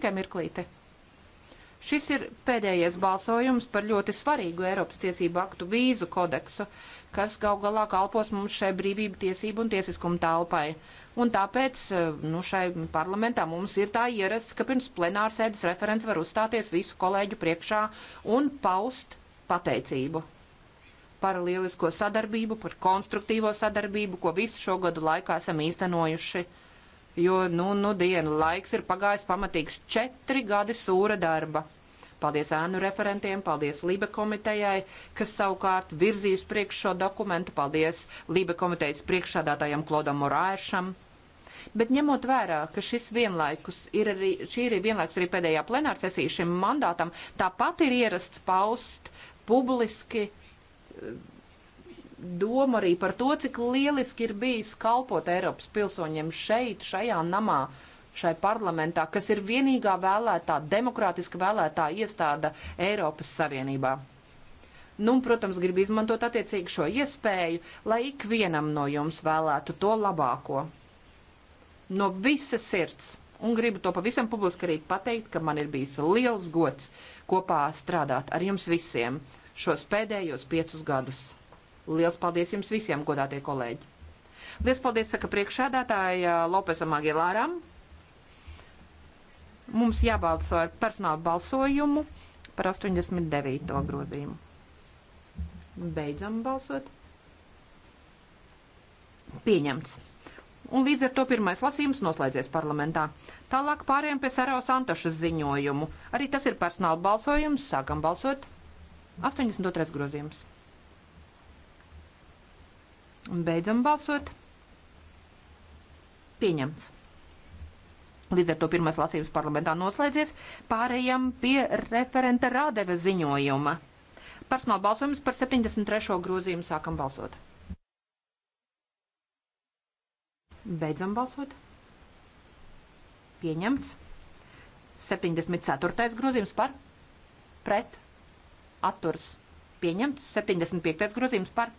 Tikai mirklīte. Šis ir pēdējais balsojums par ļoti svarīgu Eiropas tiesību aktu vīzu kodeksu, kas gal galā kalpos mums šai brīvību tiesību un tiesiskumu telpai. Un tāpēc, eh, nu, šai parlamentā mums ir tā ierasts, ka pirms plenārsēdes referents var uzstāties visu kolēģu priekšā un paust pateicību par lielisko sadarbību, par konstruktīvo sadarbību, ko visu šo gadu laikā esam īstenojuši jo, nu, nu dienu laiks ir pagājis pamatīgs četri gadi sūra darba. Paldies ēnu referentiem, paldies Lībe komitejai, kas savukārt virzīs priekš šo dokumentu, paldies Lībe komitejas priekšādātājam Klodam Morāšam. Bet ņemot vērā, ka šis vienlaikus ir arī, šī ir vienlaikus arī pēdējā plenāra sesija šim mandātam, tāpat ir ierasts paust publiski domu arī par to, cik lieliski ir bijis kalpot Eiropas pilsoņiem šeit, šajā namā, šai parlamentā, kas ir vienīgā vēlētā, demokrātiska vēlētā iestāda Eiropas Savienībā. Nu, un, protams, gribu izmantot attiecīgi šo iespēju, lai ikvienam no jums vēlētu to labāko. No visas sirds. Un gribu to pavisam publiski arī pateikt, ka man ir bijis liels gods kopā strādāt ar jums visiem šos pēdējos piecus gadus. Liels paldies jums visiem, godātie kolēģi! Liels paldies, saka priekšsēdētāja eh, Lopesam Agilāram. Mums jābalso ar personālu balsojumu par 89. grozījumu. Beidzam balsot. Pieņemts. Un līdz ar to pirmais lasījums noslēdzies parlamentā. Tālāk pārējām pie Saraus Antošas ziņojumu. Arī tas ir personāla balsojums. Sākam balsot. 82. grozījums. Un beidzam balsot. Pieņemts. Līdz ar to pirmais lasības parlamentā noslēdzies. Pārējām pie referenta Rādeve ziņojuma. Personāla balsojums par 73. grozījumu sākam balsot. Beidzam balsot. Pieņemts. 74. grozījums par pret atturs. Pieņemts. 75. grozījums par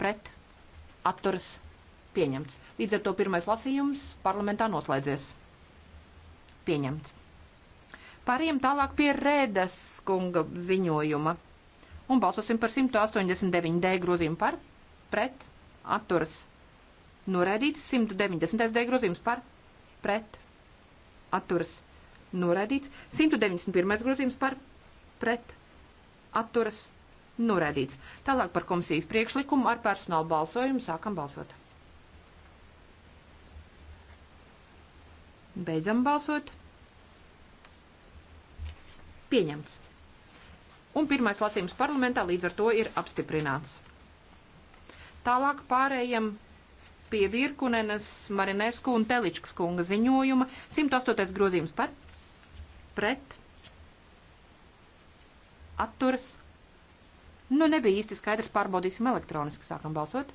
pret atturs atturas pieņemts. Līdz ar to pirmais lasījums parlamentā noslēdzies. Pieņemts. Pārējiem tālāk pie Rēdas kunga ziņojuma. Un balsosim par 189 D grozījumu par, pret, atturas. Noraidīts 190 D grozījums par, pret, atturas. Noraidīts 191 grozījums par, pret, atturas Norēdīts. Tālāk par komisijas priekšlikumu ar personālu balsojumu sākam balsot. Beidzam balsot. Pieņemts. Un pirmais lasījums parlamentā līdz ar to ir apstiprināts. Tālāk pārējiem pie Virkunenes, Marinesku un Teličkas kunga ziņojuma 108. grozījums par pret atturas Nu, nebija īsti skaidrs, pārbaudīsim elektroniski, sākam balsot.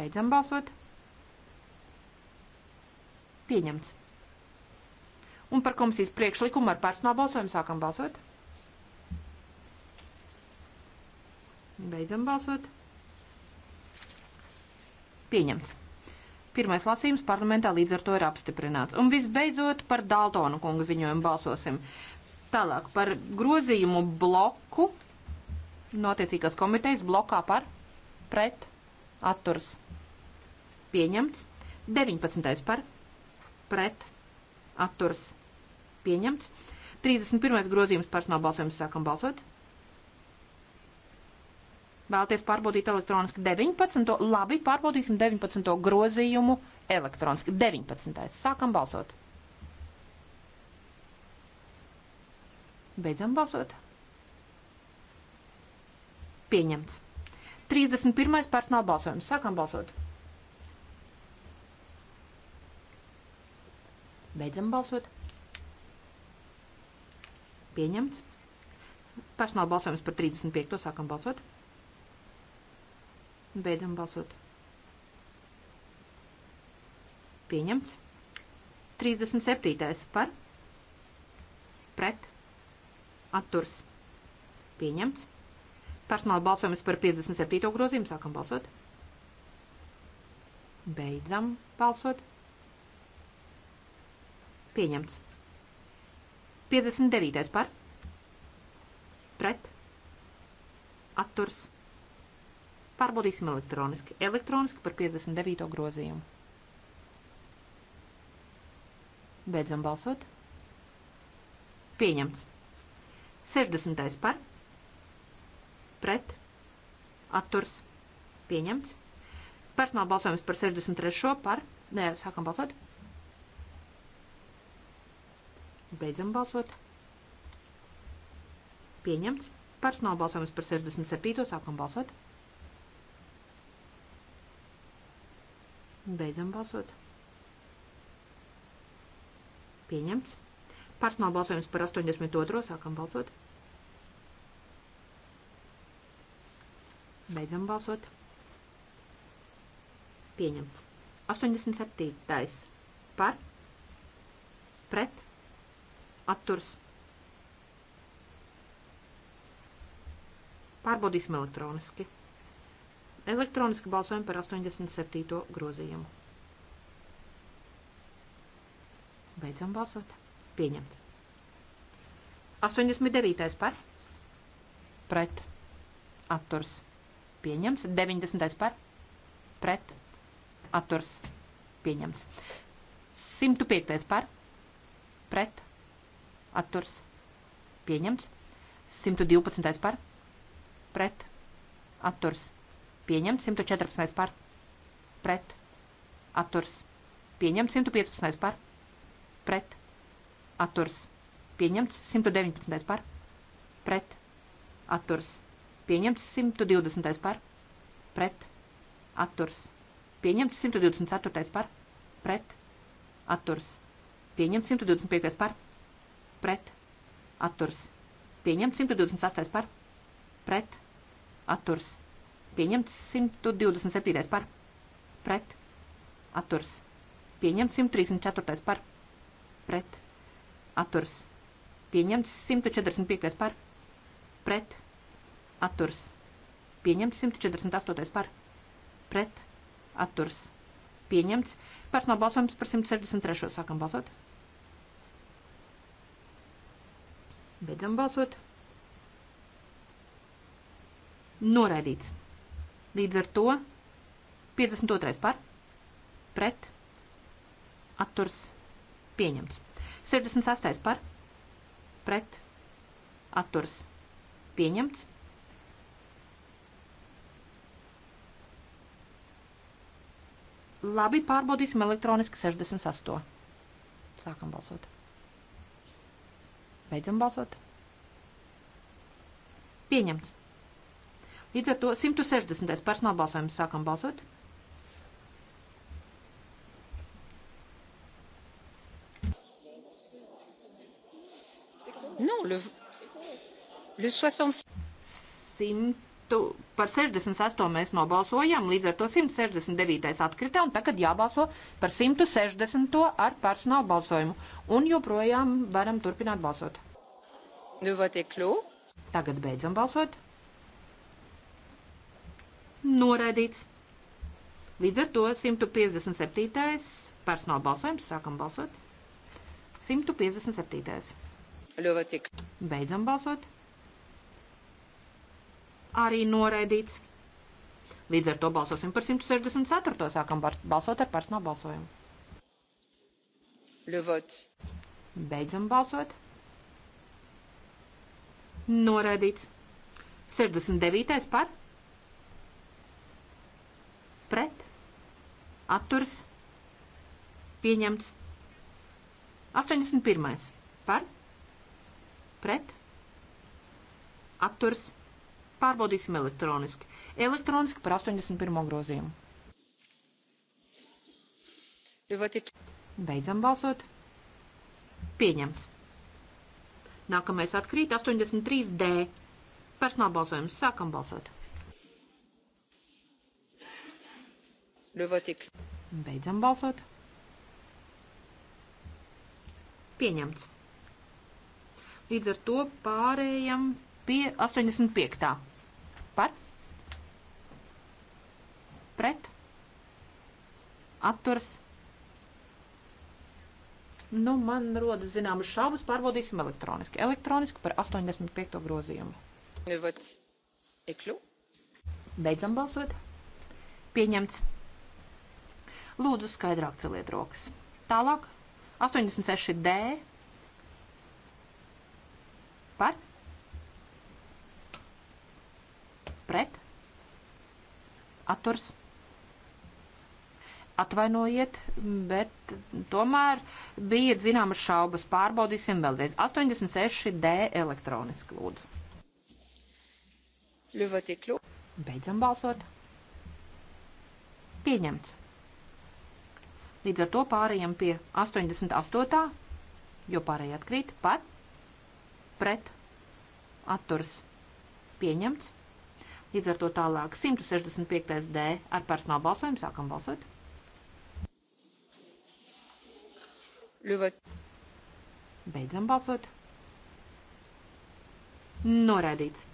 Beidzam balsot. Pieņemts. Un par komisijas priekšlikumu ar personālu balsojumu sākam balsot. Beidzam balsot. Pieņemts. Pirmais lasījums parlamentā līdz ar to ir apstiprināts. Un visbeidzot par Daltonu kunga ziņojumu balsosim. Tālāk par grozījumu bloku no attiecīgās komitejas blokā par pret atturs pieņemts. 19. par pret atturs pieņemts. 31. grozījums personāla balsojums sākam balsot. Vēlaties pārbaudīt elektroniski 19. Labi, pārbaudīsim 19. grozījumu elektroniski. 19. sākam balsot. 19. Beidzam balsot. Pieņemts. 31. personāla balsojums. Sākam balsot. Beidzam balsot. Pieņemts. Personāla balsojums par 35. Sākam balsot. Beidzam balsot. Pieņemts. 37. par pret atturs pieņemts. Personāla balsojums par 57. grozījumu. Sākam balsot. Beidzam balsot. Pieņemts. 59. par. Pret. Atturs. Pārbaudīsim elektroniski. Elektroniski par 59. grozījumu. Beidzam balsot. Pieņemts. 60. par pret atturs pieņemts. Personāla balsojums par 63. par nē, sākam balsot. Beidzam balsot. Pieņemts. Personāla balsojums par 67. sākam balsot. Beidzam balsot. Pieņemts. Personāla balsojums par 82. sākam balsot. Beidzam balsot. Pieņemts. 87. Tais. Par. Pret. Atturs. Pārbaudīsim elektroniski. Elektroniski balsojam par 87. grozījumu. Beidzam balsot. Pieņemts. 89. par. Pret. Atturs. Pieņems. 90. par. Pret. Atturs. Pieņems. 105. par. Pret. Atturs. Pieņemts. 112. par. Pret. Atturs. Pieņemts. 114. par. Pret. Atturs. Pieņemts. 115. par. Pret atturs pieņemts 119. par pret atturs pieņemts 120. par pret atturs pieņemts 124. par pret atturs pieņemts 125. par pret atturs pieņemts 128. par pret atturs pieņemts 127. par pret atturs pieņemts 134. par pret atturs atturs pieņemts 145. par pret atturs pieņemts 148. par pret atturs pieņemts. Personāla balsojums par 163. sākam balsot. Beidzam balsot. Noraidīts. Līdz ar to 52. par pret atturs pieņemts. 68. par pret atturs pieņemts. Labi, pārbaudīsim elektroniski 68. Sākam balsot. Beidzam balsot. Pieņemts. Līdz ar to 160. personāla balsojums sākam balsot. 160. Le, le 60... 100 par 68 mēs nobalsojām, līdz ar to 169. atkrita, un tagad jābalso par 160. ar personālu balsojumu. Un joprojām varam turpināt balsot. Le vote est clos. Tagad beidzam balsot. Noraidīts. Līdz ar to 157. personāla balsojums sākam balsot. 157. Ļovatik. Beidzam balsot. Arī noraidīts. Līdz ar to balsosim par 164. Sākam balsot ar personālu balsojumu. Ļovot. Beidzam balsot. Noraidīts. 69. par. Pret. Atturs. Pieņemts. 81. par pret, atturs, pārbaudīsim elektroniski. Elektroniski par 81. grozījumu. Beidzam balsot. Pieņemts. Nākamais atkrīt 83D. Personāla balsojums. Sākam balsot. Beidzam balsot. Pieņemts. Līdz ar to pārējam pie 85. Par? Pret? Atturs? Nu, man rodas zināmas šaubas, pārbaudīsim elektroniski. Elektroniski par 85. grozījumu. Vots eklu. Beidzam balsot. Pieņemts. Lūdzu, skaidrāk celiet rokas. Tālāk 86D par, pret, atturs. Atvainojiet, bet tomēr bija zināmas šaubas. Pārbaudīsim vēlreiz. 86D elektroniski lūdzu. Beidzam balsot. Pieņemts. Līdz ar to pārējām pie 88. jo pārējā atkrīt par 88 pret atturas pieņemts. Līdz ar to tālāk 165. D ar personālu balsojumu sākam balsot. Ļuvot. Beidzam balsot. Noraidīts.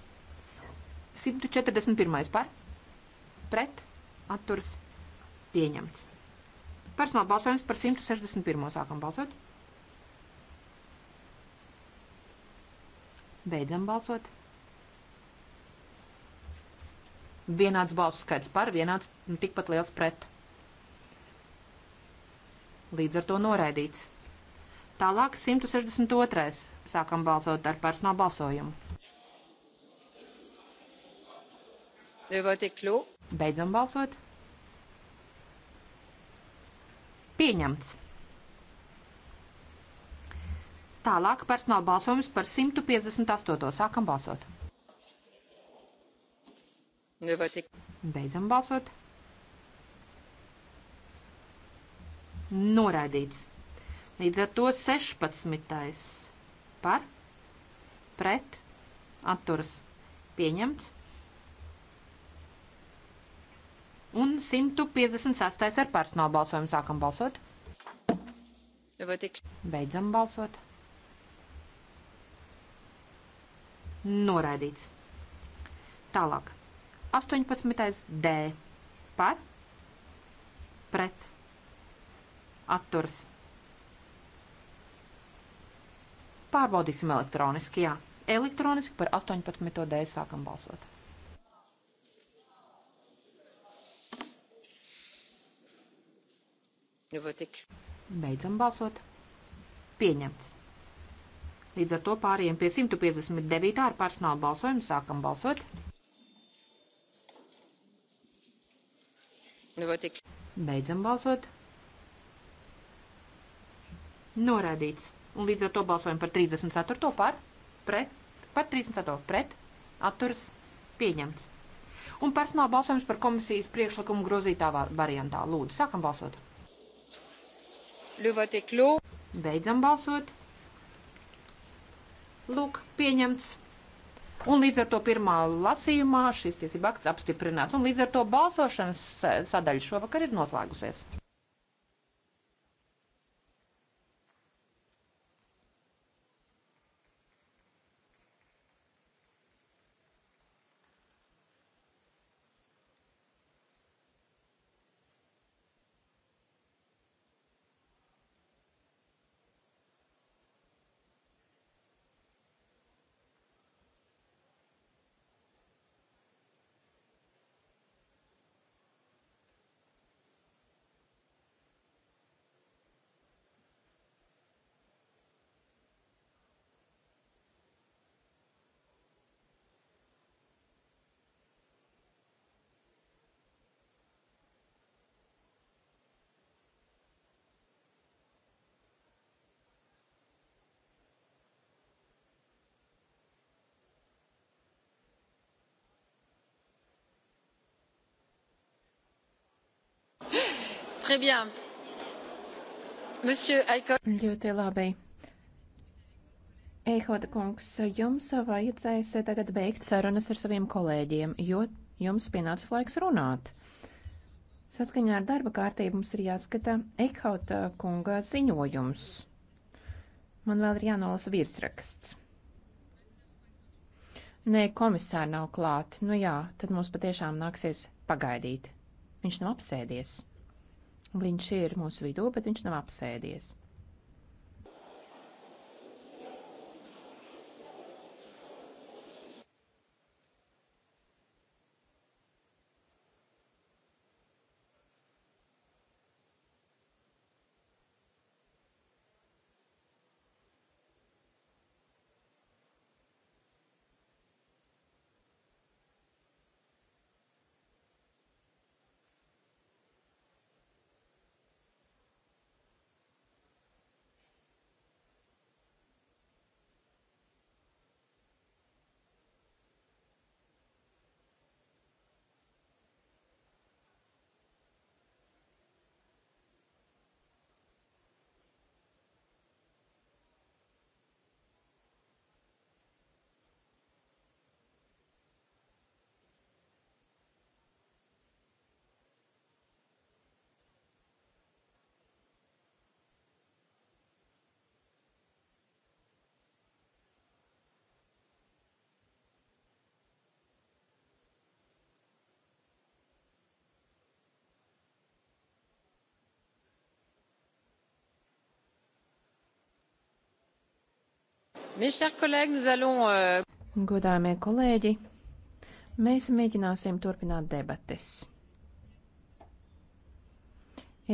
141. par pret atturas pieņemts. Personāla balsojums par 161. sākam balsot. Beidzam balsot. Vienāds balsu skaits par, vienāds nu, tikpat liels pret. Līdz ar to noraidīts. Tālāk 162. Sākam balsot ar personālu balsojumu. Beidzam balsot. Pieņemts. Tālāk personāla balsojums par 158. Sākam balsot. Beidzam balsot. Noraidīts. Līdz ar to 16. par, pret, atturas pieņemts. Un 156. ar personāla balsojumu sākam balsot. Beidzam balsot. Noraidīts. Tālāk. 18. D. Par. Pret. Atturs. Pārbaudīsim elektroniski, jā. Elektroniski par 18. D. sākam balsot. Beidzam balsot. Pieņemts. Līdz ar to pāriem pie 159. ar personālu balsojumu sākam balsot. Nu, Beidzam balsot. Norādīts. Un līdz ar to balsojam par 34. par, pret, par 34. pret, atturas, pieņemts. Un personāla balsojums par komisijas priekšlikumu grozītā variantā. Lūdzu, sākam balsot. Beidzam balsot. Lūk, pieņemts. Un līdz ar to pirmā lasījumā šis tiesība akts apstiprināts. Un līdz ar to balsošanas sadaļa šovakar ir noslēgusies. Ļoti labi. Eihota kungs, jums vajadzēs tagad beigt sarunas ar saviem kolēģiem, jo jums pienācis laiks runāt. Saskaņā ar darba kārtību mums ir jāskata Eihota kunga ziņojums. Man vēl ir jānolasa virsraksts. Nē, komisāri nav klāt. Nu jā, tad mums patiešām nāksies pagaidīt. Viņš nav apsēdies. Viņš ir mūsu vidū, bet viņš nav apsēdies. Euh, Godājumie kolēģi, mēs mēģināsim turpināt debates.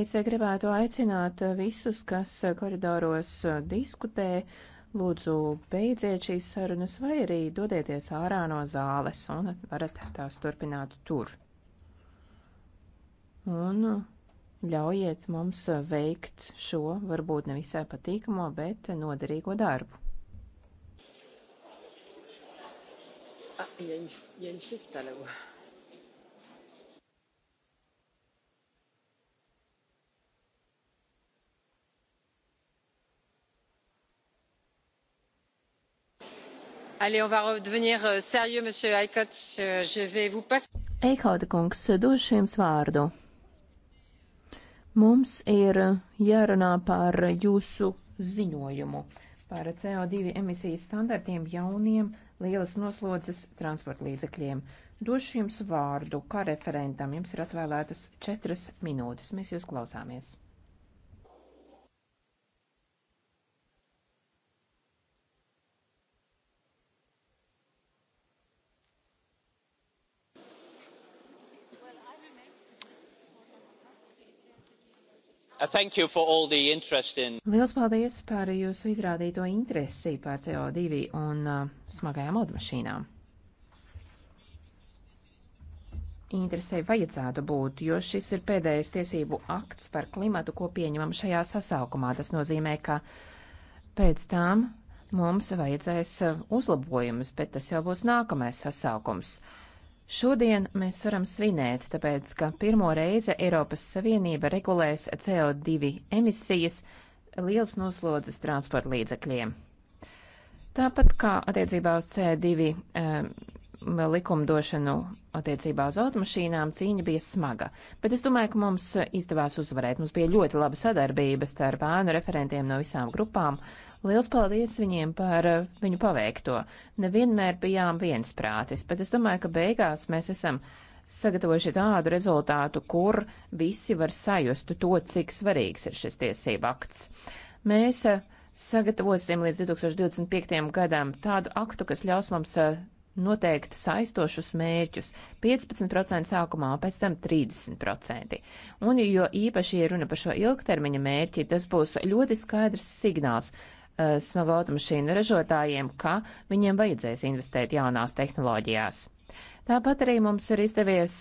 Es gribētu aicināt visus, kas koridoros diskutē, lūdzu beidziet šīs sarunas vai arī dodieties ārā no zāles un varat tās turpināt tur. Un ļaujiet mums veikt šo varbūt nevisai patīkamo, bet noderīgo darbu. Ah, il y a une, il y a une fiesta là-haut. Allez, on va redevenir euh, sérieux, monsieur Aikot. Euh, je vais vous passer. Eikot kungs, došu jums vārdu. Mums ir jārunā par jūsu ziņojumu par CO2 emisijas standartiem jauniem lielas noslodzes transporta līdzekļiem. Došu jums vārdu, kā referentam jums ir atvēlētas četras minūtes. Mēs jūs klausāmies. Uh, Lielas paldies par jūsu izrādīto interesi par CO2 un uh, smagajām automašīnām. Interesei vajadzētu būt, jo šis ir pēdējais tiesību akts par klimatu, ko pieņemam šajā sasaukumā. Tas nozīmē, ka pēc tam mums vajadzēs uh, uzlabojumus, bet tas jau būs nākamais sasaukums. Uh, Šodien mēs varam svinēt, tāpēc, ka pirmo reizi Eiropas Savienība regulēs CO2 emisijas liels noslodzes transporta līdzekļiem. Tāpat kā attiecībā uz CO2 um, eh, likumdošanu Attiecībā uz automašīnām cīņa bija smaga, bet es domāju, ka mums izdevās uzvarēt. Mums bija ļoti laba sadarbība starp ēnu referentiem no visām grupām. Liels paldies viņiem par eh, viņu paveikto. Nevienmēr bijām viensprātis, bet es domāju, ka beigās mēs esam sagatavojuši tādu rezultātu, kur visi var sajust to, cik svarīgs ir šis tiesība akts. Mēs eh, sagatavosim līdz 2025. gadam tādu aktu, kas ļaus mums eh, noteikti saistošus mērķus - 15% sākumā, un pēc tam 30%. Un, jo īpaši, ja runa par šo ilgtermiņa mērķi, tas būs ļoti skaidrs signāls uh, eh, smago automašīnu ražotājiem, ka viņiem vajadzēs investēt jaunās tehnoloģijās. Tāpat arī mums ir izdevies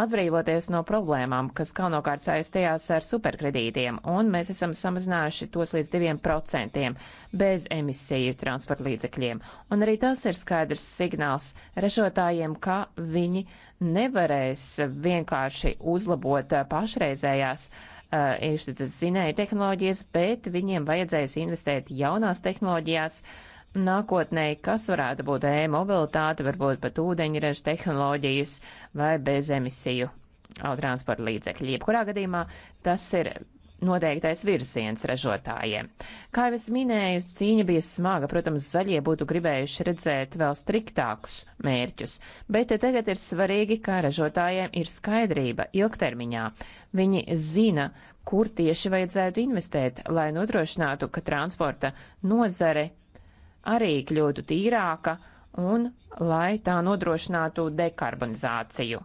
atbrīvoties no problēmām, kas galvenokārt saistījās ar superkredītiem, un mēs esam samazinājuši tos līdz 2% bez emisiju transporta līdzekļiem. Un arī tas ir skaidrs signāls ražotājiem, ka viņi nevarēs vienkārši uzlabot uh, pašreizējās uh, iešticas zinēju tehnoloģijas, bet viņiem vajadzēs investēt jaunās tehnoloģijās, uh, nākotnē, kas varētu būt e-mobilitāte, varbūt pat ūdeņraža tehnoloģijas vai bezemisiju transporta līdzekļi. Jebkurā gadījumā tas ir noteiktais virziens ražotājiem. Kā jau es minēju, cīņa bija smaga. Protams, zaļie būtu gribējuši redzēt vēl striktākus mērķus, bet tagad ir svarīgi, ka ražotājiem ir skaidrība ilgtermiņā. Viņi zina, kur tieši vajadzētu investēt, lai nodrošinātu, ka transporta nozare arī kļūtu tīrāka un lai tā nodrošinātu dekarbonizāciju.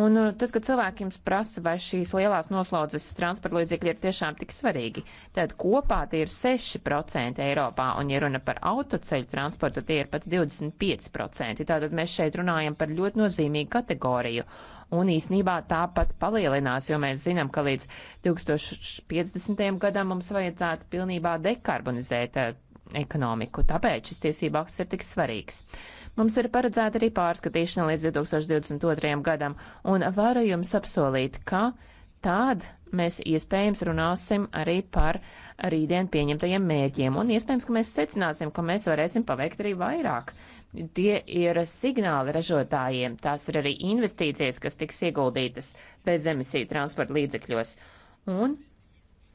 Un uh, tad, kad cilvēki jums prasa, vai šīs lielās noslodzes transporta līdzekļi ir tiešām tik svarīgi, tad kopā tie ir 6% Eiropā, un, ja runa par autoceļu transportu, tie ir pat 25%. Tātad mēs šeit runājam par ļoti nozīmīgu kategoriju. Un īsnībā tā pat palielinās, jo mēs zinām, ka līdz 2050. gadam mums vajadzētu pilnībā dekarbonizēt uh, ekonomiku. Tāpēc šis tiesība akts ir tik svarīgs. Mums ir paredzēta arī pārskatīšana līdz 2022. gadam, un varu jums apsolīt, ka tad mēs iespējams runāsim arī par rītdien pieņemtajiem mērķiem, un iespējams, ka mēs secināsim, ka mēs varēsim paveikt arī vairāk. Tie ir signāli ražotājiem, tās ir arī investīcijas, kas tiks ieguldītas bez emisiju transporta līdzekļos. Un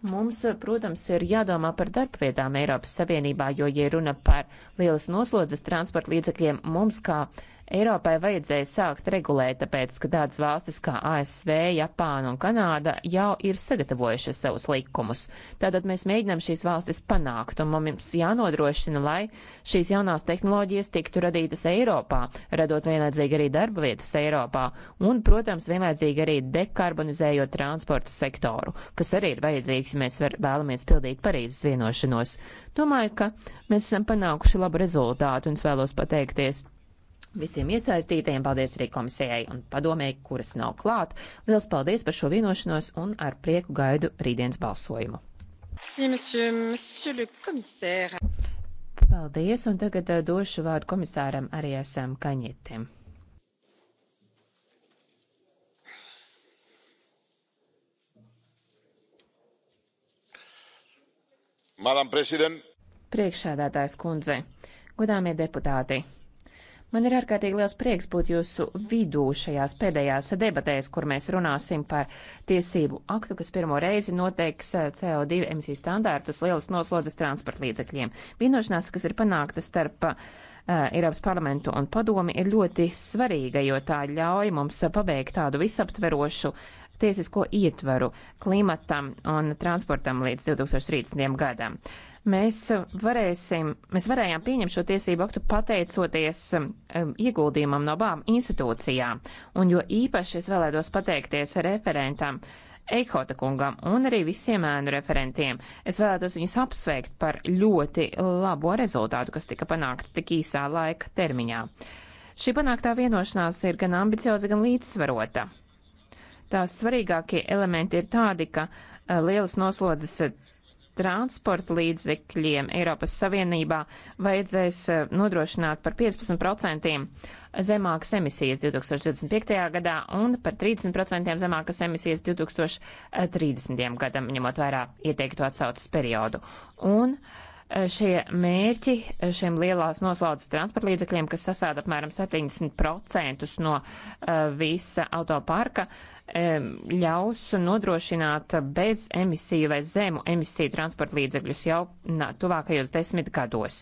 Mums, protams, ir jādomā par darbvietām Eiropas Savienībā, jo, ja runa par lielas noslodzes transporta līdzekļiem, mums kā uh, Eiropai vajadzēja sākt regulēt, tāpēc, ka tādas valstis kā ASV, Japāna un Kanāda jau ir sagatavojušas savus likumus. Tātad mēs mēģinām šīs valstis panākt, un mums jānodrošina, lai šīs jaunās tehnoloģijas tiktu radītas Eiropā, radot vienlaidzīgi arī darba vietas Eiropā, un, protams, vienlaidzīgi arī dekarbonizējot transporta sektoru, kas arī ir vajadzīgs, ja mēs var, vēlamies pildīt Parīzes vienošanos. Domāju, ka mēs esam panākuši labu rezultātu, un es vēlos pateikties visiem iesaistītajiem, paldies arī komisijai un padomēji, kuras nav klāt. Liels paldies par šo vienošanos un ar prieku gaidu rītdienas balsojumu. Si, monsieur, monsieur paldies, un tagad uh, došu vārdu komisāram arī esam Kaņietim. Priekšsēdētājs kundze, godāmie deputāti! Man ir ārkārtīgi liels prieks būt jūsu vidū šajās pēdējās debatēs, kur mēs runāsim par tiesību aktu, kas pirmo reizi noteiks eh, CO2 emisiju standārtus lielas noslodzes transporta līdzekļiem. Vienošanās, kas ir panākta starp uh, Eiropas parlamentu un padomi ir ļoti svarīga, jo tā ļauj mums pabeigt tādu visaptverošu tiesisko ietvaru klimatam un transportam līdz 2030. gadam. Mēs varēsim, mēs varējām pieņemt šo tiesību aktu pateicoties um, ieguldījumam no abām institūcijām, un jo īpaši es vēlētos pateikties referentam Eikota kungam un arī visiem ēnu referentiem. Es vēlētos viņus apsveikt par ļoti labo rezultātu, kas tika panākts tik īsā laika termiņā. Šī panāktā vienošanās ir gan ambicioza, gan līdzsvarota. Tās svarīgākie elementi ir tādi, ka uh, lielas noslodzes transporta līdzekļiem Eiropas Savienībā vajadzēs eh, nodrošināt par 15% zemākas emisijas 2025. gadā un par 30% zemākas emisijas 2030. gadam, ņemot vērā ieteikto atsaucas periodu. Un eh, šie mērķi eh, šiem lielās noslaucas transportlīdzekļiem, kas sasāda apmēram 70% no uh, visa autoparka, uh, ļaus nodrošināt bez emisiju vai zemu emisiju transporta līdzekļus jau nā, tuvākajos desmit gados.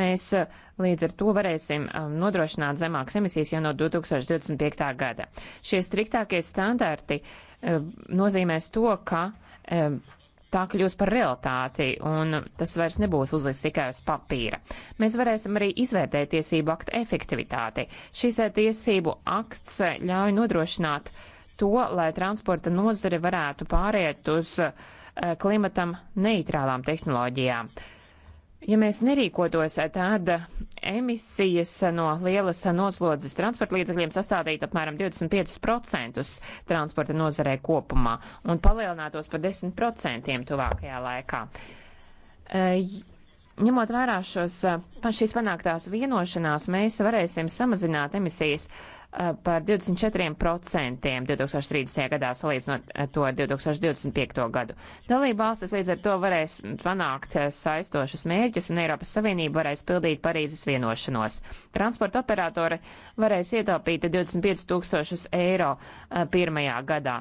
Mēs eh, līdz ar to varēsim nodrošināt zemākas emisijas jau no 2025. gada. Šie striktākie standarti nozīmēs to, ka tā kļūs par realitāti, un tas vairs nebūs uzlicis tikai uz papīra. Mēs varēsim arī izvērtēt tiesību aktu efektivitāti. Šis eh, tiesību akts eh, ļauj nodrošināt uh, to, lai transporta nozare varētu pāriet uz eh, klimatam neitrālām tehnoloģijām. Ja mēs nerīkotos, eh, tad emisijas no lielas noslodzes transporta līdzekļiem sastādītu apmēram 25% transporta nozarē kopumā un palielinātos par 10% tuvākajā laikā. Eh, ņemot vērā šos, šīs panāktās vienošanās, mēs varēsim samazināt emisijas uh, Eh, par 24% 2030. gadā salīdzinot eh, to ar 2025. gadu. Dalība valstis līdz ar to varēs panākt eh, saistošus mērķus un Eiropas Savienība varēs pildīt Parīzes vienošanos. Transporta operatori varēs ietaupīt 25 tūkstošus eiro pirmajā gadā,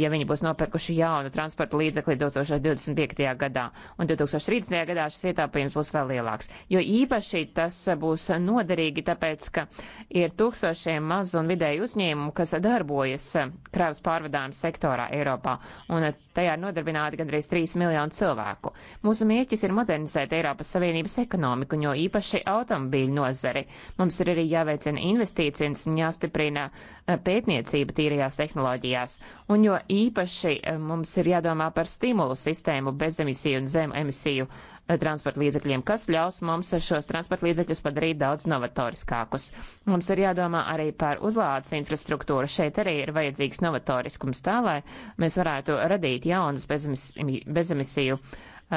ja viņi būs nopirkuši jaunu transporta līdzekli 2025. gadā. Un 2030. gadā šis ietaupījums būs vēl lielāks. Jo īpaši tas būs noderīgi, tāpēc, ka ir tūkstošiem mazu mazu un vidēju uzņēmumu, kas darbojas eh, krāvas pārvadājuma sektorā Eiropā, un eh, tajā ir nodarbināti gandrīz 3 miljoni cilvēku. Mūsu mieķis ir modernizēt Eiropas Savienības ekonomiku, jo īpaši automobīļu nozari. Mums ir arī jāveicina investīcijas un jāstiprina eh, pētniecība tīrajās tehnoloģijās, un jo īpaši mums ir jādomā par stimulu sistēmu bezemisiju un zememisiju. emisiju Eh, transporta līdzekļiem, kas ļaus mums šos transporta līdzekļus padarīt daudz novatoriskākus. Mums ir jādomā arī par uzlādes infrastruktūru. Šeit arī ir vajadzīgs novatoriskums tā, lai mēs varētu radīt jaunas bezemisiju uh,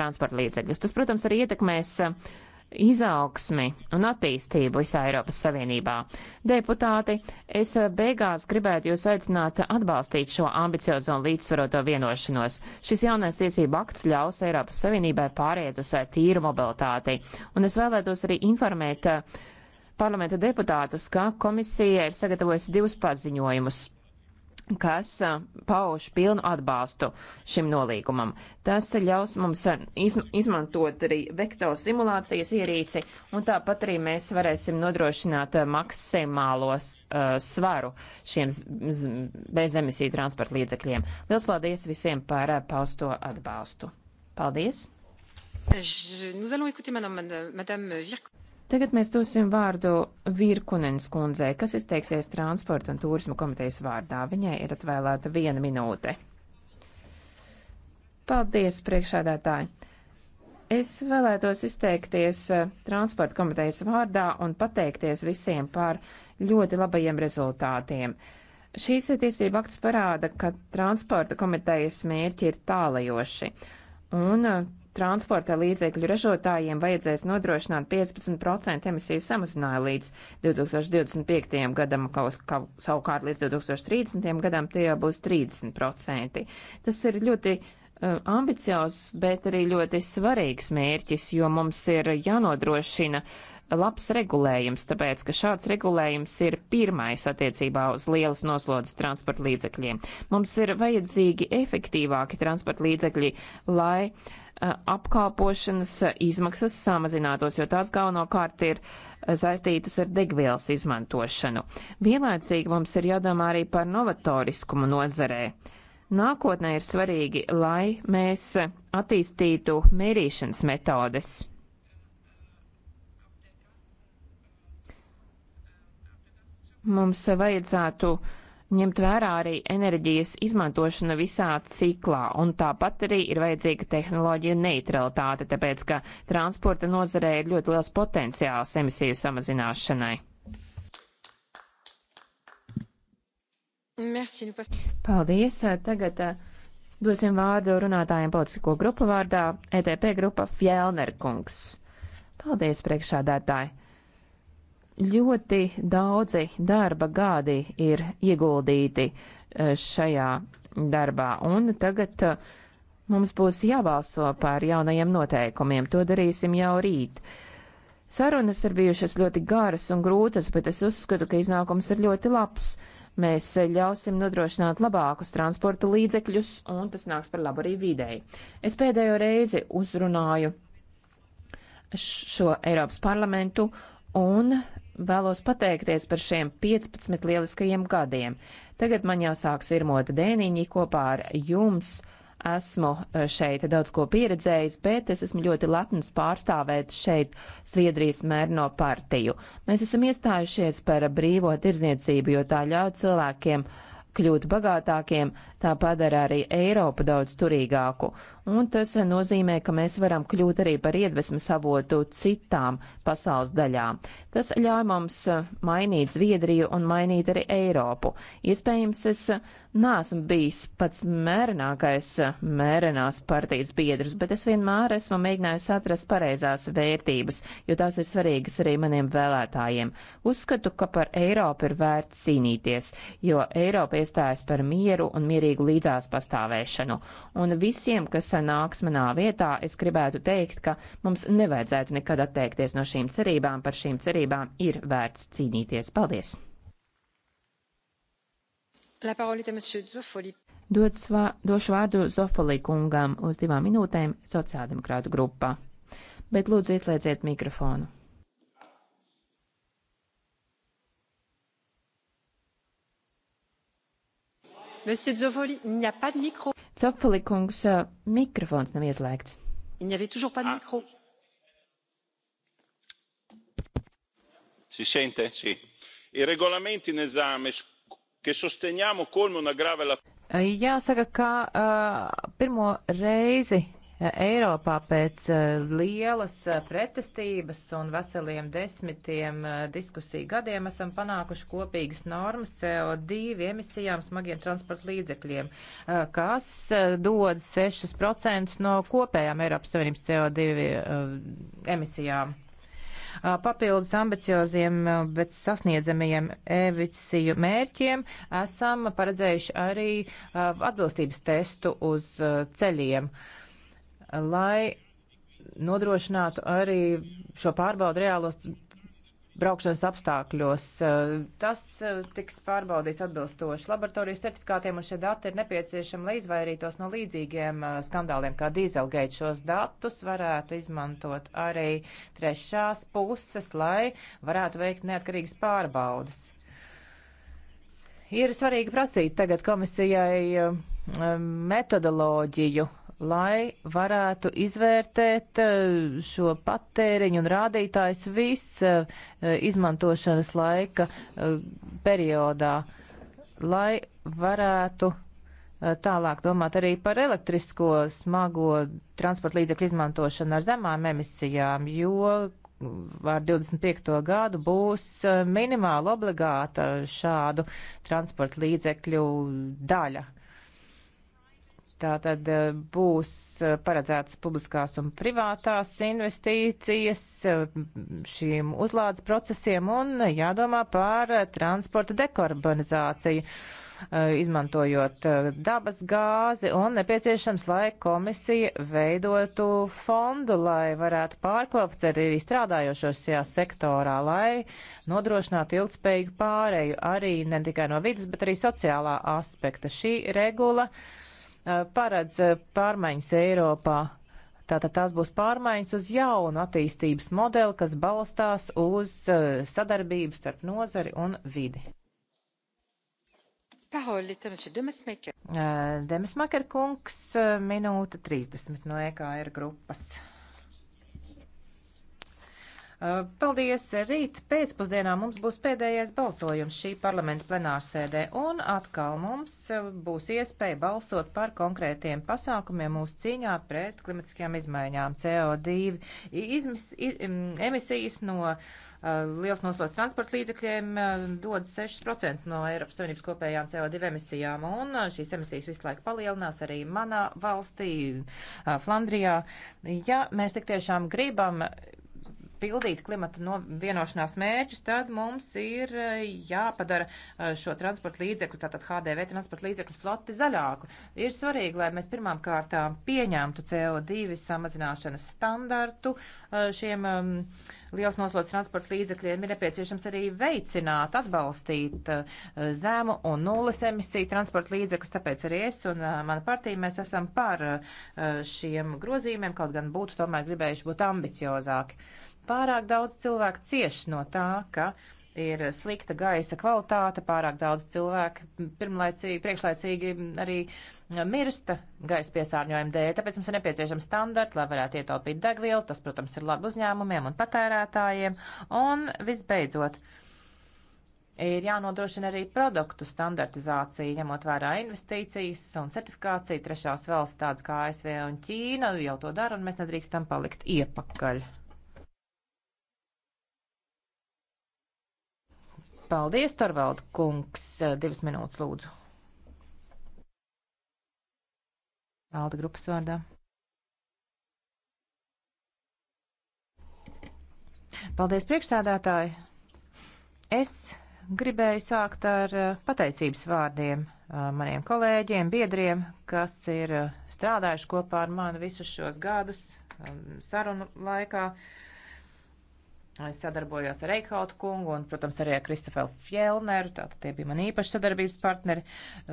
transporta līdzekļus. Tas, protams, arī ietekmēs uh, izaugsmi un attīstību visā Eiropas Savienībā. Deputāti, es eh, beigās gribētu jūs aicināt atbalstīt šo ambiciozo un līdzsvaroto vienošanos. Šis jaunais tiesība akts ļaus Eiropas Savienībai pāriet uz eh, tīru mobilitāti, un es vēlētos arī informēt eh, parlamenta deputātus, ka komisija ir sagatavojusi divus paziņojumus kas pauž pilnu atbalstu šim nolīgumam. Tas ļaus mums izmantot arī vektora simulācijas ierīci, un tāpat arī mēs varēsim nodrošināt maksimālos uh, svaru šiem bezemisiju transporta līdzekļiem. Lielas paldies visiem par uh, pausto atbalstu. Paldies! Je, nous allons écouter Madame, Madame Virk. Tagad mēs dosim vārdu Virkunens kundzei, kas izteiksies transporta un turismu komitejas vārdā. Viņai ir atvēlēta viena minūte. Paldies, priekšādātāji! Es vēlētos izteikties eh, transporta komitejas vārdā un pateikties visiem par ļoti labajiem rezultātiem. Šīs tiesība akts parāda, ka transporta komitejas mērķi ir tālajoši, un eh, transporta līdzekļu ražotājiem vajadzēs nodrošināt 15% emisiju samazinājumu līdz 2025. gadam, savukārt līdz 2030. gadam tie jau būs 30%. Tas ir ļoti e, ambiciozs, bet arī ļoti svarīgs mērķis, jo mums ir jānodrošina uh, labs regulējums, tāpēc, ka šāds regulējums ir pirmais attiecībā uz lielas noslodzes transporta līdzekļiem. Mums ir vajadzīgi efektīvāki transporta līdzekļi, lai apkalpošanas izmaksas samazinātos, jo tās galvenokārt ir saistītas ar degvielas izmantošanu. Vienlaicīgi mums ir jādomā arī par novatoriskumu nozarē. Nākotnē ir svarīgi, lai mēs attīstītu mērīšanas metodes. Mums vajadzētu ņemt vērā arī enerģijas izmantošana visā ciklā, un tāpat arī ir vajadzīga tehnoloģija neutralitāte, tāpēc ka transporta nozarē ir ļoti liels potenciāls emisiju samazināšanai. Merci, Paldies! Tagad eh, dosim vārdu runātājiem politisko grupu vārdā, ETP grupa Fjellner kungs. Paldies, priekšādātāji! Ļoti daudzi darba gadi ir ieguldīti eh, šajā darbā, un tagad eh, mums būs jābalso par jaunajiem noteikumiem. To darīsim jau rīt. Sarunas ir bijušas ļoti garas un grūtas, bet es uzskatu, ka iznākums ir ļoti labs. Mēs eh, ļausim nodrošināt labākus transporta līdzekļus, un tas nāks par labu arī videi. Es pēdējo reizi uzrunāju šo Eiropas parlamentu, un Vēlos pateikties par šiem 15 lieliskajiem gadiem. Tagad man jau sāks irmota dēniņi kopā ar jums. Esmu e, šeit daudz ko pieredzējis, bet es esmu ļoti lepns pārstāvēt šeit Zviedrijas mērno partiju. Mēs esam iestājušies par brīvo tirzniecību, jo tā ļauj cilvēkiem kļūt bagātākiem, tā padara arī Eiropu daudz turīgāku un tas nozīmē, ka mēs varam kļūt arī par iedvesmas avotu citām pasaules daļām. Tas ļauj mums mainīt Zviedriju un mainīt arī Eiropu. Iespējams, es neesmu bijis pats mērenākais mērenās partijas biedrs, bet es vienmēr esmu mēģinājis atrast pareizās vērtības, jo tās ir svarīgas arī maniem vēlētājiem. Uzskatu, ka par Eiropu ir vērts cīnīties, jo Eiropa iestājas par mieru un mierīgu līdzās pastāvēšanu. Un visiem, kas sanāksme manā vietā, es gribētu teikt, ka mums nevajadzētu nekad atteikties no šīm cerībām. Par šīm cerībām ir vērts cīnīties. Paldies! Vā, došu vārdu Zofoli kungam uz divām minūtēm sociāldemokrātu grupā. Bet lūdzu ieslēdziet mikrofonu. Cofoli kungs, eh, mikrofons nav ieslēgts. Ah. Si sente? Sì. I regolamenti in esame che sosteniamo colmano una grave eh, Jāsaka, ka uh, pirmo reizi Eiropā pēc eh, lielas eh, pretestības un veseliem desmitiem eh, diskusiju gadiem esam panākuši kopīgas normas CO2 emisijām smagiem transporta līdzekļiem, kas dod 6% no kopējām Eiropas Savienības CO2 emisijām. Papildus ambicioziem, bet sasniedzamajiem emisiju mērķiem esam paredzējuši arī atbilstības testu uz ceļiem. Uh, lai nodrošinātu arī šo pārbaudu reālos braukšanas apstākļos. Tas e, tiks pārbaudīts atbilstoši laboratorijas certifikātiem, un šie dati ir nepieciešami, lai izvairītos no līdzīgiem e, skandāliem kā dīzelgeit. Šos datus varētu izmantot arī trešās puses, lai varētu veikt neatkarīgas pārbaudas. Ir svarīgi prasīt tagad komisijai e, metodoloģiju lai varētu izvērtēt eh, šo patēriņu un rādītājs viss eh, izmantošanas laika eh, periodā, lai varētu tālāk domāt arī par elektrisko smago transporta līdzekļu izmantošanu ar zemām emisijām, jo mm, ar 25. gadu būs minimāla obligāta šādu transporta līdzekļu daļa. Tā tad eh, būs eh, paredzētas publiskās un privātās investīcijas eh, šīm uzlādes procesiem un jādomā par transporta dekarbonizāciju, izmantojot dabas gāzi un nepieciešams, lai komisija veidotu fondu, lai varētu pārkopt arī strādājošos šajā sektorā, lai nodrošinātu ilgspējīgu pāreju arī ne tikai no vidas, bet arī sociālā aspekta. Šī regula. Uh, Eh, paredz eh, pārmaiņas Eiropā. Tātad tās būs pārmaiņas uz jaunu attīstības modeli, kas balstās uz eh, sadarbību starp nozari un vidi. Demesmaker kungs, minūte 30 no EKR grupas. Uh, paldies! Rīt pēcpusdienā mums būs pēdējais balsojums šī parlamenta plenārsēdē, un atkal mums uh, būs iespēja balsot par konkrētiem pasākumiem mūsu cīņā pret klimatiskajām izmaiņām. CO2 izmis, iz, emisijas no uh, liels noslots transporta līdzekļiem uh, dod 6% no Eiropas Savienības kopējām CO2 emisijām, un uh, šīs emisijas visu laiku palielinās arī manā valstī, uh, Flandrijā. Ja mēs tik tiešām gribam pildīt klimata no vienošanās mērķus, tad mums ir eh, jāpadara eh, šo transporta līdzekļu, tātad HDV transporta līdzekļu floti zaļāku. Ir svarīgi, lai mēs pirmām kārtām pieņemtu CO2 samazināšanas standartu eh, šiem ehm, liels noslots transporta līdzekļiem ir nepieciešams arī veicināt, atbalstīt zemu un nulles emisiju transporta līdzekļus, tāpēc arī es un mana partija mēs esam par šiem grozījumiem, kaut gan būtu tomēr gribējuši būt ambiciozāki. Pārāk daudz cilvēku cieš no tā, ka ir slikta gaisa kvalitāte, pārāk daudz cilvēku pirmlaicīgi, priekšlaicīgi arī mirsta gaisa piesārņojuma dēļ, tāpēc mums ir nepieciešama standarta, lai varētu ietaupīt degvielu, tas, protams, ir labi uzņēmumiem un patērētājiem, un visbeidzot. Ir jānodrošina arī produktu standartizācija, ņemot vērā investīcijas un certifikāciju. Trešās valsts tādas kā ASV un Ķīna jau to dara, un mēs nedrīkstam palikt iepakaļ. Paldies, Torvald kungs. Eh, divas minūtes lūdzu. Alda grupas vārdā. Paldies, priekšsādātāji. Es gribēju sākt ar eh, pateicības vārdiem eh, maniem kolēģiem, biedriem, kas ir strādājuši kopā ar mani visus šos gadus sarunu laikā. Es sadarbojos ar Eikhaut kungu un, protams, arī ar Kristofelu Fjellneru, tātad tie bija mani īpaši sadarbības partneri.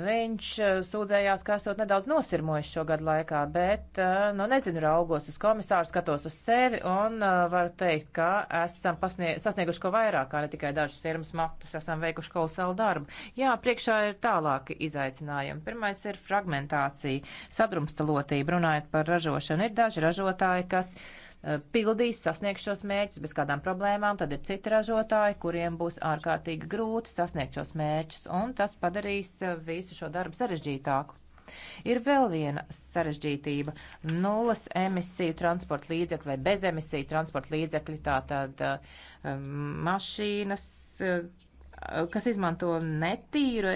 Viņš eh, sūdzējās, ka esot nedaudz nosirmojis šo gadu laikā, bet, eh, nu, nezinu, raugos uz komisāru, skatos uz sevi un eh, varu teikt, ka esam sasnieguši ko vairāk, kā ne tikai dažus sirmas matus, esam veikuši kolosālu darbu. Jā, priekšā ir tālāki izaicinājumi. Pirmais ir fragmentācija, sadrumstalotība, runājot par ražošanu. Ir daži ražotāji, kas. Uh, Eh, pildīs, sasniegs šos mērķus bez kādām problēmām, tad ir citi ražotāji, kuriem būs ārkārtīgi grūti sasniegt šos mērķus, un tas padarīs eh, visu šo darbu sarežģītāku. Ir vēl viena sarežģītība - nulles emisiju transporta līdzekļi vai bezemisiju transporta līdzekļi, tātad eh, mašīnas, kas izmanto netīru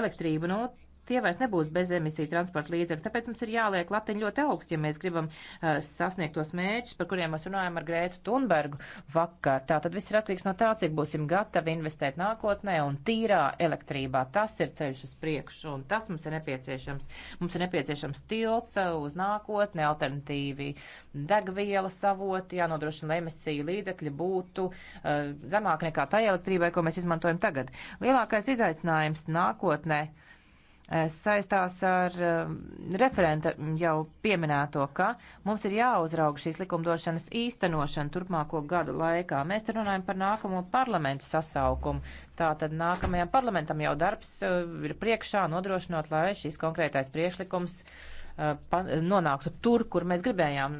elektrību, no tie vairs nebūs bezemisija transporta līdzekļi. Tāpēc mums ir jāliek latiņi ļoti augsts, ja mēs gribam uh, sasniegt tos mērķus, par kuriem mēs runājam ar Grētu Tunbergu vakar. Tā tad viss ir atkarīgs no tā, cik būsim gatavi investēt nākotnē un tīrā elektrībā. Tas ir ceļš uz priekšu un tas mums ir nepieciešams. Mums ir nepieciešams tilts uh, uz nākotni, alternatīvi degviela savoti, jānodrošina, lai emisiju līdzekļi būtu uh, zemāk nekā tā elektrībai, ko mēs izmantojam tagad. Lielākais izaicinājums nākotnē saistās ar um, referenta jau pieminēto, ka mums ir jāuzrauga šīs likumdošanas īstenošana turpmāko gadu laikā. Mēs runājam par nākamo parlamentu sasaukumu. Tātad nākamajam parlamentam jau darbs uh, ir priekšā nodrošinot, lai šīs konkrētais priekšlikums uh, nonāktu tur, kur mēs gribējām,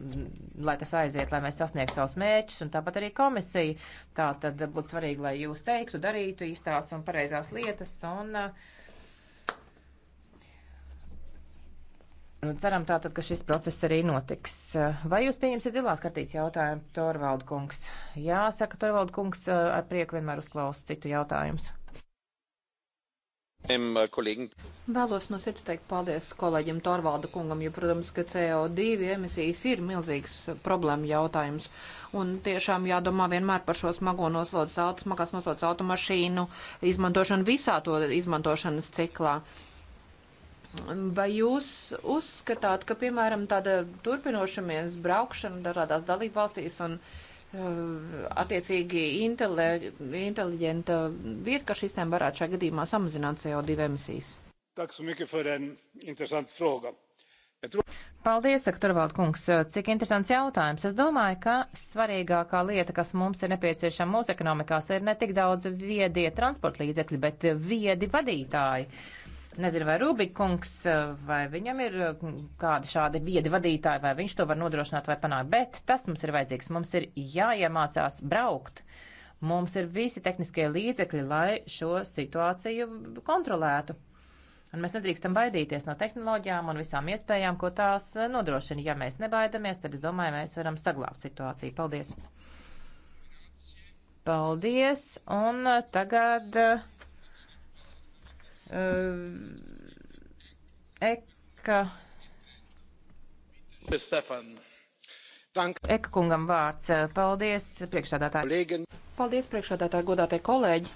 lai tas aiziet, lai mēs sasniegtu savus mērķus, un tāpat arī komisija. Tātad būtu svarīgi, lai jūs teiktu, darītu īstās un pareizās lietas, un uh, Nu, ceram tātad, ka šis process arī notiks. Vai jūs pieņemsiet zilās kartītes jautājumu, Torvalda kungs? Jā, saka Torvalda kungs, ar prieku vienmēr uzklausu citu jautājumus. Vēlos no sirds teikt paldies kolēģim Torvalda kungam, jo, protams, ka CO2 emisijas ir milzīgs problēma jautājums. Un tiešām jādomā vienmēr par šo smago noslodzes auto, smagās noslodzes automašīnu izmantošanu visā to izmantošanas ciklā. Uh, Vai jūs uzskatāt, ka, piemēram, tāda turpinošamies braukšana dažādās dalībvalstīs un eh, attiecīgi intele, inteliģenta vietkašu sistēma varētu šajā gadījumā samazināt CO2 emisijas? Paldies, Aktorvald kungs. Cik interesants jautājums. Es domāju, ka svarīgākā lieta, kas mums ir nepieciešama mūsu ekonomikās, ir ne tik daudz viedie transporta līdzekļi, bet viedi vadītāji. Uh, Nezinu, vai Rūbikungs, vai viņam ir uh, kādi šādi biedi vadītāji, vai viņš to var nodrošināt vai panākt, bet tas mums ir vajadzīgs. Mums ir jāiemācās braukt. Mums ir visi tehniskie līdzekļi, lai šo situāciju kontrolētu. Un mēs nedrīkstam baidīties no tehnoloģijām un visām iespējām, ko tās uh, nodrošina. Ja mēs nebaidamies, tad es domāju, mēs varam saglābt situāciju. Paldies! Paldies! Un uh, tagad. Uh, Eka. Stefan. Eka kungam vārds. Paldies, priekšādātāji. Paldies, priekšādātāji, godātie kolēģi.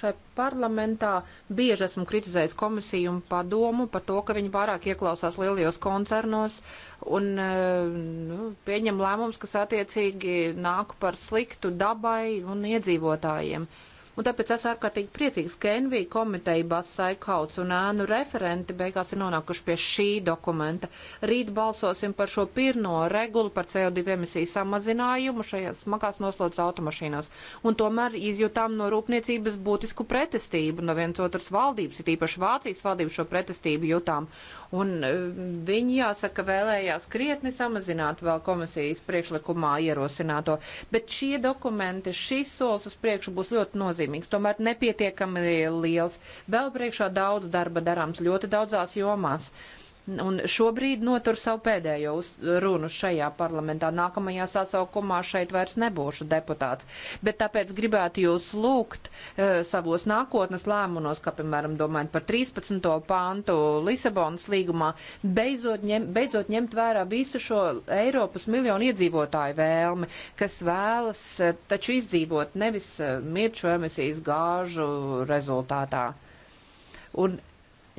Šai parlamentā bieži esmu kritizējis komisiju un padomu par to, ka viņi pārāk ieklausās lielajos koncernos un nu, pieņem lēmums, kas attiecīgi nāk par sliktu dabai un iedzīvotājiem. Uh, Un tāpēc es ārkārtīgi priecīgs, ka NV komiteja Basai Kauts un ēnu referenti beigās ir nonākuši pie šī dokumenta. Rīt balsosim par šo pirmo regulu par CO2 emisiju samazinājumu šajās smagās noslodzes automašīnās. Un tomēr izjūtām no rūpniecības būtisku pretestību no viens otras valdības, ir īpaši Vācijas valdības šo pretestību jūtām. Un um, viņi, jāsaka, vēlējās krietni samazināt vēl komisijas priekšlikumā ierosināto. Bet šie dokumenti, šis solis uz priekšu būs ļoti nozīmīgs nozīmīgs, tomēr nepietiekami liels. Vēl priekšā daudz darba darāms ļoti daudzās jomās. Uh, un šobrīd notur savu pēdējo runu šajā parlamentā. Nākamajā sasaukumā šeit vairs nebūšu deputāts, bet tāpēc gribētu jūs lūgt e, savos nākotnes lēmumos, kā piemēram domājot par 13. pāntu Lisabonas līgumā, beidzot, ņem, beidzot ņemt vērā visu šo Eiropas miljonu iedzīvotāju vēlmi, kas vēlas e, taču izdzīvot nevis e, eh, mirču emisijas gāžu rezultātā. Un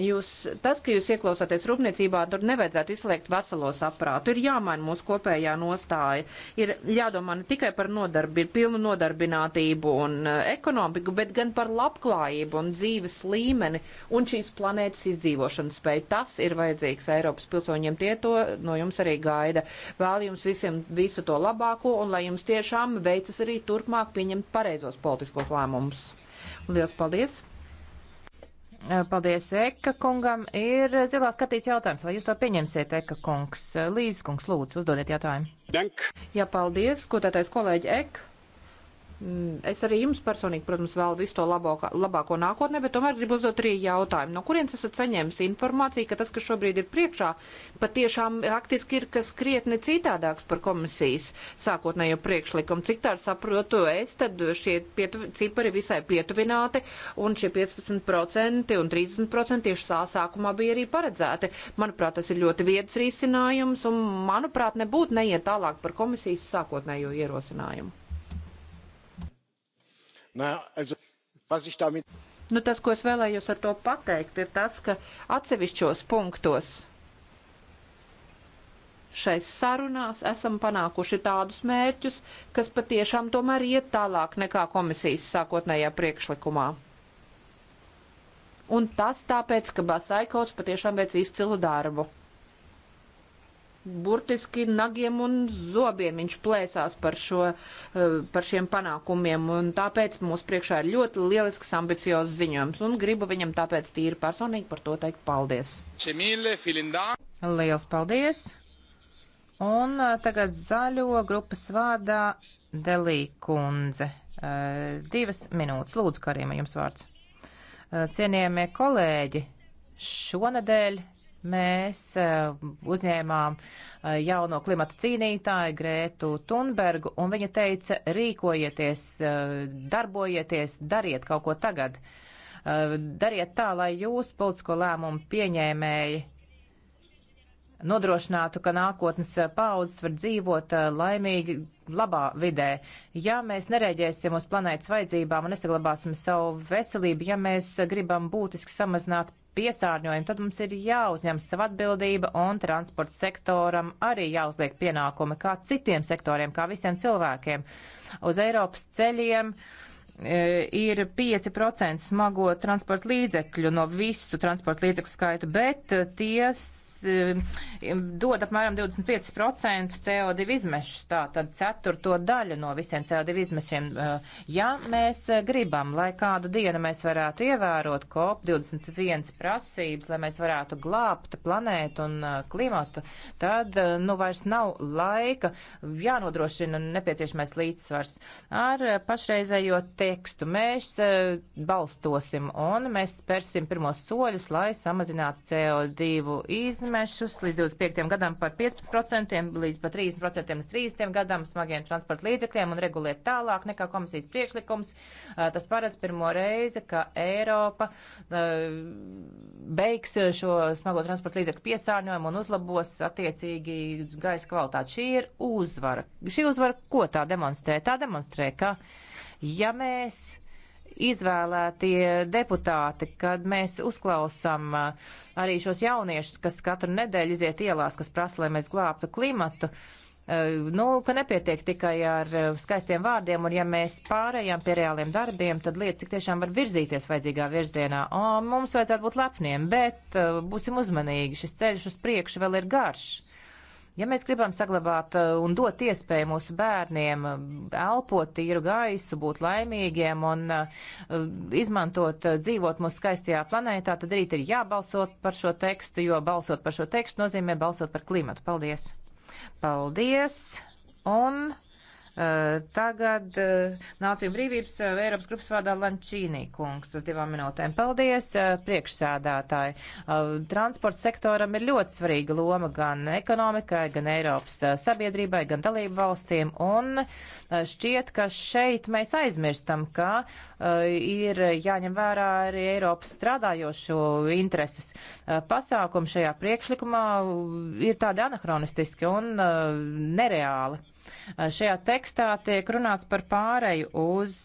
Jūs, tas, ka jūs ieklausāties rūpniecībā, tur nevajadzētu izslēgt veselos aprātu. Ir jāmaina mūsu kopējā nostāja. Ir jādomā ne tikai par nodarbi, pilnu nodarbinātību un e, ekonomiku, bet gan par labklājību un dzīves līmeni un šīs planētas izdzīvošanas spēju. Tas ir vajadzīgs Eiropas pilsoņiem. Tie to no jums arī gaida. Vēl jums visiem visu to labāko un lai jums tiešām veicas arī turpmāk pieņemt pareizos politiskos lēmumus. Lielas paldies! Eh, paldies, Eka kungam. Ir zilā skatīts jautājums, vai jūs to pieņemsiet, Eka kungs? Eh, Līdz kungs, lūdzu, uzdodiet jautājumu. Dank. Jā, paldies, ko tātais kolēģi Eka. Mm, es arī jums personīgi, protams, vēlu visu to labāko, labāko nākotnē, bet tomēr gribu uzdot arī jautājumu. No kurienes esat saņēmis informāciju, ka tas, kas šobrīd ir priekšā, patiešām faktiski ir kas krietni citādāks par komisijas sākotnējo priekšlikumu? Cik tā saprotu es, tad šie pietu, cipari visai pietuvināti, un šie 15% un 30% tieši tā sākumā bija arī paredzēti. Manuprāt, tas ir ļoti viedas risinājums, un manuprāt, nebūtu neiet tālāk par komisijas sākotnējo ierosinājumu. Nu, tas, ko es vēlējos ar to pateikt, ir tas, ka atsevišķos punktos šai sarunās esam panākuši tādus mērķus, kas patiešām tomēr iet tālāk nekā komisijas sākotnējā priekšlikumā. Un tas tāpēc, ka Basaikovs patiešām veic izcilu darbu burtiski nagiem un zobiem viņš plēsās par, šo, eh, par šiem panākumiem, un tāpēc mums priekšā ir ļoti lielisks ambiciozs ziņojums, un gribu viņam tāpēc tīri personīgi par to teikt paldies. Liels paldies! Un eh, tagad zaļo grupas vārdā Delī kundze. Eh, divas minūtes. Lūdzu, Karīma, jums vārds. Cienījamie kolēģi, šonadēļ mēs eh, uzņēmām eh, jauno klimata cīnītāju Grētu Tunbergu, un viņa teica, rīkojieties, eh, darbojieties, dariet kaut ko tagad. Dariet tā, lai jūs, politisko lēmumu pieņēmēji, nodrošinātu, ka nākotnes paudzes var dzīvot laimīgi labā vidē. Ja mēs nereaģēsim uz planētas vajadzībām un nesaglabāsim savu veselību, ja mēs gribam būtiski samazināt piesārņojumu, tad mums ir jāuzņem savu atbildību un transporta sektoram arī jāuzliek pienākumi kā citiem sektoriem, kā visiem cilvēkiem. Uz Eiropas ceļiem e, ir 5% smago transporta līdzekļu no visu transporta līdzekļu skaitu, bet ties Um, dod apmēram 25% CO2 izmešus, tātad ceturto daļu no visiem CO2 izmešiem. Uh, ja mēs uh, gribam, lai kādu dienu mēs varētu ievērot COP21 prasības, lai mēs varētu glābt planētu un uh, klimatu, tad nu vairs nav laika, jānodrošina nepieciešamais līdzsvars. Ar pašreizējo tekstu mēs balstosim un mēs spērsim pirmos soļus, lai samazinātu CO2 izmešus izmešus līdz 25. gadam par 15%, līdz pat 30% līdz 30. gadam smagiem transporta līdzekļiem un regulēt tālāk nekā komisijas priekšlikums. Tas paredz pirmo reizi, ka Eiropa beigs šo smago transporta līdzekļu piesārņojumu un uzlabos attiecīgi gaisa kvalitāti. Šī ir uzvara. Šī uzvara ko tā demonstrē? Tā demonstrē, ka ja mēs izvēlētie deputāti, kad mēs uzklausām uh, arī šos jauniešus, kas katru nedēļu iziet ielās, kas prasa, lai mēs glābtu klimatu. Uh, nu, ka nepietiek tikai ar uh, skaistiem vārdiem, un ja mēs pārējām pie reāliem darbiem, tad lietas tik tiešām var virzīties vajadzīgā virzienā. O, mums vajadzētu būt lepniem, bet būsim uzmanīgi, šis ceļš uz priekšu vēl ir garš. Ja mēs gribam saglabāt eh, un dot iespēju mūsu bērniem eh, elpot tīru gaisu, būt laimīgiem un eh, izmantot, dzīvot mūsu skaistajā planētā, tad arī ir jābalsot par šo tekstu, jo balsot par šo tekstu nozīmē balsot par klimatu. Paldies! Paldies! Un Eh, tagad eh, Nāciju brīvības eh, Eiropas grupas vārdā Lančīnī kungs uz divām minūtēm. Paldies, priekšsēdātāji. Transporta sektoram ir ļoti svarīga loma gan ekonomikai, gan Eiropas sabiedrībai, gan dalību valstīm. Un šķiet, ka šeit mēs aizmirstam, ka ir jāņem vērā arī Eiropas strādājošo intereses. Pasākumi šajā priekšlikumā ir tādi anahronistiski un nereāli. Šajā tekstā tiek runāts par pāreju uz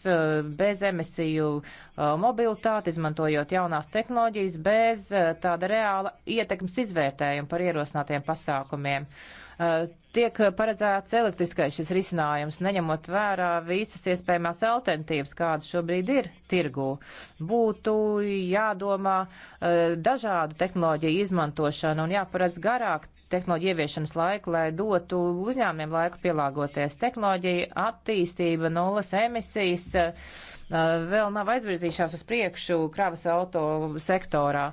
bezemisiju mobilitāti, izmantojot jaunās tehnoloģijas, bez tāda reāla ietekmes izvērtējuma par ierosinātiem pasākumiem tiek paredzēts elektriskais šis risinājums, neņemot vērā visas iespējamās alternatīvas, kādas šobrīd ir tirgū. Būtu jādomā dažādu tehnoloģiju izmantošanu un jāparedz garāk tehnoloģiju ieviešanas laiku, lai dotu uzņēmiem laiku pielāgoties. Tehnoloģija attīstība, nulles emisijas uh, vēl nav aizvirzījušās uz priekšu kravas auto sektorā.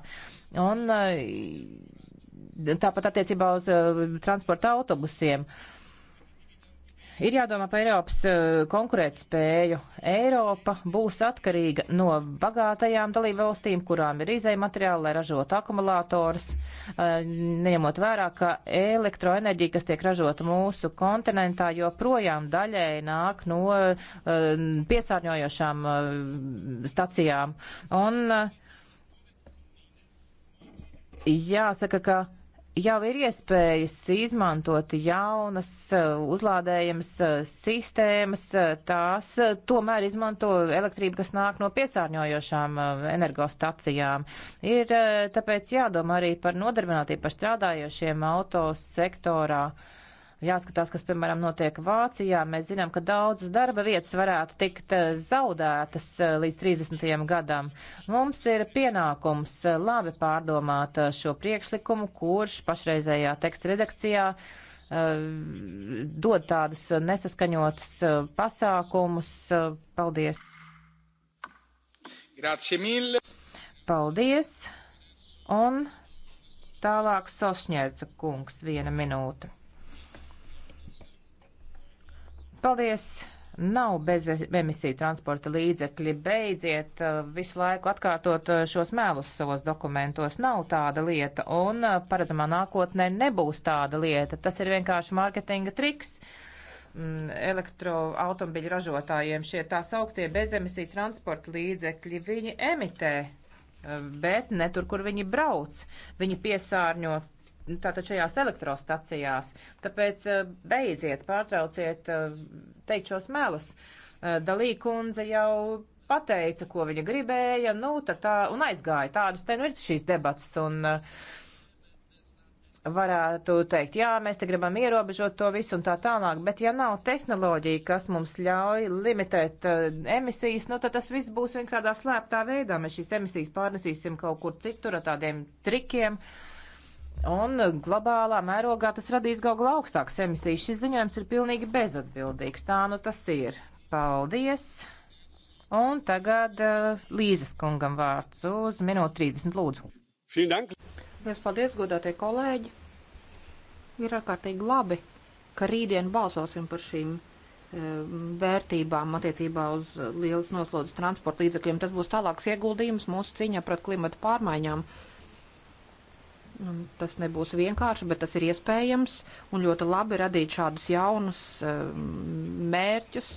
Un uh, tāpat attiecībā uz uh, transporta autobusiem. Uh, ir jādomā par Eiropas eh, konkurētspēju. Eiropa būs atkarīga no bagātajām dalību valstīm, kurām ir izēja materiāli, lai ražotu akumulātors, eh, neņemot vērā, ka elektroenerģija, kas tiek ražota mūsu kontinentā, joprojām daļēji nāk no eh, piesārņojošām stacijām. Un jāsaka, ka jau ir iespējas izmantot jaunas uh, uzlādējamas uh, sistēmas, uh, tās tomēr izmanto elektrību, kas nāk no piesārņojošām energostacijām. Ir tāpēc jādomā arī par nodarbinātību par strādājošiem auto sektorā. Uh, Jāskatās, kas, piemēram, notiek Vācijā. Mēs zinām, ka daudzas darba vietas varētu tikt eh, zaudētas eh, līdz 30. gadam. Mums ir pienākums eh, labi pārdomāt šo priekšlikumu, kurš pašreizējā teksta redakcijā dod tādus nesaskaņotus pasākumus. Paldies! Grazie mille! Paldies! Un tālāk Sošņērca kungs viena minūte. Paldies! Nav bez emisiju transporta līdzekļi. Beidziet uh, visu laiku atkārtot uh, šos mēlus savos dokumentos. Nav tāda lieta, un uh, paredzamā nākotnē nebūs tāda lieta. Tas ir vienkārši mārketinga triks mm, elektroautomobiļu ražotājiem šie tā sauktie bezemisiju transporta līdzekļi, viņi emitē, bet ne tur, kur viņi brauc. Viņi piesārņo Nu, tātad šajās elektrostacijās. Tāpēc eh, beidziet, pārtrauciet eh, teikt šos melus. Eh, Dalī kundze jau pateica, ko viņa gribēja, nu, tad tā, un aizgāja. Tādas te nu ir šīs debatas, un varētu teikt, jā, mēs te gribam ierobežot to visu un tā tālāk, bet ja nav tehnoloģija, kas mums ļauj limitēt uh, emisijas, nu, tad tas viss būs vienkārši tādā slēptā veidā. Mēs šīs emisijas pārnesīsim kaut kur citur ar tādiem trikiem. Uh, Un globālā mērogā tas radīs gal galā augstākas emisijas. Šis ziņojums ir pilnīgi bezatbildīgs. Tā nu tas ir. Paldies! Un tagad uh, Līzes kungam vārds uz minūti 30 lūdzu. Liels paldies, godātie kolēģi! Ir ārkārtīgi labi, ka rītdien balsosim par šīm eh, vērtībām attiecībā uz lielas noslodzes transporta līdzekļiem. Tas būs tālāks ieguldījums mūsu cīņā pret klimata pārmaiņām. Uh, Tas nebūs vienkārši, bet tas ir iespējams un ļoti labi radīt šādus jaunus um, mērķus.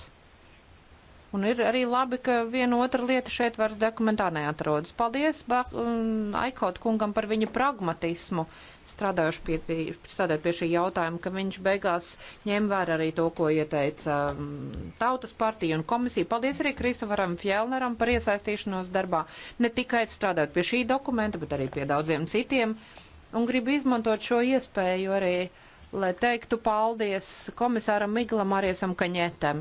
Un ir arī labi, ka viena otra lieta šeit vairs dokumentā neatrodas. Paldies um, Aikot kungam par viņa pragmatismu, strādājuši pie, tī, strādājot pie šī jautājuma, ka viņš beigās ņēma vērā arī to, ko ieteica um, Tautas partija un komisija. Paldies arī Kristoferam Fjellneram par iesaistīšanos darbā, ne tikai strādājot pie šī dokumenta, bet arī pie daudziem citiem. Uh, un gribu izmantot šo iespēju arī, lai teiktu paldies komisāram Miglam Ariesam Kaņetam.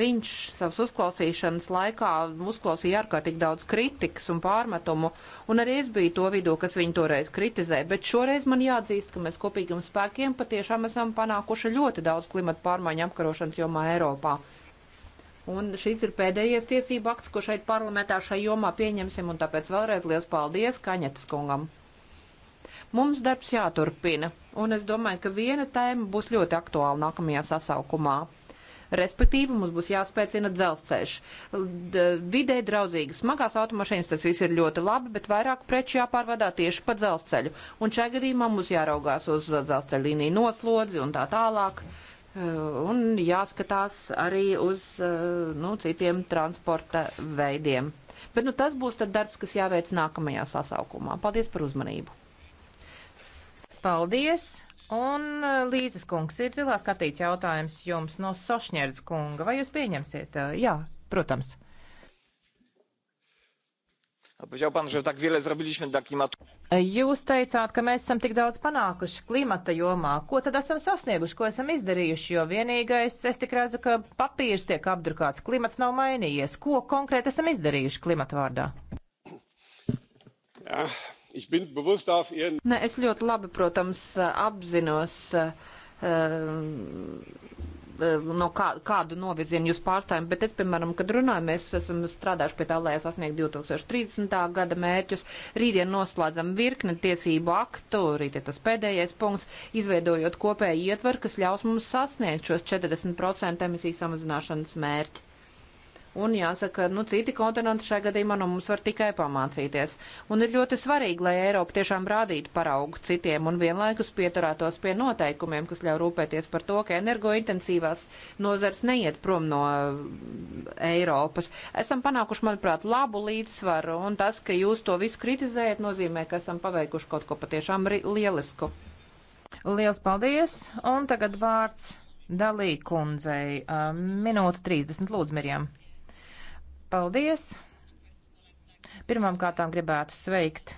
Viņš savas uzklausīšanas laikā uzklausīja ārkārtīgi daudz kritikas un pārmetumu, un arī es biju to vidū, kas viņu toreiz kritizēja, bet šoreiz man jāatzīst, ka mēs kopīgiem spēkiem patiešām esam panākuši ļoti daudz klimata pārmaiņu apkarošanas jomā Eiropā. Un šis ir pēdējais tiesība akts, ko šeit parlamentā šai jomā pieņemsim, un tāpēc vēlreiz liels paldies Kaņetas kungam! Mums darbs jāturpina, un es domāju, ka viena tēma būs ļoti aktuāla nākamajā sasaukumā. Respektīvi, mums būs jāspēcina dzelzceļš. Vidē draudzīgi smagās automašīnas, tas viss ir ļoti labi, bet vairāk preču jāpārvadā tieši pa dzelzceļu. Un šajā gadījumā mums jāraugās uz dzelzceļa līniju noslodzi un tā tālāk. Eh, un jāskatās arī uz eh, nu, citiem transporta veidiem. Bet nu, tas būs darbs, kas jāveic nākamajā sasaukumā. Paldies par uzmanību! Paldies! Un eh, Līzes kungs ir zilā skatīts jautājums jums no Sošņērds kunga. Vai jūs pieņemsiet? Eh, jā, protams. Eh, jūs teicāt, ka mēs esam tik daudz panākuši klimata jomā. Ko tad esam sasnieguši, ko esam izdarījuši? Jo vienīgais, es tik redzu, ka papīrs tiek apdrukāts, klimats nav mainījies. Ko konkrēti esam izdarījuši klimata vārdā? Ja, ah, Ne, es ļoti labi, protams, apzinos, ehm, ehm, no kā, kādu novirzienu jūs pārstājam, bet, es, piemēram, kad runājam, mēs esam strādājuši pie tā, lai sasniegtu 2030. gada mērķus. Rītdien noslēdzam virkni tiesību aktu, rīt ir tas pēdējais punkts, izveidojot kopēju ietvaru, kas ļaus mums sasniegt šos 40% emisiju samazināšanas mērķi. Un jāsaka, nu, citi kontinenti šajā gadījumā no nu, mums var tikai pamācīties. Un ir ļoti svarīgi, lai Eiropa tiešām rādītu paraugu citiem un vienlaikus pieturētos pie noteikumiem, kas ļauj rūpēties par to, ka energointensīvās nozars neiet prom no mm, Eiropas. Esam panākuši, manuprāt, labu līdzsvaru, un tas, ka jūs to visu kritizējat, nozīmē, ka esam paveikuši kaut ko patiešām lielisku. Liels paldies! Un tagad vārds Dalī kundzei. Uh, minūte 30 lūdzu, Mirjam. Paldies! Pirmām kārtām gribētu sveikt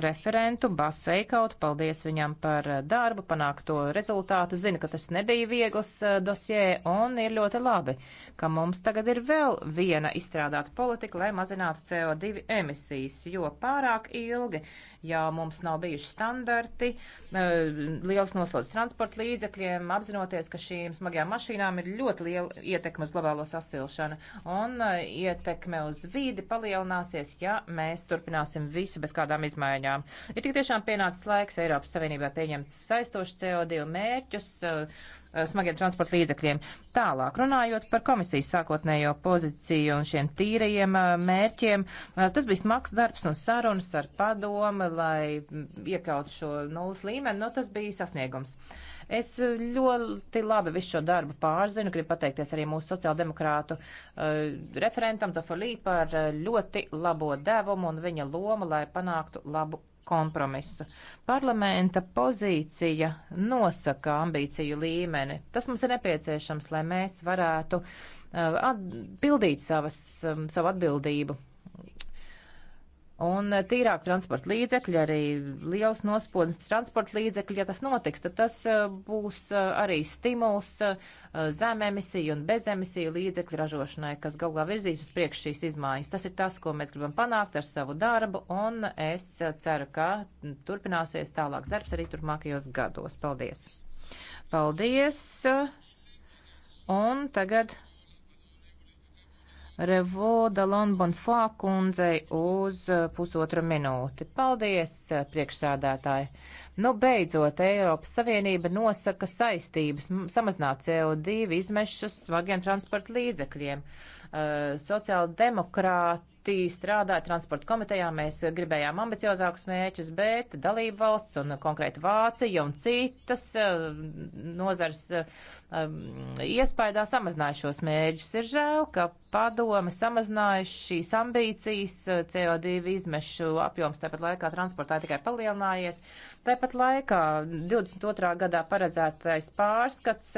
referentu Basu Eikautu. Paldies viņam par eh, darbu, panākto rezultātu. Zinu, ka tas nebija viegls eh, dosjē un ir ļoti labi, ka mums tagad ir vēl viena izstrādāta politika, lai mazinātu CO2 emisijas, jo pārāk ilgi jau mums nav bijuši standarti, eh, liels noslodzes transporta līdzekļiem, apzinoties, ka šīm smagajām mašīnām ir ļoti liela ietekme uz globālo sasilšanu un ietekme uz vīdi palielināsies, ja mēs turpināsim visu bez kādām izmaiņām izmaiņām. Ir tik tiešām pienācis laiks Eiropas Savienībā pieņemt saistošus CO2 mērķus uh, uh, smagiem transporta līdzekļiem. Tālāk, runājot par komisijas sākotnējo pozīciju un šiem tīrajiem uh, mērķiem, tas bija smags darbs un sarunas ar padomu, lai mm, iekļautu šo nulles līmeni, no nu, tas bija sasniegums. Uh, Es ļoti labi visu šo darbu pārzinu, gribu pateikties arī mūsu sociāldemokrātu uh, referentam Zafalī par eh, ļoti labo devumu un viņa lomu, lai panāktu labu kompromisu. Parlamenta pozīcija nosaka ambīciju līmeni. Tas mums ir nepieciešams, lai mēs varētu uh, pildīt savas, um, savu atbildību Un eh, tīrāk transporta līdzekļi, arī liels nospodnis transporta līdzekļi, ja tas notiks, tad tas eh, būs eh, arī stimuls zememisiju un bezemisiju līdzekļu ražošanai, kas galvā virzīs uz priekšu šīs izmaiņas. Tas ir tas, ko mēs gribam panākt ar savu darbu, un es ceru, ka turpināsies tālāks darbs arī turpmākajos gados. Paldies! Paldies! Un tagad Revo Dalon Bonfā kundzei uz uh, pusotra minūti. Paldies, uh, priekšsādātāji! Nu, beidzot, Eiropas Savienība nosaka saistības samazināt CO2 izmešas smagiem transporta līdzekļiem. Uh, Sociāla demokrāta ļoti strādāja transporta komitejā. Mēs gribējām ambiciozākus mēķus, bet dalību valsts un konkrēti Vācija un citas eh, nozars eh, iespējā samazināja šos mēģus. Ir žēl, ka padome samazināja šīs ambīcijas, eh, CO2 izmešu apjoms tāpat laikā transportā tikai palielinājies. Tāpat laikā 22. gadā paredzētais pārskats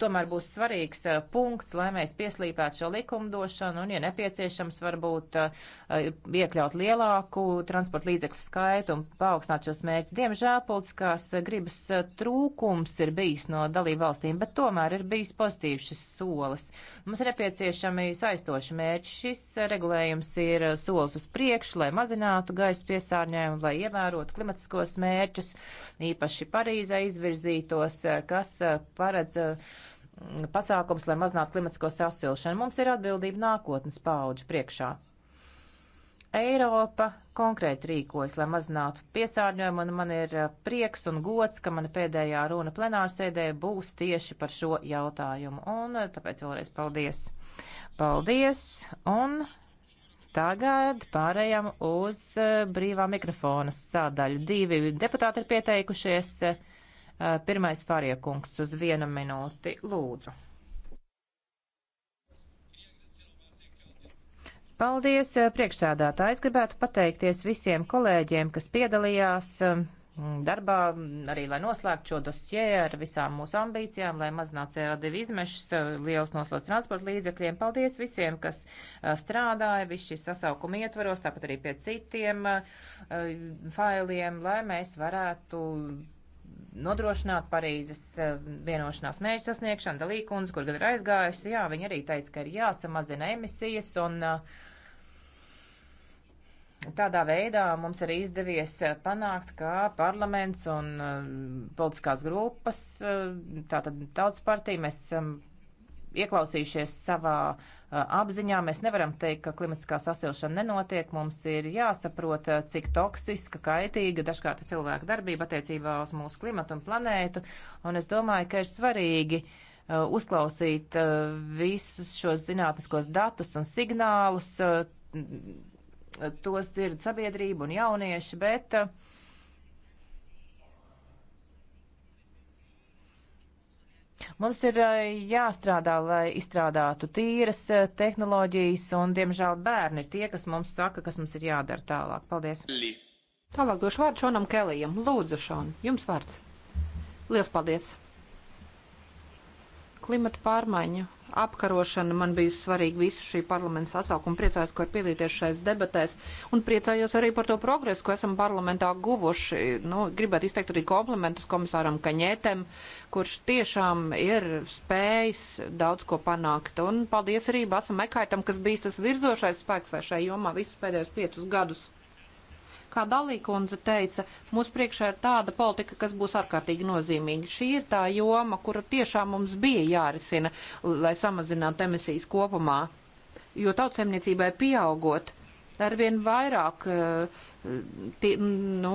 tomēr būs svarīgs punkts, lai mēs pieslīpētu šo likumdošanu un, ja nepieciešams, varbūt varbūt eh, iekļaut lielāku transporta līdzekļu skaitu un paaugstināt šos mērķus. Diemžēl politiskās gribas eh, trūkums ir bijis no dalību valstīm, bet tomēr ir bijis pozitīvs šis solis. Mums ir nepieciešami saistoši mērķi. Šis eh, regulējums ir solis uz priekšu, lai mazinātu gaisa piesārņojumu, lai ievērotu klimatiskos mērķus, īpaši Parīzē izvirzītos, kas paredz pasākums, lai mazinātu klimatisko sasilšanu. Mums ir atbildība nākotnes paauģu priekšā. Eiropa konkrēti rīkojas, lai mazinātu piesārņojumu, un man ir eh, prieks un gods, ka mana pēdējā runa plenārsēdē būs tieši par šo jautājumu. Un eh, tāpēc vēlreiz paldies. Paldies, un tagad pārējām uz eh, brīvā mikrofona sādaļu. Divi deputāti ir pieteikušies. Pirmais Fāriekungs uz vienu minūti. Lūdzu. Paldies, eh, priekšsēdātāji. Es gribētu pateikties visiem kolēģiem, kas piedalījās eh, darbā, arī lai noslēgtu šo dosjē ar visām mūsu ambīcijām, lai mazinātu CO2 izmešus, eh, liels noslots transporta līdzekļiem. Paldies visiem, kas strādāja visu šī sasaukuma ietvaros, tāpat arī pie citiem failiem, lai mēs varētu nodrošināt Parīzes vienošanās mērķu sasniegšanu. Dalīkundze, kur gan ir aizgājusi, jā, viņa arī teica, ka ir jāsamazina emisijas un uh, Tādā veidā mums arī izdevies eh, panākt, ka parlaments un eh, politiskās grupas, eh, tātad tautas partija, mēs esam ieklausījušies savā apziņā. Mēs nevaram teikt, ka klimatiskā sasilšana nenotiek. Mums ir jāsaprot, cik toksiska, kaitīga dažkārt cilvēka darbība attiecībā uz mūsu klimatu un planētu. Un es domāju, ka ir svarīgi uzklausīt visus šos zinātniskos datus un signālus tos dzird sabiedrība un jaunieši, bet uh, mums ir uh, jāstrādā, lai izstrādātu tīras uh, tehnoloģijas, un, diemžēl, bērni ir tie, kas mums saka, kas mums ir jādara tālāk. Paldies! Tālāk došu vārdu Šonam Kelijam. Lūdzu, Šon, jums vārds. Lielas paldies! Klimata pārmaiņu apkarošana man bijusi svarīga visu šī parlamenta sasaukuma. Priecājos, ka var piedalīties šais debatēs un priecājos arī par to progresu, ko esam parlamentā guvuši. Nu, gribētu izteikt arī komplimentus komisāram Kaņētem, kurš tiešām ir spējis daudz ko panākt. Un paldies arī Basam Ekaitam, kas bijis tas virzošais spēks vai šai jomā visus pēdējos piecus gadus kā Dalīkundze teica, mūsu priekšā ir tāda politika, kas būs ārkārtīgi nozīmīga. Šī ir tā joma, kura tiešām mums bija jārisina, lai samazinātu emisijas kopumā. Jo tautsēmniecībai pieaugot, arvien vairāk uh, tie, nu,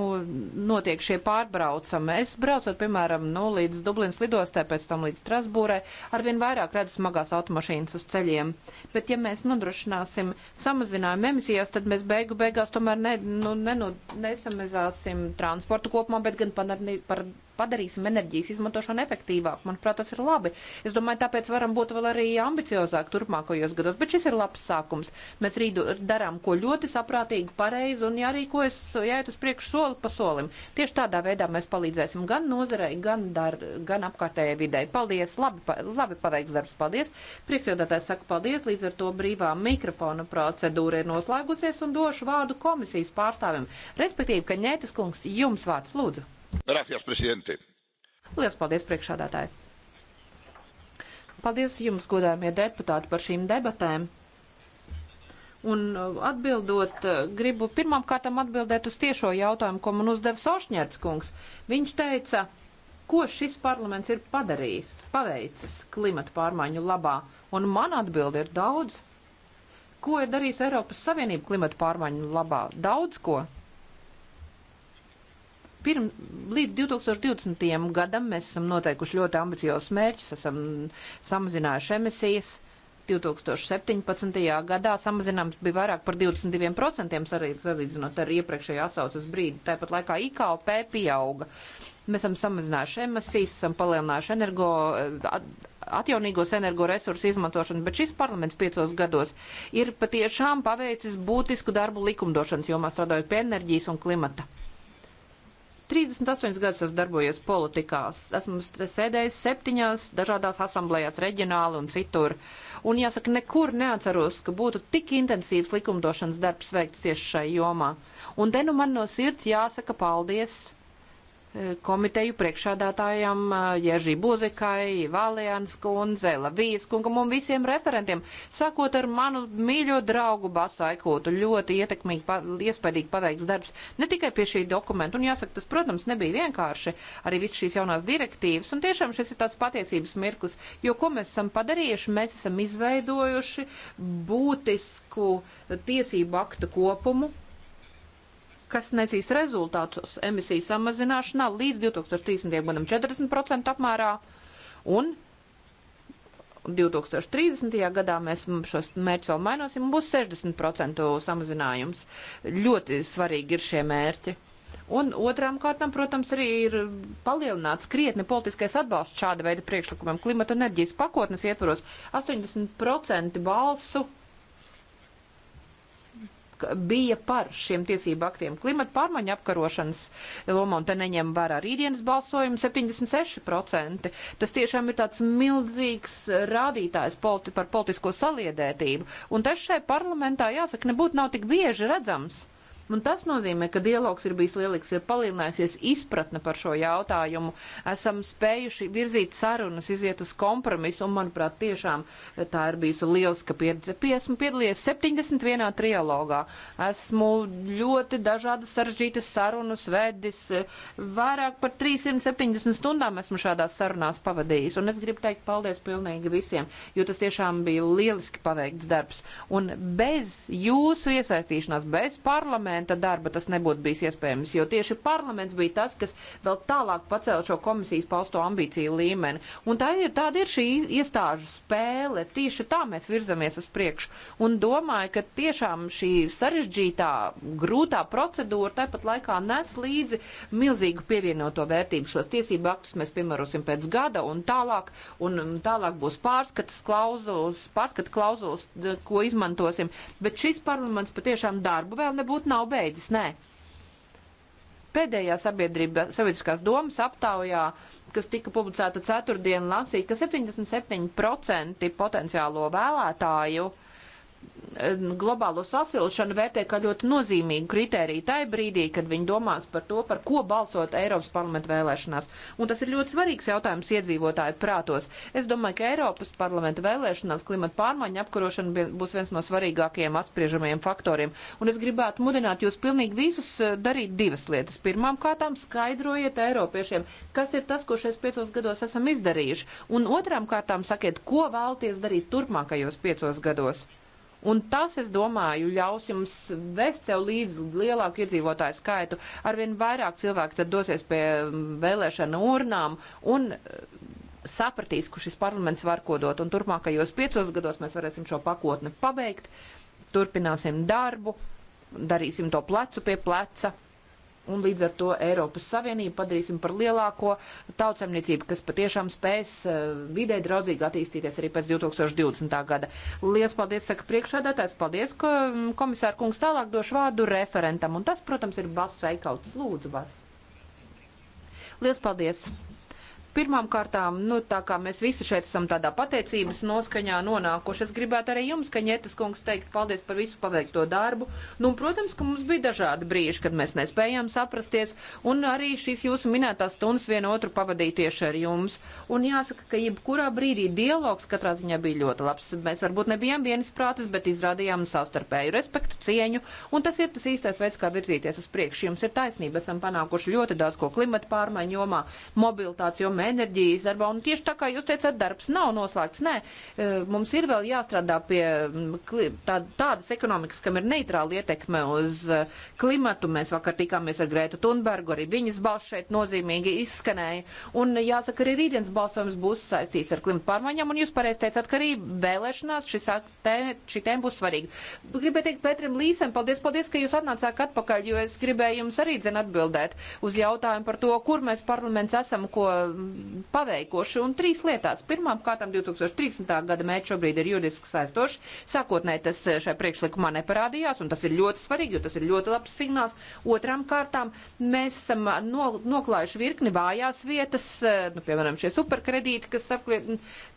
notiek šie pārbraucami. Es braucot, piemēram, nu, līdz Dublinas lidostē, pēc tam līdz Strasbūrai, arvien vairāk redzu smagās automašīnas uz ceļiem. Bet ja mēs nodrošināsim samazinājumu emisijās, tad mēs beigu beigās tomēr ne, nu, ne, nu, nesamazāsim transportu kopumā, bet gan par, par padarīsim enerģijas izmantošanu efektīvāku. Manuprāt, tas ir labi. Es domāju, tāpēc varam būt vēl arī ambiciozāk turpmākajos gados, bet šis ir labs sākums. Mēs rīdu darām ko ļoti saprātīgu, pareizi un jārīkojas, jāiet uz priekšu soli pa solim. Tieši tādā veidā mēs palīdzēsim gan nozarei, gan, dar, gan apkārtējai videi. Paldies, labi, pa, labi paveikts darbs, paldies. Priekšredātājs saka paldies, līdz ar to brīvā mikrofona procedūra ir noslēgusies un došu vārdu komisijas pārstāvim. Respektīvi, ka ņētas kungs, jums vārds lūdzu. Gracias, prezidente. Lielas paldies, priekšādātāji. Paldies jums, godājumie deputāti, par šīm debatēm. Un uh, atbildot, uh, gribu pirmām kārtām atbildēt uz tiešo jautājumu, ko man uzdeva Sošņērts kungs. Viņš teica, ko šis parlaments ir padarījis, paveicis klimata pārmaiņu labā, un man atbildi ir daudz. Ko ir darījis Eiropas Savienība klimata pārmaiņu labā? Daudz ko. Pirm, līdz 2020. gadam mēs esam noteikuši ļoti ambiciozus mērķus, esam samazinājuši emisijas. 2017. gadā samazinājums bija vairāk par 22%, salīdzinot ar iepriekšējo atsaucas brīdi. Tāpat laikā IKP pieauga. Mēs esam samazinājuši emisijas, esam palielinājuši energo, atjaunīgos energoresursu izmantošanu, bet šis parlaments piecos gados ir patiešām paveicis būtisku darbu likumdošanas jomā strādājot pie enerģijas un klimata 38 gadus esmu darbojies politikās, esmu sēdējis septiņās dažādās asamblējās, reģionāli un citur. Un jāsaka, nekur neatceros, ka būtu tik intensīvs likumdošanas darbs veikts tieši šai jomā. Un te nu man no sirds jāsaka paldies komiteju priekšādātājam eh, Jeržī Buzikai, Valians kundze, Lavijas kungam un visiem referentiem, sākot ar manu mīļo draugu Basu Aikūtu. Ļoti ietekmīgi, pa, iespaidīgi paveikts darbs ne tikai pie šī dokumenta, un jāsaka, tas, protams, nebija vienkārši arī viss šīs jaunās direktīvas, un tiešām šis ir tāds patiesības mirklis, jo ko mēs esam padarījuši, mēs esam izveidojuši būtisku tiesību aktu kopumu, kas nesīs rezultātus emisiju samazināšanā līdz 2030. gadam 40% apmērā un 2030. gadā mēs šos mērķus vēl mainosim, būs 60% samazinājums. Ļoti svarīgi ir šie mērķi. Un otrām kārtām, protams, arī ir palielināts krietni politiskais atbalsts šāda veida priekšlikumam. Klimata enerģijas pakotnes ietvaros 80% balsu bija par šiem tiesību aktiem. Klimata pārmaiņa apkarošanas loma, un te neņem vērā rītdienas balsojumu, 76%. Tas tiešām ir tāds milzīgs rādītājs politi par politisko saliedētību. Un tas šai parlamentā, jāsaka, nebūtu nav tik bieži redzams. Un tas nozīmē, ka dialogs ir bijis lielisks, ir palielinājusies izpratne par šo jautājumu. Esam spējuši virzīt sarunas, iziet uz kompromisu, un, manuprāt, tiešām tā ir bijusi lieliska pieredze. Esmu piedalījies 71. trialogā. Esmu ļoti dažādas sarežģītas sarunas vedis. Vairāk par 370 stundām esmu šādās sarunās pavadījis. Un es gribu teikt paldies pilnīgi visiem, jo tas tiešām bija lieliski paveikts darbs. Un bez jūsu iesaistīšanās, bez parlamenta, parlamenta darba tas nebūtu bijis iespējams, jo tieši parlaments bija tas, kas vēl tālāk pacēla šo komisijas pausto ambīciju līmeni. Un tā ir, tāda ir šī iestāžu spēle, tieši tā mēs virzamies uz priekšu. Un domāju, ka tiešām šī sarežģītā, grūtā procedūra tāpat laikā nes līdzi milzīgu pievienoto vērtību. Šos tiesību aktus mēs piemērosim pēc gada un tālāk, un um, tālāk būs pārskatas klauzulas, pārskata klauzulas, ko izmantosim. Bet šis parlaments patiešām darbu vēl nebūtu nav pabeidzis, nē. Pēdējā sabiedriskās domas aptaujā, kas tika publicēta ceturtdien, lasīja, ka 77% potenciālo vēlētāju uh, globālo sasilšanu vērtē kā ļoti nozīmīgu kritēriju tajā brīdī, kad viņi domās par to, par ko balsot Eiropas parlamenta vēlēšanās. Un tas ir ļoti svarīgs jautājums iedzīvotāju prātos. Es domāju, ka Eiropas parlamenta vēlēšanās klimata pārmaiņa apkarošana būs viens no svarīgākajiem apspriežamajiem faktoriem. Un es gribētu mudināt jūs pilnīgi visus eh, darīt divas lietas. Pirmām kārtām skaidrojiet Eiropiešiem, kas ir tas, ko šais piecos gados esam izdarījuši. Un otrām kārtām sakiet, ko vēlties darīt turpmākajos piecos gados. Un tas, es domāju, ļaus jums vest sev līdzi lielāku iedzīvotāju skaitu. Arvien vairāk cilvēki tad dosies pie mm, vēlēšana urnām un eh, sapratīs, ka šis parlaments var ko dot. Un turpmākajos piecos gados mēs varēsim šo pakotni pabeigt, turpināsim darbu, darīsim to plecu pie pleca un līdz ar to Eiropas Savienību padarīsim par lielāko tautsemniecību, kas patiešām spēs eh, vidē draudzīgi attīstīties arī pēc 2020. gada. Lielas paldies, saka priekšādātājs, paldies, ko mm, komisāra kungs tālāk došu vārdu referentam, un tas, protams, ir Bas Veikauts. Lūdzu, Bas. Lielas paldies! Pirmām kārtām, nu, tā kā mēs visi šeit esam tādā pateicības noskaņā nonākuši, es gribētu arī jums, Kaņetas kungs, teikt paldies par visu paveikto darbu. Nu, un, protams, ka mums bija dažādi brīži, kad mēs nespējām saprasties, un arī šīs jūsu minētās stundas vienu otru pavadīja tieši ar jums. Un jāsaka, ka jebkurā brīdī dialogs katrā ziņā bija ļoti labs. Mēs varbūt nebijām vienisprātis, bet izrādījām savstarpēju respektu, cieņu, un tas ir tas īstais veids, kā virzīties uz priekšu. Jums ir taisnība, esam panākuši ļoti daudz ko klimata pārmaiņu jomā, mobilitāciju jomā atjaunojama enerģijas darbā. Un tieši tā kā jūs teicat, darbs nav noslēgts. Nē, e, mums ir vēl jāstrādā pie tādas ekonomikas, kam ir neitrāla ietekme uz e, klimatu. Mēs vakar tikāmies ar Grētu Tunbergu, arī viņas balss šeit nozīmīgi izskanēja. Un jāsaka, arī rītdienas balsojums būs saistīts ar klimatu pārmaiņām. Un jūs pareizi teicat, ka arī vēlēšanās šis, tē, šī tēma būs svarīga. Gribētu teikt Petram Līsam, paldies, paldies, ka jūs atnācāt atpakaļ, jo es gribēju jums arī dzen atbildēt uz jautājumu par to, kur mēs parlaments esam, ko paveikoši un trīs lietās. Pirmām kārtām 2030. gada mērķi šobrīd ir juridiski saistoši. Sākotnēji tas eh, šajā priekšlikumā neparādījās, un tas ir ļoti svarīgi, jo tas ir ļoti labs signāls. Otrām kārtām mēs esam eh, no, noklājuši virkni vājās vietas, eh, nu, piemēram, šie superkredīti, kas, apkliet,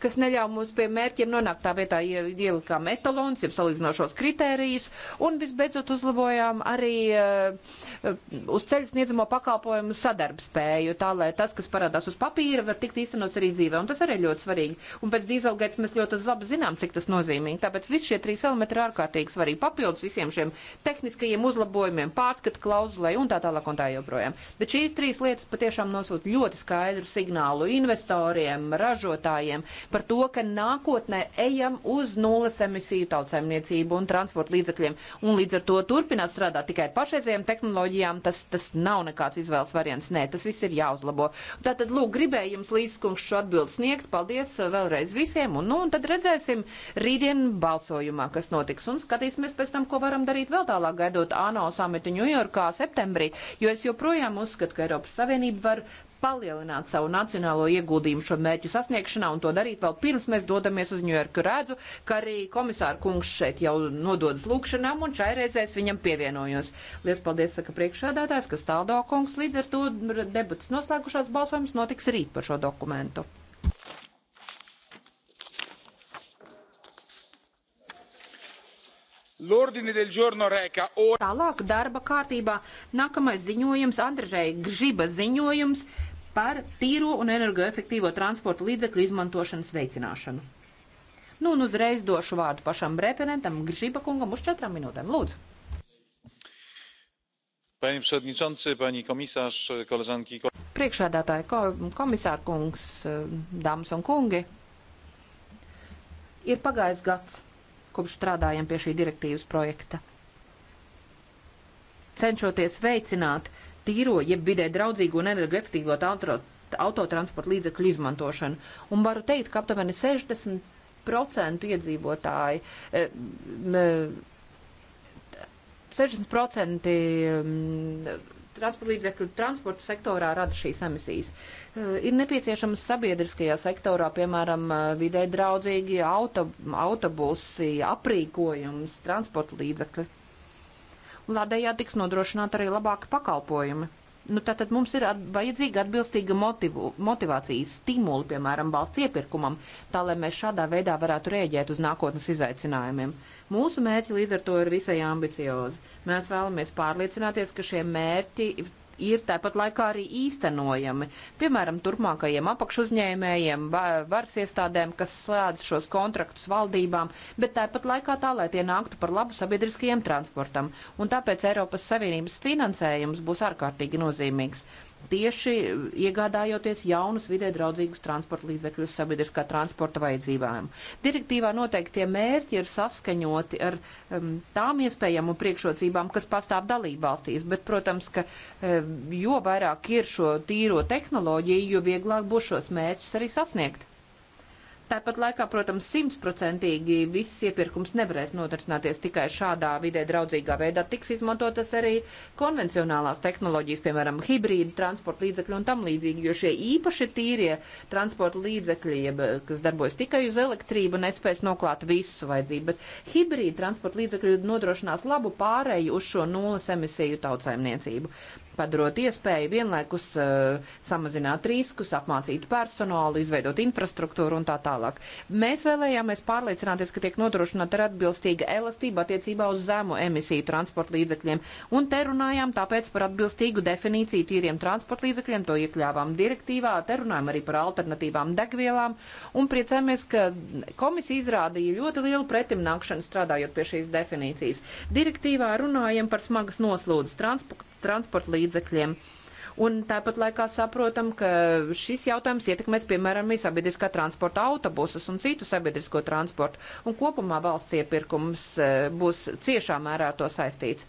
kas neļauj mums pie mērķiem nonākt tā vietā, ielikām etalons, jeb salīdzinošos kritērijus, un visbeidzot uzlabojām arī uh, uz ceļas niedzamo pakalpojumu sadarbspēju, tā lai tas, kas parādās uz papīra, papīra var tikt īstenots arī dzīvē, un tas arī ir ļoti svarīgi. Un pēc dīzelgaitas mēs ļoti labi zinām, cik tas nozīmīgi. Tāpēc visi šie trīs elementi ir ārkārtīgi svarīgi. Papildus visiem šiem tehniskajiem uzlabojumiem, pārskatu klauzulai un tā tālāk un tā joprojām. Bet šīs trīs lietas patiešām nosūta ļoti skaidru signālu investoriem, ražotājiem par to, ka nākotnē ejam uz nulles emisiju tautsēmniecību un transporta līdzekļiem. Un līdz ar to turpināt strādāt tikai pašreizējiem tehnoloģijām, tas, tas nav nekāds izvēles variants. Nē, tas viss ir jāuzlabo. Tātad, lūk, gribētu gribēju jums līdzskungs šo atbildu sniegt. Paldies uh, vēlreiz visiem, un, nu, un tad redzēsim rītdien balsojumā, kas notiks, un skatīsimies pēc tam, ko varam darīt vēl tālāk, gaidot ANO samitu Ņujorkā septembrī, jo es joprojām uzskatu, ka Eiropas Savienība var palielināt savu nacionālo ieguldījumu šo mērķu sasniegšanā un to darīt vēl pirms mēs dodamies uz Ņujorku. Redzu, ka arī komisāra kungs šeit jau nododas lūkšanām un šai reizēs viņam pievienojos. Lies paldies, saka priekšādātājs, ka stāldo kungs līdz ar to debatas noslēgušās balsojums notiks rīt par šo dokumentu. L'ordine del giorno reca ora. Tālāk darba kārtībā nākamais ziņojums Andrzeja Gžiba ziņojums par tīro un energoefektīvo transporta līdzekļu izmantošanas veicināšanu. Nu, un uzreiz došu vārdu pašam referentam Gržība kungam uz četrām minūtēm. Lūdzu! Panie przewodniczący, pani komisarz, koleżanki i koledzy. Priekšādātāji, komisār kungs, dāmas un kungi, ir pagājis gads, kopš strādājam pie šī direktīvas projekta. Cenšoties veicināt tīro, jeb vidē draudzīgu un energoefektīvo autotransporta līdzekļu izmantošanu. Un varu teikt, ka aptuveni 60% iedzīvotāji. E, e, 60% transporta līdzekļu transporta sektorā rada šīs emisijas. Eh, ir nepieciešams sabiedriskajā sektorā, piemēram, eh, vidē draudzīgi auto, autobusi, aprīkojums, transporta līdzekļi un tādējā tiks nodrošināta arī labāka pakalpojuma. Nu, tātad mums ir at vajadzīga atbilstīga motivu, motivācijas stimuli, piemēram, valsts iepirkumam, tā lai mēs šādā veidā varētu rēģēt uz nākotnes izaicinājumiem. Mūsu mērķi līdz ar to ir visai ambiciozi. Mēs vēlamies pārliecināties, ka šie mērķi ir tāpat laikā arī īstenojami. Piemēram, turpmākajiem apakšuzņēmējiem, varas iestādēm, kas slēdz šos kontraktus valdībām, bet tāpat laikā tā, lai tie nāktu par labu sabiedriskajiem transportam. Un tāpēc Eiropas Savienības finansējums būs ārkārtīgi nozīmīgs tieši iegādājoties jaunus vidē draudzīgus transporta līdzekļus sabiedriskā transporta vajadzībām. Direktīvā noteiktie mērķi ir saskaņoti ar um, tām iespējām un priekšrocībām, kas pastāv dalībvalstīs, bet, protams, ka um, jo vairāk ir šo tīro tehnoloģiju, jo vieglāk būs šos mērķus arī sasniegt. Tāpat laikā, protams, simtprocentīgi viss iepirkums nevarēs notrasināties tikai šādā vidē draudzīgā veidā. Tiks izmantotas arī konvencionālās tehnoloģijas, piemēram, hibrīda transporta līdzekļi un tam līdzīgi, jo šie īpaši tīrie transporta līdzekļi, kas darbojas tikai uz elektrību, nespēs noklāt visu vajadzību. Bet hibrīda transporta līdzekļi nodrošinās labu pārēju uz šo nulles emisiju tautsājumniecību padarot iespēju vienlaikus uh, samazināt riskus, apmācīt personālu, izveidot infrastruktūru un tā tālāk. Mēs vēlējāmies pārliecināties, ka tiek nodrošināta ar atbilstīga elastība attiecībā uz zemu emisiju transporta līdzekļiem, un te runājām tāpēc par atbilstīgu definīciju tīriem transporta līdzekļiem, to iekļāvām direktīvā, te runājām arī par alternatīvām degvielām, un priecāmies, ka komisija izrādīja ļoti lielu pretimnākšanu strādājot pie šīs definīcijas. Direktīvā runājam par smagas noslūdzes transporta līdzekļiem līdzekļiem. Un tāpat laikā saprotam, ka šis jautājums ietekmēs, piemēram, arī sabiedriskā transporta autobusus un citu sabiedrisko transportu, un kopumā valsts iepirkums e, būs ciešā mērā ar to saistīts.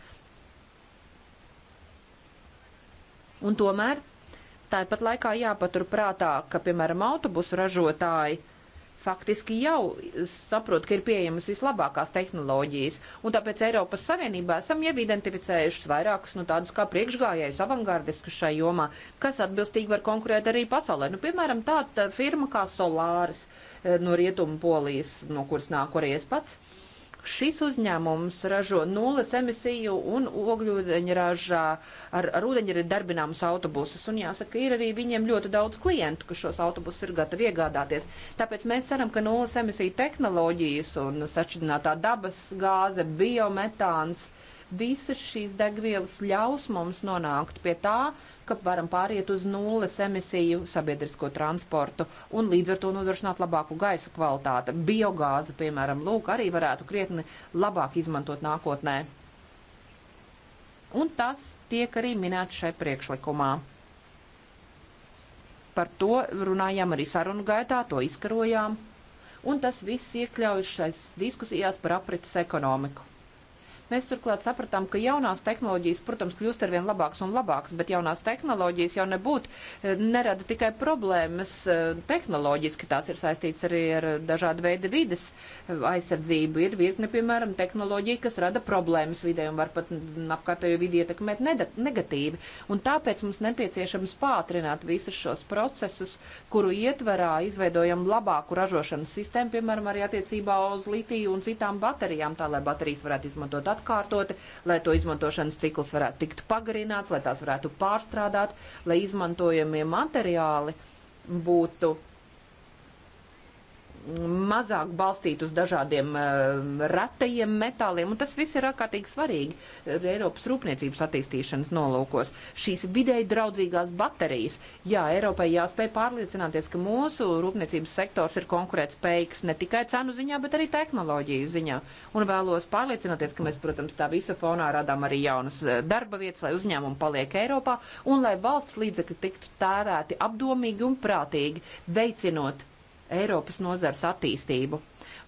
Un tomēr tāpat laikā jāpatur prātā, ka, piemēram, autobusu ražotāji faktiski jau saprot, ka ir pieejamas vislabākās tehnoloģijas, un tāpēc Eiropas Savienībā esam jau identificējuši vairākus nu, tādus kā priekšgājējus, avangardiskus šai jomā, kas atbilstīgi var konkurēt arī pasaulē. Nu, piemēram, tāda firma kā Solāris eh, no Rietumu Polijas, no kuras nāku arī es pats Šis uzņēmums ražo nulles emisiju un ogļūdeņa ražā ar, ar ūdeņa ir darbināmus autobusus. Un jāsaka, ir arī viņiem ļoti daudz klientu, kas šos autobusus ir gatavi iegādāties. Tāpēc mēs ceram, ka nulles emisija tehnoloģijas un sašķidrinātā dabas gāze, biometāns, visas šīs degvielas ļaus mums nonākt pie tā, ka varam pāriet uz nulles emisiju sabiedrisko transportu un līdz ar to nodrošināt labāku gaisa kvalitāti. Biogāze, piemēram, lūk, arī varētu krietni labāk izmantot nākotnē. Un tas tiek arī minēts šai priekšlikumā. Par to runājām arī sarunu gaitā, to izkarojām. Un tas viss iekļaujas šais diskusijās par aprites ekonomiku. Mēs turklāt sapratām, ka jaunās tehnoloģijas, protams, kļūst arvien labāks un labāks, bet jaunās tehnoloģijas jau nebūtu, eh, nerada tikai problēmas eh, tehnoloģiski, tās ir saistīts arī ar dažādu veidu vides eh, aizsardzību. Ir virkne, piemēram, tehnoloģija, kas rada problēmas vidē un var pat apkārtējo vidi ietekmēt negatīvi. Un tāpēc mums nepieciešams pātrināt visus šos procesus, kuru ietverā izveidojam labāku ražošanas sistēmu, piemēram, arī attiecībā uz litiju un citām baterijām, tā lai baterijas varētu izmantot atkārtoti, lai to izmantošanas cikls varētu tikt pagarināts, lai tās varētu pārstrādāt, lai izmantojamie materiāli būtu mazāk balstīt uz dažādiem eh, retajiem metāliem, un tas viss ir ārkārtīgi svarīgi Eiropas rūpniecības attīstīšanas nolūkos. Šīs vidēji draudzīgās baterijas, jā, Eiropai jāspēj pārliecināties, ka mūsu rūpniecības sektors ir konkurētspējīgs ne tikai cenu ziņā, bet arī tehnoloģiju ziņā. Un vēlos pārliecināties, ka mēs, protams, tā visa fonā radām arī jaunas eh, darba vietas, lai uzņēmumi paliek Eiropā un lai valsts līdzekļi tiktu tērēti apdomīgi un prātīgi, veicinot Eiropas nozars attīstību.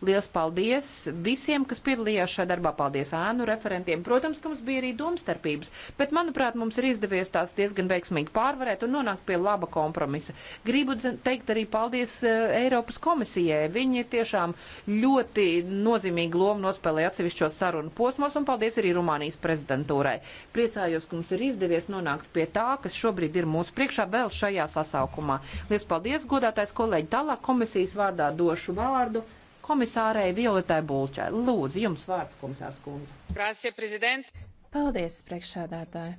Liels paldies visiem, kas piedalījās šajā darbā. Paldies ēnu referentiem. Protams, ka mums bija arī domstarpības, bet, manuprāt, mums ir izdevies tās diezgan veiksmīgi pārvarēt un nonākt pie laba kompromisa. Gribu teikt arī paldies e, Eiropas komisijai. Viņi tiešām ļoti nozīmīgu lomu nospēlēja atsevišķos sarunu posmos un paldies arī Rumānijas prezidentūrai. Priecājos, ka mums ir izdevies nonākt pie tā, kas šobrīd ir mūsu priekšā vēl šajā sasaukumā. Lies paldies, godātais kolēģi, tālāk komisijas vārdā došu vārdu komisārei Violetai Bulčai. Lūdzu, jums vārds, komisārs Kunze. Grāsie, prezident. Paldies, priekšsādātāji.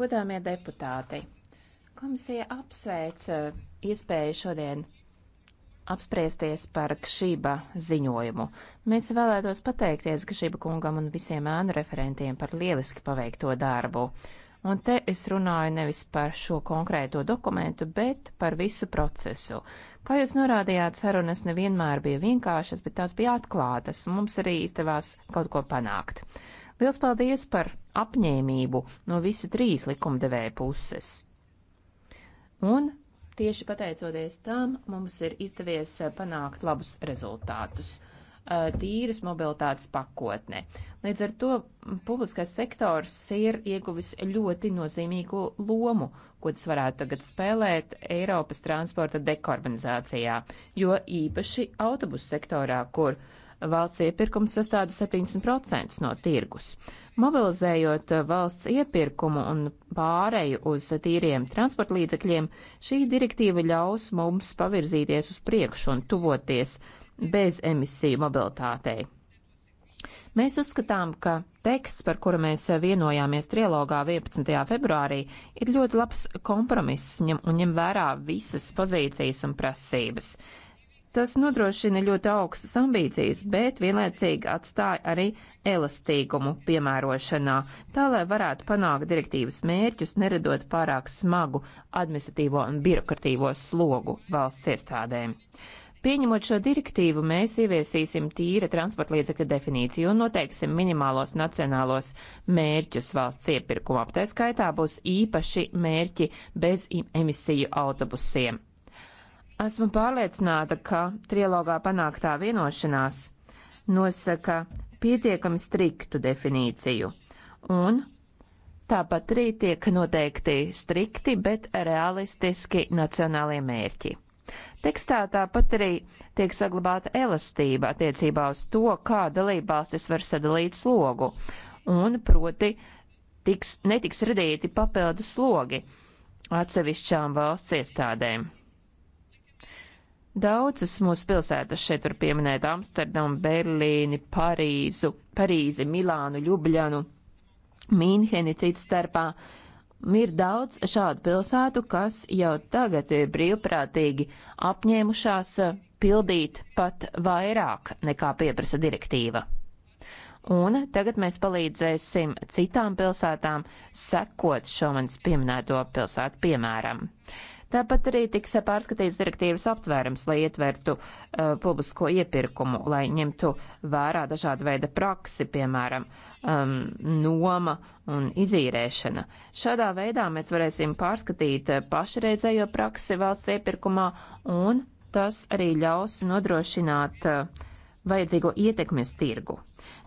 Godāmie deputāti. Komisija apsveic eh, iespēju šodien apspriesties par Kšība ziņojumu. Mēs vēlētos pateikties Kšība kungam un visiem ēnu referentiem par lieliski paveikto darbu. Un te es runāju nevis par šo konkrēto dokumentu, bet par visu procesu. Kā jūs norādījāt, sarunas nevienmēr bija vienkāršas, bet tās bija atklātas, un mums arī izdevās kaut ko panākt. Liels paldies par apņēmību no visu trīs likumdevēja puses. Un tieši pateicoties tam, mums ir izdevies eh, panākt labus rezultātus. Uh, tīras mobilitātes pakotne. Līdz ar to publiskais sektors ir ieguvis ļoti nozīmīgu lomu, ko tas varētu tagad spēlēt Eiropas transporta dekarbonizācijā, jo īpaši autobusu sektorā, kur valsts iepirkums sastāda 70% no tirgus. Mobilizējot valsts iepirkumu un pāreju uz tīriem transporta līdzekļiem, šī direktīva ļaus mums pavirzīties uz priekšu un tuvoties bez emisiju mobilitātei. Mēs uzskatām, ka teksts, par kuru mēs vienojāmies trilogā 11. februārī, ir ļoti labs kompromiss ņem, un ņem vērā visas pozīcijas un prasības. Tas nodrošina ļoti augstas ambīcijas, bet vienlaicīgi atstāja arī elastīgumu piemērošanā, tā lai varētu panākt direktīvas mērķus, neredot pārāk smagu administratīvo un birokratīvo slogu valsts iestādēm. Pieņemot šo direktīvu, mēs ieviesīsim tīra transporta līdzekļa definīciju un noteiksim minimālos nacionālos mērķus valsts iepirkumam. Tā skaitā būs īpaši mērķi bez emisiju autobusiem. Esmu pārliecināta, ka trilogā panāktā vienošanās nosaka pietiekami striktu definīciju un tāpat arī tiek noteikti strikti, bet realistiski nacionālie mērķi. Tekstā tāpat arī tiek saglabāta elastība attiecībā uz to, kā dalībvalstis var sadalīt slogu, un proti tiks, netiks radīti papildu slogi atsevišķām valsts iestādēm. Daudzas mūsu pilsētas šeit var pieminēt Amsterdamu, Berlīni, Parīzu, Parīzi, Milānu, Ljubļanu, Mīnheni cits starpā. Uh, Ir daudz šādu pilsētu, kas jau tagad ir brīvprātīgi apņēmušās pildīt pat vairāk nekā pieprasa direktīva. Un tagad mēs palīdzēsim citām pilsētām sekot šo manis pieminēto pilsētu piemēram. Uh, Tāpat arī tiks pārskatīts direktīvas aptvērums, lai ietvertu uh, publisko iepirkumu, lai ņemtu vērā dažāda veida praksi, piemēram, um, noma un izīrēšana. Šādā veidā mēs varēsim pārskatīt uh, pašreizējo praksi valsts iepirkumā, un tas arī ļaus nodrošināt uh, vajadzīgo ietekmi uz tirgu.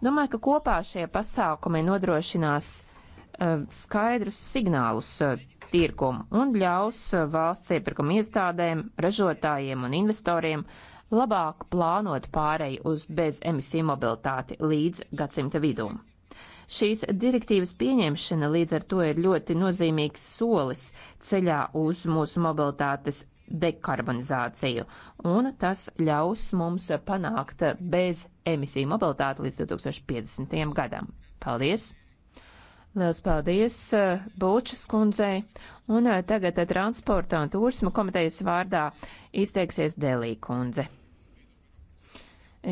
Domāju, ka kopā šie pasākumi nodrošinās Eh, skaidrus signālus eh, tirkumu un ļaus eh, valsts iepirkuma iestādēm, ražotājiem un investoriem labāk plānot pāreju uz bezemisiju mobilitāti līdz gadsimta vidū. Šīs direktīvas pieņemšana līdz ar to ir ļoti nozīmīgs solis ceļā uz mūsu mobilitātes dekarbonizāciju, un tas ļaus mums panākt bez emisiju mobilitāti līdz 2050. gadam. Paldies! Liels paldies Bulčas kundzei. Un tagad transporta un turisma komitejas vārdā izteiksies Delī kundze.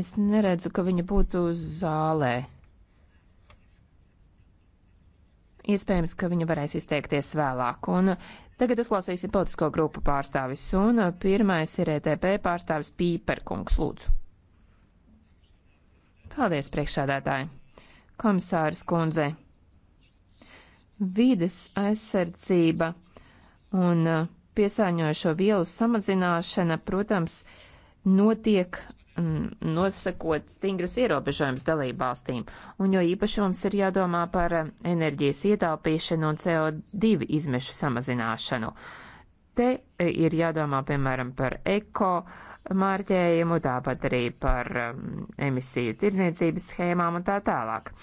Es neredzu, ka viņa būtu zālē. Iespējams, ka viņa varēs izteikties vēlāk. Un tagad uzklausīsim politisko grupu pārstāvis. Un pirmais ir ETP pārstāvis Pīperkungs, lūdzu. Paldies, priekšādātāji. Komisāris kundze vides aizsardzība un uh, piesāņojošo vielu samazināšana, protams, notiek mm, nosakot stingrus ierobežojumus dalībvalstīm, un jo īpaši mums ir jādomā par uh, enerģijas ietaupīšanu un CO2 izmešu samazināšanu. Te uh, ir jādomā, piemēram, par eko mārķējumu, tāpat arī par um, emisiju tirdzniecības schēmām un tā tālāk.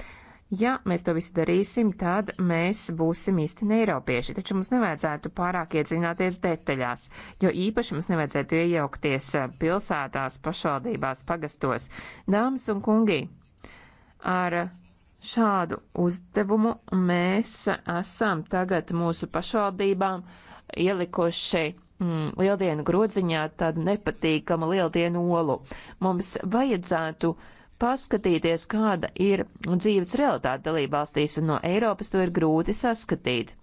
Ja mēs to visu darīsim, tad mēs būsim īsti neiropieši, taču mums nevajadzētu pārāk iedzināties detaļās, jo īpaši mums nevajadzētu iejaukties eh, pilsētās, pašvaldībās, pagastos. Dāmas un kungi, ar šādu uzdevumu mēs esam tagad mūsu pašvaldībām ielikuši mm, lieldienu groziņā tādu nepatīkamu lieldienu olu. Mums vajadzētu uh, paskatīties, kāda ir dzīves realitāte dalībvalstīs, un no Eiropas to ir grūti saskatīt.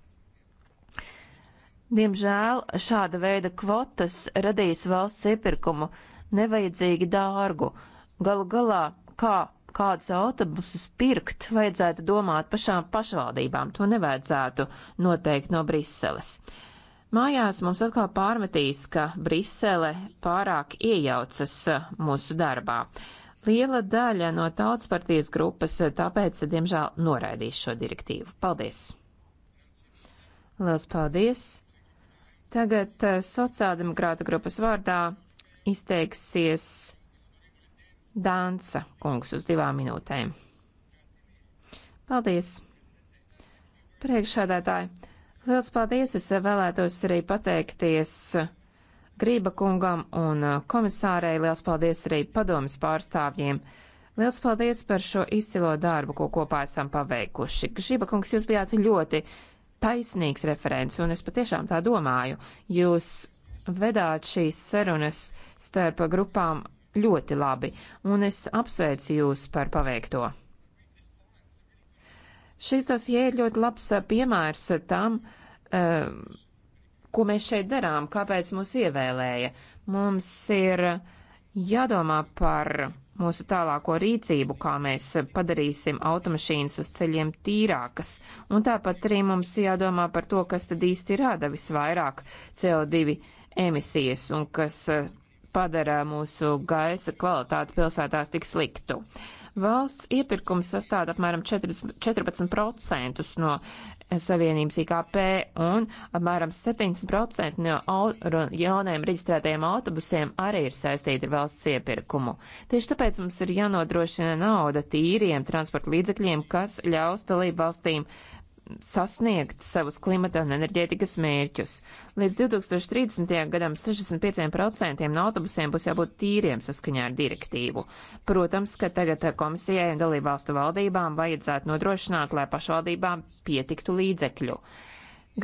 Diemžēl šāda veida kvotas radīs valsts iepirkumu nevajadzīgi dārgu. Galu galā, kā kādus autobusus pirkt, vajadzētu domāt pašām pašvaldībām. To nevajadzētu noteikt no Briseles. Mājās mums atkal pārmetīs, ka Brisele pārāk iejaucas eh, mūsu darbā. Liela daļa no tautspartijas grupas eh, tāpēc, diemžēl, noraidīs šo direktīvu. Paldies! Liels paldies! Tagad eh, sociāldemokrāta grupas vārdā izteiksies Dānsa kungs uz divām minūtēm. Paldies! Priekšādātāji, liels paldies! Es eh, vēlētos arī pateikties Grība kungam un uh, komisārei liels paldies arī padomas pārstāvjiem. Liels paldies par šo izcilo darbu, ko kopā esam paveikuši. Grība kungs, jūs bijāt ļoti taisnīgs referents, un es patiešām tā domāju. Jūs vedāt šīs sarunas starp grupām ļoti labi, un es apsveicu jūs par paveikto. Šis dosie ir ļoti labs piemērs tam, uh, ko mēs šeit darām, kāpēc mūs ievēlēja. Mums ir jādomā par mūsu tālāko rīcību, kā mēs padarīsim automašīnas uz ceļiem tīrākas, un tāpat arī mums jādomā par to, kas tad īsti rada visvairāk CO2 emisijas un kas eh, padara mūsu gaisa kvalitāti pilsētās tik sliktu. Valsts iepirkums sastāda apmēram 40, 14% no Savienības IKP un apmēram 70% no jaunajiem reģistrētajiem autobusiem arī ir saistīti ar valsts iepirkumu. Tieši tāpēc mums ir jānodrošina nauda tīriem transporta līdzekļiem, kas ļaus dalību valstīm uh, sasniegt savus klimata un enerģētikas mērķus. Līdz 2030. gadam 65% no autobusiem būs jābūt tīriem saskaņā ar direktīvu. Protams, ka tagad komisijai un dalībvalstu valdībām vajadzētu nodrošināt, lai pašvaldībām pietiktu līdzekļu.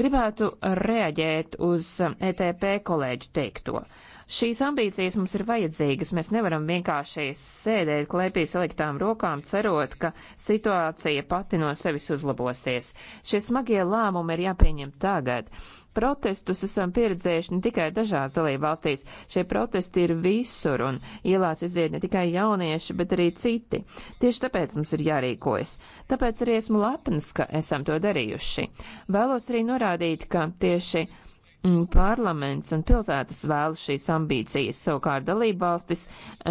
Gribētu reaģēt uz ETP kolēģu teikto. Uh, Šīs ambīcijas mums ir vajadzīgas. Mēs nevaram vienkārši sēdēt klēpī saliktām rokām, cerot, ka situācija pati no sevis uzlabosies. Šie smagie lēmumi ir jāpieņem tagad. Protestus esam pieredzējuši ne tikai dažās dalībvalstīs. Šie protesti ir visur un ielās iziet ne tikai jaunieši, bet arī citi. Tieši tāpēc mums ir jārīkojas. Tāpēc arī esmu lepns, ka esam to darījuši. Vēlos arī norādīt, ka tieši Mm, parlaments un pilsētas vēlas šīs ambīcijas, savukārt dalībvalstis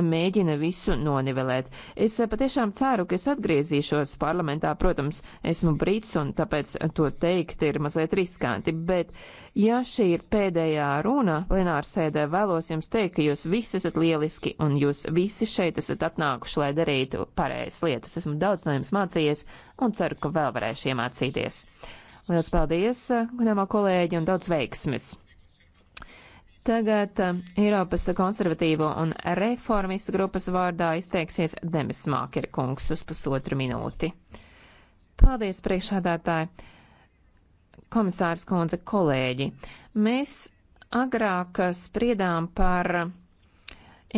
mēģina visu nonivelēt. Es eh, patiešām ceru, ka es atgriezīšos parlamentā. Protams, esmu brīts un tāpēc to teikt ir mazliet riskanti, bet ja šī ir pēdējā runa plenārsēdē, vēlos jums teikt, ka jūs visi esat lieliski un jūs visi šeit esat atnākuši, lai darītu pareizas lietas. Esmu daudz no jums mācījies un ceru, ka vēl varēšu iemācīties. Lielas paldies, godāmā kolēģi, un daudz veiksmes! Tagad eh, Eiropas konservatīvo un reformistu grupas vārdā izteiksies Demis Mākeri kungs uz pusotru minūti. Paldies, priekšādātāji! Komisārs kundze, kolēģi! Mēs agrāk spriedām par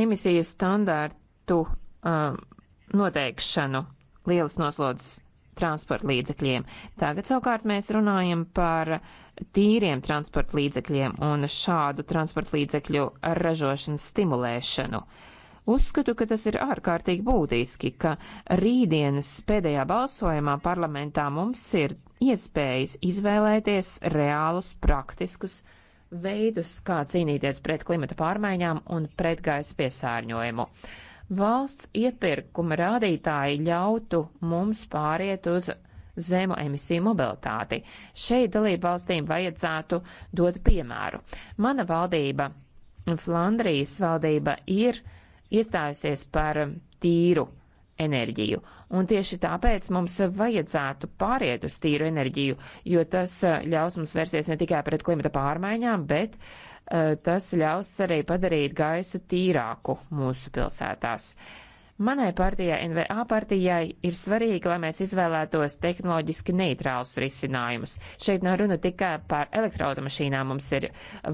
emisiju standārtu um, noteikšanu lielas noslodzes transporta līdzekļiem. Tagad savukārt mēs runājam par tīriem transporta līdzekļiem un šādu transporta līdzekļu ražošanas stimulēšanu. Uzskatu, ka tas ir ārkārtīgi būtiski, ka rītdienas pēdējā balsojumā parlamentā mums ir iespējas izvēlēties reālus, praktiskus veidus, kā cīnīties pret klimata pārmaiņām un pret gaisa piesārņojumu valsts iepirkuma rādītāji ļautu mums pāriet uz zemu emisiju mobilitāti. Šeit dalību valstīm vajadzētu dot piemēru. Mana valdība, Flandrijas valdība, ir iestājusies par tīru enerģiju. Un tieši tāpēc mums vajadzētu pāriet uz tīru enerģiju, jo tas eh, ļaus mums vērsties ne tikai pret klimata pārmaiņām, bet uh, tas ļaus arī padarīt gaisu tīrāku mūsu pilsētās. Uh, Manai partijai, NVA partijai, ir svarīgi, lai mēs izvēlētos tehnoloģiski neitrālus risinājumus. Šeit nav runa tikai par elektroautomašīnām, mums ir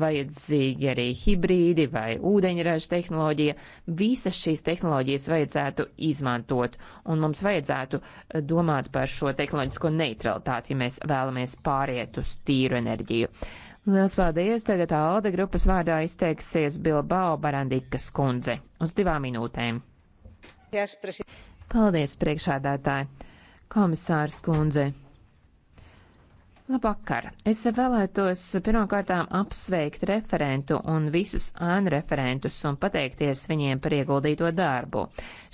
vajadzīgi arī hibrīdi vai ūdeņraža tehnoloģija. Visas šīs tehnoloģijas vajadzētu izmantot, un mums vajadzētu domāt par šo tehnoloģisko neutralitāti, ja mēs vēlamies pāriet uz tīru enerģiju. Lielas paldies! Tagad Alde grupas vārdā izteiksies Bilbao Barandikas kundze uz divām minūtēm. Paldies, priekšādātāji! Komisārs kundze! Labvakar! Es vēlētos pirmkārtām apsveikt referentu un visus ēnu referentus un pateikties viņiem par ieguldīto darbu.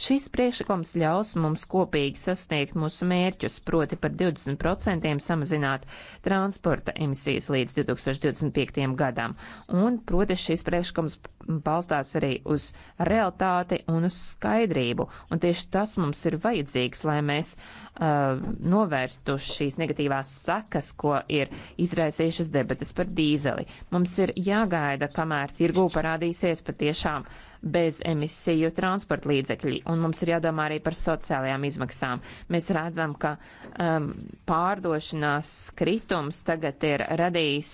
Šis priekšlikums ļaus mums kopīgi sasniegt mūsu mērķus, proti par 20% samazināt transporta emisijas līdz 2025. gadam, un proti šis priekšlikums balstās arī uz realitāti un uz skaidrību. Un tieši tas mums ir vajadzīgs, lai mēs uh, novērstu šīs negatīvās sakas, ko ir izraisījušas debatas par dīzeli. Mums ir jāgaida, kamēr tirgū parādīsies patiešām bez emisiju transporta līdzekļi, un mums ir jādomā arī par sociālajām izmaksām. Mēs redzam, ka um, pārdošanās kritums tagad ir radījis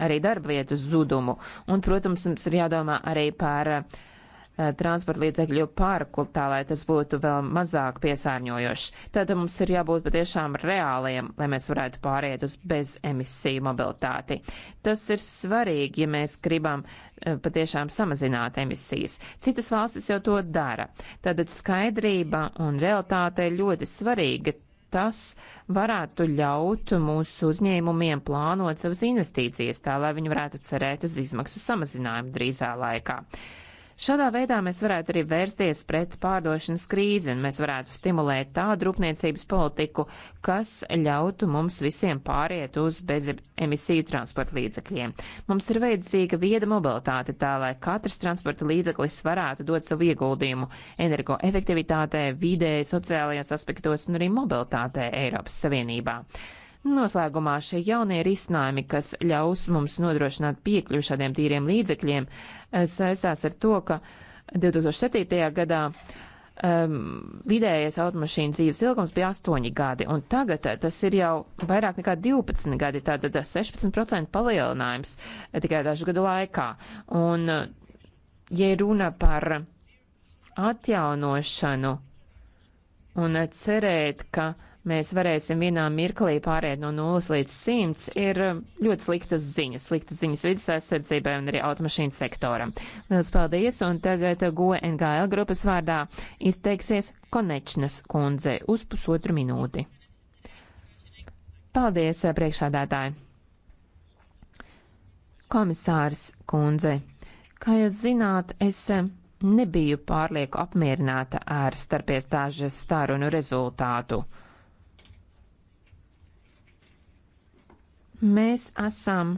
arī darba vietu zudumu. Un, protams, mums ir jādomā arī par uh, transporta līdzekļu parku, tā lai tas būtu vēl mazāk piesārņojošs. Tātad mums ir jābūt patiešām reāliem, lai mēs varētu pāriet uz bezemisiju mobilitāti. Tas ir svarīgi, ja mēs gribam eh, patiešām samazināt emisijas. Citas valstis jau to dara. Tātad skaidrība un realitāte ir ļoti svarīga tas varētu ļaut mūsu uzņēmumiem plānot savas investīcijas tā, lai viņi varētu cerēt uz izmaksu samazinājumu drīzā laikā. Šādā veidā mēs varētu arī vērsties pret pārdošanas krīzi un mēs varētu stimulēt tādu rūpniecības politiku, kas ļautu mums visiem pāriet uz bezemisiju transporta līdzekļiem. Mums ir vajadzīga vieda mobilitāte tā, lai katrs transporta līdzeklis varētu dot savu ieguldījumu energoefektivitātē, vidē, sociālajos aspektos un arī mobilitātē Eiropas Savienībā. Noslēgumā šie jaunie risinājumi, kas ļaus mums nodrošināt piekļuvi šādiem tīriem līdzekļiem, eh, saistās ar to, ka 2007. gadā um, vidējais automašīnu dzīves ilgums bija 8 gadi, un tagad eh, tas ir jau vairāk nekā 12 gadi, tātad 16% eh, palielinājums tikai dažu gadu laikā. Un, ja runa par atjaunošanu un cerēt, ka uh, mēs varēsim vienā mirklī pāriet no 0 līdz 100, ir ļoti sliktas ziņas. Sliktas ziņas vidas aizsardzībai un arī automašīnu sektoram. Lielas paldies, un tagad GoNGL grupas vārdā izteiksies Konečnas kundze uz pusotru minūti. Paldies, priekšādātāji! Komisārs kundze, kā jūs zināt, es nebiju pārlieku apmierināta ar starpiestāžu starunu rezultātu. Mēs esam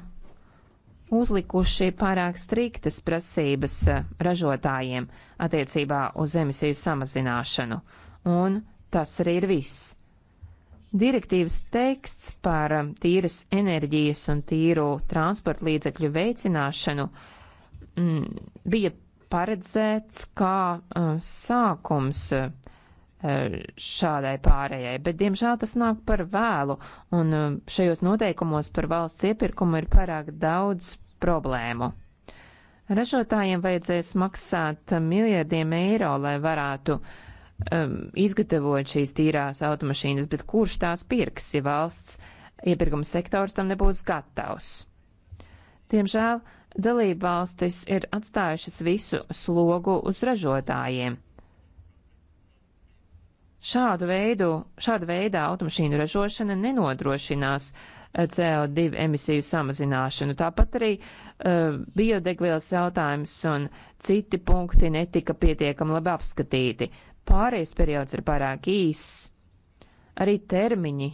uzlikuši pārāk striktas prasības eh, ražotājiem attiecībā uz emisiju samazināšanu, un tas arī ir viss. Direktīvas teksts par eh, tīras enerģijas un tīru transporta līdzekļu veicināšanu m, mm, bija paredzēts kā uh, sākums uh, šādai pārējai, bet diemžēl tas nāk par vēlu, un um, šajos noteikumos par valsts iepirkumu ir pārāk daudz problēmu. Ražotājiem vajadzēs maksāt miljardiem eiro, lai varētu um, izgatavot šīs tīrās automašīnas, bet kurš tās pirks, ja valsts iepirkuma sektors tam nebūs gatavs? Diemžēl dalībvalstis ir atstājušas visu slogu uz ražotājiem. Šādu veidu, šāda veidā automašīnu ražošana nenodrošinās eh, CO2 emisiju samazināšanu. Tāpat arī uh, biodegvielas jautājums un citi punkti netika pietiekami labi apskatīti. Pārējais periods ir pārāk īss. Arī termiņi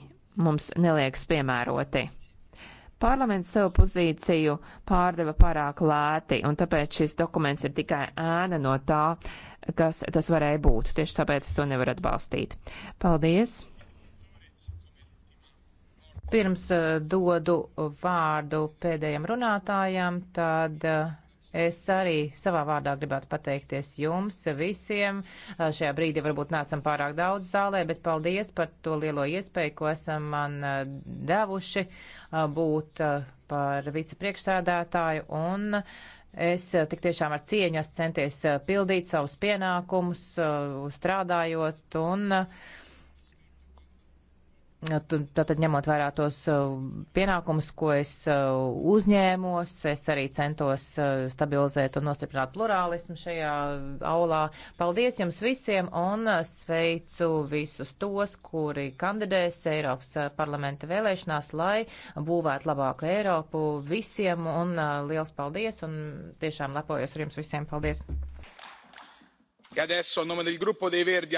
mums neliekas piemēroti. Parlaments savu pozīciju pārdeva pārāk lēti, un tāpēc šis dokuments ir tikai ēna no tā, kas tas varēja būt. Tieši tāpēc es to nevaru atbalstīt. Paldies! Pirms uh, dodu vārdu pēdējiem runātājiem, tad uh, Es arī savā vārdā gribētu pateikties jums visiem. Šajā brīdī varbūt nesam pārāk daudz zālē, bet paldies par to lielo iespēju, ko esam man devuši būt par vicepriekšsēdētāju. Un es tik tiešām ar cieņu esmu centies pildīt savus pienākumus, strādājot un. Uh, Nu, tātad ņemot vērā tos uh, pienākumus, ko es uh, uzņēmos, es arī centos uh, stabilizēt un nostiprināt plurālismu šajā aulā. Paldies jums visiem un sveicu visus tos, kuri kandidēs Eiropas parlamenta vēlēšanās, lai būvētu labāku Eiropu visiem un liels paldies un tiešām lepojos ar jums visiem. Paldies! E eh,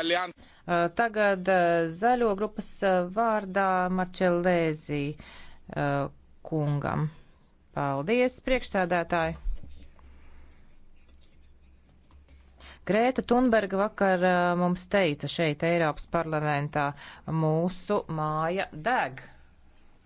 tagad eh, zaļo grupas eh, vārdā Marčelēzī kungam. Paldies, priekšsēdētāji! Grēta Tunberga vakar mums teica šeit Eiropas parlamentā, mūsu māja deg.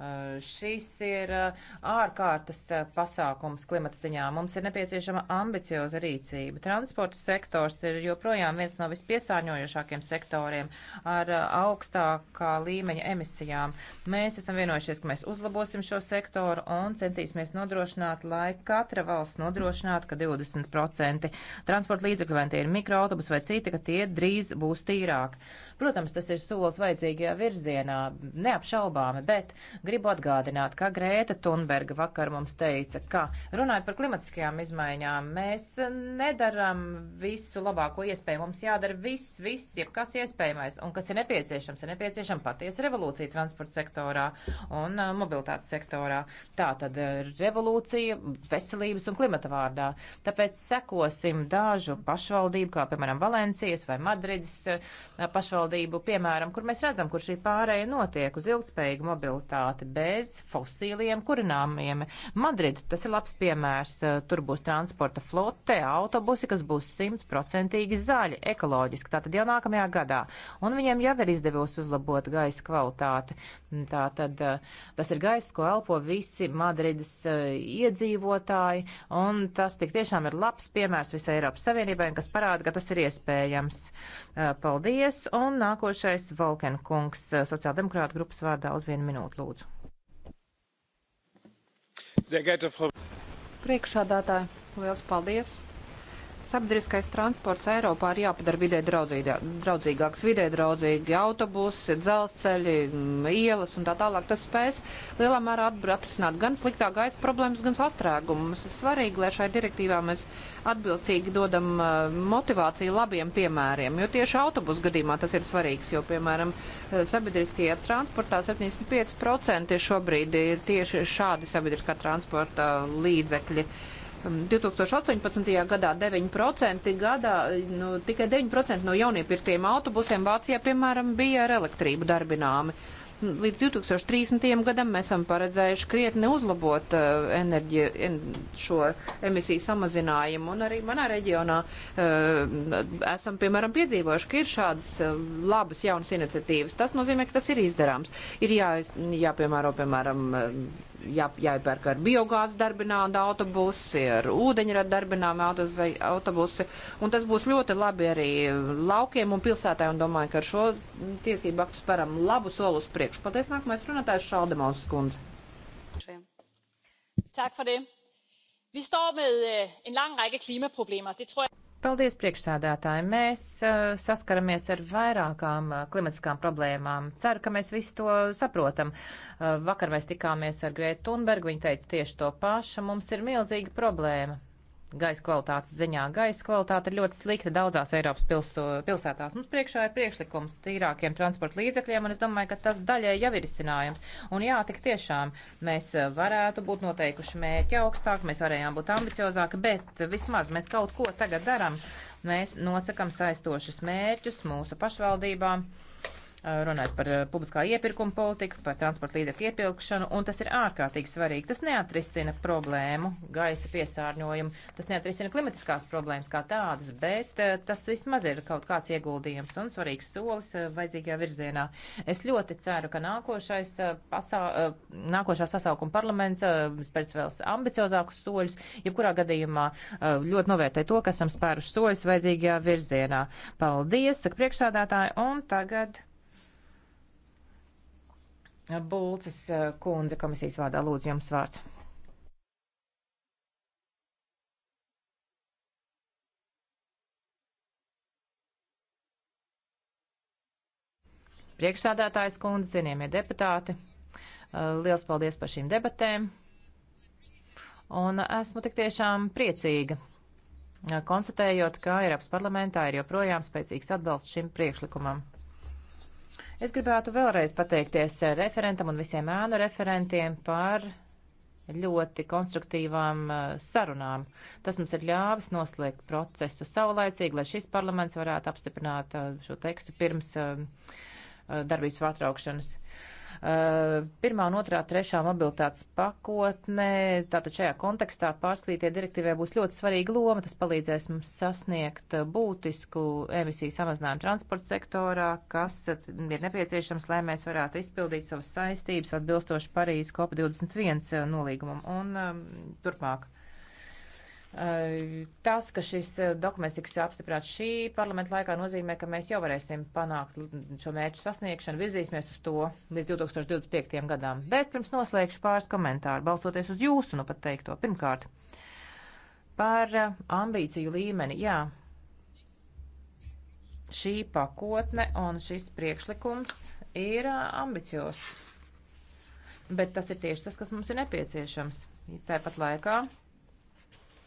Eh, šis ir eh, ārkārtas eh, pasākums klimata ziņā. Mums ir nepieciešama ambicioza rīcība. Transporta sektors ir joprojām viens no vispiesāņojošākiem sektoriem ar augstākā līmeņa emisijām. Mēs esam vienojušies, ka mēs uzlabosim šo sektoru un centīsimies nodrošināt, lai katra valsts nodrošinātu, ka 20% transporta līdzekļu, vai tie ir mikroautobus vai citi, ka tie drīz būs tīrāk. Protams, tas ir solis vajadzīgajā virzienā, neapšaubāmi, bet Gribu atgādināt, kā Grēta Tunberga vakar mums teica, ka runājot par klimatiskajām izmaiņām, mēs nedaram visu labāko iespēju. Mums jādara viss, viss, jebkas iespējamais. Un kas ir nepieciešams, ir nepieciešama patiesa revolūcija transporta sektorā un uh, mobilitātes sektorā. Tā tad uh, revolūcija veselības un klimata vārdā. Tāpēc sekosim dažu pašvaldību, kā piemēram Valencijas vai Madrides uh, pašvaldību, piemēram, kur mēs redzam, kur šī pārēja notiek uz ilgspējīgu mobilitāti mobilitāti bez fosīliem kurināmiem. Madrid, tas ir labs piemērs, tur būs transporta flote, autobusi, kas būs simtprocentīgi zaļi, ekoloģiski, tātad jau nākamajā gadā. Un viņiem jau ir izdevies uzlabot gaisa kvalitāti. Tātad eh, tas ir gaiss, ko elpo visi Madrides eh, iedzīvotāji, un tas tik tiešām ir labs piemērs visai Eiropas Savienībai, kas parāda, ka tas ir iespējams. Eh, paldies! Un nākošais Volkenkungs sociāldemokrāta grupas vārdā uz vienu minūtu lūdzu. Priekšādātāji, liels paldies! Sabiedriskais transports Eiropā ir jāpadara vidē draudzīgāks, vidē draudzīgi autobusi, dzelzceļi, mm, ielas un tā tālāk. Tas spēs lielā mērā atrisināt gan sliktā gaisa problēmas, gan sastrēgumus. Ir svarīgi, lai šai direktīvā mēs atbilstīgi dodam motivāciju labiem piemēriem, jo tieši autobusu gadījumā tas ir svarīgs, jo, piemēram, sabiedriskajā transportā 75% šobrīd ir tieši šādi sabiedriskā transporta līdzekļi. Uh, 2018. Um, gadā 9% gadā, nu, tikai 9% no jauniepirktiem autobusiem Vācijā, piemēram, bija ar elektrību darbināmi. Līdz 2030. gadam mēs esam paredzējuši krietni uzlabot uh, enerģi, en, šo emisiju samazinājumu, un arī manā reģionā uh, esam, piemēram, piedzīvojuši, ka ir šādas uh, labas jaunas iniciatīvas. Tas nozīmē, ka tas ir izdarāms. Ir jā, jāpiemēro, piemēram, uh, jā, jāpērk ar biogāzi darbināta autobusi, ar ūdeņrada darbināta autobusi, un tas būs ļoti labi arī laukiem un pilsētā, un domāju, ka ar šo tiesību aktu speram labu soli uz priekšu. Paldies, nākamais runātājs Šaldemons skundze. Tak for det. Vi står med øh, en lang række klimaproblemer. Det tror jeg... Paldies priekšsādātāji. Mēs uh, saskaramies ar vairākām uh, klimatiskām problēmām. Ceru, ka mēs visu to saprotam. Uh, vakar mēs tikāmies ar Grētu Tunbergu, viņa teica tieši to pašu. Mums ir milzīga problēma gaisa kvalitātes ziņā. Gaisa kvalitāte ir ļoti slikta daudzās Eiropas pilsu, pilsētās. Mums priekšā ir priekšlikums tīrākiem transporta līdzekļiem, un es domāju, ka tas daļai jau ir izcinājums. Un jā, tik tiešām mēs eh, varētu būt noteikuši mērķi augstāk, mēs varējām būt ambiciozāki, bet vismaz mēs kaut ko tagad daram. Mēs nosakam saistošus mērķus mūsu pašvaldībām runājot par publiskā iepirkuma politiku, par transporta līdzekļu iepirkšanu, un tas ir ārkārtīgi svarīgi. Tas neatrisina problēmu gaisa piesārņojumu, tas neatrisina klimatiskās problēmas kā tādas, bet tas vismaz ir kaut kāds ieguldījums un svarīgs solis vajadzīgajā virzienā. Es ļoti ceru, ka nākošais pasā, nākošā sasaukuma parlaments spēc vēl ambiciozākus soļus, jebkurā gadījumā ļoti novērtē to, ka esam spēruši soļus vajadzīgajā virzienā. Paldies, saka priekšsādātāji, un tagad. Bulces eh, kundze komisijas vārdā lūdzu jums vārds. Priekšsādātājs kundze, cienījamie deputāti, eh, liels paldies par šīm debatēm. Un esmu tik tiešām priecīga, eh, konstatējot, ka Eiropas parlamentā ir joprojām spēcīgs atbalsts šim priekšlikumam. Es gribētu vēlreiz pateikties eh, referentam un visiem ēnu referentiem par ļoti konstruktīvām eh, sarunām. Tas mums ir ļāvis noslēgt procesu saulēcīgi, lai šis parlaments varētu apstiprināt eh, šo tekstu pirms darbības pārtraukšanas. Eh, pirmā un otrā, trešā mobilitātes pakotnē, tātad šajā kontekstā pārslītie direktīvai būs ļoti svarīga loma. Tas palīdzēs mums sasniegt būtisku emisiju samazinājumu transporta sektorā, kas ir nepieciešams, lai mēs varētu izpildīt savas saistības atbilstoši Parīzes COP21 nolīgumam un um, turpmāk. Tas, ka šis dokuments tiks apstiprināts šī parlamenta laikā, nozīmē, ka mēs jau varēsim panākt šo mērķu sasniegšanu, virzīsimies uz to līdz 2025. gadam. Bet pirms noslēgšu pāris komentāru, balstoties uz jūsu nu pat teikto. Pirmkārt, par ambīciju līmeni. Jā, šī pakotne un šis priekšlikums ir ambiciozs. Bet tas ir tieši tas, kas mums ir nepieciešams. Tāpat laikā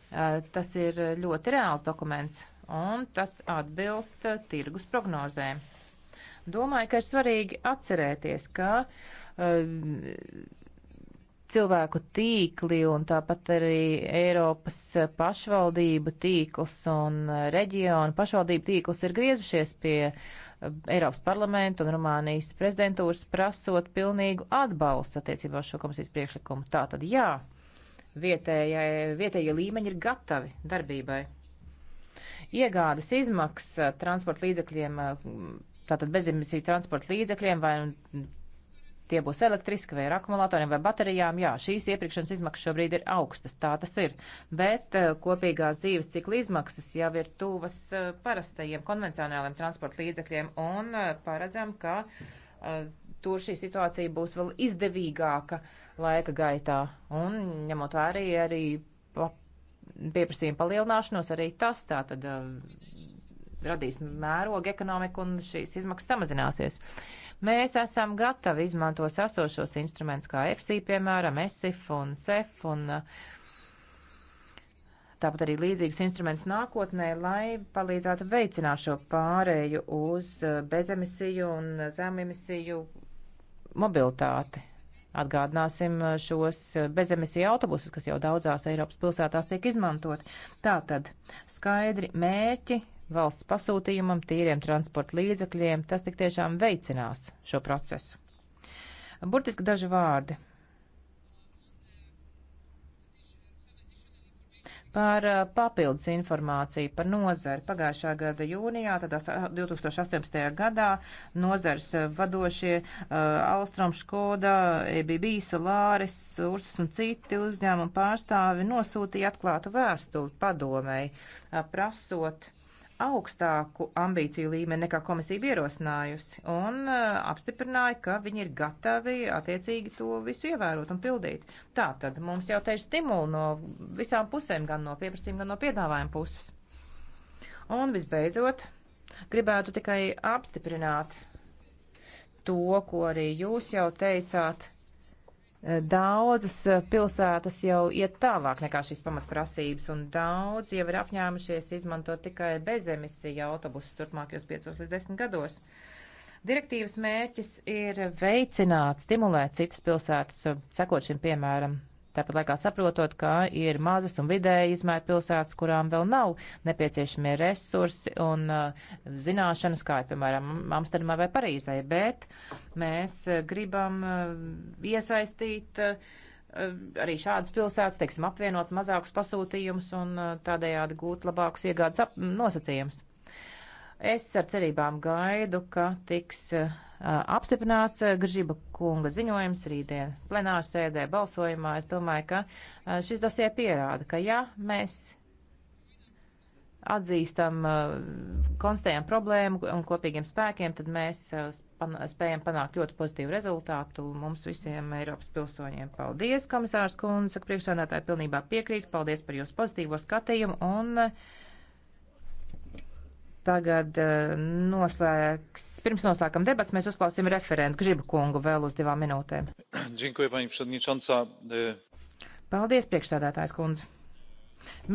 Eh, tas ir ļoti reāls dokuments, un tas atbilst eh, tirgus prognozēm. Domāju, ka ir svarīgi atcerēties, ka eh, cilvēku tīkli un tāpat arī Eiropas pašvaldību tīkls un reģionu pašvaldību tīkls ir griezušies pie Eiropas parlamenta un Rumānijas prezidentūras prasot pilnīgu atbalstu attiecībā uz šo komisijas priekšlikumu. Tātad jā, vietējie, vietējie līmeņi ir gatavi darbībai. Iegādes izmaksas eh, transporta līdzekļiem, eh, tātad bezemisiju transporta līdzekļiem, vai tie būs elektriski vai ar akumulatoriem vai baterijām, jā, šīs iepirkšanas izmaksas šobrīd ir augstas, tā tas ir. Bet eh, kopīgās dzīves cikla izmaksas jau ir tuvas parastajiem konvencionāliem transporta līdzekļiem un paredzam, ka tur šī situācija būs vēl izdevīgāka laika gaitā. Un ņemot vērā arī pa, pieprasījuma palielināšanos, arī tas tā tad uh, radīs mērogu ekonomiku un šīs izmaksas samazināsies. Mēs esam gatavi izmantot esošos instrumentus kā FC, piemēram, ESIF un SEF un uh, tāpat arī līdzīgus instrumentus nākotnē, lai palīdzētu veicināt šo pārēju uz uh, bezemisiju un zememisiju mobilitāti. Atgādināsim eh, šos eh, bezemisiju autobusus, kas jau daudzās Eiropas pilsētās tiek izmantot. Tātad skaidri mērķi valsts pasūtījumam, tīriem transporta līdzekļiem, tas tik tiešām veicinās šo procesu. Burtiski daži vārdi par eh, papildus informāciju par nozari. Pagājušā gada jūnijā, tad 2018. Eh, gadā nozars eh, vadošie uh, Alstrom Škoda, EBB, Solāris, Ursus un citi uzņēmumu pārstāvi nosūtīja atklātu vēstuli padomēji, uh, prasot augstāku ambīciju līmeni nekā komisija ierosinājusi un uh, apstiprināja, ka viņi ir gatavi attiecīgi to visu ievērot un pildīt. Tā tad mums jau te ir stimuli no visām pusēm, gan no pieprasījuma, gan no piedāvājuma puses. Un visbeidzot, gribētu tikai apstiprināt to, ko arī jūs jau teicāt Daudzas eh, pilsētas jau iet tālāk nekā šīs pamatprasības, un daudz jau ir apņēmušies izmantot tikai bezemisiju autobusus turpmākajos 5 līdz 10 gados. Direktīvas mērķis ir veicināt, stimulēt citas pilsētas, eh, sekot šim piemēram. Tāpat laikā saprotot, ka ir mazas un vidēji izmēra pilsētas, kurām vēl nav nepieciešamie resursi un uh, zināšanas, kā ir, piemēram, Amsterdamā vai Parīzē, bet mēs uh, gribam uh, iesaistīt uh, uh arī šādas pilsētas, teiksim, apvienot mazākus pasūtījumus un uh, tādējādi gūt labākus iegādes nosacījumus. Es ar cerībām gaidu, ka tiks eh, apstiprināts eh, Gržība kunga ziņojums rītdien plenārsēdē balsojumā. Es domāju, ka eh, šis dosie pierāda, ka ja mēs atzīstam, konstatējam problēmu un kopīgiem spēkiem, tad mēs spējam panākt ļoti pozitīvu rezultātu mums visiem Eiropas pilsoņiem. Paldies, komisārs kundze, priekšsādātāji pilnībā piekrīt, paldies par jūsu pozitīvo skatījumu un uh, Tagad eh, noslēgs, pirms noslēgam debats, mēs uzklausīsim referentu Gžibu kungu vēl uz divām minūtēm. E, Paldies, priekšstādātājs kundze.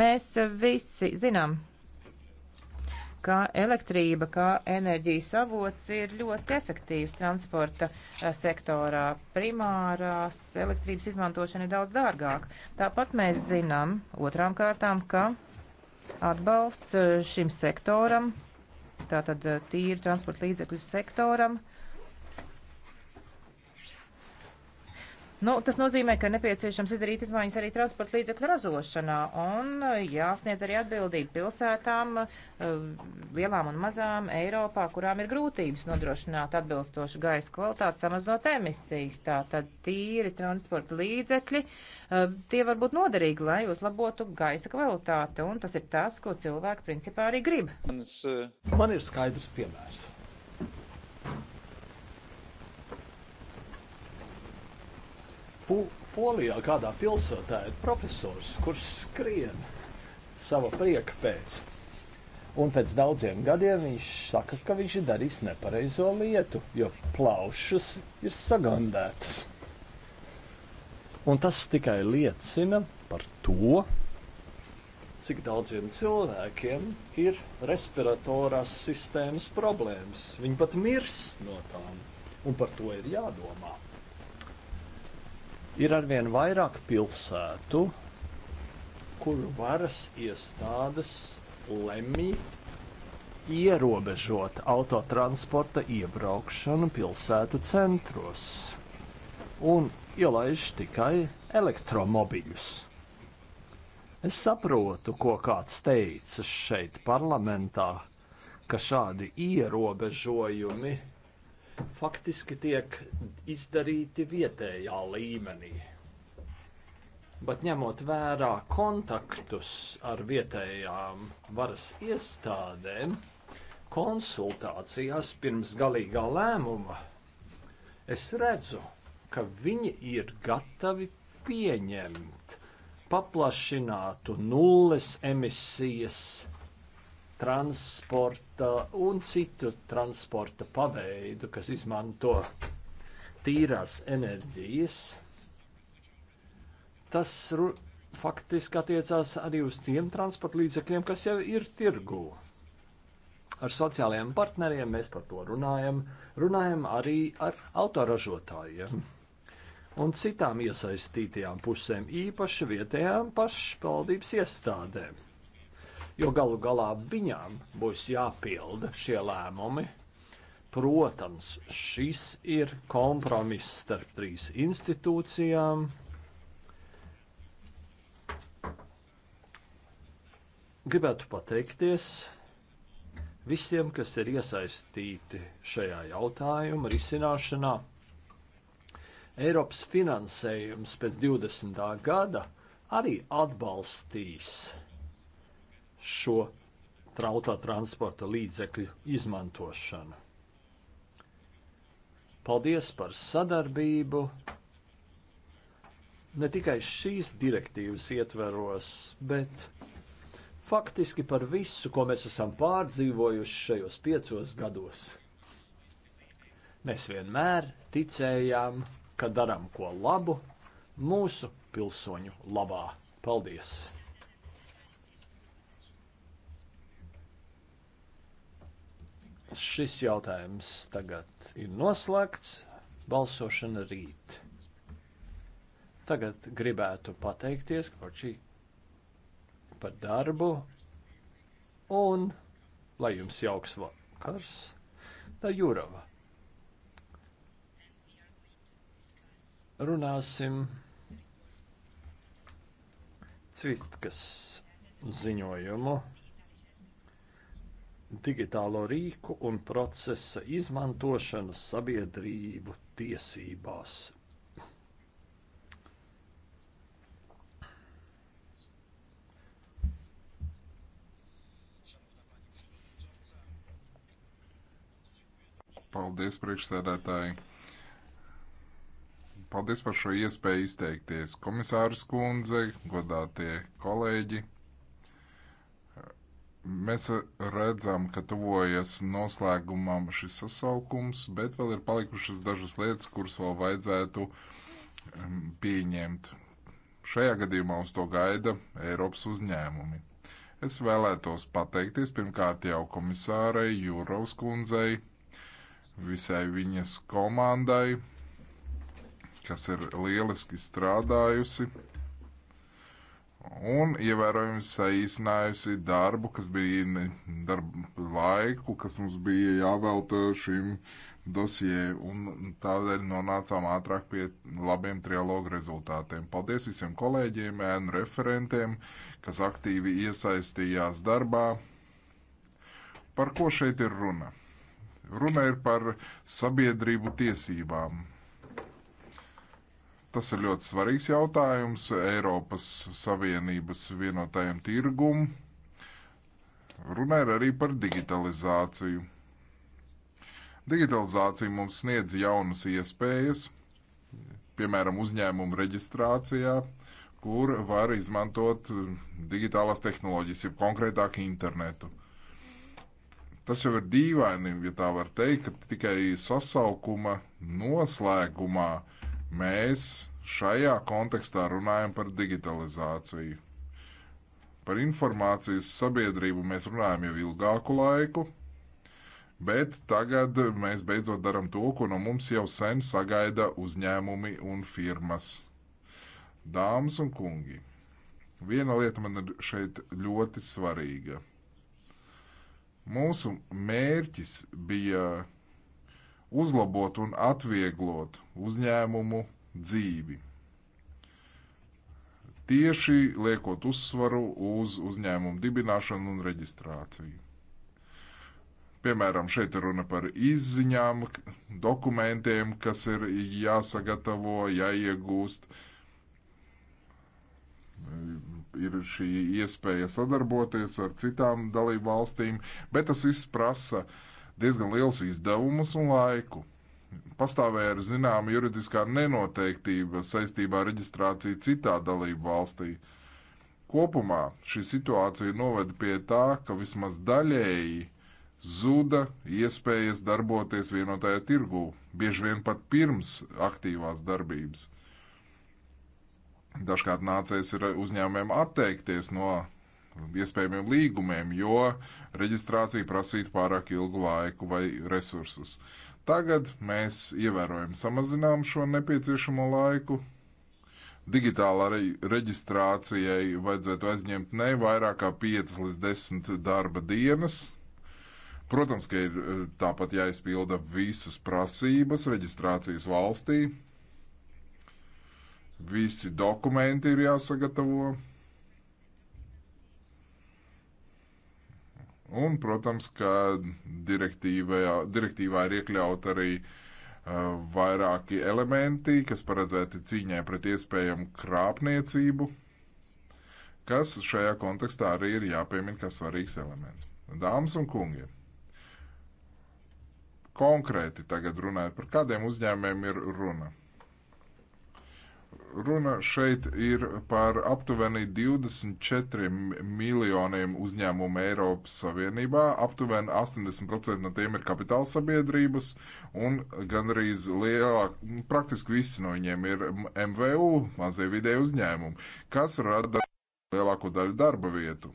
Mēs visi zinām, ka elektrība kā enerģijas avots ir ļoti efektīvs transporta e, sektorā. Primārās elektrības izmantošana ir daudz dārgāka. Tāpat mēs zinām otrām kārtām, ka atbalsts e, šim sektoram tātad eh, tīri transporta līdzekļu sektoram. Nu, tas nozīmē, ka nepieciešams izdarīt izmaiņas arī transporta līdzekļu ražošanā un uh, jāsniedz arī atbildība pilsētām, uh, lielām un mazām Eiropā, kurām ir grūtības nodrošināt atbilstošu gaisa kvalitāti, samazinot emisijas. Tātad tīri transporta līdzekļi, uh, tie var būt noderīgi, lai uzlabotu gaisa kvalitāti, un tas ir tas, ko cilvēki principā arī grib. Man ir skaidrs piemērs. Polijā kādā pilsētā ir profesors, kurš skrien sava prieka pēc. Un pēc daudziem gadiem viņš saka, ka viņš ir darījis nepareizo lietu, jo plaušas ir sagandētas. Un tas tikai liecina par to, cik daudziem cilvēkiem ir respiratorās sistēmas problēmas. Viņi pat mirst no tām, un par to ir jādomā. Ir arvien vairāk pilsētu, kuru varas iestādes lemj ierobežot autotransporta iebraukšanu pilsētu centros un ielaiž tikai elektromobiļus. Es saprotu, ko kāds teica šeit parlamentā, ka šādi ierobežojumi faktiski tiek izdarīti vietējā līmenī. Bet ņemot vērā kontaktus ar vietējām varas iestādēm, konsultācijās pirms galīgā lēmuma, es redzu, ka viņi ir gatavi pieņemt paplašinātu nulles emisijas transporta transporta un citu transporta paveidu, kas izmanto tīrās enerģijas, tas faktiski attiecās arī uz tiem transporta līdzekļiem, kas jau ir tirgū. Ar sociālajiem partneriem mēs par to runājam, runājam arī ar autoražotājiem un citām iesaistītajām pusēm, īpaši vietējām pašvaldības iestādēm jo galu galā viņām būs jāpilda šie lēmumi. Protams, šis ir kompromiss starp trīs institūcijām. Gribētu pateikties visiem, kas ir iesaistīti šajā jautājuma risināšanā. Eiropas finansējums pēc 20. gada arī atbalstīs šo trautā transporta līdzekļu izmantošanu. Paldies par sadarbību! Ne tikai šīs direktīvas ietveros, bet faktiski par visu, ko mēs esam pārdzīvojuši šajos piecos gados. Mēs vienmēr ticējām, ka darām ko labu mūsu pilsoņu labā. Paldies! Šis jautājums tagad ir noslēgts. Balsošana rīt. Tagad gribētu pateikties Kročī par darbu un lai jums jauks vakars. Tā Jurava. Runāsim Cvitkas ziņojumu digitālo rīku un procesa izmantošanu sabiedrību tiesībās. Paldies, priekšsēdētāji! Paldies par šo iespēju izteikties. Komisārs kundze, godātie kolēģi! Mēs redzam, ka tuvojas noslēgumam šis sasaukums, bet vēl ir palikušas dažas lietas, kuras vēl vajadzētu pieņemt. Šajā gadījumā uz to gaida Eiropas uzņēmumi. Es vēlētos pateikties pirmkārt jau komisārei Jūrovs kundzei, visai viņas komandai, kas ir lieliski strādājusi un ievērojami saīsinājusi darbu, kas bija darba laiku, kas mums bija jāvelta šim dosijai, un tādēļ nonācām ātrāk pie labiem trialogu rezultātiem. Paldies visiem kolēģiem, ēnu referentiem, kas aktīvi iesaistījās darbā. Par ko šeit ir runa? Runa ir par sabiedrību tiesībām Tas ir ļoti svarīgs jautājums Eiropas Savienības vienotajam tirgum. Runā ir arī par digitalizāciju. Digitalizācija mums sniedz jaunas iespējas, piemēram, uzņēmumu reģistrācijā, kur var izmantot digitālās tehnoloģijas, jau konkrētāk internetu. Tas jau ir dīvaini, ja tā var teikt, ka tikai sasaukuma noslēgumā uh, Mēs šajā kontekstā runājam par digitalizāciju. Par informācijas sabiedrību mēs runājam jau ilgāku laiku, bet tagad mēs beidzot darām to, ko no mums jau sen sagaida uzņēmumi un firmas. Dāmas un kungi, viena lieta man ir šeit ļoti svarīga. Mūsu mērķis bija uzlabot un atvieglot uzņēmumu dzīvi. Tieši liekot uzsvaru uz uzņēmumu dibināšanu un reģistrāciju. Piemēram, šeit ir runa par izziņām, dokumentiem, kas ir jāsagatavo, jāiegūst. Ir šī iespēja sadarboties ar citām dalību valstīm, bet tas viss prasa uh, diezgan liels izdevumus un laiku. Pastāvēja ar zināmu juridiskā nenoteiktība saistībā ar reģistrāciju citā dalību valstī. Kopumā šī situācija noveda pie tā, ka vismaz daļēji zuda iespējas darboties vienotajā tirgū, bieži vien pat pirms aktīvās darbības. Dažkārt nācies ir uzņēmumiem atteikties no iespējamiem līgumiem, jo reģistrācija prasītu pārāk ilgu laiku vai resursus. Tagad mēs ievērojami samazinām šo nepieciešamo laiku. Digitālā re reģistrācijai vajadzētu aizņemt ne vairāk kā 5 līdz 10 darba dienas. Protams, ka ir eh, tāpat jāizpilda visas prasības reģistrācijas valstī. Visi dokumenti ir jāsagatavo Un, protams, ka direktīvā ir iekļauta arī uh, vairāki elementi, kas paredzēti cīņai pret iespējamu krāpniecību, kas šajā kontekstā arī ir jāpiemina kā svarīgs elements. Dāmas un kungi, konkrēti tagad runājot par kādiem uzņēmējiem ir runa. Runa šeit ir par aptuveni 24 miljoniem uzņēmumu Eiropas Savienībā. Aptuveni 80% no tiem ir kapitāla sabiedrības, un gandrīz lielāk, praktiski visi no viņiem ir MVU, mazie vidēji uzņēmumi, kas rada lielāko daļu darba vietu.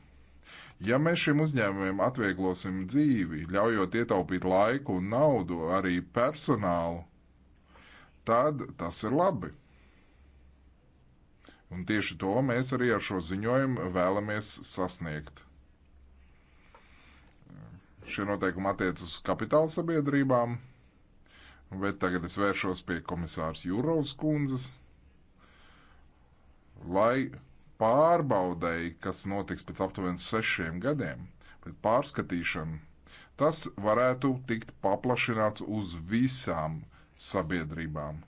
Ja mēs šiem uzņēmumiem atvieglosim dzīvi, ļaujot ietaupīt laiku un naudu, arī personālu, tad tas ir labi. Un tieši to mēs arī ar šo ziņojumu vēlamies sasniegt. Šie noteikumi attiec uz kapitāla sabiedrībām, bet tagad es vēršos pie komisārs Jūrovas kundzes, lai pārbaudēji, kas notiks pēc aptuveni sešiem gadiem, pēc pārskatīšana, tas varētu tikt paplašināts uz visām sabiedrībām.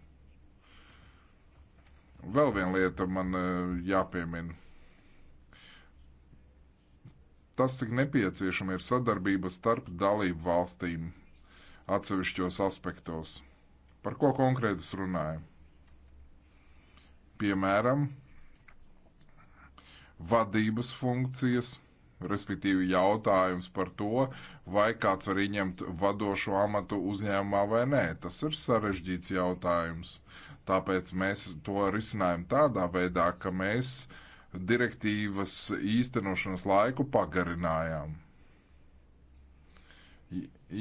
Vēl viena lieta man eh, jāpiemina. Tas, cik nepieciešama ir sadarbība starp dalību valstīm atsevišķos aspektos. Par ko konkrēti es runāju? Piemēram, vadības funkcijas, respektīvi jautājums par to, vai kāds var ieņemt vadošo amatu uzņēmumā vai nē. Tas ir sarežģīts jautājums. Uh, Tāpēc mēs to risinājam tādā veidā, ka mēs direktīvas īstenošanas laiku pagarinājām.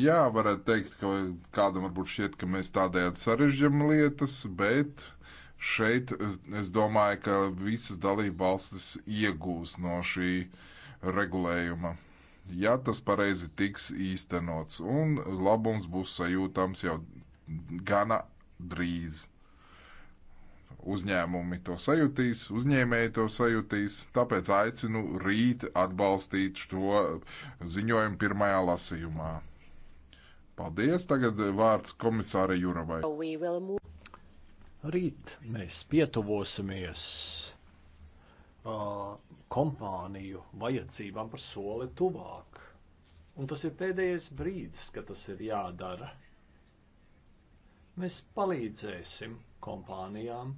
Jā, varētu teikt, ka kādam varbūt šķiet, ka mēs tādējādi sarežģām lietas, bet šeit es domāju, ka visas dalība valstis iegūs no šī regulējuma. Ja tas pareizi tiks īstenots, un labums būs sajūtams jau gana drīz uzņēmumi to sajutīs, uzņēmēji to sajutīs. Tāpēc aicinu rīt atbalstīt šo ziņojumu pirmajā lasījumā. Paldies! Tagad vārds komisārai Juravai. Rīt mēs pietuvosimies uh, kompāniju vajadzībām par soli tuvāk. Un tas ir pēdējais brīdis, kad tas ir jādara. Mēs palīdzēsim kompānijām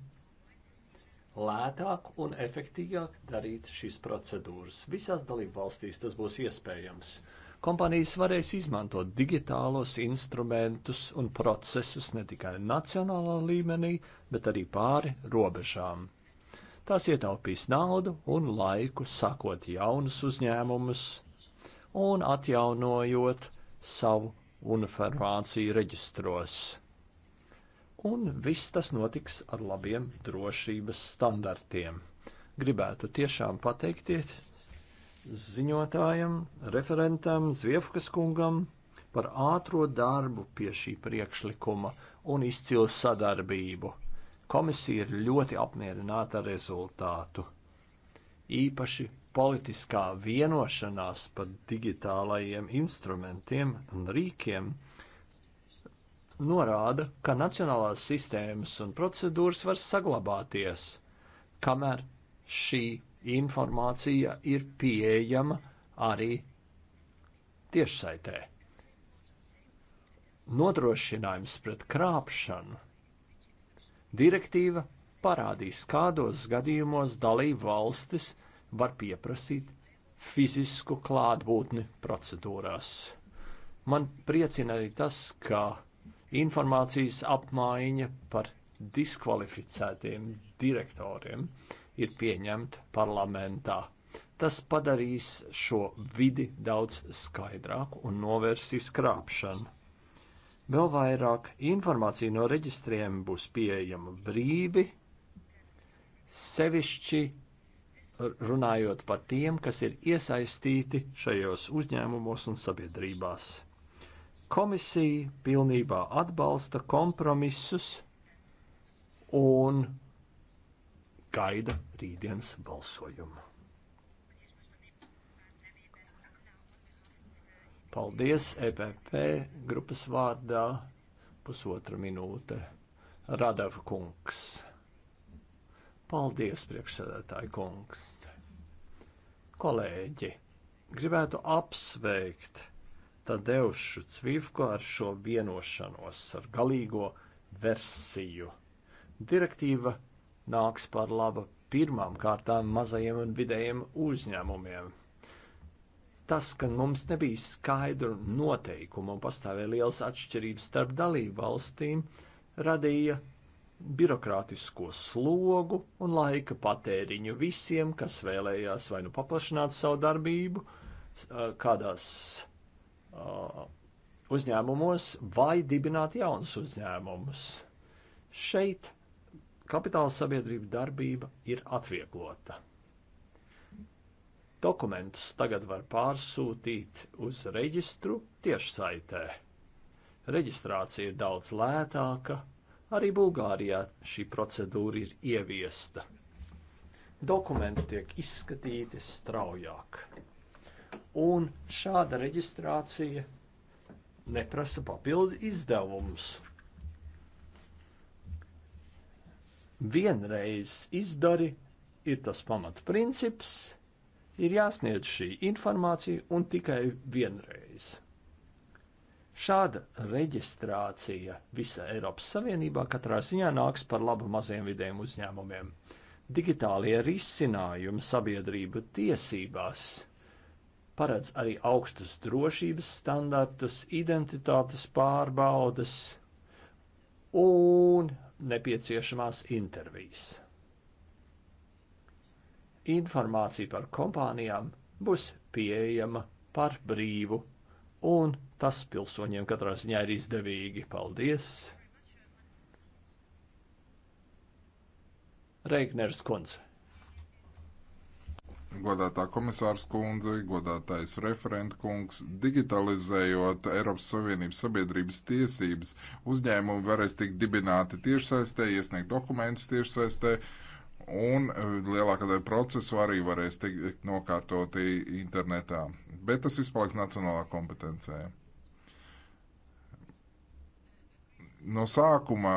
lētāk un efektīvāk darīt šīs procedūras. Visās dalību valstīs tas būs iespējams. Kompānijas varēs izmantot digitālos instrumentus un procesus ne tikai nacionālā līmenī, bet arī pāri robežām. Tās ietaupīs naudu un laiku, sakot jaunus uzņēmumus un atjaunojot savu uniformāciju reģistros un viss tas notiks ar labiem drošības standartiem. Gribētu tiešām pateikties ziņotājam, referentam Zviefkas kungam par ātro darbu pie šī priekšlikuma un izcilu sadarbību. Komisija ir ļoti apmierināta ar rezultātu. Īpaši politiskā vienošanās par digitālajiem instrumentiem un rīkiem norāda, ka nacionālās sistēmas un procedūras var saglabāties, kamēr šī informācija ir pieejama arī tiešsaitē. Nodrošinājums pret krāpšanu. Direktīva parādīs, kādos gadījumos dalību valstis var pieprasīt fizisku klātbūtni procedūrās. Man priecina arī tas, ka informācijas apmaiņa par diskvalificētiem direktoriem ir pieņemta parlamentā. Tas padarīs šo vidi daudz skaidrāku un novērsīs krāpšanu. Vēl vairāk informācija no reģistriem būs pieejama brīvi, sevišķi runājot par tiem, kas ir iesaistīti šajos uzņēmumos un sabiedrībās. Komisija pilnībā atbalsta kompromisus un gaida rītdienas balsojumu. Paldies EPP grupas vārdā pusotra minūte. Radava kungs. Paldies, priekšsēdētāji kungs. Kolēģi, gribētu apsveikt Tadeušu Cvivku ar šo vienošanos, ar galīgo versiju. Direktīva nāks par labu pirmām kārtām mazajiem un vidējiem uzņēmumiem. Tas, ka mums nebija skaidru noteikumu un pastāvēja liels atšķirības starp dalību valstīm, radīja birokrātisko slogu un laika patēriņu visiem, kas vēlējās vai nu paplašināt savu darbību kādās Uh, uzņēmumos vai dibināt jaunus uzņēmumus. Šeit kapitāla sabiedrība darbība ir atvieglota. Dokumentus tagad var pārsūtīt uz reģistru tiešsaitē. Reģistrācija ir daudz lētāka, arī Bulgārijā šī procedūra ir ieviesta. Dokumenti tiek izskatīti straujāk un šāda reģistrācija neprasa papildu izdevumus. Vienreiz izdari ir tas pamatprincips, ir jāsniedz šī informācija un tikai vienreiz. Šāda reģistrācija visā Eiropas Savienībā katrā ziņā nāks par labu maziem vidējiem uzņēmumiem. Digitālie risinājumi sabiedrību tiesībās paredz arī augstus drošības standartus, identitātes pārbaudas un nepieciešamās intervijas. Informācija par kompānijām būs pieejama par brīvu, un tas pilsoņiem katrā ziņā ir izdevīgi. Paldies! Reigners Kunze godātā komisārs kundze, godātais referenta kungs, digitalizējot Eiropas Savienības sabiedrības tiesības, uzņēmumi varēs tikt dibināti tiešsaistē, iesniegt dokumentus tiešsaistē, un eh, lielākā daļa procesu arī varēs tikt nokārtoti internetā. Bet tas vispār paliks nacionālā kompetencija. no sākuma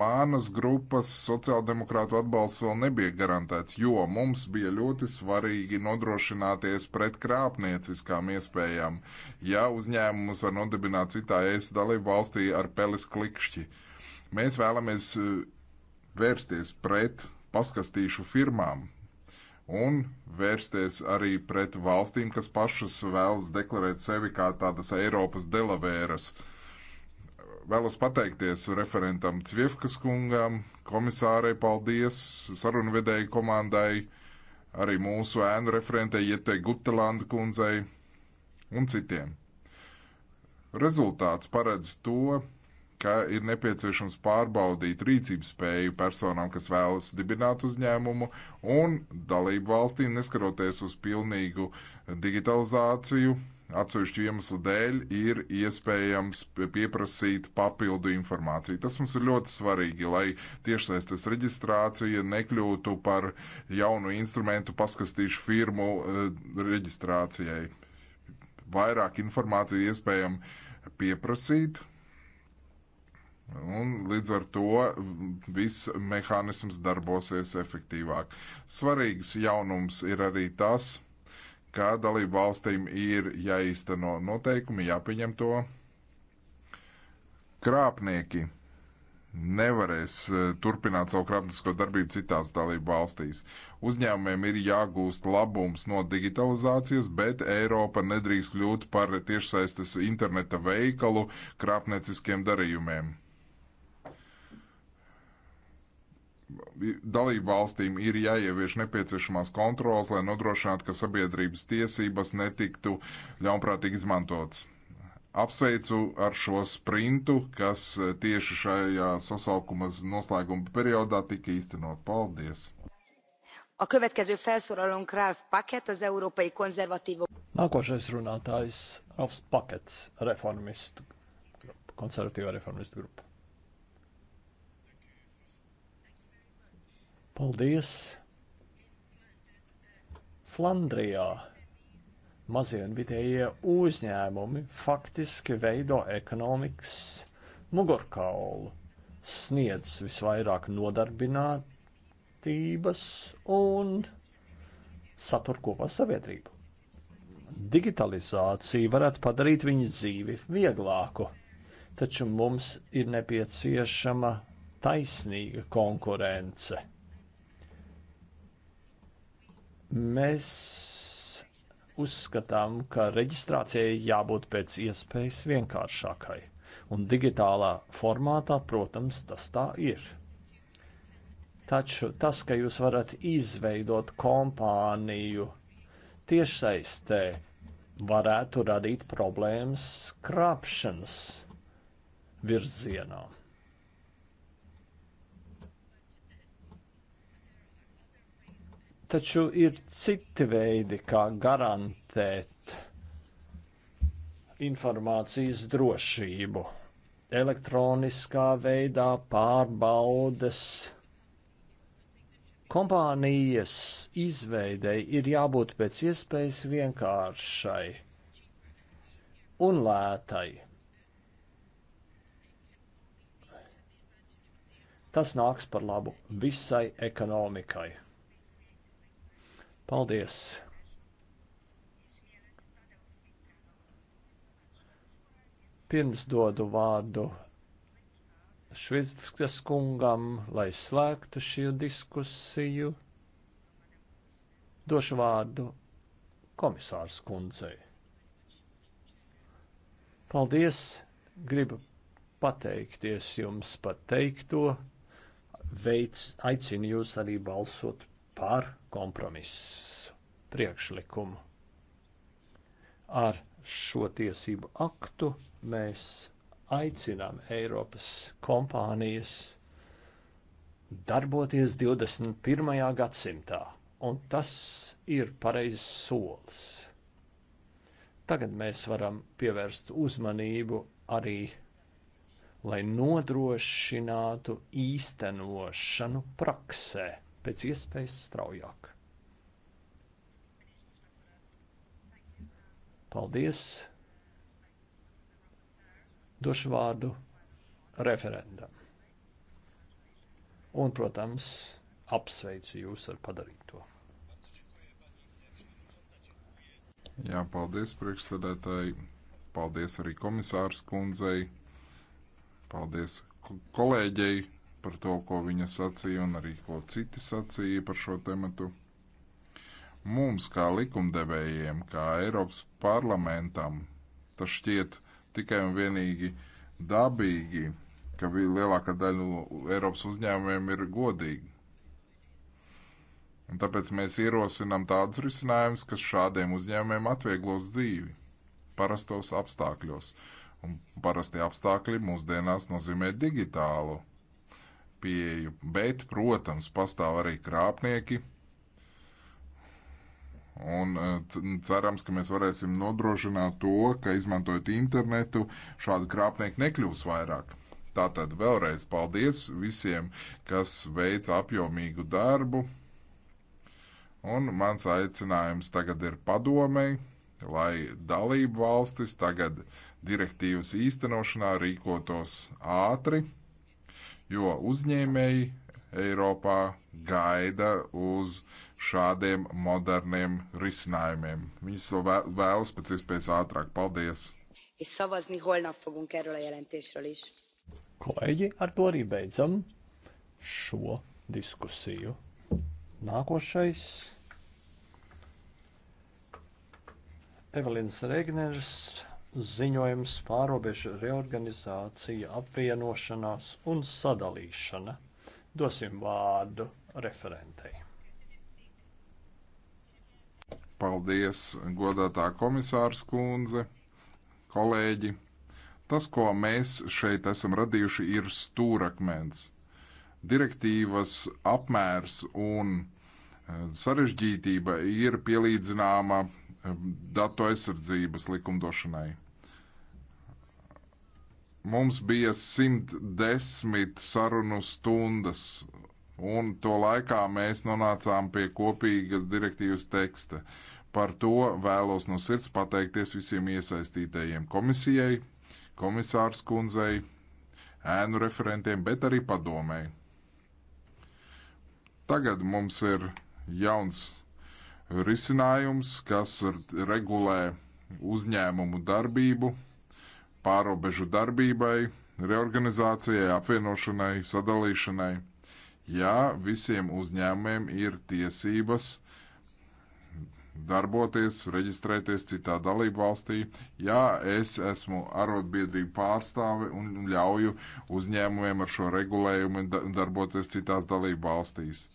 manas grupas sociāldemokrātu atbalsts vēl nebija garantēts, jo mums bija ļoti svarīgi nodrošināties pret krāpnieciskām iespējām, ja uzņēmumus var nodibināt citā ES dalību valstī ar peles klikšķi. Mēs vēlamies e, vērsties pret paskastīšu firmām un vērsties arī pret valstīm, kas pašas vēlas deklarēt sevi kā tādas Eiropas delavēras. Uh, Vēlos pateikties referentam Cvifkas kungam, komisārai paldies, sarunvedēju komandai, arī mūsu ēnu referentei Ietei Gutelanda kundzei un citiem. Rezultāts paredz to, ka ir nepieciešams pārbaudīt rīcības spēju personām, kas vēlas dibināt uzņēmumu, un dalību valstīm, neskaroties uz pilnīgu digitalizāciju, atsevišķu iemeslu dēļ ir iespējams pieprasīt papildu informāciju. Tas mums ir ļoti svarīgi, lai tiešsaistes reģistrācija nekļūtu par jaunu instrumentu paskastīšu firmu eh, reģistrācijai. Vairāk informāciju iespējami pieprasīt. Un līdz ar to viss mehānisms darbosies efektīvāk. Svarīgs jaunums ir arī tas, ka kā dalību valstīm ir jāīsteno noteikumi, jāpieņem to. Krāpnieki nevarēs eh, turpināt savu krāpniecisko darbību citās dalību valstīs. Uzņēmumiem ir jāgūst labums no digitalizācijas, bet Eiropa nedrīkst kļūt par tiešsaistes interneta veikalu krāpnieciskiem darījumiem. dalību valstīm ir jāievieš nepieciešamās kontrolas, lai nodrošinātu, ka sabiedrības tiesības netiktu ļaunprātīgi izmantotas. Apsveicu ar šo sprintu, kas eh, tieši šajā sasaukuma noslēguma periodā tika īstenot. Paldies! A következő felszólalónk Ralf Paket, az Európai Konzervatívok. Nākošais runātājs Ralfs Pakets, reformistu grupa, konservatīva reformistu grupa. Paldies! Flandrijā mazie un vidējie uzņēmumi faktiski veido ekonomikas mugurkaulu, sniedz visvairāk nodarbinātības un satur kopā sabiedrību. Digitalizācija varētu padarīt viņu dzīvi vieglāku, taču mums ir nepieciešama taisnīga konkurence. Mēs uzskatām, ka reģistrācijai jābūt pēc iespējas vienkāršākai, un digitālā formātā, protams, tas tā ir. Taču tas, ka jūs varat izveidot kompāniju tiešsaistē, varētu radīt problēmas krāpšanas virzienām. Taču ir citi veidi, kā garantēt informācijas drošību. Elektroniskā veidā pārbaudes kompānijas izveidei ir jābūt pēc iespējas vienkāršai un lētai. Tas nāks par labu visai ekonomikai. Paldies! Pirms dodu vārdu Švickas kungam, lai slēgtu šī diskusiju, došu vārdu komisārs kundzei. Paldies! Gribu pateikties jums par teikto. Veids, aicinu jūs arī balsot par kompromisu priekšlikumu. Ar šo tiesību aktu mēs aicinām Eiropas kompānijas darboties 21. gadsimtā, un tas ir pareizs solis. Tagad mēs varam pievērst uzmanību arī lai nodrošinātu īstenošanu praksē pēc iespējas straujāk. Paldies! Došu vārdu referendam. Un, protams, apsveicu jūs ar padarīto. Jā, paldies priekšsēdētāji, paldies arī komisārs kundzei, paldies kolēģei par to, ko viņa sacīja un arī ko citi sacīja par šo tematu. Mums, kā likumdevējiem, kā Eiropas parlamentam, tas šķiet tikai un vienīgi dabīgi, ka lielākā daļa no Eiropas uzņēmumiem ir godīgi. Un tāpēc mēs ierosinām tādus risinājumus, kas šādiem uzņēmumiem atvieglos dzīvi parastos apstākļos. Un parasti apstākļi mūsdienās nozīmē digitālu pieeju, bet, protams, pastāv arī krāpnieki. Un eh, cerams, ka mēs varēsim nodrošināt to, ka izmantojot internetu, šādi krāpnieki nekļūs vairāk. Tātad vēlreiz paldies visiem, kas veica apjomīgu darbu. Un mans aicinājums tagad ir padomei, lai dalību valstis tagad direktīvas īstenošanā rīkotos ātri jo uzņēmēji Eiropā gaida uz šādiem moderniem risinājumiem. Viņus to vēlas pēc iespējas ātrāk. Paldies! Kolēģi, ar to arī beidzam šo diskusiju. Nākošais. Evelīns Regneris ziņojums pārobežu reorganizācija, apvienošanās un sadalīšana. Dosim vārdu referentei. Paldies, godātā komisārs kundze, kolēģi. Tas, ko mēs šeit esam radījuši, ir stūrakmens. Direktīvas apmērs un eh, sarežģītība ir pielīdzināma Um, datu aizsardzības likumdošanai. Mums bija 110 sarunu stundas, un to laikā mēs nonācām pie kopīgas direktīvas teksta. Par to vēlos no sirds pateikties visiem iesaistītajiem komisijai, komisārs kundzei, ēnu referentiem, bet arī padomēji. Tagad mums ir jauns risinājums, kas regulē uzņēmumu darbību, pārobežu darbībai, reorganizācijai, apvienošanai, sadalīšanai. Ja visiem uzņēmumiem ir tiesības darboties, reģistrēties citā dalību valstī, ja es esmu arotbiedrību pārstāve un ļauju uzņēmumiem ar šo regulējumu darboties citās dalību valstīs.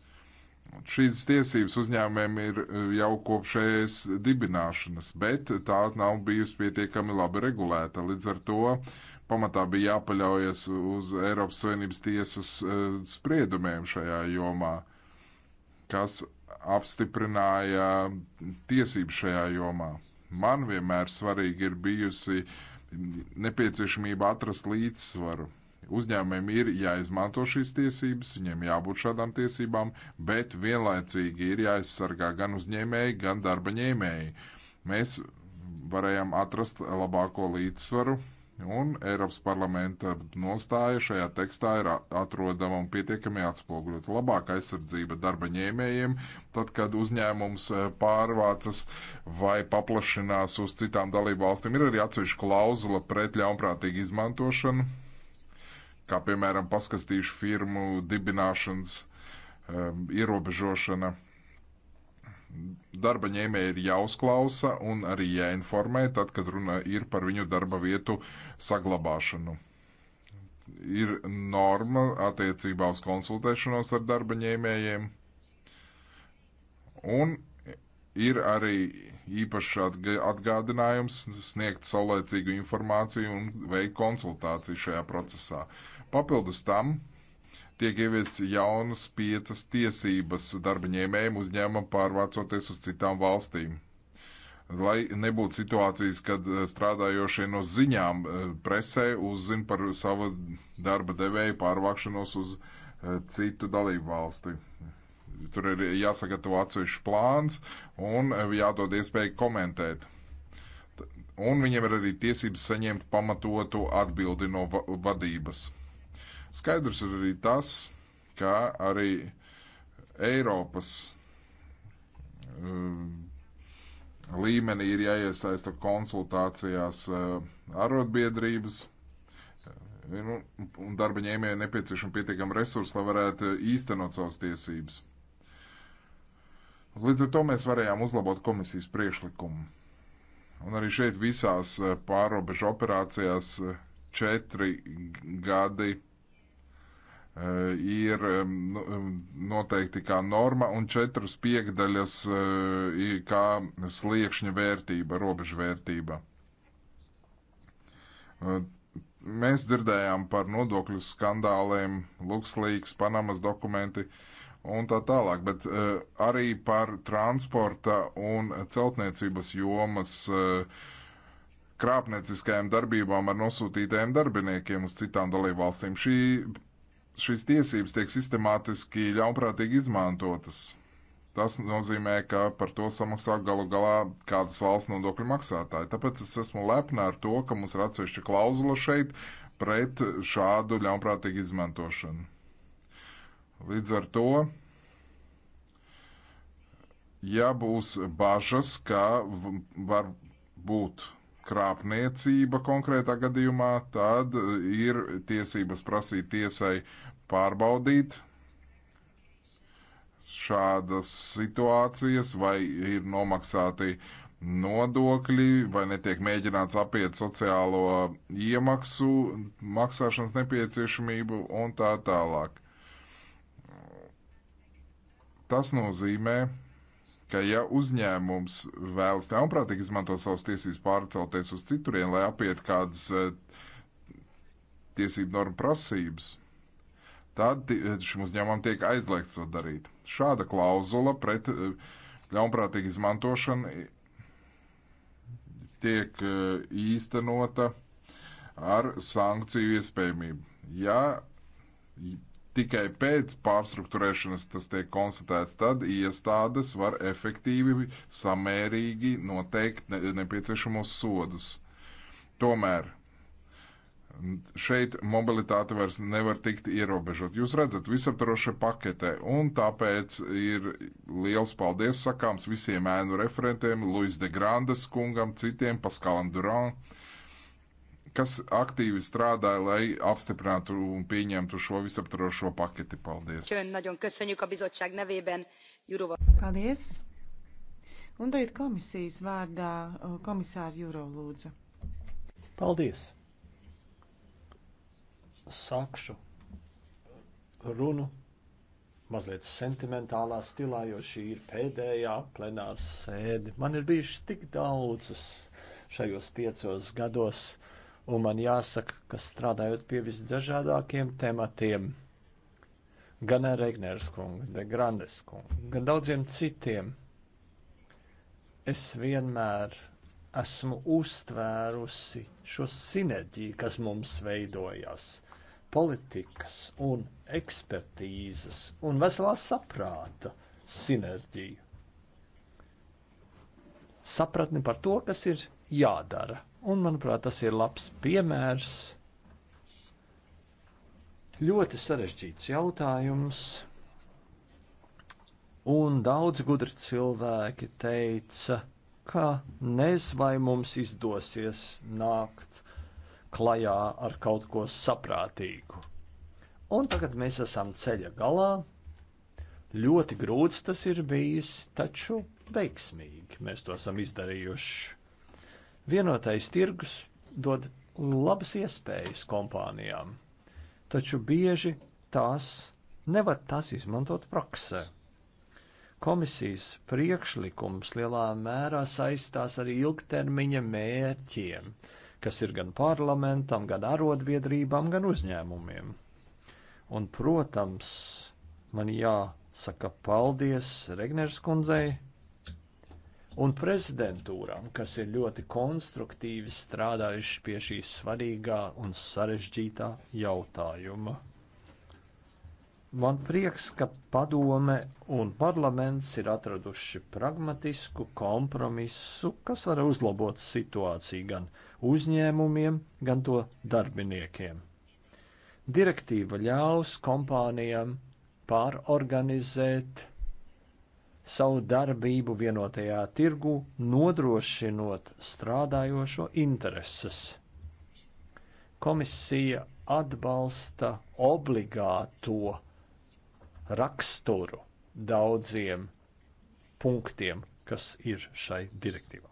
Šīs tiesības uzņēmumiem ir e, jau kopš ES dibināšanas, bet tā nav bijusi pietiekami labi regulēta. Līdz ar to pamatā bija jāpaļaujas uz Eiropas Savienības tiesas e, spriedumiem šajā jomā, kas apstiprināja tiesības šajā jomā. Man vienmēr svarīgi ir bijusi nepieciešamība atrast līdzsvaru Uzņēmumiem ir jāizmanto šīs tiesības, viņiem jābūt šādām tiesībām, bet vienlaicīgi ir jāaizsargā gan uzņēmēji, gan darba ņēmēji. Mēs varējām atrast labāko līdzsvaru, un Eiropas parlamenta nostāja šajā tekstā ir atrodama un pietiekami atspoguļot labāka aizsardzība darba ņēmējiem, tad, kad uzņēmums eh, pārvācas vai paplašinās uz citām dalību valstīm. Ir arī atsevišķa klauzula pret ļaunprātīgu izmantošanu kā piemēram paskatīšu firmu dibināšanas um, ierobežošana. Darba ņēmēji ir jāuzklausa un arī jāinformē, tad, kad runa ir par viņu darba vietu saglabāšanu. Ir norma attiecībā uz konsultēšanos ar darba ņēmējiem, un ir arī īpašs atgādinājums sniegt saulēcīgu informāciju un veikt konsultāciju šajā procesā. Uh, Papildus tam tiek ieviests jaunas piecas tiesības darba ņēmējiem uzņēmumam pārvācoties uz citām valstīm. Lai nebūtu situācijas, kad eh, strādājošie no ziņām eh, presē uzzina par savu darba devēju pārvākšanos uz eh, citu dalību valsti. Tur ir jāsagatavo atsevišķs plāns un jādod iespēju komentēt un viņiem ir arī tiesības saņemt pamatotu atbildi no va vadības. Skaidrs ir arī tas, ka arī Eiropas um, līmenī ir jāiesaista konsultācijās uh, arotbiedrības. Uh, nu, un darba ņēmējai nepieciešama pietiekama resursa, lai varētu īstenot savas tiesības. Līdz ar to mēs varējām uzlabot komisijas priekšlikumu. Un arī šeit visās uh, pārobežu operācijās uh, četri gadi Eh, ir noteikti kā norma un četras piekdaļas eh, kā sliekšņa vērtība, robeža vērtība. Eh, mēs dzirdējām par nodokļu skandāliem, Luxlīks, Panamas dokumenti un tā tālāk, bet arī par transporta un celtniecības jomas krāpnieciskajām darbībām ar nosūtītajiem darbiniekiem uz citām dalībvalstīm. Šī šīs tiesības tiek sistemātiski ļaunprātīgi izmantotas. Tas nozīmē, ka par to samaksā galu galā kādas valsts nodokļu maksātāji. Tāpēc es esmu lepna ar to, ka mums ir atsevišķa klauzula šeit pret šādu ļaunprātīgu izmantošanu. Līdz ar to, ja būs bažas, ka var būt krāpniecība konkrētā gadījumā, tad ir tiesības prasīt tiesai uh, pārbaudīt šādas situācijas, vai ir nomaksāti nodokļi, vai netiek mēģināts apiet sociālo iemaksu, maksāšanas nepieciešamību un tā tālāk. Tas nozīmē, ka ja uzņēmums vēlas ļaunprātīgi izmanto savas tiesības pārcelties uz citurien, lai apiet kādas eh, tiesību normu prasības, tad eh, šim uzņēmumam tiek aizliegts to darīt. Šāda klauzula pret eh, ļaunprātīgu izmantošanu tiek eh, īstenota ar sankciju iespējamību. Ja tikai pēc pārstruktūrēšanas tas tiek konstatēts, tad iestādes var efektīvi, samērīgi noteikt nepieciešamos sodus. Tomēr Šeit mobilitāte vairs nevar tikt ierobežot. Jūs redzat, visaptvaroša paketē, un tāpēc ir liels paldies sakāms visiem ēnu referentiem, Luis de Grandes kungam, citiem, Paskalam Duran, kas aktīvi strādāja, lai apstiprinātu un pieņemtu šo visaptvarošo paketi. Paldies! Paldies! Un tagad komisijas vārdā komisāra Juro lūdzu. Paldies! sākšu runu mazliet sentimentālā stilā, jo šī ir pēdējā plenāra sēde. Man ir bijušas tik daudzas šajos piecos gados, un man jāsaka, ka strādājot pie visdažādākiem tematiem, gan ar Regners kungu, de Grandes kungu, gan daudziem citiem, es vienmēr esmu uztvērusi šo sinerģiju, kas mums veidojās – politikas un ekspertīzes un veselā saprāta sinerģiju. Sapratni par to, kas ir jādara. Un, manuprāt, tas ir labs piemērs. Ļoti sarežģīts jautājums. Un daudz gudri cilvēki teica, ka nez vai mums izdosies nākt klajā ar kaut ko saprātīgu. Un tagad mēs esam ceļa galā. Ļoti grūts tas ir bijis, taču veiksmīgi mēs to esam izdarījuši. Vienotais tirgus dod labas iespējas kompānijām, taču bieži tās nevar tās izmantot praksē. Komisijas priekšlikums lielā mērā saistās ar ilgtermiņa mērķiem, kas ir gan parlamentam, gan arotbiedrībām, gan uzņēmumiem. Un, protams, man jāsaka paldies Regners kundzei un prezidentūram, kas ir ļoti konstruktīvi strādājuši pie šīs svarīgā un sarežģītā jautājuma. Man prieks, ka padome un parlaments ir atraduši pragmatisku kompromisu, kas var uzlabot situāciju gan uzņēmumiem, gan to darbiniekiem. Direktīva ļaus kompānijām pārorganizēt savu darbību vienotajā tirgu, nodrošinot strādājošo intereses. Komisija atbalsta obligāto raksturu daudziem punktiem, kas ir šai direktīvā.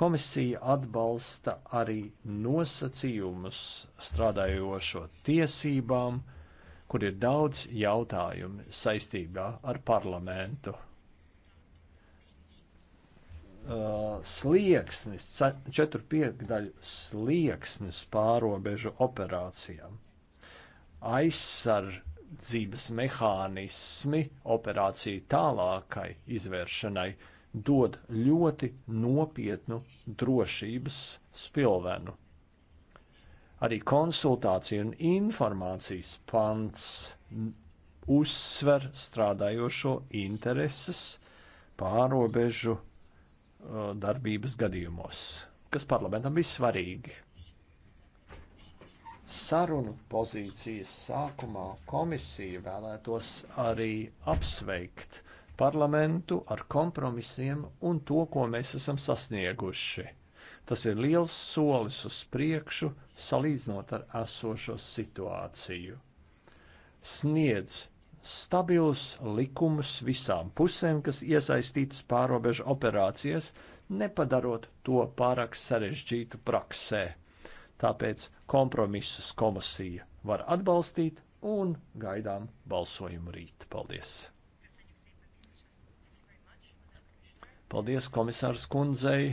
Komisija atbalsta arī nosacījumus strādājošo tiesībām, kur ir daudz jautājumu saistībā ar parlamentu. Uh, slieksnis, 4,5 daļu slieksnis pārobežu operācijām aizsargā palīdzības mehānismi operāciju tālākai izvēršanai dod ļoti nopietnu drošības spilvenu. Arī konsultācija un informācijas pants uzsver strādājošo intereses pārobežu uh, darbības gadījumos, kas parlamentam bija svarīgi sarunu pozīcijas sākumā komisija vēlētos arī apsveikt parlamentu ar kompromisiem un to, ko mēs esam sasnieguši. Tas ir liels solis uz priekšu, salīdzinot ar esošo situāciju. Sniedz stabilus likumus visām pusēm, kas iesaistītas pārobežu operācijas, nepadarot to pārāk sarežģītu praksē Tāpēc kompromisus komisija var atbalstīt un gaidām balsojumu rīt. Paldies! Paldies komisārs kundzei.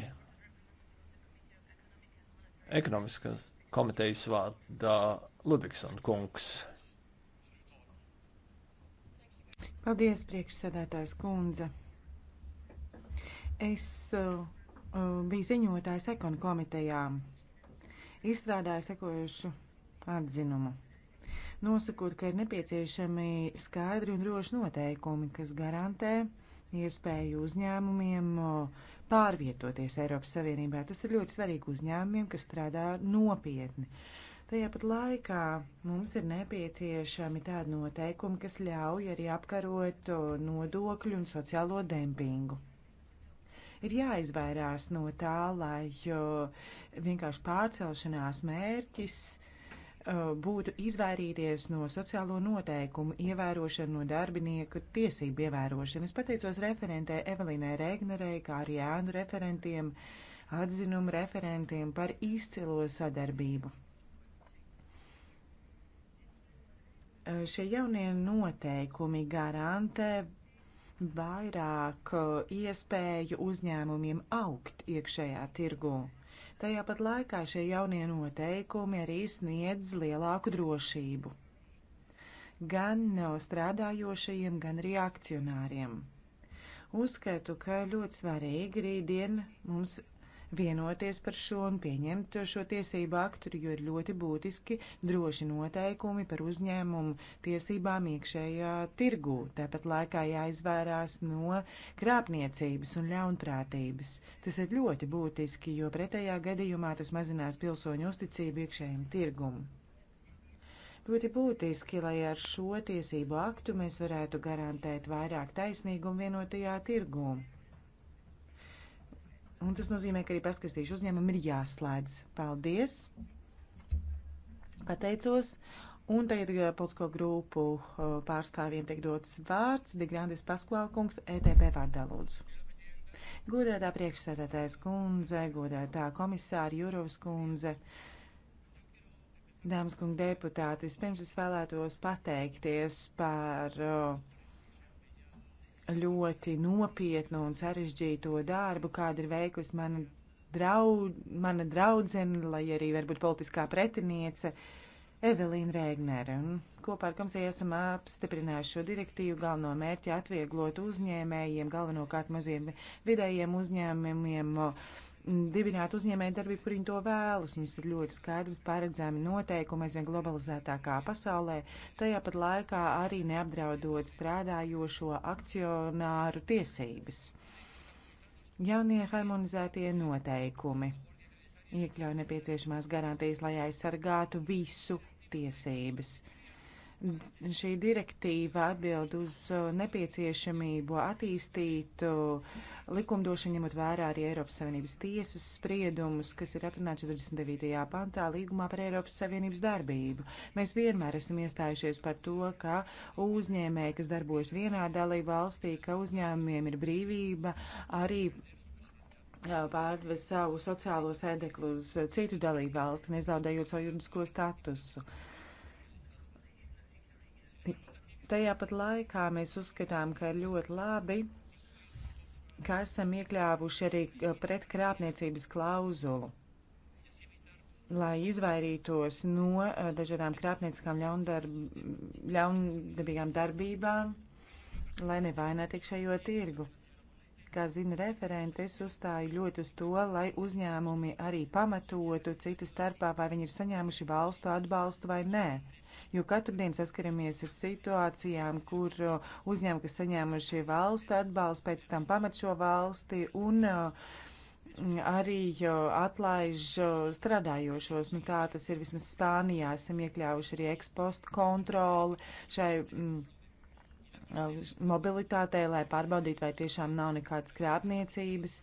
Ekonomiskās komitejas vārdā Ludvigson kungs. Paldies, priekšsēdētājs kundze. Es uh, uh biju ziņotājs ekonu komitejām izstrādāja sekojušu atzinumu. Nosakot, ka ir nepieciešami skaidri un droši noteikumi, kas garantē iespēju uzņēmumiem pārvietoties Eiropas Savienībā. Tas ir ļoti svarīgi uzņēmumiem, kas strādā nopietni. Tajā pat laikā mums ir nepieciešami tādi noteikumi, kas ļauj arī apkarot nodokļu un sociālo dempingu ir jāizvairās no tā, lai vienkārši pārcelšanās mērķis uh, būtu izvairīties no sociālo noteikumu ievērošanu, no darbinieku tiesību ievērošanu. Es pateicos referentē Evelīnai Regnerei, kā arī ēnu referentiem, atzinumu referentiem par izcilo sadarbību. Uh, šie jaunie noteikumi garantē vairāk uh, iespēju uzņēmumiem augt iekšējā tirgu. Tajā pat laikā šie jaunie noteikumi arī sniedz lielāku drošību gan uh, strādājošajiem, gan arī akcionāriem. Uzskatu, ka ļoti svarīgi rītdien mums vienoties par šo un pieņemt šo tiesību aktu, jo ir ļoti būtiski droši noteikumi par uzņēmumu tiesībām iekšējā tirgū. Tāpat laikā jāizvērās no krāpniecības un ļaunprātības. Tas ir ļoti būtiski, jo pretējā gadījumā tas mazinās pilsoņu uzticību iekšējiem tirgumam ļoti būtiski, lai ar šo tiesību aktu mēs varētu garantēt vairāk taisnīgumu vienotajā tirgū. Un tas nozīmē, ka arī paskatīšu uzņēmumu ir jāslēdz. Paldies! Pateicos! Un tagad uh, politisko grupu uh, pārstāvjiem tiek dots vārds Digrandis Paskvalkungs, ETP vārdā lūdzu. Godētā priekšsēdētājas kundze, godētā komisāra Jurovas kundze, dāmas kungi deputāti, vispirms es vēlētos pateikties par uh, ļoti nopietnu un sarežģīto darbu, kādu ir veikusi mana, draud, mana draudzene, lai arī varbūt politiskā pretiniece Evelīna Rēgnere. Un kopā ar komisiju esam apstiprinājuši šo direktīvu galveno mērķi atvieglot uzņēmējiem, galvenokārt maziem vidējiem uzņēmumiem dibināt uzņēmēju darbību, kur viņi to vēlas. Mums ir ļoti skaidrs paredzami noteikumi aizvien globalizētākā pasaulē, tajā pat laikā arī neapdraudot strādājošo akcionāru tiesības. Jaunie harmonizētie noteikumi iekļauj nepieciešamās garantijas, lai aizsargātu visu tiesības šī direktīva atbild uz uh, nepieciešamību attīstīt uh, likumdošanu, ņemot vērā arī Eiropas Savienības tiesas spriedumus, kas ir atrunāti 49. pantā līgumā par Eiropas Savienības darbību. Mēs vienmēr esam iestājušies par to, ka uzņēmēji, kas darbojas vienā dalību valstī, ka uzņēmumiem ir brīvība arī uh, pārvest savu sociālo sēdekli uz citu dalību valsti, nezaudējot savu juridisko statusu. Tajā pat laikā mēs uzskatām, ka ir ļoti labi, ka esam iekļāvuši arī eh, pretkrāpniecības klauzulu, lai izvairītos no eh, dažādām krāpnieciskām ļaundarb, ļaundabīgām darbībām, lai nevainētu iekšējo tirgu. Kā zina referente, es uzstāju ļoti uz to, lai uzņēmumi arī pamatotu citu starpā, vai viņi ir saņēmuši valstu atbalstu vai nē jo katru dienu saskaramies ar situācijām, kur uzņēmumi, kas saņēmušie valstu atbalstu, pēc tam pamet šo valsti un arī atlaiž strādājošos. Nu, tā tas ir vismaz Spānijā. Esam iekļāvuši arī ekspostu kontroli šai. Mm, Uh, mobilitātei, lai pārbaudītu, vai tiešām nav nekādas krāpniecības.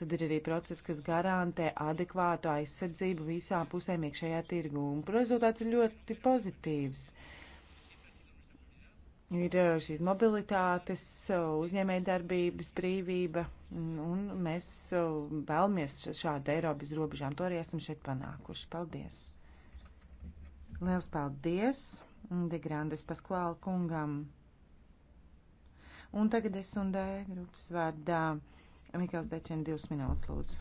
Tad ir arī process, kas garantē adekvātu aizsardzību visām pusēm iekšējā tirgū. Un rezultāts ir ļoti pozitīvs. Ir uh, šīs mobilitātes, uh, uzņēmējdarbības, brīvība, un mēs vēlamies šādu Eiropu bez robežām. To arī esam šeit panākuši. Paldies! Liels paldies! Digrandes Paskuāla kungam! Un tagad es un D grupas vārdā Mikls Dečena divas minūtes lūdzu.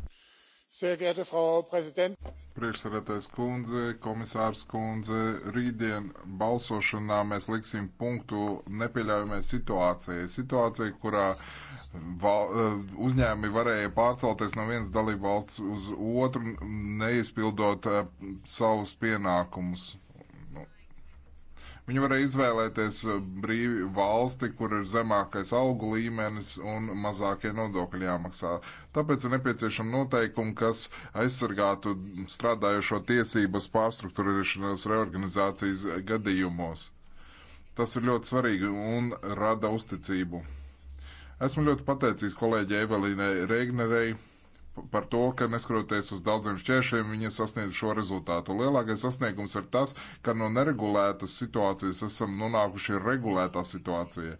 Sveiciet, Frau Prezident! Priekšsēdētājs kundze, komisārs kundze, rītdien balsošanā mēs liksim punktu nepieļaujamai situācijai. Situācija, kurā val, eh, uzņēmumi varēja pārcelties no vienas dalību valsts uz otru, neizpildot eh, savus pienākumus. Viņi varēja izvēlēties eh, brīvi valsti, kur ir zemākais algu līmenis un mazākie nodokļi jāmaksā. Tāpēc ir nepieciešama noteikuma, kas aizsargātu strādājošo tiesības pārstruktūrēšanas reorganizācijas gadījumos. Tas ir ļoti svarīgi un rada uzticību. Esmu ļoti pateicīgs kolēģei Evelīnai Regnerei par to, ka neskatoties uz daudziem šķēršļiem, viņi sasniedz šo rezultātu. Lielākais sasniegums ir tas, ka no neregulētas situācijas esam nonākuši regulētā situācijā.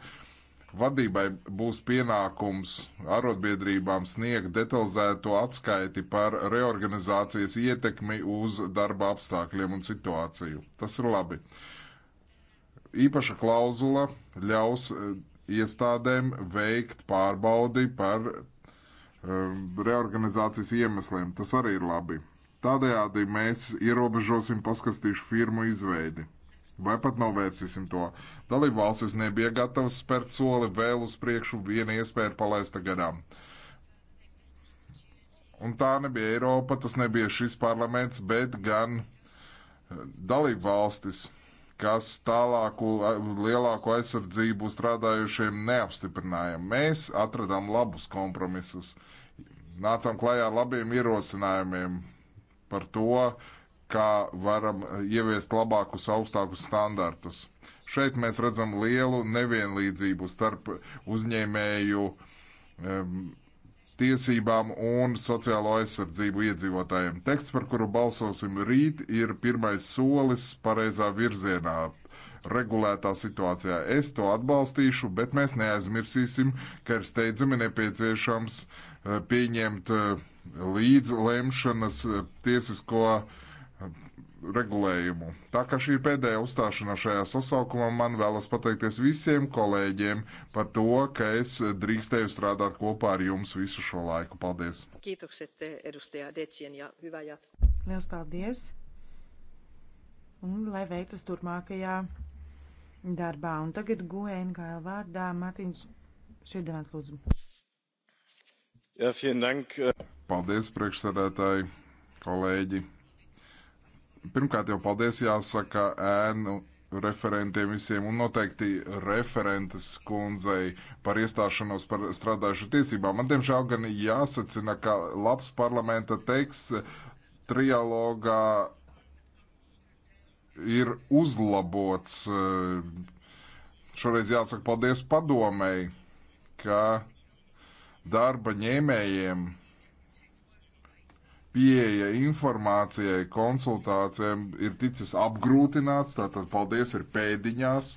Vadībai būs pienākums arotbiedrībām sniegt detalizēto atskaiti par reorganizācijas ietekmi uz darba apstākļiem un situāciju. Tas ir labi. Īpaša klauzula ļaus eh, iestādēm veikt pārbaudi par reorganizācijas iemesliem. Tas arī ir labi. Tādējādi mēs ierobežosim paskatīšu firmu izveidi. Vai pat novērsim to? Dalība valstis nebija gatavas spērt soli vēl uz priekšu, viena iespēja ir palaista garām. Un tā nebija Eiropa, tas nebija šis parlaments, bet gan eh, dalība valstis kas tālāku lielāku aizsardzību strādājušiem neapstiprināja. Mēs atradām labus kompromisus, nācām klajā ar labiem ierosinājumiem par to, kā varam ieviest labākus, augstākus standartus. Šeit mēs redzam lielu nevienlīdzību starp uzņēmēju um, tiesībām un sociālo aizsardzību iedzīvotājiem. Teksts, par kuru balsosim rīt, ir pirmais solis pareizā virzienā regulētā situācijā. Es to atbalstīšu, bet mēs neaizmirsīsim, ka ir steidzami nepieciešams eh, pieņemt eh, līdz lemšanas eh, tiesisko uh, regulējumu. Tā kā šī pēdējā uzstāšanās šajā sasaukumā man vēlas pateikties visiem kolēģiem par to, ka es drīkstēju strādāt kopā ar jums visu šo laiku. Paldies! Kiitokset edustaja Decien ja hyvää jatkoa. Liels paldies! Un lai veicas turpmākajā darbā. Un tagad GUNKL e vārdā Mārtiņš Širdevans lūdzu. Ja, vielen Dank. Paldies, priekšsēdētāji, kolēģi, Pirmkārt jau paldies jāsaka ēnu referentiem visiem un noteikti referentes kundzei par iestāšanos par strādājušu tiesībām. Man, diemžēl, gan jāsacina, ka labs parlamenta teksts trialogā ir uzlabots. Šoreiz jāsaka paldies padomēji, ka darba ņēmējiem pieeja informācijai, konsultācijām ir ticis apgrūtināts, tātad paldies ir pēdiņās.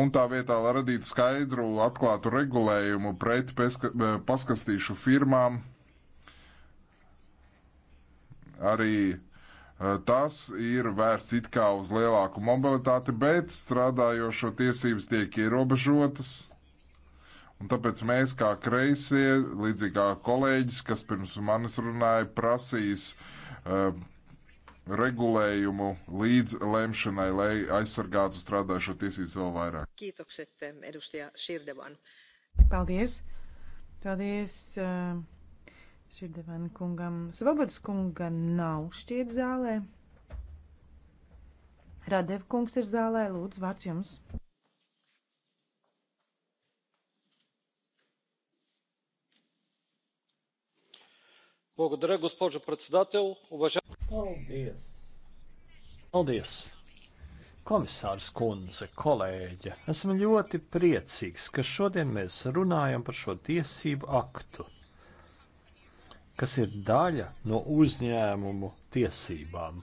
Un tā vietā, lai radītu skaidru, atklātu regulējumu pret peska, paskastīšu firmām, arī e, tas ir vērsts it kā uz lielāku mobilitāti, bet strādājošo tiesības tiek ierobežotas Un tāpēc mēs, kā kreisie, līdzīgi kā kolēģis, kas pirms manis runāja, prasīs uh, regulējumu līdz lemšanai, lai aizsargātu strādājušo tiesības vēl vairāk. Kītokset, edustajā eh, Širdevan. Paldies! Paldies! Uh, Širdevan kungam. Svabodas kunga nav šķiet zālē. Radev kungs ir zālē. Lūdzu, vārds jums! Благодаря, госпожо председател. Уважа... Paldies! Paldies! Komisārs kundze, kolēģe, esmu ļoti priecīgs, ka šodien mēs runājam par šo tiesību aktu, kas ir daļa no uzņēmumu tiesībām.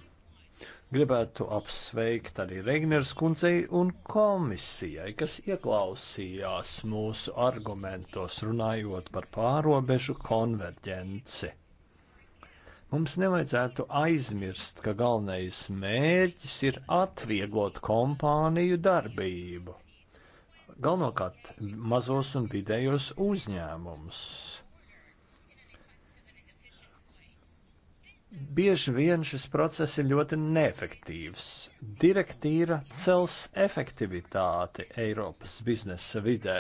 Gribētu apsveikt arī Regners kundzei un komisijai, kas ieklausījās mūsu argumentos runājot par pārobežu konverģenci. Mums nevajadzētu aizmirst, ka galvenais mērķis ir atvieglot kompāniju darbību. Galvenokārt mazos un vidējos uzņēmumus. Bieži vien šis process ir ļoti neefektīvs. Direktīva cels efektivitāti Eiropas biznesa vidē.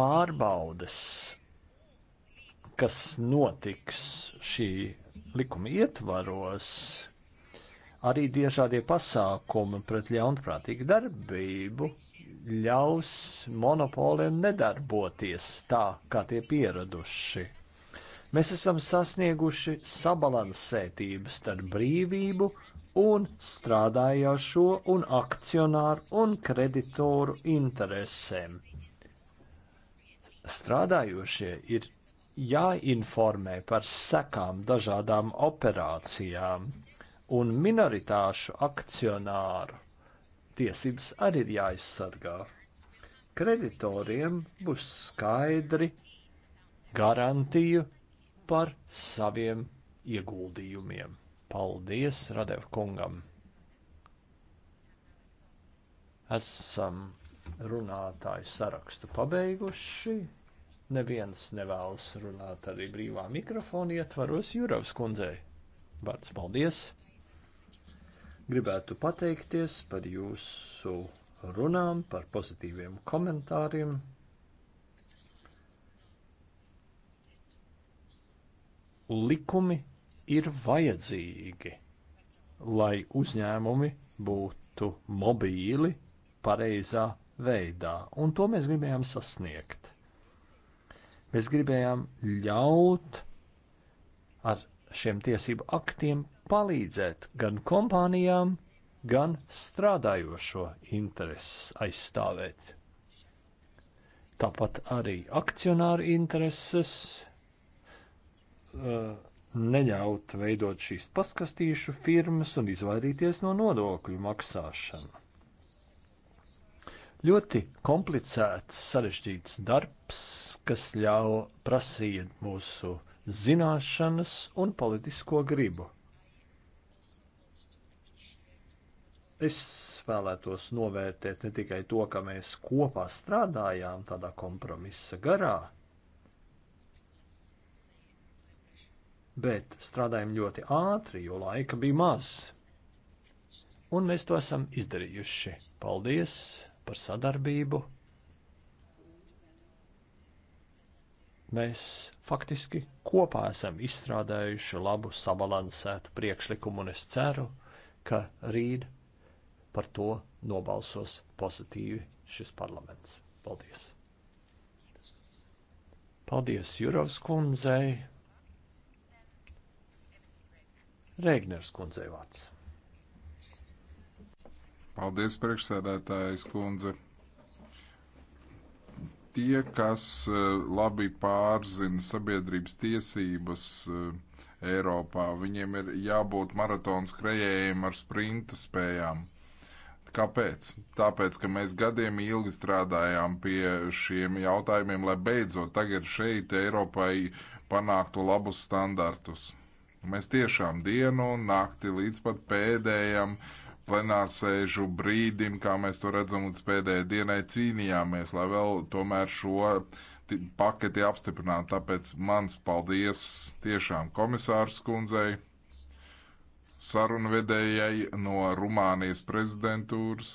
Pārbaudes kas notiks šī likuma ietvaros, arī dažādie pasākumi pret ļaunprātīgu darbību ļaus monopoliem nedarboties tā, kā tie pieraduši. Mēs esam sasnieguši sabalansētību starp brīvību un strādājošo un akcionāru un kreditoru interesēm. Strādājošie ir jāinformē par sekām dažādām operācijām, un minoritāšu akcionāru tiesības arī ir jāizsargā. Kreditoriem būs skaidri garantiju par saviem ieguldījumiem. Paldies Radev kungam! Esam runātāju sarakstu pabeiguši. Neviens nevēlas runāt arī brīvā mikrofona ietvaros Jūravas kundzei. Vārds paldies! Gribētu pateikties par jūsu runām, par pozitīviem komentāriem. Likumi ir vajadzīgi, lai uzņēmumi būtu mobīli pareizā veidā, un to mēs gribējām sasniegt. Mēs gribējām ļaut ar šiem tiesību aktiem palīdzēt gan kompānijām, gan strādājošo intereses aizstāvēt. Tāpat arī akcionāru intereses eh, neļaut veidot šīs paskastījušu firmas un izvairīties no nodokļu maksāšanu. Ļoti komplicēts, sarežģīts darbs, kas ļauj prasīt mūsu zināšanas un politisko gribu. Es vēlētos novērtēt ne tikai to, ka mēs kopā strādājām tādā kompromisa garā, bet strādājam ļoti ātri, jo laika bija maz. Un mēs to esam izdarījuši. Paldies! par sadarbību. Mēs faktiski kopā esam izstrādājuši labu sabalansētu priekšlikumu, un es ceru, ka rīt par to nobalsos pozitīvi šis parlaments. Paldies! Paldies Jurovs kundzei! Rēgners kundzei vārds. Paldies, priekšsēdētājs kundze. Tie, kas eh, labi pārzina sabiedrības tiesības eh, Eiropā, viņiem ir jābūt maratons krējējiem ar sprinta spējām. Kāpēc? Tāpēc, ka mēs gadiem ilgi strādājām pie šiem jautājumiem, lai beidzot tagad šeit Eiropai panāktu labus standartus. Mēs tiešām dienu un nakti līdz pat pēdējam uh, plenārsēžu brīdim, kā mēs to redzam, līdz pēdējai dienai cīnījāmies, lai vēl tomēr šo paketi apstiprinātu. Tāpēc mans paldies tiešām komisārs kundzei, sarunvedējai no Rumānijas prezidentūras,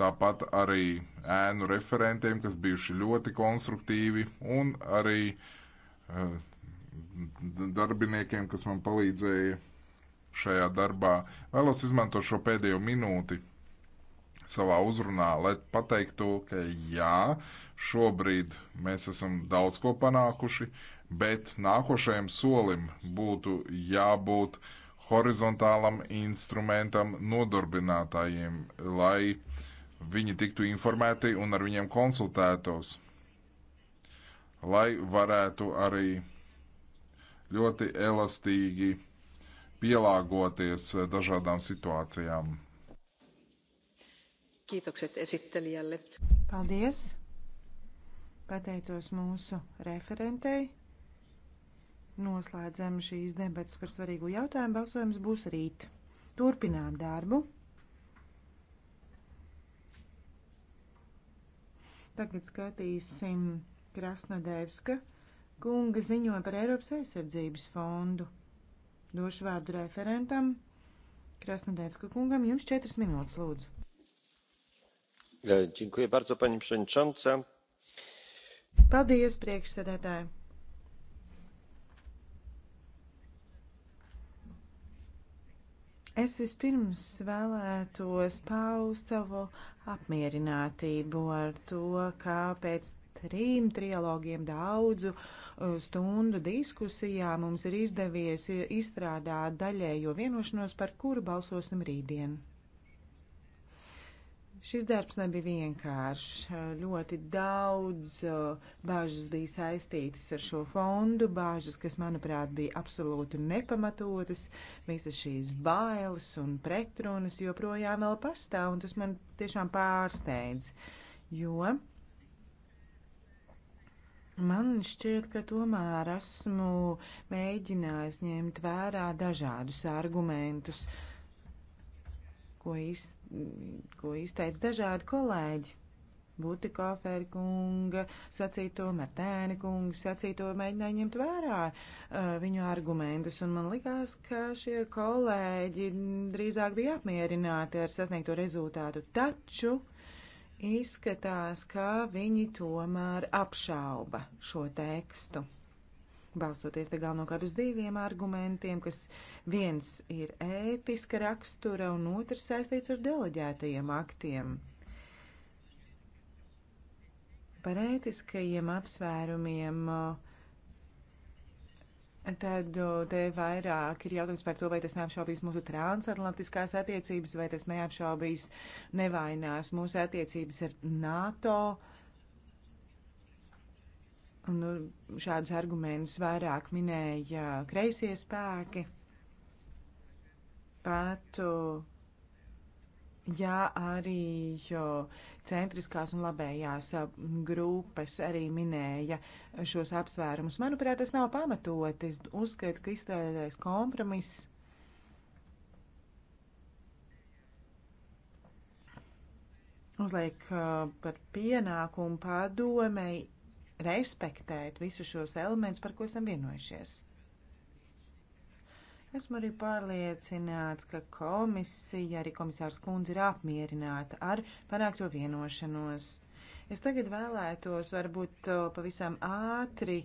tāpat arī ēnu referentiem, kas bijuši ļoti konstruktīvi, un arī uh, darbiniekiem, kas man palīdzēja šajā darbā. Vēlos izmantot šo pēdējo minūti savā uzrunā, lai pateiktu, ka jā, šobrīd mēs esam daudz ko panākuši, bet nākošajam solim būtu jābūt horizontālam instrumentam nodarbinātājiem, lai viņi tiktu informēti un ar viņiem konsultētos, lai varētu arī ļoti elastīgi pielāgoties eh, dažādām situācijām. Kiitokset esittelijälle. Paldies. Pateicos mūsu referentei. Noslēdzam šīs debats par svarīgu jautājumu. Balsojums būs rīt. Turpinām darbu. Tagad skatīsim Krasnodēvska kunga ziņojumu par Eiropas aizsardzības fondu. Došu vārdu referentam Krasnodēvska kungam. Jums četras minūtes, lūdzu. Dziękuję bardzo, pani przewodnicząca. Paldies, priekšsēdētāji. Es vispirms vēlētos paust savu apmierinātību ar to, kā pēc trim trilogiem daudzu uh, stundu diskusijā mums ir izdevies izstrādāt daļējo vienošanos, par kuru balsosim rītdien. Šis darbs nebija vienkāršs. Ļoti daudz bāžas bija saistītas ar šo fondu, bāžas, kas, manuprāt, bija absolūti nepamatotas. Visas šīs bailes un pretrunas joprojām vēl pastāv, un tas man tiešām pārsteidz, jo Man šķiet, ka tomēr esmu mēģinājis ņemt vērā dažādus argumentus, ko, iz, ko izteica dažādi kolēģi. Butikoferi kunga sacīto, Martēni kunga sacīto, mēģināju ņemt vērā uh, viņu argumentus, un man likās, ka šie kolēģi drīzāk bija apmierināti ar sasniegto rezultātu. Taču Izskatās, ka viņi tomēr apšauba šo tekstu. Balstoties te galvenokārt uz diviem argumentiem, kas viens ir ētiska rakstura un otrs saistīts ar deleģētajiem aktiem. Par ētiskajiem apsvērumiem uh, Tad te vairāk ir jautājums par to, vai tas neapšaubīs mūsu transatlantiskās attiecības, vai tas neapšaubīs nevainās mūsu attiecības ar NATO. Nu, šādus argumentus vairāk minēja kreisie spēki. Pat uh, Jā, arī jo, centriskās un labējās grupas arī minēja šos apsvērumus. Manuprāt, tas nav pamatot. Es uzskatu, ka izstrādātais kompromiss. Uzliek par pienākumu padomei respektēt visus šos elementus, par ko esam vienojušies. Esmu arī pārliecināts, ka komisija, arī komisārs kundze ir apmierināta ar panākto vienošanos. Es tagad vēlētos varbūt pavisam ātri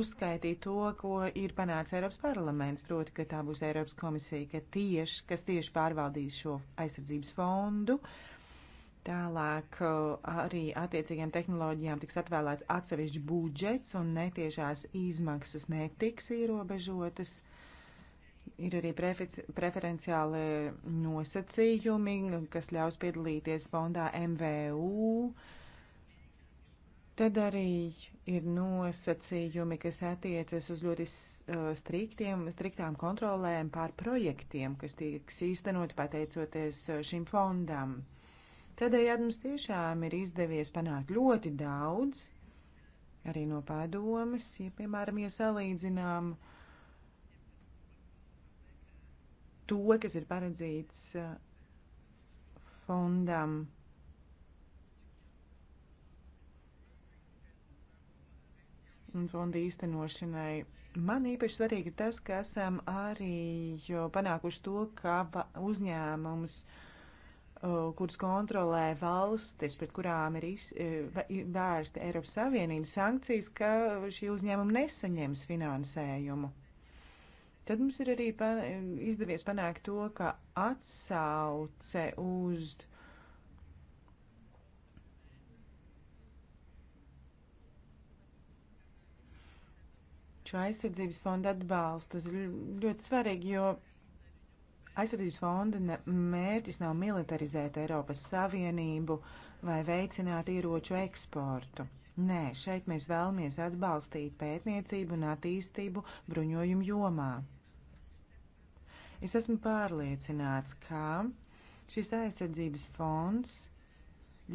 uzskaitīt to, ko ir panācis Eiropas parlaments, proti, ka tā būs Eiropas komisija, ka tieši, kas tieši pārvaldīs šo aizsardzības fondu. Tālāk arī attiecīgiem tehnoloģijām tiks atvēlēts atsevišķs budžets un netiešās izmaksas netiks ierobežotas. Uh, Ir arī preferenciāli nosacījumi, kas ļaus piedalīties fondā MVU. Tad arī ir nosacījumi, kas attiecas uz ļoti uh, striktiem, striktām kontrolēm pār projektiem, kas tiks īstenot pateicoties uh, šim fondam. Tādējādi mums tiešām ir izdevies panākt ļoti daudz, arī no padomas, ja, piemēram, ja salīdzinām uh, to, kas ir paredzēts uh, fondam. Un fonda īstenošanai. Man īpaši svarīgi ir tas, ka esam arī panākuši to, ka uzņēmums, uh, kurus kontrolē valstis, pret kurām ir uh, vērsta Eiropas Savienības sankcijas, ka šī uzņēmuma nesaņems finansējumu. Tad mums ir arī pa, izdevies panākt to, ka atsauce uz šo aizsardzības fondu atbalstu. Tas ir ļoti svarīgi, jo aizsardzības fonda mērķis nav militarizēt Eiropas Savienību vai veicināt ieroču eksportu. Nē, šeit mēs vēlamies atbalstīt pētniecību un attīstību bruņojumu jomā. Es esmu pārliecināts, ka šis aizsardzības fonds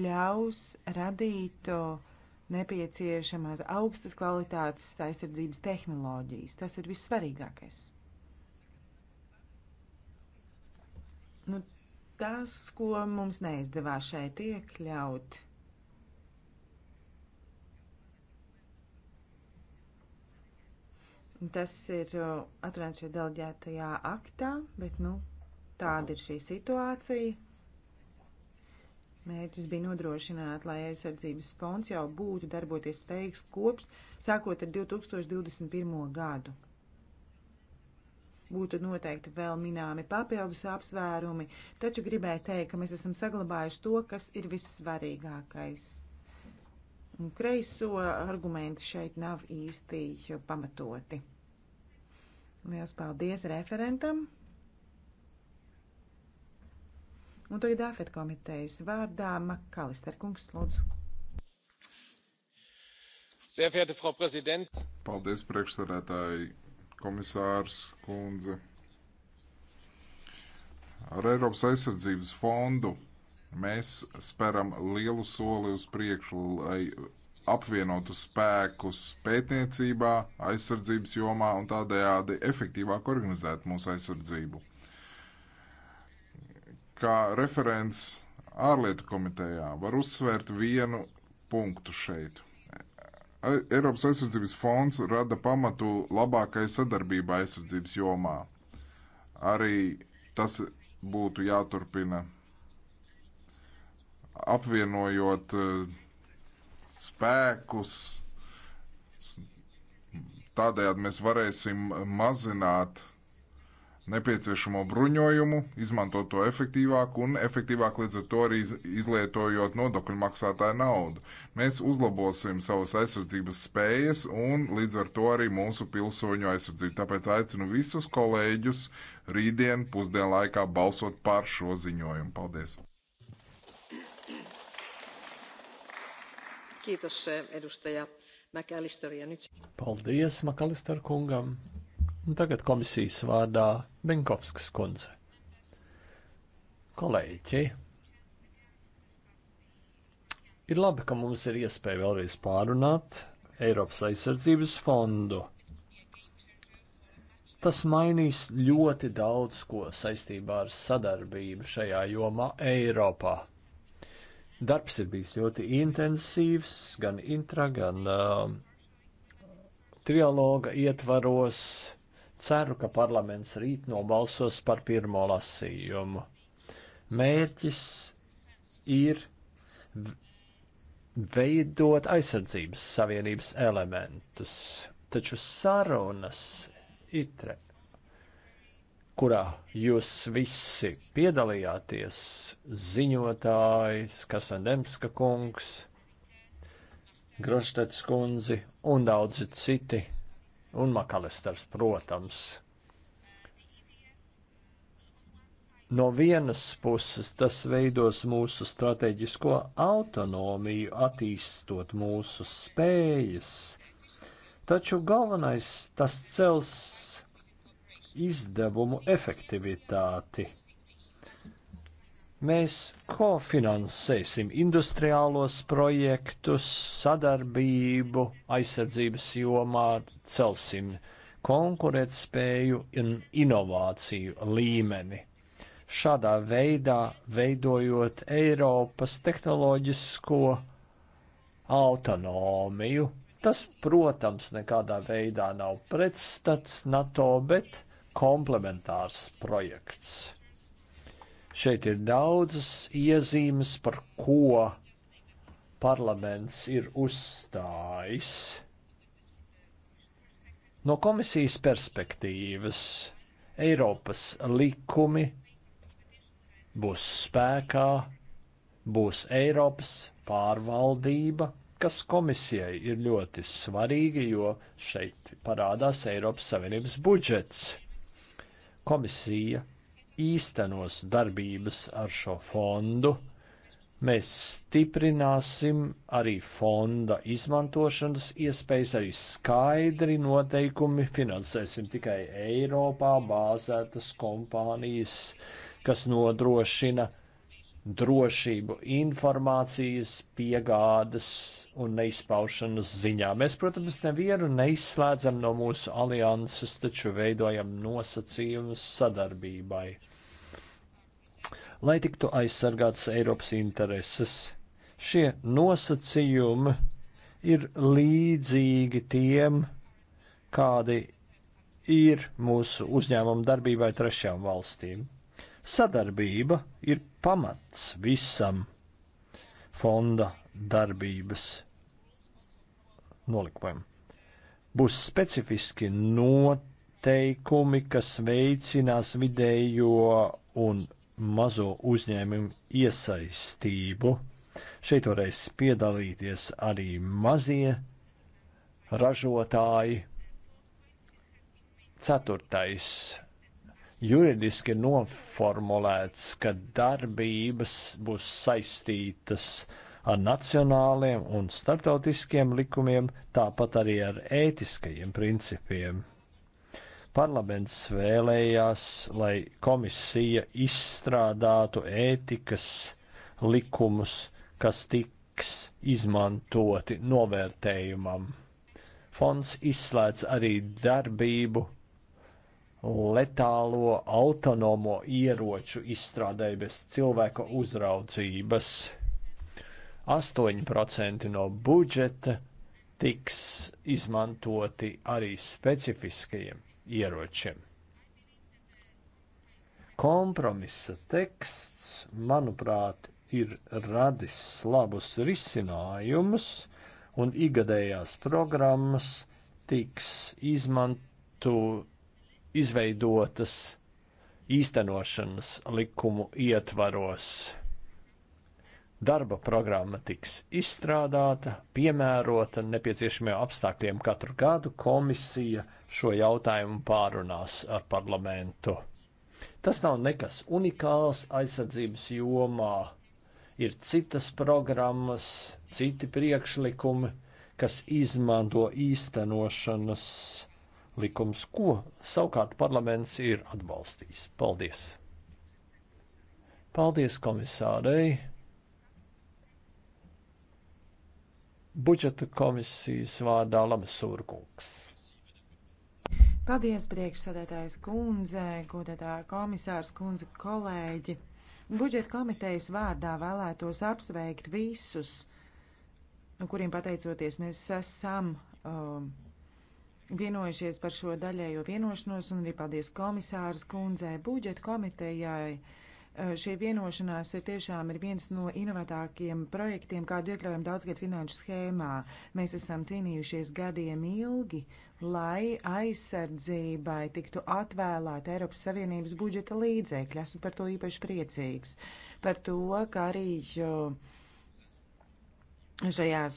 ļaus radīt nepieciešamās augstas kvalitātes aizsardzības tehnoloģijas. Tas ir vissvarīgākais. Nu, tas, ko mums neizdevās šeit iekļaut, ir Tas ir atrunāts šajā delģētajā aktā, bet nu, tāda ir šī situācija. Mērķis bija nodrošināt, lai aizsardzības fonds jau būtu darboties spējīgs kopš sākot ar 2021. gadu. Būtu noteikti vēl minēmi papildus apsvērumi, taču gribēju teikt, ka mēs esam saglabājuši to, kas ir vissvarīgākais kreiso argumenti šeit nav īsti pamatoti. Liels paldies referentam! Un tagad Dāfet komitejas vārdā Makalister kungs lūdzu. Sehr verehrte Frau Präsident! Paldies priekšsēdētāji komisārs kundze! Ar Eiropas aizsardzības fondu Mēs speram lielu soli uz priekšu, lai apvienotu spēkus pētniecībā, aizsardzības jomā un tādējādi efektīvāk organizēt mūsu aizsardzību. Kā referents ārlietu komitejā var uzsvērt vienu punktu šeit. Eiropas aizsardzības fonds rada pamatu labākai sadarbībai aizsardzības jomā. Arī tas būtu jāturpina apvienojot eh, spēkus. Tādējādi mēs varēsim mazināt nepieciešamo bruņojumu, izmantot to efektīvāk un efektīvāk līdz ar to arī izlietojot nodokļu maksātāju naudu. Mēs uzlabosim savas aizsardzības spējas un līdz ar to arī mūsu pilsoņu aizsardzību. Tāpēc aicinu visus kolēģus rītdien pusdienlaikā balsot par šo ziņojumu. Paldies! Kiitos eh, edustaja McAllister. Ja nyt... Paldies McAllister kungam. Un tagad komisijas vārdā Benkovskas kundze. Kolēģi, ir labi, ka mums ir iespēja vēlreiz pārunāt Eiropas aizsardzības fondu. Tas mainīs ļoti daudz ko saistībā ar sadarbību šajā jomā Eiropā. Darbs ir bijis ļoti intensīvs, gan intra, gan uh, trialoga ietvaros. Ceru, ka parlaments rīt nobalsos par pirmo lasījumu. Mērķis ir veidot aizsardzības savienības elementus, taču sarunas itre kurā jūs visi piedalījāties, ziņotājs, Kasandemska kungs, Groštets kundzi un daudzi citi, un Makalesters, protams. No vienas puses tas veidos mūsu strateģisko autonomiju, attīstot mūsu spējas, taču galvenais tas cels izdevumu efektivitāti. Mēs kofinansēsim industriālos projektus, sadarbību aizsardzības jomā, celsim konkurētspēju un inovāciju līmeni. Šādā veidā veidojot Eiropas tehnoloģisko autonomiju. Tas, protams, nekādā veidā nav pretstats NATO, bet komplementārs projekts. Šeit ir daudzas iezīmes, par ko parlaments ir uzstājis. No komisijas perspektīvas Eiropas likumi būs spēkā, būs Eiropas pārvaldība, kas komisijai ir ļoti svarīga, jo šeit parādās Eiropas Savienības budžets komisija īstenos darbības ar šo fondu. Mēs stiprināsim arī fonda izmantošanas iespējas, arī skaidri noteikumi finansēsim tikai Eiropā bāzētas kompānijas, kas nodrošina drošību informācijas piegādes un neizpaušanas ziņā. Mēs, protams, nevienu neizslēdzam no mūsu alianses, taču veidojam nosacījumus sadarbībai. Lai tiktu aizsargāts Eiropas intereses, šie nosacījumi ir līdzīgi tiem, kādi ir mūsu uzņēmumu darbībai trešajām valstīm. Sadarbība ir pamats visam fonda darbības nolikumam. Būs specifiski noteikumi, kas veicinās vidējo un mazo uzņēmumu iesaistību. Šeit varēs piedalīties arī mazie ražotāji. Ceturtais juridiski noformulēts, ka darbības būs saistītas ar nacionāliem un starptautiskiem likumiem, tāpat arī ar ētiskajiem principiem. Parlaments vēlējās, lai komisija izstrādātu ētikas likumus, kas tiks izmantoti novērtējumam. Fonds izslēdz arī darbību letālo autonomo ieroču izstrādē bez cilvēka uzraudzības. 8% no budžeta tiks izmantoti arī specifiskajiem ieročiem. Kompromisa teksts, manuprāt, ir radis labus risinājumus, un ikgadējās programmas tiks izmanto, izveidotas īstenošanas likumu ietvaros. Darba programma tiks izstrādāta, piemērota nepieciešamajiem apstākļiem katru gadu. Komisija šo jautājumu pārunās ar parlamentu. Tas nav nekas unikāls aizsardzības jomā. Ir citas programmas, citi priekšlikumi, kas izmanto īstenošanas likums, ko savukārt parlaments ir atbalstījis. Paldies! Paldies komisārei! Budžeta komisijas vārdā Lamasūra kungs. Paldies, priekšsēdētājs kundze, godētā komisārs kundze, kolēģi! Budžeta komitejas vārdā vēlētos apsveikt visus, kuriem pateicoties mēs esam um, uh, vienojušies par šo daļējo vienošanos, un arī paldies komisāras kundzei budžeta komitejai. Šī vienošanās ir tiešām ir viens no inovatīvākiem projektiem, kādu iekļaujam daudzgad finanšu schēmā. Mēs esam cīnījušies gadiem ilgi, lai aizsardzībai tiktu atvēlēta Eiropas Savienības budžeta līdzēkļi. Esmu par to īpaši priecīgs. Par to, ka arī šajās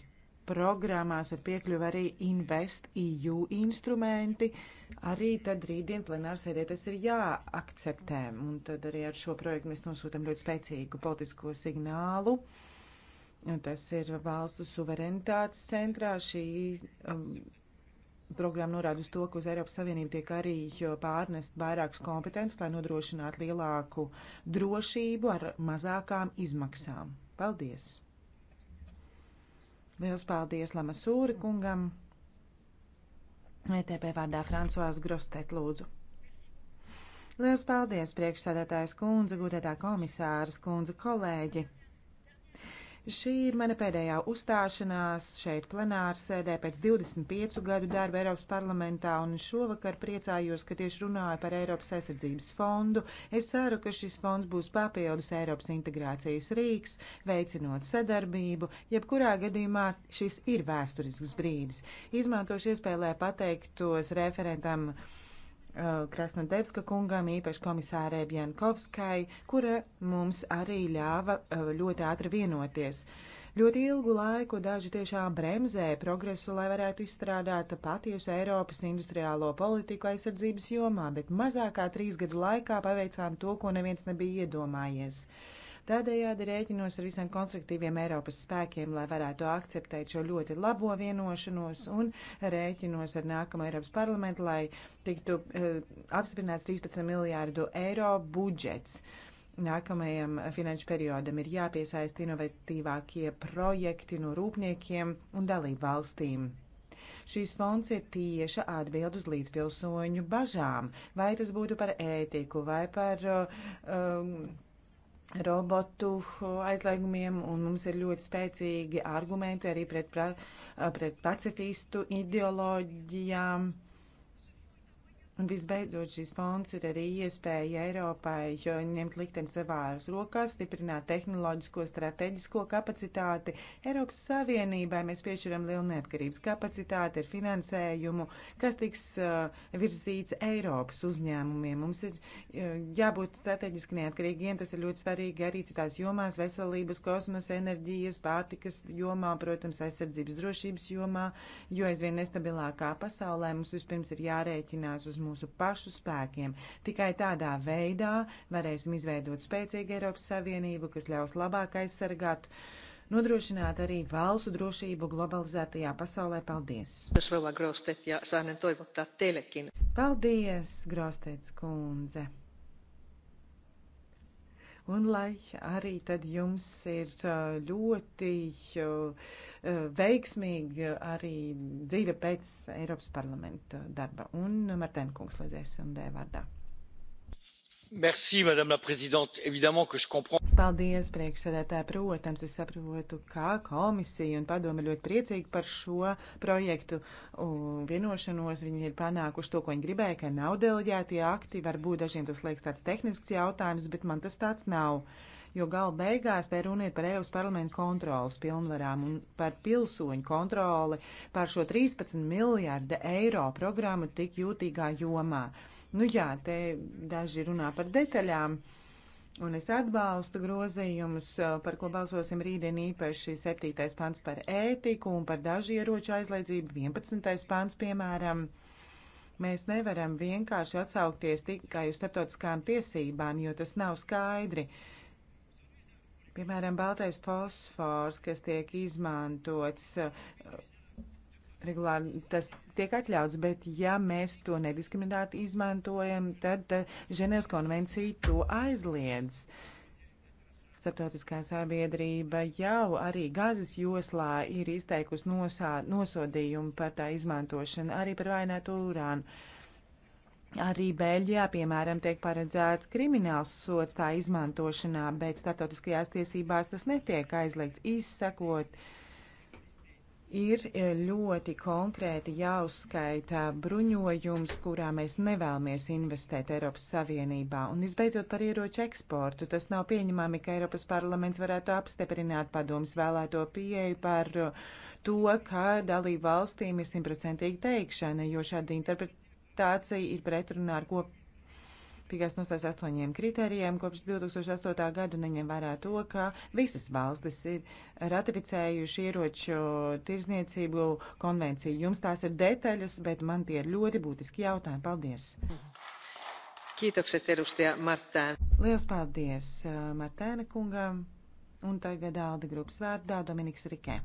programmās ir piekļuva arī Invest EU instrumenti. Arī tad rītdien plenārsēdē tas ir jāakceptē. Un tad arī ar šo projektu mēs nosūtam ļoti spēcīgu politisko signālu. Tas ir valstu suverenitātes centrā. Šī um, programma norāda uz to, ka uz Eiropas Savienību tiek arī pārnest vairākas kompetences, lai nodrošinātu lielāku drošību ar mazākām izmaksām. Paldies! Liels paldies Lama Sūri kungam. ETP vārdā Francoās Grostet lūdzu. Liels paldies priekšsēdētājs kundze, gudētā komisāras kundze, kolēģi. Šī ir mana pēdējā uzstāšanās šeit plenāra sēdē pēc 25 gadu darba Eiropas parlamentā, un šovakar priecājos, ka tieši runāju par Eiropas aizsardzības fondu. Es ceru, ka šis fonds būs papildus Eiropas integrācijas rīks, veicinot sadarbību. Jebkurā gadījumā šis ir vēsturisks brīdis. Izmantošu iespēju, lai pateiktos referentam. Uh, Uh, Krasnodebska kungam, īpaši komisārē Bjankovskai, kura mums arī ļāva uh, ļoti ātri vienoties. Ļoti ilgu laiku daži tiešām bremzēja progresu, lai varētu izstrādāt patiesu Eiropas industriālo politiku aizsardzības jomā, bet mazākā trīs gadu laikā paveicām to, ko neviens nebija iedomājies. Uh, Tādējādi rēķinos ar visiem konstruktīviem Eiropas spēkiem, lai varētu akceptēt šo ļoti labo vienošanos un rēķinos ar nākamo Eiropas parlamentu, lai tiktu uh, apstiprināts 13 miljārdu eiro budžets. Nākamajam finanšu periodam ir jāpiesaist inovatīvākie projekti no rūpniekiem un dalību valstīm. Šīs fonds ir tieša atbild uz līdzpilsoņu bažām, vai tas būtu par ētiku vai par. Eh, um, robotu aizliegumiem, un mums ir ļoti spēcīgi argumenti arī pret, pret pacifistu ideoloģijām. Uh, Un visbeidzot, šīs fonds ir arī iespēja Eiropai ņemt likteni savās rokās, stiprināt tehnoloģisko, strateģisko kapacitāti. Eiropas Savienībai mēs piešķiram lielu neatkarības kapacitāti ar finansējumu, kas tiks uh, virzīts Eiropas uzņēmumiem. Mums ir uh, jābūt strateģiski neatkarīgiem, tas ir ļoti svarīgi arī citās jomās - veselības, kosmosa, enerģijas, pārtikas jomā, protams, aizsardzības drošības jomā, jo aizvien nestabilākā pasaulē mums vispirms ir jārēķinās uz mūsu pašu spēkiem. Tikai tādā veidā varēsim izveidot spēcīgu Eiropas Savienību, kas ļaus labāk aizsargāt, nodrošināt arī valstu drošību globalizētajā pasaulē. Paldies! Paldies, Grostets kundze! un lai arī tad jums ir uh, ļoti uh, uh, veiksmīgi arī dzīve pēc Eiropas parlamenta darba. Un Martēna kungs, lūdzu, SMD vārdā. Merci, madame la présidente. Évidemment que je comprends. Paldies, priekšsēdētāji. Protams, es saprotu, kā komisija un padome ļoti priecīgi par šo projektu un vienošanos. Viņi ir panākuši to, ko viņi gribēja, ka nav deleģētie akti. Varbūt dažiem tas liekas tāds tehnisks jautājums, bet man tas tāds nav. Jo gala beigās te runa ir par Eiropas parlamentu kontrolas pilnvarām un par pilsoņu kontroli par šo 13 miljārdu eiro programmu tik jūtīgā jomā. Uh, Nu jā, te daži runā par detaļām. Un es atbalstu grozījumus, eh, par ko balsosim rītdien īpaši 7. pants par ētiku un par dažu ieroču aizliedzību, 11. pants piemēram. Mēs nevaram vienkārši atsaukties tikai uz starptautiskām tiesībām, jo tas nav skaidri. Piemēram, baltais fosfors, kas tiek izmantots eh, regulāri tas tiek atļauts, bet ja mēs to nediskriminēti izmantojam, tad eh, Ženēvas konvencija to aizliedz. Startautiskā sabiedrība jau arī gazas joslā ir izteikusi nosā, nosodījumu par tā izmantošanu, arī par vainētu urānu. Arī Beļģijā, piemēram, tiek paredzēts krimināls sots tā izmantošanā, bet startautiskajās tiesībās tas netiek aizliegts izsakot. Uh, ir e, ļoti konkrēti jāuzskaita bruņojums, kurā mēs nevēlamies investēt Eiropas Savienībā. Un visbeidzot par ieroču eksportu. Tas nav pieņemami, ka Eiropas parlaments varētu apstiprināt padomus vēlēto pieeju par e, to, ka dalību valstīm ir simtprocentīgi teikšana, jo šāda interpretācija ir pretrunā ar kopīgu piegaisnos aiz astoņiem kritērijiem kopš 2008. gadu neņem vērā to, ka visas valstis ir ratificējuši ieroču tirzniecību konvenciju. Jums tās ir detaļas, bet man tie ir ļoti būtiski jautājumi. Paldies! Kiitokset edustaja Martään. Liels paldies eh, Martēna kungam un tagad Alda grupas vārdā Dominiks Rikē.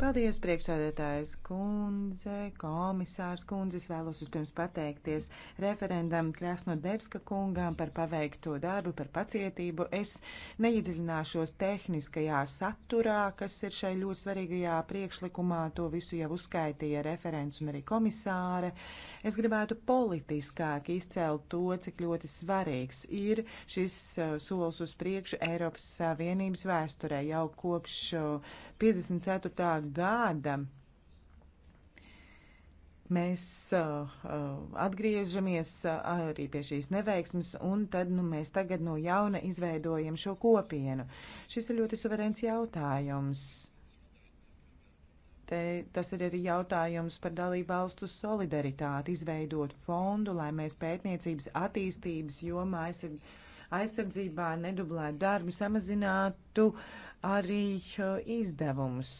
Paldies, priekšsēdētājs kundze, komisārs kundze. Es vēlos vispirms pateikties referendam Krasnodebska kungām par paveikto darbu, par pacietību. Es neiedziļināšos tehniskajā saturā, kas ir šai ļoti svarīgajā priekšlikumā. To visu jau uzskaitīja referents un arī komisāre. Es gribētu politiskāk izcelt to, cik ļoti svarīgs ir šis uh, solis uz priekšu Eiropas Savienības vēsturē jau kopš uh, 54. gada mēs uh, uh, atgriežamies uh, arī pie šīs neveiksmes, un tad nu, mēs tagad no jauna izveidojam šo kopienu. Šis ir ļoti suverēns jautājums. Te, tas ir arī jautājums par dalību valstu solidaritāti, izveidot fondu, lai mēs pētniecības attīstības jomā aizsardzībā nedublētu darbu, samazinātu uh, arī eh, izdevumus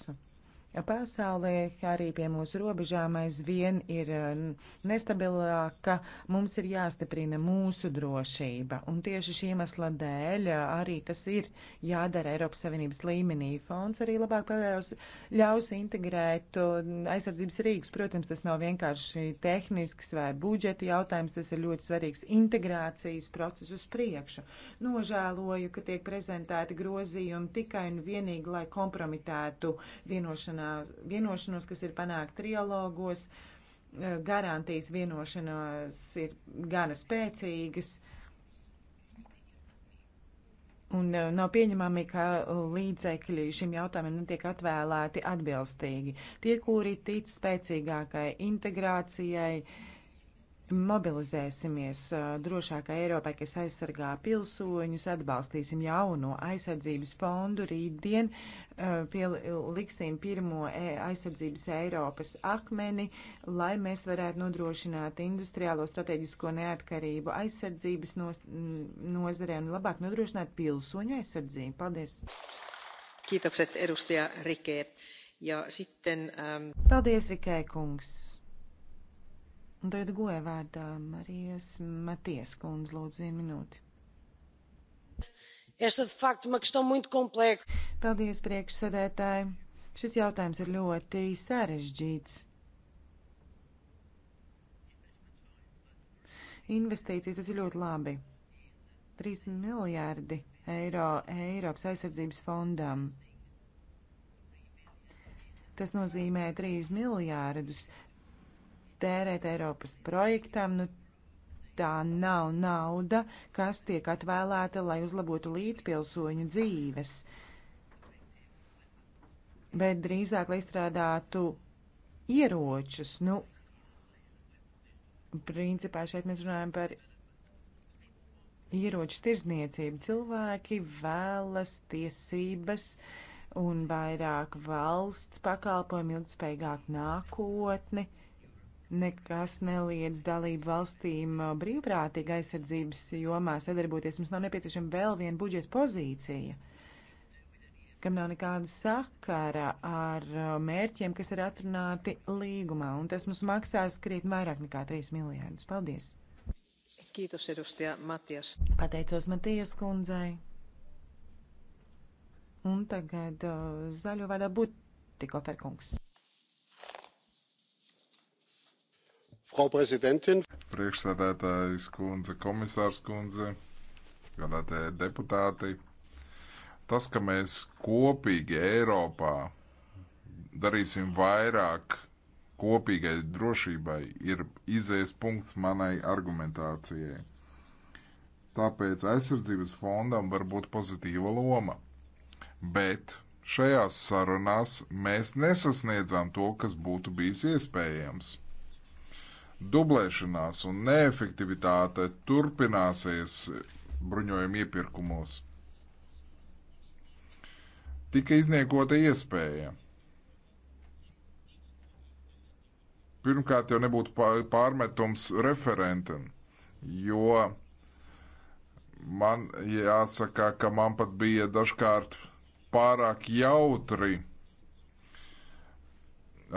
pasaulē, arī pie mūsu robežām aizvien ir eh, nestabilāka, mums ir jāstiprina mūsu drošība. Un tieši šī iemesla dēļ eh, arī tas ir jādara Eiropas Savienības līmenī. Fonds arī labāk pavēļos, ļaus integrēt eh, aizsardzības rīkus. Protams, tas nav vienkārši tehnisks vai budžeta jautājums, tas ir ļoti svarīgs integrācijas process uz priekšu. Nožēloju, ka tiek prezentēti grozījumi tikai un vienīgi, lai kompromitētu vienošanās vienošanos, kas ir panākt trialogos. Eh, garantijas vienošanās ir gana spēcīgas. Un eh, nav pieņemami, ka līdzekļi šim jautājumam netiek atvēlēti atbilstīgi. Tie, kuri tic spēcīgākai integrācijai, uh, Mobilizēsimies drošākai Eiropai, kas aizsargā pilsoņus, atbalstīsim jauno aizsardzības fondu rītdien, liksim pirmo aizsardzības Eiropas akmeni, lai mēs varētu nodrošināt industriālo strateģisko neatkarību aizsardzības nozarē un labāk nodrošināt pilsoņu aizsardzību. Paldies! Kiitokset edustaja Rike. Ja sitten, um... Paldies, Rikē kungs! Un tagad goja vārdā Marijas Matijas kundze, lūdzu, vienu minūti. Esta de facto uma questão muito complexa. Paldies, priekšsēdētāji. Šis jautājums ir ļoti sarežģīts. Investīcijas tas ir ļoti labi. 3 miljārdi eiro Eiropas aizsardzības fondam. Tas nozīmē 3 miljārdus tērēt Eiropas projektam. Nu, tā nav nauda, kas tiek atvēlēta, lai uzlabotu līdzpilsoņu dzīves, bet drīzāk, lai izstrādātu ieročus. Nu, principā šeit mēs runājam par ieroču tirzniecību. Cilvēki vēlas tiesības un vairāk valsts pakalpojumu, ilgspējīgāku nākotni. Uh, Nekas neliedz dalību valstīm uh, brīvprātīgi aizsardzības jomā sadarboties. Mums nav nepieciešama vēl viena budžeta pozīcija, kam nav nekāda sakara ar uh, mērķiem, kas ir atrunāti līgumā, un tas mums maksās krietni vairāk nekā 3 miljārdus. Paldies! Kītos, Erustija Matijas. Pateicos Matijas kundzei. Un tagad uh, zaļo vārdā būtu tikko ferkungs. Frau Präsidentin! Priekšsēdētājas kundze, komisārs kundze, galētie deputāti. Tas, ka mēs kopīgi Eiropā darīsim vairāk kopīgai drošībai, ir izējas punkts manai argumentācijai. Tāpēc aizsardzības fondam var būt pozitīva loma. Bet šajās sarunās mēs nesasniedzām to, kas būtu bijis iespējams dublēšanās un neefektivitāte turpināsies bruņojuma iepirkumos. Tika izniekota iespēja. Pirmkārt, jau nebūtu pārmetums referentam, jo man jāsaka, ka man pat bija dažkārt pārāk jautri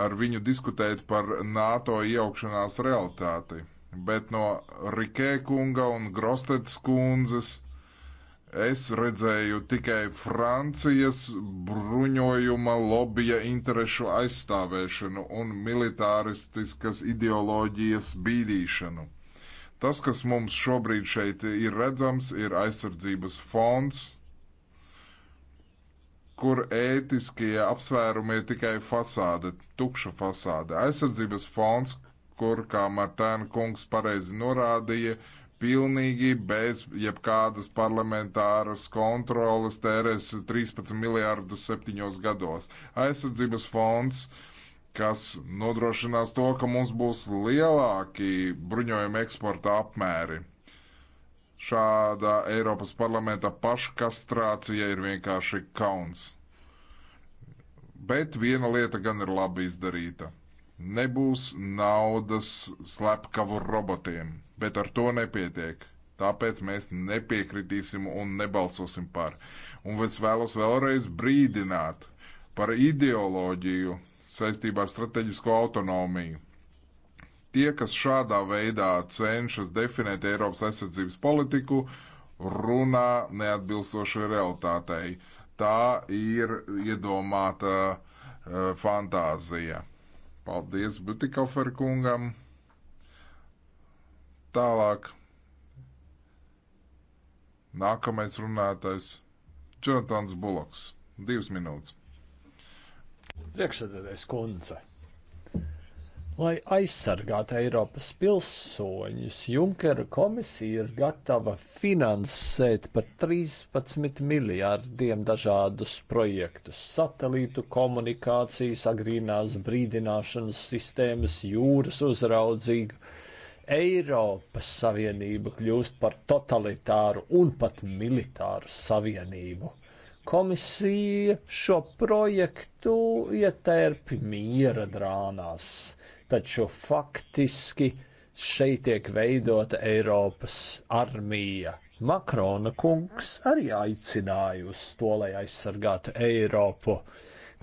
ar viņu diskutēt par NATO iejaukšanās realitāti. Bet no Rikē kunga un Grostetes kundzes es redzēju tikai Francijas bruņojuma lobija interešu aizstāvēšanu un militāristiskas ideoloģijas bīdīšanu. Tas, kas mums šobrīd šeit ir redzams, ir aizsardzības fonds, kur ētiskie apsvērumi ir tikai fasāde, tukša fasāde. Aizsardzības fonds, kur, kā Martēna kungs pareizi norādīja, pilnīgi bez jebkādas parlamentāras kontrolas tērēs 13 miljārdus septiņos gados. Aizsardzības fonds, kas nodrošinās to, ka mums būs lielāki bruņojuma eksporta apmēri. Šāda Eiropas parlamenta paškastrācija ir vienkārši kauns. Bet viena lieta gan ir labi izdarīta. Nebūs naudas slepkavu robotiem, bet ar to nepietiek. Tāpēc mēs nepiekritīsim un nebalsosim par. Un es vēlos vēlreiz brīdināt par ideoloģiju saistībā ar strateģisko autonomiju. Tie, kas šādā veidā cenšas definēt Eiropas aizsardzības politiku, runā neatbilstoši realitātei. Tā ir iedomāta uh, fantāzija. Paldies Butikofer kungam. Tālāk. Nākamais runātais - Jonatans Buloks. Divas minūtes. Priekšsēdētājs kundze. Lai aizsargātu Eiropas pilsoņus, Junkera komisija ir gatava finansēt par 13 miljārdiem dažādus projektus - satelītu komunikācijas, agrīnās brīdināšanas sistēmas, jūras uzraudzīgu. Eiropas Savienība kļūst par totalitāru un pat militāru savienību. Komisija šo projektu ietērpi miera drānās taču faktiski šeit tiek veidota Eiropas armija. Makrona kungs arī aicināja uz to, lai aizsargātu Eiropu.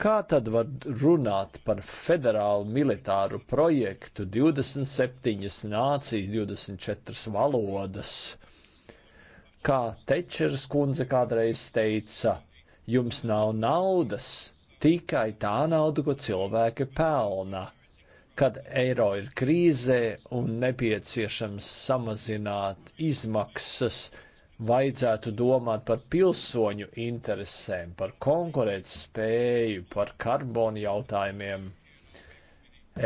Kā tad var runāt par federālu militāru projektu 27 nācijas, 24 valodas? Kā Tečers kundze kādreiz teica, jums nav naudas, tikai tā nauda, ko cilvēki pelna kad eiro ir krīzē un nepieciešams samazināt izmaksas, vajadzētu domāt par pilsoņu interesēm, par konkurētspēju, par karbonu jautājumiem.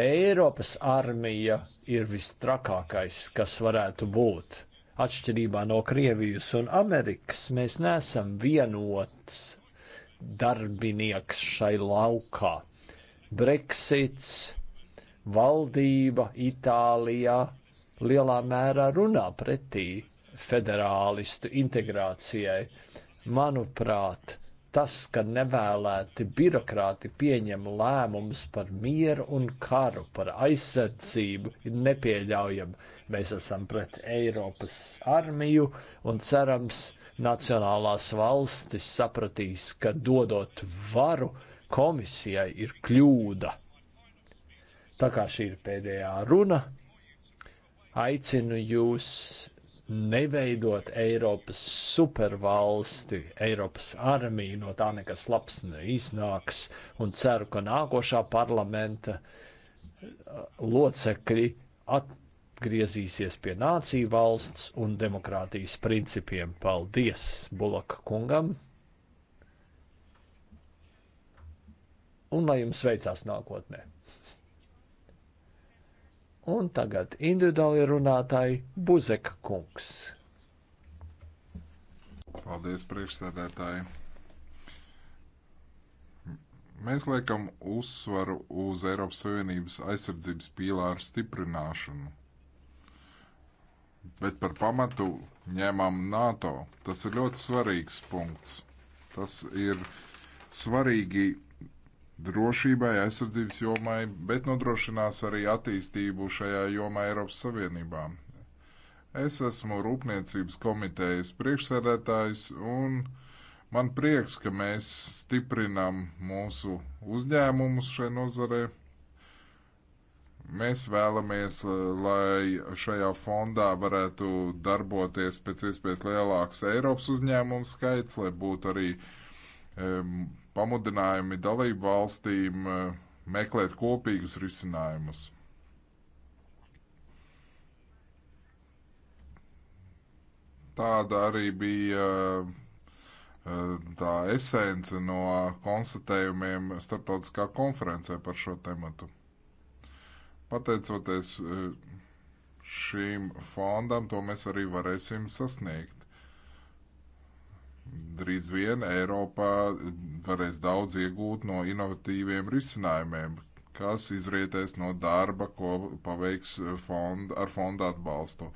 Eiropas armija ir vistrakākais, kas varētu būt. Atšķirībā no Krievijas un Amerikas, mēs neesam vienots darbinieks šai laukā. Brexits valdība Itālijā lielā mērā runā pretī federālistu integrācijai. Manuprāt, tas, ka nevēlēti birokrāti pieņem lēmumus par mieru un karu, par aizsardzību, ir nepieļaujami. Mēs esam pret Eiropas armiju un cerams, nacionālās valstis sapratīs, ka dodot varu komisijai ir kļūda. Tā kā šī ir pēdējā runa, aicinu jūs neveidot Eiropas supervalsti, Eiropas armiju, no tā nekas labs neiznāks, un ceru, ka nākošā parlamenta uh, locekļi atgriezīsies pie nāciju valsts un demokrātijas principiem. Paldies Bulaka kungam! Un lai jums veicās nākotnē! Un tagad individuāli runātāji Buzeka kungs. Paldies, priekšsēdētāji. Mēs liekam uzsvaru uz Eiropas Savienības aizsardzības pīlāru stiprināšanu. Bet par pamatu ņēmām NATO. Tas ir ļoti svarīgs punkts. Tas ir svarīgi drošībai, aizsardzības jomai, bet nodrošinās arī attīstību šajā jomā Eiropas Savienībā. Es esmu Rūpniecības komitejas priekšsēdētājs un man prieks, ka mēs stiprinam mūsu uzņēmumus šai nozarē. Mēs vēlamies, lai šajā fondā varētu darboties pēc iespējas lielāks Eiropas uzņēmumu skaits, lai būtu arī um, pamudinājumi dalību valstīm eh, meklēt kopīgus risinājumus. Tāda arī bija eh, tā esence no konstatējumiem starptautiskā konferencē par šo tematu. Pateicoties eh, šīm fondam, to mēs arī varēsim sasniegt drīz vien Eiropā varēs daudz iegūt no inovatīviem risinājumiem, kas izrietēs no darba, ko paveiks fond, ar fondu atbalstu.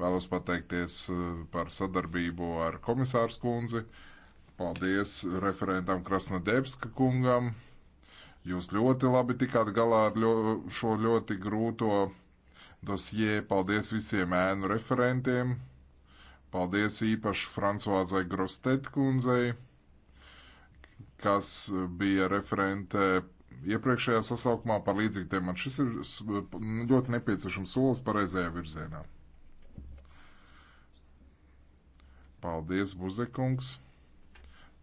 Vēlos pateikties eh, par sadarbību ar komisārs kundzi. Paldies referentam Krasnodebska kungam. Jūs ļoti labi tikāt galā ar ļo, šo ļoti grūto dosjē. Paldies visiem ēnu referentiem. Paldies īpaši Francoāzai Grostet kundzei, kas bija referente iepriekšējā sasaukumā par līdzīgu tēmu. Šis ir ļoti nepieciešams solis pareizajā virzienā. Paldies, Buzekungs.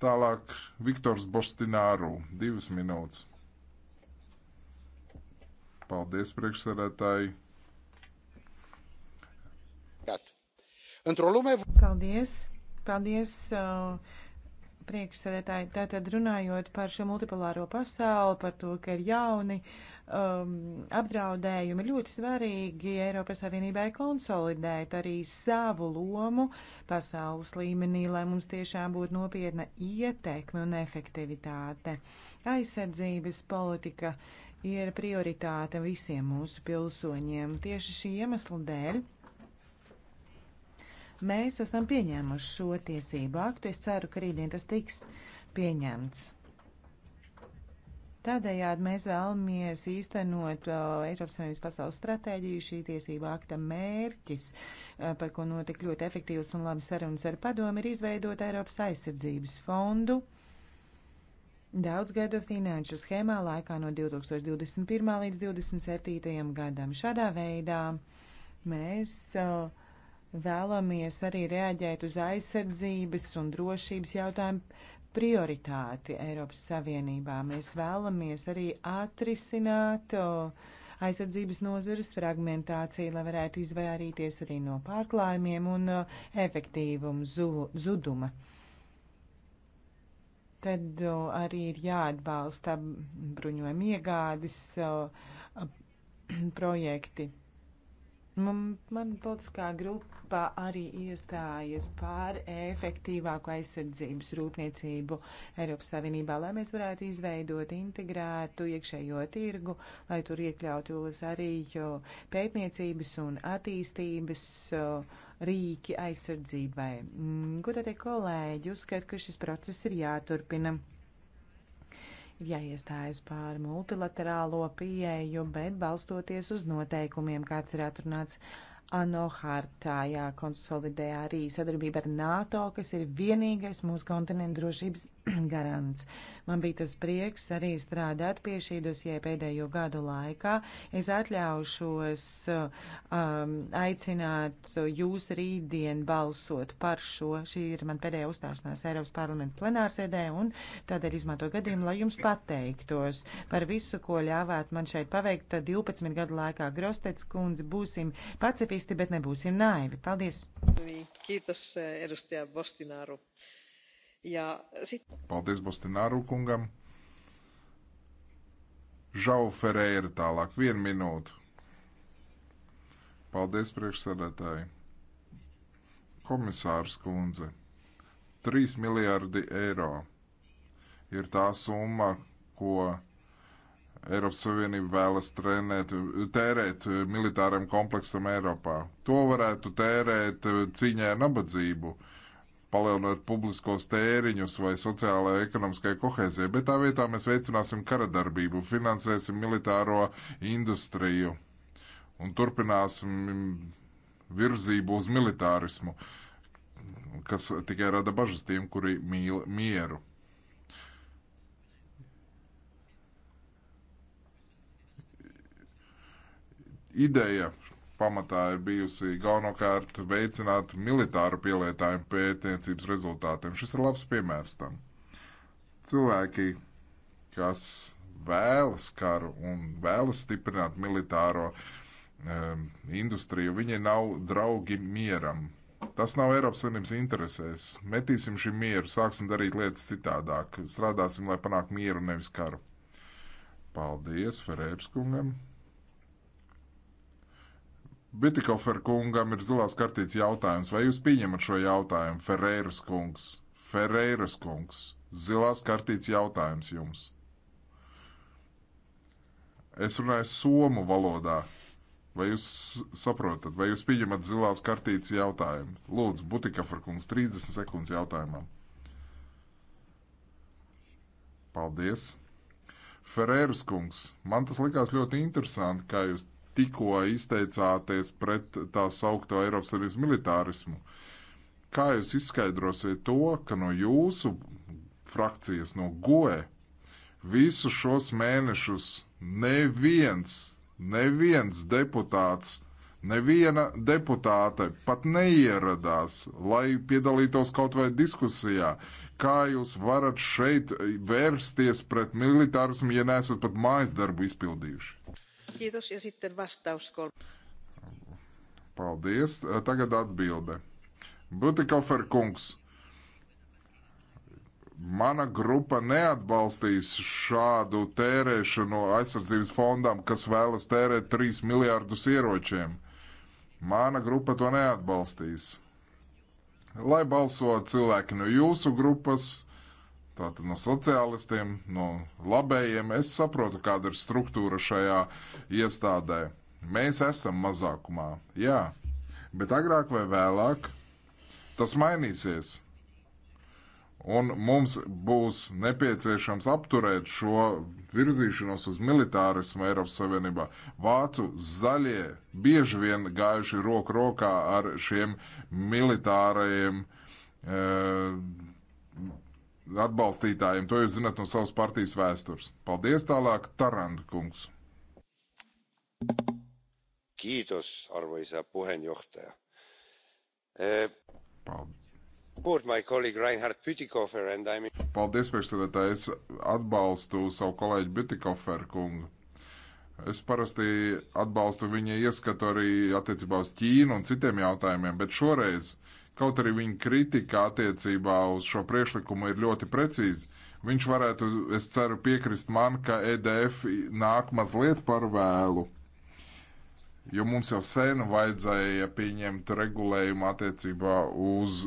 Tālāk Viktors Bostināru, divas minūtes. Paldies, priekšsēdētāji. Într-o lume... Paldies! Paldies! Uh priekšsēdētāji, tātad runājot par šo multipolāro pasauli, par to, ka ir jauni um, apdraudējumi, ļoti svarīgi Eiropas Savienībai konsolidēt arī savu lomu pasaules līmenī, lai mums tiešām būtu nopietna ietekme un efektivitāte. Aizsardzības politika ir prioritāte visiem mūsu pilsoņiem tieši šī iemesla dēļ. Mēs esam pieņēmuši šo tiesību aktu. Es ceru, ka rītdien tas tiks pieņemts. Tādējādi mēs vēlamies īstenot uh, Eiropas Savienības pasaules stratēģiju. Šī tiesība akta mērķis, uh, par ko notika ļoti efektīvas un labi sarunas ar padomu, ir izveidot Eiropas aizsardzības fondu daudzgadu finanšu schēmā laikā no 2021. līdz 2027. gadam. Šādā veidā mēs. Uh, Vēlamies arī reaģēt uz aizsardzības un drošības jautājumu prioritāti Eiropas Savienībā. Mēs vēlamies arī atrisināt aizsardzības nozares fragmentāciju, lai varētu izvairīties arī no pārklājumiem un efektīvumu zuduma. Tad arī ir jāatbalsta bruņojuma iegādes projekti. Man, man politiskā grupā arī iestājas pār efektīvāku aizsardzības rūpniecību Eiropas Savienībā, lai mēs varētu izveidot integrētu iekšējo tirgu, lai tur iekļautos arī pētniecības un attīstības rīki aizsardzībai. Godātie mm, kolēģi, uzskatu, ka šis process ir jāturpina jāiestājas pār multilaterālo pieeju, bet balstoties uz noteikumiem, kāds ir atrunāts ANO hartāja konsolidē arī sadarbība ar NATO, kas ir vienīgais mūsu kontinentu drošības garants. Man bija tas prieks arī strādāt pie šī dosie pēdējo gadu laikā. Es atļaušos um, aicināt jūs rītdien balsot par šo. Šī ir man pēdējā uzstāšanās Eiropas parlamenta plenārsēdē un tādēļ izmanto gadījumu, lai jums pateiktos par visu, ko ļāvāt man šeit paveikt 12 gadu laikā. Grostets kundze, būsim pacifiski attīstību, bet nebūsim naivi. Paldies! Kītos, Erustijā eh, Bostināru. Jā, sit... Paldies Bostināru kungam. Žau Ferreira tālāk, vienu minūtu. Paldies priekšsēdētāji. Komisārs kundze, 3 miljārdi eiro ir tā summa, ko Eiropas Savienība vēlas trenēt, tērēt militāram kompleksam Eiropā. To varētu tērēt cīņai ar nabadzību, palielinot publiskos tēriņus vai sociālajai ekonomiskai kohēzijai, bet tā vietā mēs veicināsim karadarbību, finansēsim militāro industriju un turpināsim virzību uz militārismu, kas tikai rada bažas tiem, kuri mīl mieru. ideja pamatā ir bijusi galvenokārt veicināt militāru pielietojumu pētniecības rezultātiem. Šis ir labs piemērs tam. Cilvēki, kas vēlas karu un vēlas stiprināt militāro um, industriju, viņi nav draugi mieram. Tas nav Eiropas Savienības interesēs. Metīsim šim mieru, sāksim darīt lietas citādāk, strādāsim, lai panāktu mieru, nevis karu. Paldies Ferērs kungam! Bitikofer kungam ir zilās kartītes jautājums. Vai jūs pieņemat šo jautājumu? Ferreiras kungs. Ferreiras kungs. Zilās kartītes jautājums jums. Es runāju somu valodā. Vai jūs saprotat? Vai jūs pieņemat zilās kartītes jautājumu? Lūdzu, Butikofer kungs, 30 sekundes jautājumam. Paldies! Ferēras kungs, man tas likās ļoti interesanti, kā jūs tikko izteicāties pret tā saukto Eiropas Savienības militārismu. Kā jūs izskaidrosiet to, ka no jūsu frakcijas, no GOE, visu šos mēnešus neviens, neviens deputāts Neviena deputāte pat neieradās, lai piedalītos kaut vai diskusijā. Kā jūs varat šeit vērsties pret militārismu, ja nesat pat mājas darbu izpildījuši? Kiitos, ja sitten vastaus kolme. Paldies. Tagad atbilde. Butikofer kungs, mana grupa neatbalstīs šādu tērēšanu aizsardzības fondam, kas vēlas tērēt 3 miljārdus ieročiem. Mana grupa to neatbalstīs. Lai balso cilvēki no jūsu grupas, tātad no sociālistiem, no labējiem. Es saprotu, kāda ir struktūra šajā iestādē. Mēs esam mazākumā, jā, bet agrāk vai vēlāk tas mainīsies. Un mums būs nepieciešams apturēt šo virzīšanos uz militārismu Eiropas Savienībā. Vācu zaļie bieži vien gājuši roku rokā ar šiem militārajiem uh, e, atbalstītājiem. To jūs zinat no savas partijas vēstures. Paldies tālāk, Taranda kungs. Kītos, arvoisa puheenjohtaja. E... Paldies. Paldies, priekšsēdētāji. Es atbalstu savu kolēģi Bitikoferu kungu. Es parasti atbalstu viņa ieskatu arī attiecībā uz Ķīnu un citiem jautājumiem, bet šoreiz Kaut arī viņa kritika attiecībā uz šo priekšlikumu ir ļoti precīza, viņš varētu, es ceru, piekrist man, ka EDF nāk mazliet par vēlu. Jo mums jau sen vajadzēja pieņemt regulējumu attiecībā uz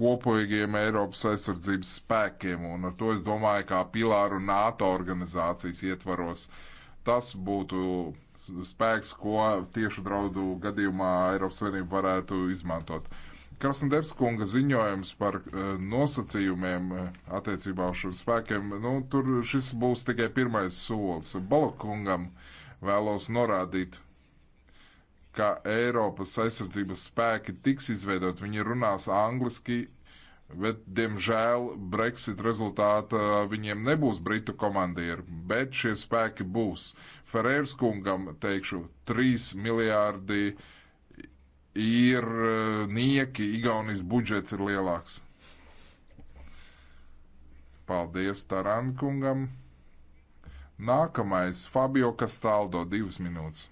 kopīgiem Eiropas aizsardzības spēkiem, un ar to es domāju, kā pilāru NATO organizācijas ietvaros. Tas būtu spēks, ko tieši draudu gadījumā Eiropas Savienība varētu izmantot. Krasnodebskunga ziņojums par eh, nosacījumiem eh, attiecībā uz šiem spēkiem, nu, tur šis būs tikai pirmais solis. Balokungam vēlos norādīt, ka Eiropas aizsardzības spēki tiks izveidot, viņi runās angliski, bet, diemžēl, Brexit rezultātā viņiem nebūs britu komandieri, bet šie spēki būs. Ferērs kungam teikšu, 3 miljārdi uh, ir eh, nieki, Igaunijas budžets ir lielāks. Paldies Tarankungam. Nākamais Fabio Kastaldo, divas minūtes.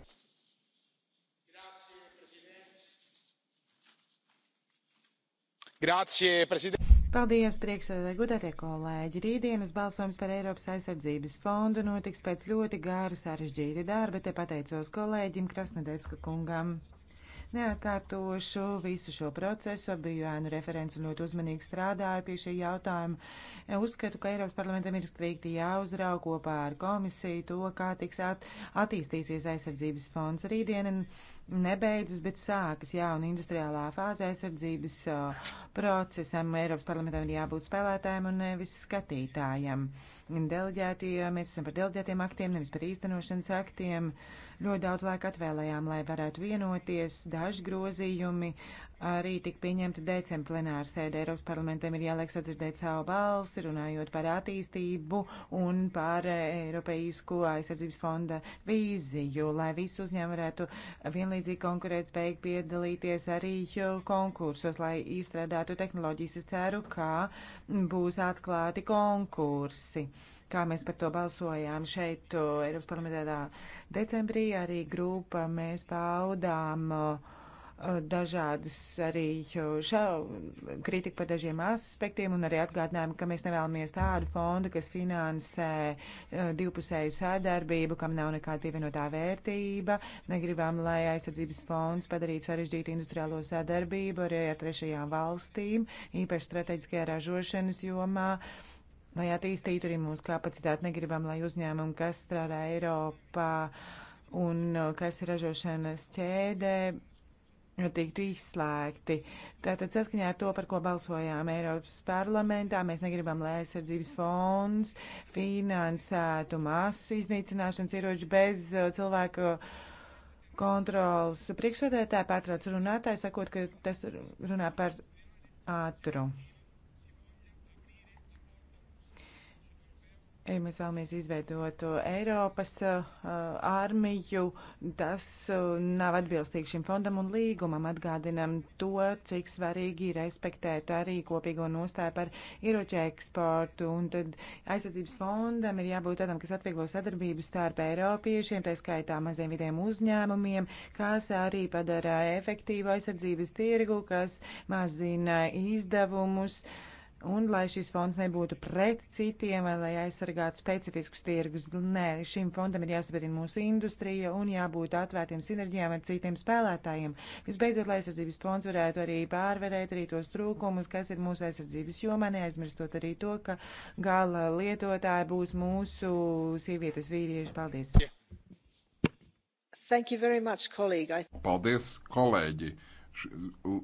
Grācie, prezident. Paldies, priekšsēdētāji, gudētie kolēģi. Rītdienas balsojums par Eiropas aizsardzības fondu notiks pēc ļoti gāra sarežģīta darba, te pateicos kolēģim Krasnodevska kungam. Neatkārtošu visu šo procesu, biju ēnu referents un ļoti uzmanīgi strādāju pie šī jautājuma. Uzskatu, ka Eiropas parlamentam ir strikti jāuzrauga kopā ar komisiju to, kā tiks at attīstīsies aizsardzības fonds rītdien. Un nebeidzas, bet sākas jauna industriālā fāze aizsardzības procesam. Eiropas parlamentam ir jābūt spēlētājiem un nevis skatītājiem. Deleģētie, mēs esam par deleģētiem aktiem, nevis par īstenošanas aktiem. Ļoti daudz laika atvēlējām, lai varētu vienoties. Daži grozījumi arī tika pieņemta decembra plenāra sēde. Eiropas parlamentam ir jāliek sadzirdēt savu balsi, runājot par attīstību un par eh, Eiropeisku aizsardzības fonda vīziju, lai visi uzņēmumi varētu vienlīdzīgi konkurēt spējīgi piedalīties arī konkursos, lai izstrādātu tehnoloģijas. Es ceru, ka būs atklāti konkursi. Kā mēs par to balsojām šeit, Eiropas parlamentā decembrī, arī grupa mēs paudām uh, dažādas arī šau, kritika par dažiem aspektiem un arī atgādinājumu, ka mēs nevēlamies tādu fondu, kas finansē e, divpusēju sadarbību, kam nav nekāda pievienotā vērtība. Negribam, lai aizsardzības fonds padarītu sarežģītu industriālo sadarbību arī ar trešajām valstīm, īpaši strateģiskajā ražošanas jomā. Lai attīstītu arī mūsu kapacitāti, negribam, lai uzņēmumi, kas strādā Eiropā un e, kas ražošanas ķēdē, tiktu izslēgti. Tātad saskaņā ar to, par ko balsojām Eiropas parlamentā, mēs negribam, lai aizsardzības fonds finansētu masu iznīcināšanas ieroči bez uh, cilvēku kontrols. Priekšsēdētāja pārtrauc runātāju, sakot, ka tas runā par ātrumu. Ja mēs vēlamies izveidot uh, Eiropas uh, uh, armiju, tas uh, nav atbilstīgi šim fondam un līgumam. Atgādinam to, cik svarīgi ir respektēt arī kopīgo nostāju par ieroču eksportu. Un tad aizsardzības fondam ir jābūt tādam, kas atvieglo sadarbību starp Eiropiešiem, tā skaitā maziem vidiem uzņēmumiem, kas arī padara efektīvu aizsardzības tirgu, kas mazina izdevumus. Uh, Un lai šis fonds nebūtu pret citiem vai lai aizsargātu specifiskus tirgus, nē, šim fondam ir jāsaprina mūsu industrija un jābūt atvērtiem sinerģijām ar citiem spēlētājiem. Visbeidzot, lai aizsardzības fonds varētu arī pārvarēt arī tos trūkumus, kas ir mūsu aizsardzības jomā, neaizmirstot arī to, ka gala lietotāji būs mūsu sievietes vīrieši. Paldies! Thank you very much, colleague. I... Paldies, kolēģi! Š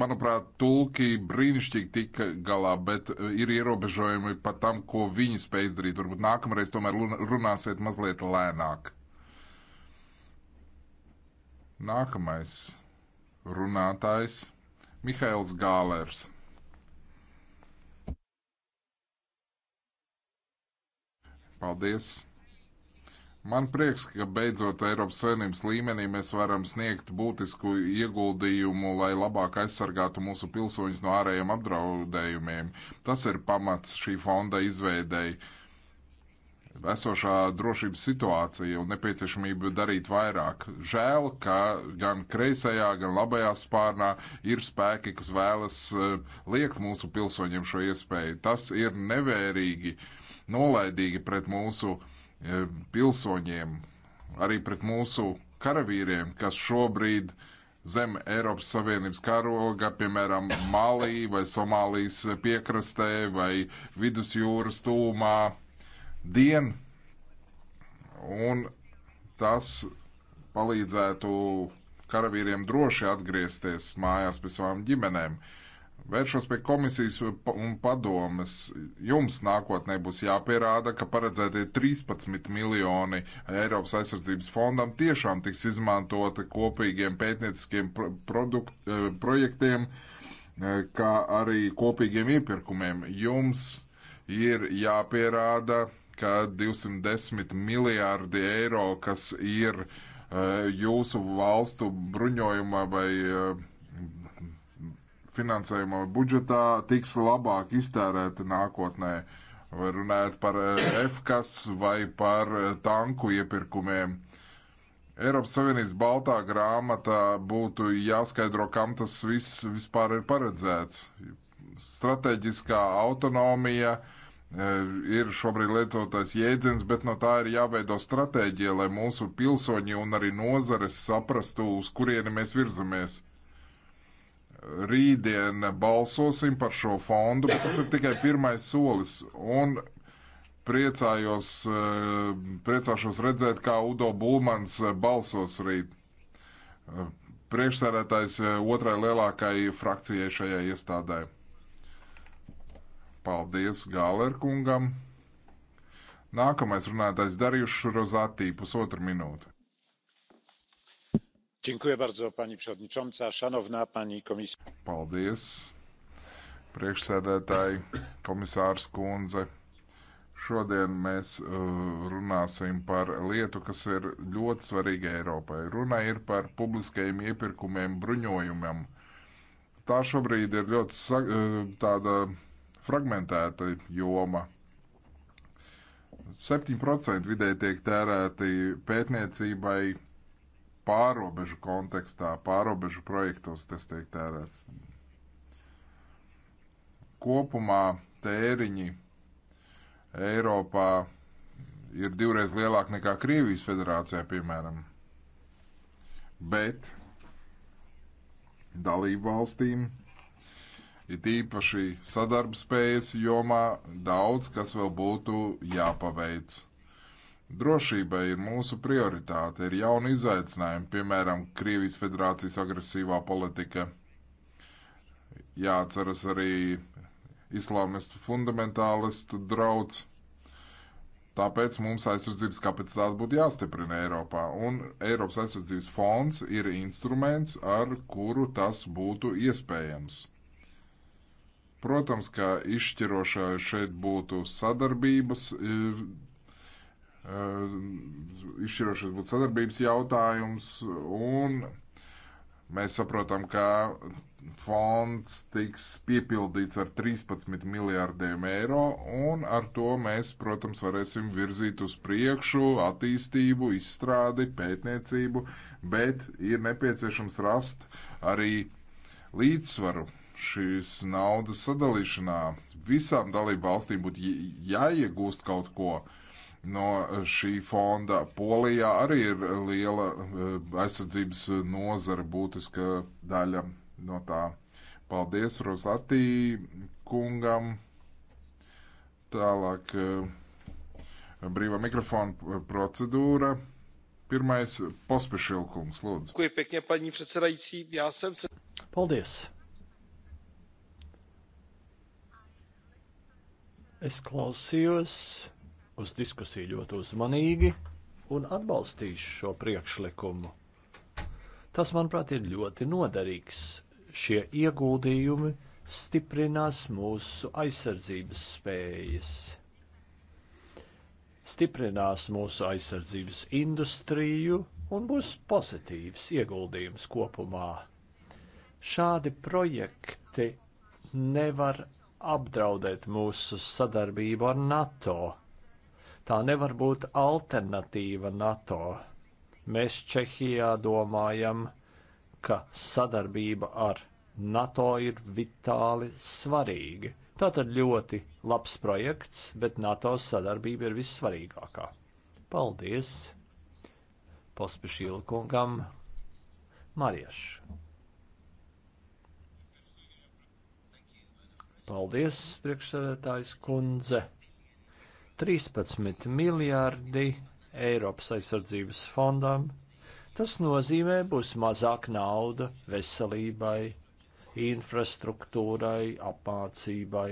manuprāt, tulki brīnišķīgi tika galā, bet e, ir ierobežojumi pat tam, ko viņi spēj izdarīt. Varbūt nākamreiz tomēr runāsiet mazliet lēnāk. Nākamais runātājs - Mihails Gālērs. Paldies! Man prieks, ka beidzot Eiropas Savienības līmenī mēs varam sniegt būtisku ieguldījumu, lai labāk aizsargātu mūsu pilsoņus no ārējiem apdraudējumiem. Tas ir pamats šī fonda izveidēji. Esošā drošības situācija un nepieciešamība darīt vairāk. Žēl, ka gan kreisajā, gan labajā spārnā ir spēki, kas vēlas eh, liekt mūsu pilsoņiem šo iespēju. Tas ir nevērīgi, nolaidīgi pret mūsu pilsoņiem Eh, pilsoņiem, arī pret mūsu karavīriem, kas šobrīd zem Eiropas Savienības karoga, piemēram, Malī vai Somālijas piekrastē vai Vidusjūras tūmā dien. Un tas palīdzētu karavīriem droši atgriezties mājās pie savām ģimenēm. Uh, Vēršos pie komisijas uh, un padomas. Jums nākotnē būs jāpierāda, ka paredzētie 13 miljoni Eiropas aizsardzības fondam tiešām tiks izmantoti kopīgiem pētnieciskiem produkt, uh, projektiem, uh, kā arī kopīgiem iepirkumiem. Jums ir jāpierāda, ka 210 miljārdi eiro, kas ir jūsu valstu bruņojumā vai finansējuma budžetā tiks labāk iztērēti nākotnē. Vai runājot par eh, FKS vai par eh, tanku iepirkumiem. Eiropas Savienības baltā grāmatā būtu jāskaidro, kam tas viss vispār ir paredzēts. Strateģiskā autonomija eh, ir šobrīd lietotais jēdziens, bet no tā ir jāveido stratēģija, lai mūsu pilsoņi un arī nozares saprastu, uz kurieni mēs virzamies rītdien balsosim par šo fondu, bet tas ir tikai pirmais solis. Un priecājos, eh, priecāšos redzēt, kā Udo Bulmans eh, balsos rīt. Eh, priekšsēdētājs otrai lielākajai frakcijai šajā iestādē. Paldies Gālerkungam. Nākamais runātājs Darījušs Rozatī, pusotru minūtu pani przewodnicząca! Šanovná pani komisār. Paldies, priekšsēdētāji, komisārs kundze. Šodien mēs uh, runāsim par lietu, kas ir ļoti svarīga Eiropai. Runa ir par publiskajiem iepirkumiem, bruņojumam. Tā šobrīd ir ļoti uh, tāda fragmentēta joma. 7% vidēji tiek tērēti pētniecībai, pārobežu kontekstā, pārobežu projektos tas tiek tērēts. Kopumā tēriņi Eiropā ir divreiz lielāk nekā Krievijas federācijā, piemēram. Bet dalību valstīm ir tīpaši sadarbspējas jomā daudz, kas vēl būtu jāpaveic. Drošība ir mūsu prioritāte, ir jauni izaicinājumi, piemēram, Krievijas federācijas agresīvā politika. Jāatceras arī islāmistu fundamentālistu draudz. Tāpēc mums aizsardzības kapacitāte būtu jāstiprina Eiropā, un Eiropas aizsardzības fonds ir instruments, ar kuru tas būtu iespējams. Protams, ka izšķirošā šeit būtu sadarbības eh, izšķirošais būtu sadarbības jautājums, un mēs saprotam, ka fonds tiks piepildīts ar 13 miljārdiem eiro, un ar to mēs, protams, varēsim virzīt uz priekšu attīstību, izstrādi, pētniecību, bet ir nepieciešams rast arī līdzsvaru šīs naudas sadalīšanā. Visām dalību valstīm būtu jāiegūst kaut ko, uh, no šī fonda. Polijā arī ir liela eh, aizsardzības eh, nozara, būtiska daļa no tā. Paldies Rosatī kungam. Tālāk eh, brīvā mikrofona procedūra. Pirmais pospešilkums, lūdzu. Paldies. Es klausījos uz diskusiju ļoti uzmanīgi un atbalstīšu šo priekšlikumu. Tas, manuprāt, ir ļoti noderīgs. Šie ieguldījumi stiprinās mūsu aizsardzības spējas, stiprinās mūsu aizsardzības industriju un būs pozitīvs ieguldījums kopumā. Šādi projekti nevar apdraudēt mūsu sadarbību ar NATO Tā nevar būt alternatīva NATO. Mēs Čehijā domājam, ka sadarbība ar NATO ir vitāli svarīga. Tātad ļoti labs projekts, bet NATO sadarbība ir vissvarīgākā. Paldies Pospešīla kungam Mariešu. Paldies, priekšsēdētājs kundze. 13 miljārdi Eiropas aizsardzības fondam. Tas nozīmē, būs mazāk nauda veselībai, infrastruktūrai, apmācībai,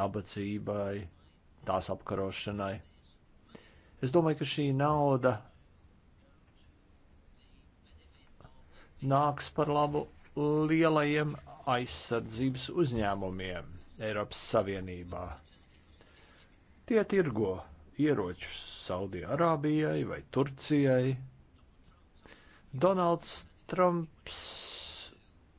nabadzībai, tās apkarošanai. Es domāju, ka šī nauda nāks par labu lielajiem aizsardzības uzņēmumiem Eiropas Savienībā. Tie tirgo ieročus Saudijai vai Turcijai. Donalds Trumps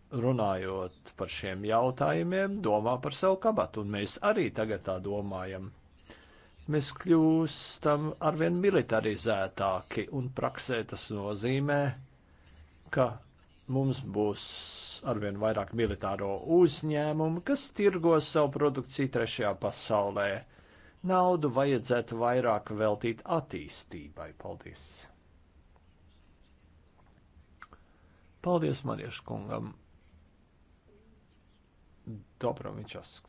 runājot par šiem jautājumiem, domā par savu kabatu, un mēs arī tagad tā domājam. Mēs kļūstam arvien militarizētāki, un praksē tas nozīmē, ka mums būs arvien vairāk militāro uzņēmumu, kas tirgos savu produkciju trešajā pasaulē. Naudu vajadzētu vairāk veltīt attīstībai. Paldies! Paldies Mariešu kungam! Dobrovičas.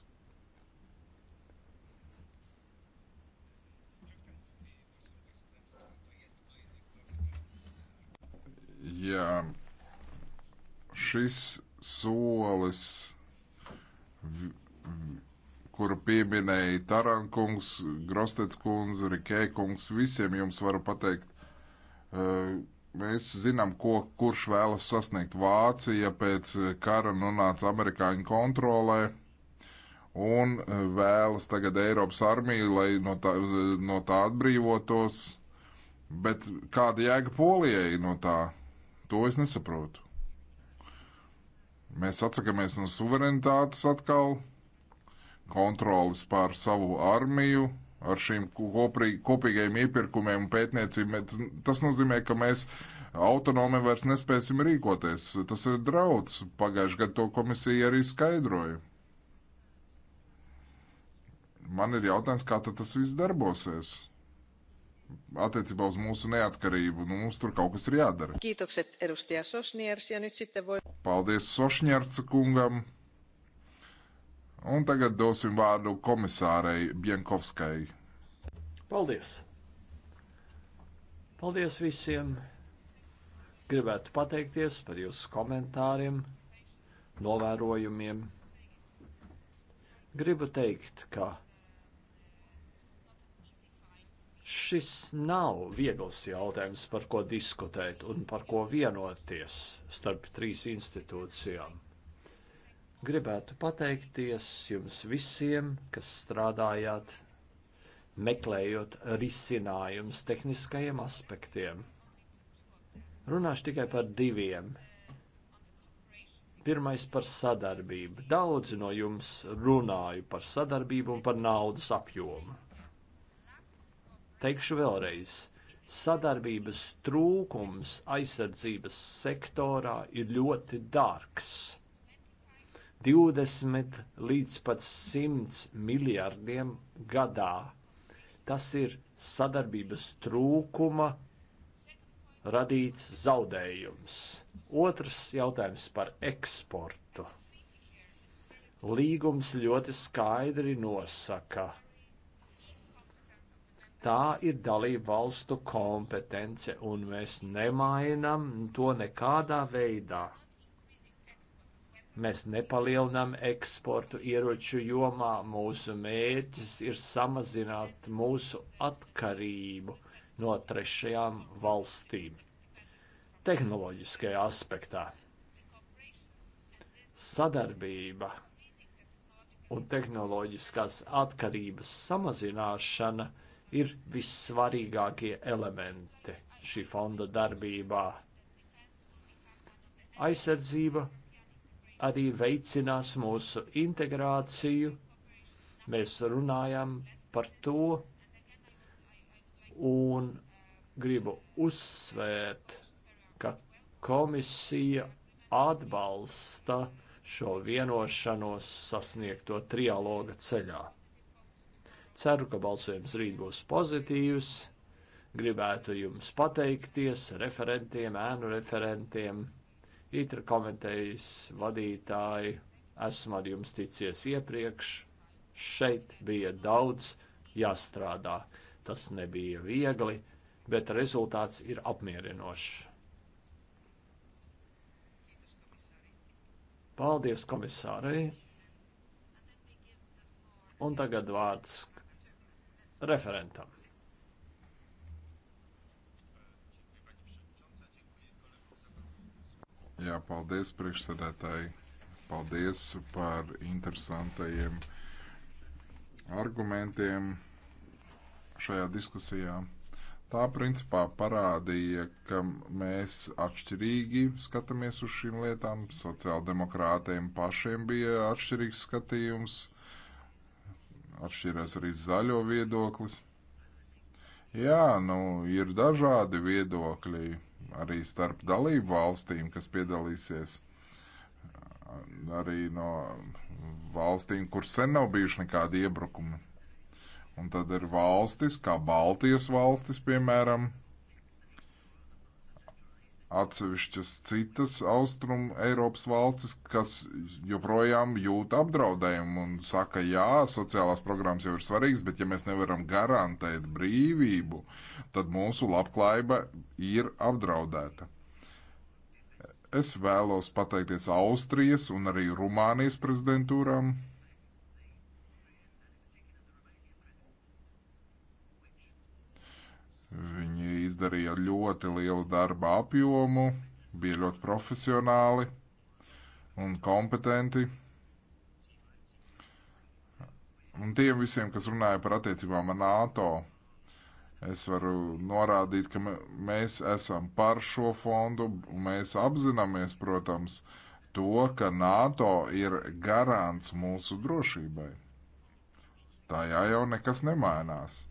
Jā, šis solis kuru pieminēja Tarankungs, Grostets kundze, Rikē kungs, visiem jums varu pateikt, mēs zinām, ko, kurš vēlas sasniegt Vācija pēc kara nonāca amerikāņu kontrolē un vēlas tagad Eiropas armiju, lai no tā, no tā atbrīvotos, bet kāda jēga Polijai no tā, to es nesaprotu. Mēs atsakāmies no suverenitātes atkal, kontrolas pār savu armiju ar šīm kopīgajiem iepirkumiem un pētniecību. Tas nozīmē, ka mēs autonomi vairs nespēsim rīkoties. Tas ir draudz. Pagājuši gadu to komisija arī skaidroja. Man ir jautājums, kā tad tas viss darbosies? attiecībā uz mūsu neatkarību. Nu, mums tur kaut kas ir jādara. Kiitokset, edustaja Sosniers, ja nyt sitten voi... Paldies Sosnierca kungam. Un tagad dosim vārdu komisārei Bienkovskai. Paldies! Paldies visiem! Gribētu pateikties par jūsu komentāriem, novērojumiem. Gribu teikt, ka šis nav viegls jautājums, par ko diskutēt un par ko vienoties starp trīs institūcijām. Gribētu pateikties jums visiem, kas strādājāt, meklējot risinājumus tehniskajiem aspektiem. Runāšu tikai par diviem. Pirmais par sadarbību. Daudzi no jums runāju par sadarbību un par naudas apjomu. Teikšu vēlreiz, sadarbības trūkums aizsardzības sektorā ir ļoti dārgs 20 līdz pat 100 miljardiem gadā. Tas ir sadarbības trūkuma radīts zaudējums. Otrs jautājums par eksportu. Līgums ļoti skaidri nosaka, Tā ir dalība valstu kompetence, un mēs nemainām to nekādā veidā. Mēs nepalielinām eksportu ieroču jomā. Mūsu mērķis ir samazināt mūsu atkarību no trešajām valstīm. Tehnoloģiskajā aspektā sadarbība un tehnoloģiskās atkarības samazināšana ir vissvarīgākie elementi šī fonda darbībā. Aizsardzība arī veicinās mūsu integrāciju. Mēs runājam par to un gribu uzsvērt, ka komisija atbalsta šo vienošanos sasniegto trialoga ceļā. Ceru, ka balsojums rīt būs pozitīvs. Gribētu jums pateikties referentiem, ēnu referentiem Itra komitejas vadītāji esmu ar jums ticies iepriekš. Šeit bija daudz jāstrādā. Tas nebija viegli, bet rezultāts ir apmierinošs. Paldies komisārei! Un tagad vārds referentam. Jā, paldies priekšsēdētāji. Paldies par interesantajiem argumentiem šajā diskusijā. Tā principā parādīja, ka mēs atšķirīgi skatāmies uz šīm lietām. Sociāldemokrātiem pašiem bija atšķirīgs skatījums, atšķirās arī zaļo viedoklis. Jā, nu, ir dažādi viedokļi arī starp dalību valstīm, kas piedalīsies, arī no valstīm, kur sen nav bijuši nekādi iebrukumi. Un tad ir valstis, kā Baltijas valstis, piemēram, atsevišķas citas austrumu Eiropas valstis, kas joprojām jūt apdraudējumu un saka, jā, sociālās programmas jau ir svarīgas, bet ja mēs nevaram garantēt brīvību, tad mūsu labklājība ir apdraudēta. Es vēlos pateikties Austrijas un arī Rumānijas prezidentūrām. Viņi izdarīja ļoti lielu darba apjomu, bija ļoti profesionāli un kompetenti. Un tiem visiem, kas runāja par attiecībām ar NATO, es varu norādīt, ka mēs esam par šo fondu. Mēs apzināmies, protams, to, ka NATO ir garants mūsu drošībai. Tajā jau nekas nemainās.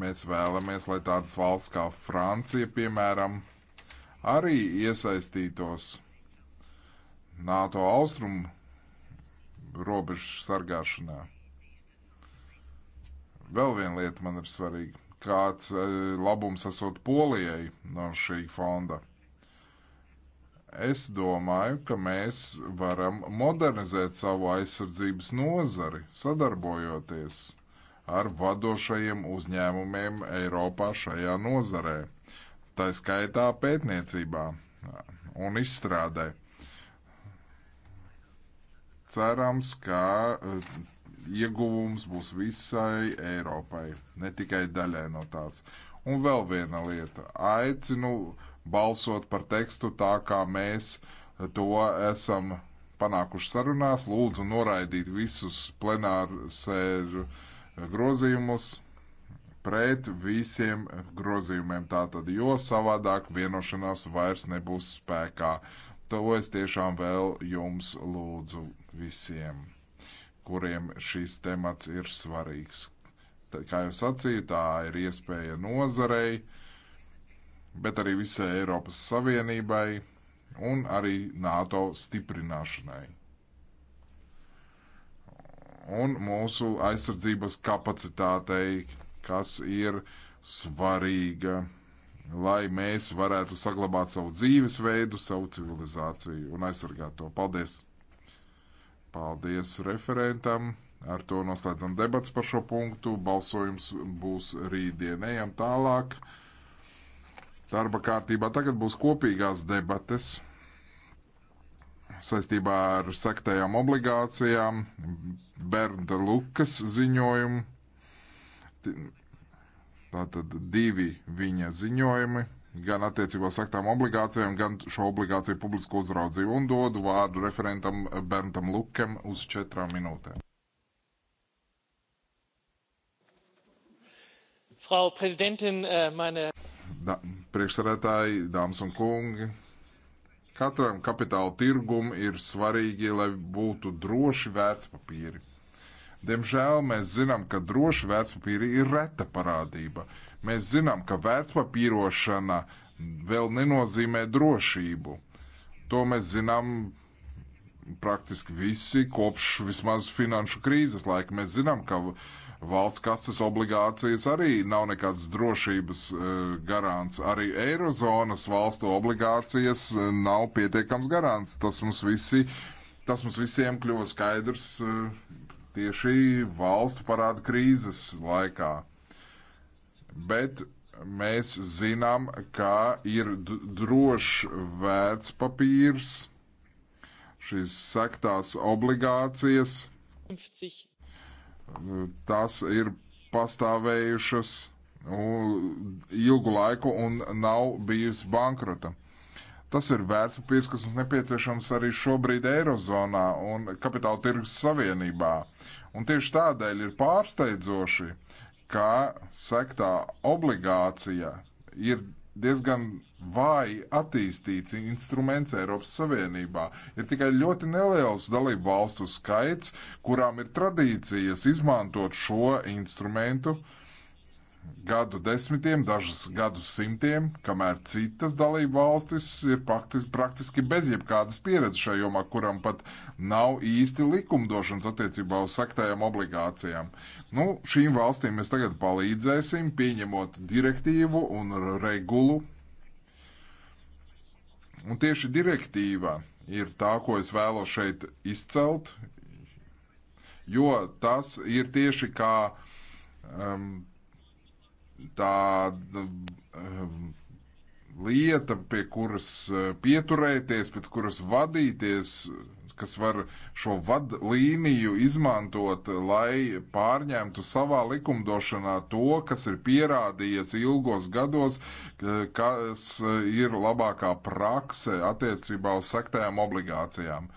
Mēs vēlamies, lai tādas valsts kā Francija, piemēram, arī iesaistītos NATO austrumu robežu sargāšanā. Vēl viena lieta man ir svarīga. Kāds eh, labums esot Polijai no šī fonda? Es domāju, ka mēs varam modernizēt savu aizsardzības nozari, sadarbojoties ar vadošajiem uzņēmumiem Eiropā šajā nozarē, tā skaitā pētniecībā un izstrādē. Cerams, ka eh, ieguvums būs visai Eiropai, ne tikai daļai no tās. Un vēl viena lieta. Aicinu balsot par tekstu tā, kā mēs to esam panākuši sarunās. Lūdzu, noraidīt visus plenāru sēžu grozījumus pret visiem grozījumiem. Tātad, jo savādāk vienošanās vairs nebūs spēkā. To es tiešām vēl jums lūdzu visiem, kuriem šis temats ir svarīgs. Tā, kā jau sacīju, tā ir iespēja nozarei, bet arī visai Eiropas Savienībai un arī NATO stiprināšanai un mūsu aizsardzības kapacitātei, kas ir svarīga, lai mēs varētu saglabāt savu dzīvesveidu, savu civilizāciju un aizsargāt to. Paldies! Paldies referentam! Ar to noslēdzam debats par šo punktu. Balsojums būs rītdien. Ejam tālāk. Darba kārtībā tagad būs kopīgās debates saistībā ar sektējām obligācijām, Bernda Lukas ziņojumu. Tātad divi viņa ziņojumi, gan attiecībā sektām obligācijām, gan šo obligāciju publisko uzraudzību. Un dodu vārdu referentam Berntam Lukam uz četrām minūtēm. Frau Präsidentin, äh, meine. Da, priekšsēdētāji, dāmas un kungi, Katram kapitāla tirgum ir svarīgi, lai būtu droši vērtspapīri. Diemžēl mēs zinām, ka droši vērtspapīri ir reta parādība. Mēs zinām, ka vērtspapīrošana vēl nenozīmē drošību. To mēs zinām praktiski visi kopš vismaz finanšu krīzes laika. Mēs zinām, ka Valsts kastes obligācijas arī nav nekāds drošības uh, garants. Arī Eirozonas valstu obligācijas eh, nav pietiekams garants. Tas mums, visi, tas mums visiem kļuva skaidrs uh, tieši valstu parāda krīzes laikā. Bet mēs zinām, ka ir drošs vērtspapīrs, šīs sektās obligācijas. 50 tās ir pastāvējušas nu, ilgu laiku un nav bijusi bankrota. Tas ir vērtspapīrs, kas mums nepieciešams arī šobrīd Eirozonā un Kapitāla tirgus savienībā. Un tieši tādēļ ir pārsteidzoši, ka sektā obligācija ir diezgan vāji attīstīts instruments Eiropas Savienībā. Ir tikai ļoti neliels dalību valstu skaits, kurām ir tradīcijas izmantot šo instrumentu gadu desmitiem, dažas gadu simtiem, kamēr citas dalību valstis ir praktiski bez jebkādas pieredzes šajā jomā, kuram pat nav īsti likumdošanas attiecībā uz saktējām obligācijām. Nu, šīm valstīm mēs tagad palīdzēsim, pieņemot direktīvu un regulu. Un tieši direktīva ir tā, ko es vēlos šeit izcelt, jo tas ir tieši kā um, tāda um, lieta, pie kuras uh, pieturēties, pēc kuras vadīties, kas var šo vadlīniju izmantot, lai pārņemtu savā likumdošanā to, kas ir pierādījies ilgos gados, kas ir labākā prakse attiecībā uz sektajām obligācijām.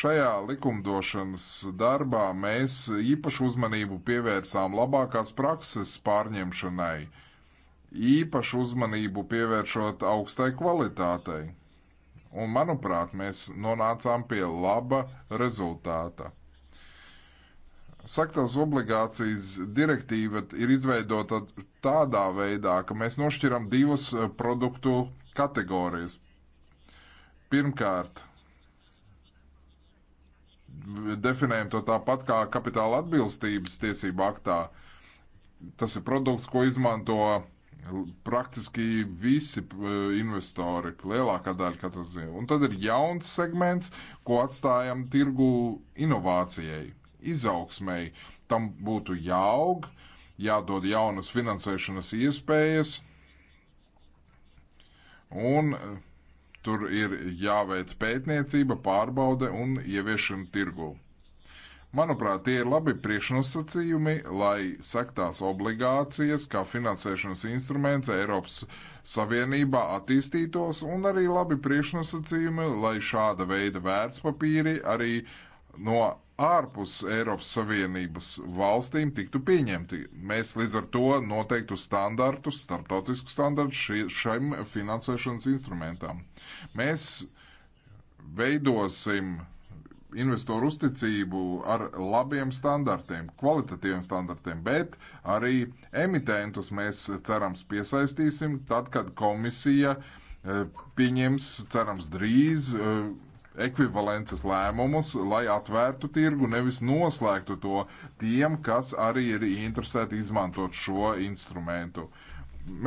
Šajā likumdošanas darbā mēs īpašu uzmanību pievērsām labākās prakses pārņemšanai, īpašu uzmanību pievēršot augstai kvalitātei. Un, manuprāt, mēs nonācām pie laba rezultāta. Saktās obligācijas direktīva ir izveidota tādā veidā, ka mēs nošķiram divas eh, produktu kategorijas. Pirmkārt, definējam to tāpat kā kapitāla atbilstības tiesību aktā. Tas ir produkts, ko izmanto praktiski visi eh, investori, lielākā daļa katrā ziņā. Un tad ir jauns segments, ko atstājam tirgu inovācijai, izaugsmēji. Tam būtu jāaug, jādod jaunas finansēšanas iespējas, un eh, tur ir jāveic pētniecība, pārbaude un ieviešana tirgu. Manuprāt, tie ir labi priekšnosacījumi, lai sektās obligācijas kā finansēšanas instruments Eiropas Savienībā attīstītos, un arī labi priekšnosacījumi, lai šāda veida vērtspapīri arī no ārpus Eiropas Savienības valstīm tiktu pieņemti. Mēs līdz ar to noteiktu standartus, starptautisku standartu šim finansēšanas instrumentam. Mēs veidosim investoru uzticību ar labiem standartiem, kvalitatīviem standartiem, bet arī emitentus mēs cerams piesaistīsim tad, kad komisija e, pieņems, cerams, drīz e, ekvivalences lēmumus, lai atvērtu tirgu, nevis noslēgtu to tiem, kas arī ir interesēti izmantot šo instrumentu. Uh,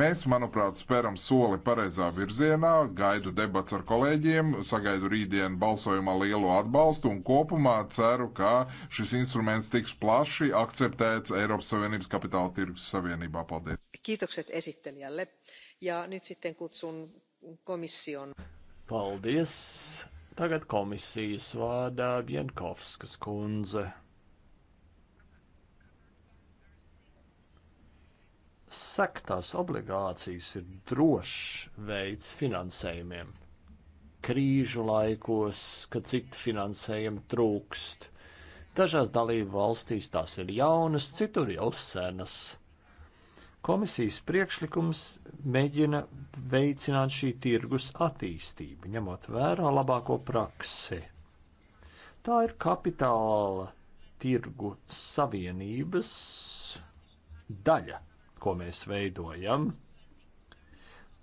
Mēs, manuprāt, spēram soli pareizā virzienā, gaidu debats ar kolēģiem, sagaidu rītdienu balsojumā lielo atbalstu un kopumā ceru, ka šis instruments tiks plaši akceptēts Eiropas Savienības kapitāla tirgus savienībā. Paldies! Kiitokset esittelijälle. Ja nyt sitten kutsun komission. Paldies! Tagad komisijas vārdā Bienkovskas kundze. sektās obligācijas ir drošs veids finansējumiem. Krīžu laikos, kad citu finansējumu trūkst, dažās dalību valstīs tās ir jaunas, citur jau senas. Komisijas priekšlikums mēģina veicināt šī tirgus attīstību, ņemot vērā labāko praksi. Tā ir kapitāla tirgu savienības daļa ko mēs veidojam,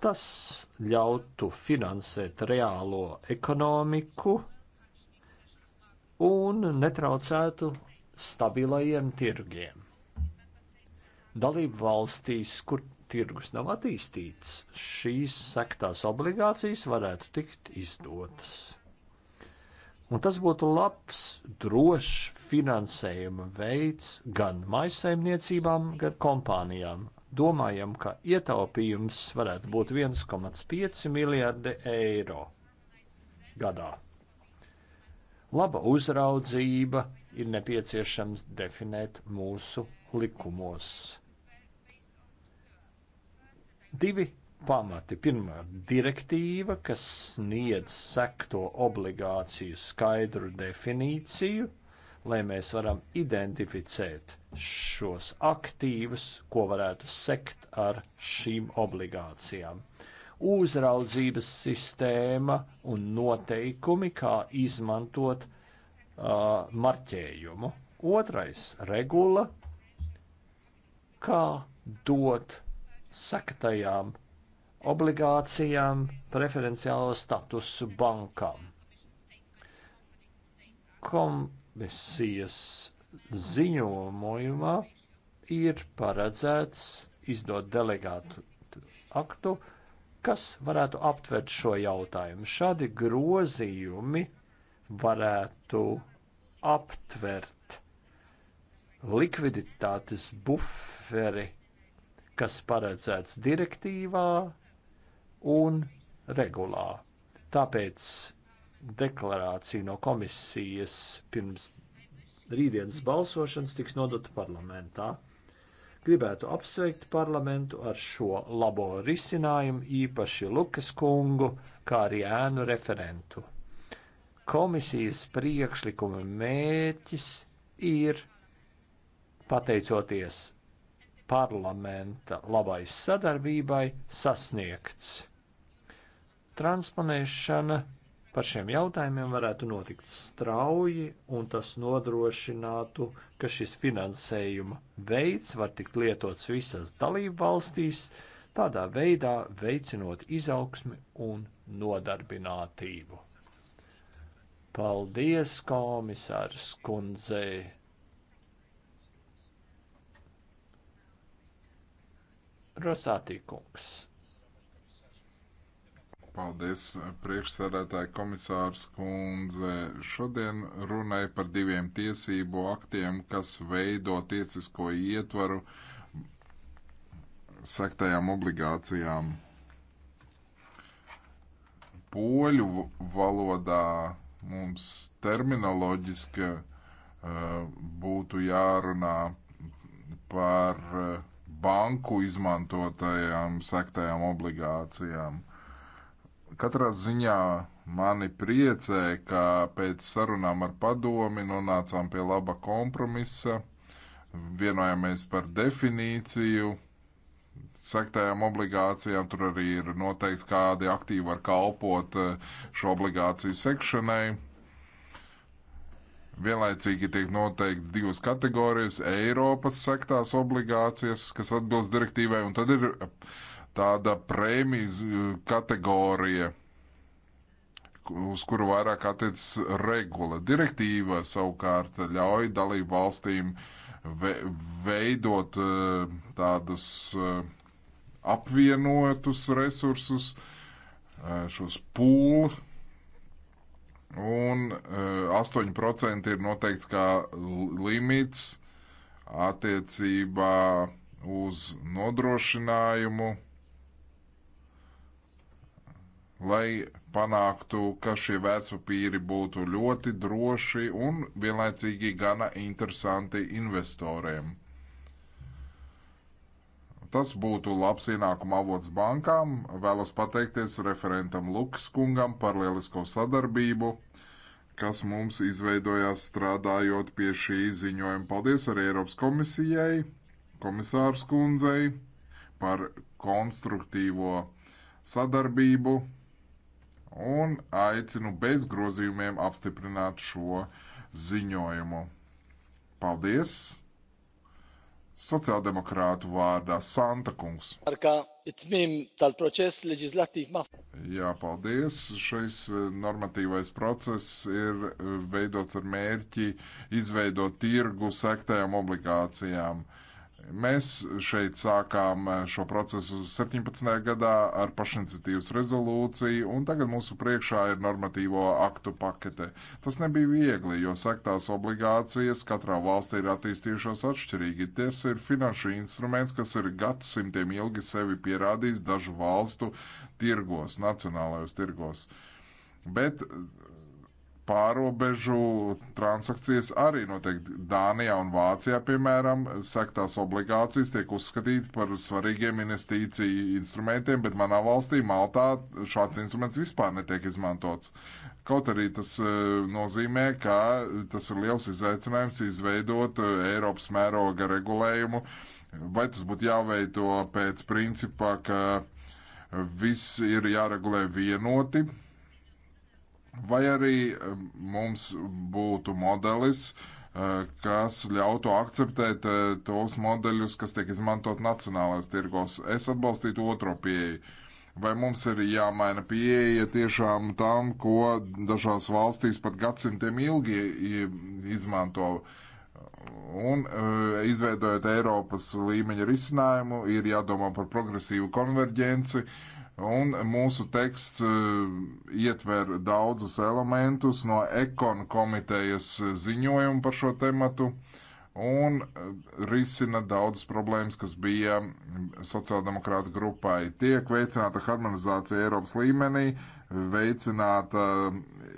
tas ļautu finansēt reālo ekonomiku un netraucētu stabilajiem tirgiem. Dalību valstīs, kur tirgus nav attīstīts, šīs sektās obligācijas varētu tikt izdotas. Un tas būtu labs, drošs finansējuma veids gan maisaimniecībām, gan kompānijām. Domājam, ka ietaupījums varētu būt 1,5 miljardi eiro gadā. Laba uzraudzība ir nepieciešams definēt mūsu likumos. Divi pamati. Pirmā direktīva, kas sniedz sekto obligāciju skaidru definīciju, lai mēs varam identificēt šos aktīvus, ko varētu sekt ar šīm obligācijām. Uzraudzības sistēma un noteikumi, kā izmantot uh, marķējumu. Otrais - regula, kā dot sektajām obligācijām preferenciālo statusu bankām. Komisijas ziņojumā ir paredzēts izdot delegātu aktu, kas varētu aptvert šo jautājumu. Šādi grozījumi varētu aptvert likviditātes buferi, kas paredzēts direktīvā, un regulā. Tāpēc deklarācija no komisijas pirms rītdienas balsošanas tiks nodota parlamentā. Gribētu apsveikt parlamentu ar šo labo risinājumu, īpaši Lukas kungu, kā arī ēnu referentu. Komisijas priekšlikuma mērķis ir, pateicoties parlamenta labai sadarbībai, sasniegts Transponēšana par šiem jautājumiem varētu notikt strauji, un tas nodrošinātu, ka šis finansējuma veids var tikt lietots visās dalību valstīs, tādā veidā veicinot izaugsmi un nodarbinātību. Paldies, komisārs kundzei! Rosātī kungs. Paldies, priekšsēdētāji komisārs kundze. Šodien runai par diviem tiesību aktiem, kas veido tiesisko ietvaru sektajām obligācijām. Poļu valodā mums terminoloģiski uh, būtu jārunā par eh, banku izmantotajām sektajām obligācijām. Katrā ziņā mani priecē, ka pēc sarunām ar padomi nonācām pie laba kompromisa, vienojāmies par definīciju sektējām obligācijām, tur arī ir noteikts, kādi aktīvi var kalpot eh, šo obligāciju sekšanai. Vienlaicīgi tiek noteikts divas kategorijas - Eiropas sektās obligācijas, kas atbilst direktīvai, un tad ir tāda prēmijas e, kategorija, uz kuru vairāk attiecas regula. Direktīva savukārt ļauj dalību valstīm veidot e, tādus e, apvienotus resursus, šos pūlu, un 8% ir noteikts kā limits attiecībā uz nodrošinājumu lai panāktu, ka šie vērtspapīri būtu ļoti droši un vienlaicīgi gana interesanti investoriem. Tas būtu labs ienākuma avots bankām. Vēlos pateikties referentam Lukas kungam par lielisko sadarbību, kas mums izveidojās strādājot pie šī ziņojuma. Paldies arī Eiropas komisijai, komisārs kundzei par konstruktīvo sadarbību, un aicinu bez grozījumiem apstiprināt šo ziņojumu. Paldies! Sociāldemokrātu vārdā Santa Kungs. Jā, paldies. Šais eh, normatīvais process ir eh, veidots ar mērķi izveidot tirgu sektējām obligācijām. Uh, Mēs šeit sākām eh, šo procesu 17. gadā ar pašiniciatīvas rezolūciju, un tagad mūsu priekšā ir normatīvo aktu pakete. Tas nebija viegli, jo sektās obligācijas katrā valstī ir attīstījušās atšķirīgi. Tas ir finanšu instruments, kas ir gadsimtiem ilgi sevi pierādījis dažu valstu tirgos, nacionālajos tirgos. Bet pārobežu transakcijas arī notiek Dānijā un Vācijā, piemēram, sektās obligācijas tiek uzskatīti par svarīgiem investīciju instrumentiem, bet manā valstī, Maltā, šāds instruments vispār netiek izmantots. Kaut arī tas e, nozīmē, ka tas ir liels izaicinājums izveidot e, Eiropas mēroga regulējumu, vai tas būtu jāveido pēc principa, ka viss ir jāregulē vienoti Vai arī um, mums būtu modelis, uh, kas ļautu akceptēt uh, tos modeļus, kas tiek izmantot nacionālais tirgos. Es atbalstītu otro pieeju. Vai mums ir jāmaina pieeja tiešām tam, ko dažās valstīs pat gadsimtiem ilgi izmanto? Un uh, izveidojot Eiropas līmeņa risinājumu, ir jādomā par progresīvu konverģenci, uh, Un mūsu teksts eh, ietver daudzus elementus no ekonu komitejas ziņojuma par šo tematu un eh, risina daudzas problēmas, kas bija sociāldemokrāta grupai. Tiek veicināta harmonizācija Eiropas līmenī, veicināta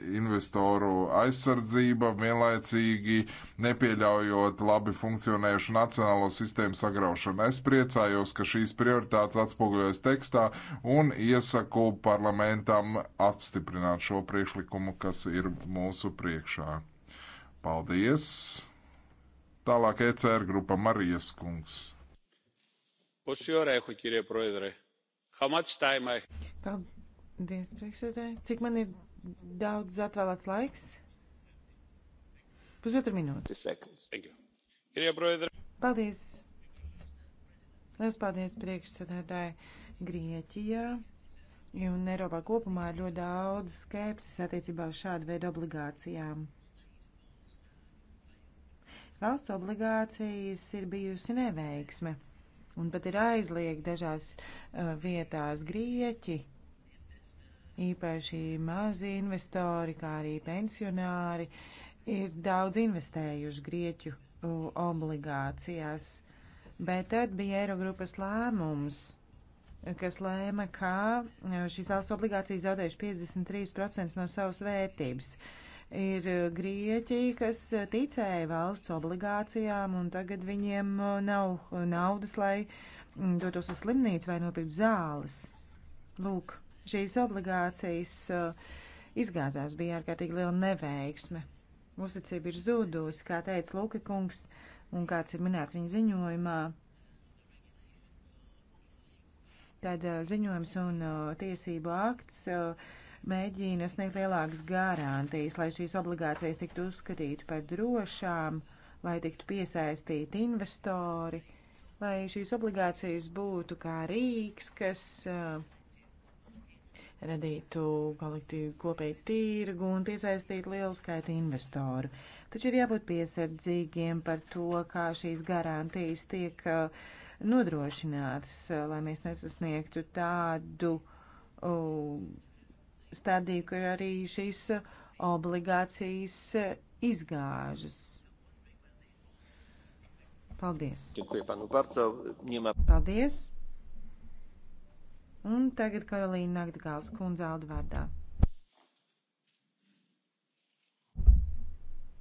investoru aizsardzība, vienlaicīgi nepieļaujot labi funkcionējušu nacionālo sistēmu sagraušanu. Es priecājos, ka šīs prioritātes atspoguļojas tekstā un iesaku parlamentam apstiprināt šo priekšlikumu, kas ir mūsu priekšā. Paldies! Tālāk ECR grupa Marijas kungs. Paldies, priekšsēdētāji. Cik man ir daudz atvēlēts laiks. Pusotru minūti. Paldies. Lielas paldies priekšsēdētāji Grieķijā. Un Eiropā kopumā ir ļoti daudz skepsis attiecībā uz šādu veidu obligācijām. Valsts obligācijas ir bijusi neveiksme, un pat ir aizliegta dažās uh, vietās Grieķi īpaši mazi investori, kā arī pensionāri, ir daudz investējuši Grieķu obligācijās. Bet tad bija Eirogrupas lēmums kas lēma, ka šīs valsts obligācijas zaudējuši 53% no savas vērtības. Ir Grieķi, kas ticēja valsts obligācijām, un tagad viņiem nav naudas, lai dotos uz slimnīcu vai nopirkt zāles. Lūk, šīs obligācijas uh, izgāzās, bija ārkārtīgi liela neveiksme. Uzticība ir zudusi, kā teica Luka kungs, un kāds ir minēts viņa ziņojumā. Tad uh, ziņojums un uh, tiesību akts mēģina sniegt lielākas garantijas, lai šīs obligācijas tiktu uzskatīti par drošām, lai tiktu piesaistīti investori, lai šīs obligācijas būtu kā rīks, kas uh, radītu kopēju tirgu un piesaistītu lielu skaitu investoru. Taču ir jābūt piesardzīgiem par to, kā šīs garantijas tiek uh, nodrošinātas, uh, lai mēs nesasniegtu tādu uh, stadiju, kur arī šīs obligācijas izgāžas. Paldies! Paldies! Un tagad Karolīna Naktgāls kundze Aldvārdā.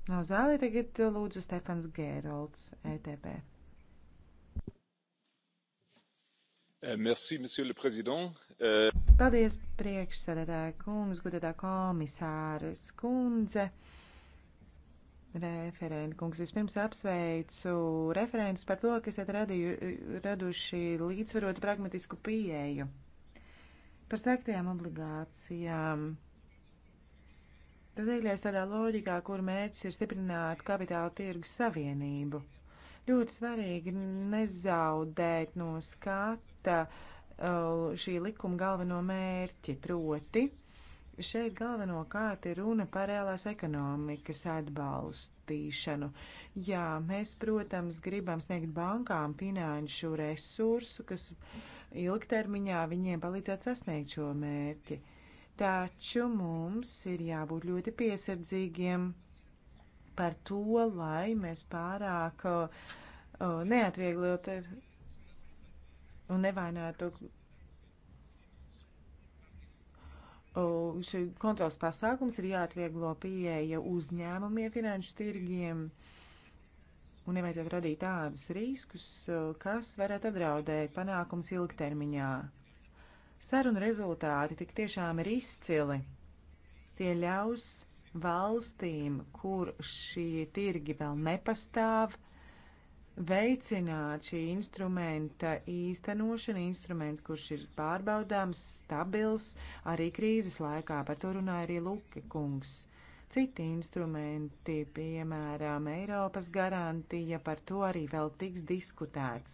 No zālē tagad lūdzu Stefans Gērolds, ETP. Eh, merci, monsieur le président. Eh, Paldies, priekšsēdētāja kungs, gudētā komisāras kundze. Referenti, kungs, vispirms apsveicu referentus par to, kas ir raduši līdzsvarotu pragmatisku pieeju Par sēktajām obligācijām. Tas iekļaujas tādā loģikā, kur mērķis ir stiprināt kapitāla tirgus savienību. Ļoti svarīgi nezaudēt no skata uh, šī likuma galveno mērķi, proti šeit galvenokārt ir runa par reālās ekonomikas atbalstīšanu. Jā, mēs, protams, gribam sniegt bankām finanšu resursu, kas ilgtermiņā viņiem palīdzētu sasniegt šo mērķi. Taču mums ir jābūt ļoti piesardzīgiem par to, lai mēs pārāk uh, neatvieglotu un nevainotu šī kontrols pasākums ir jāatvieglo pieeja uzņēmumiem, finanšu tirgiem. Uh, un nevajadzētu radīt tādus riskus, eh, kas varētu apdraudēt panākums ilgtermiņā. Sarunu rezultāti tik tiešām ir izcili. Tie ļaus valstīm, kur šie tirgi vēl nepastāv, veicināt šī instrumenta īstenošanu. Instruments, kurš ir pārbaudāms, stabils arī krīzes laikā, par to runāja arī Luka kungs. Citi instrumenti, piemēram, Eiropas garantija, par to arī vēl tiks diskutēts.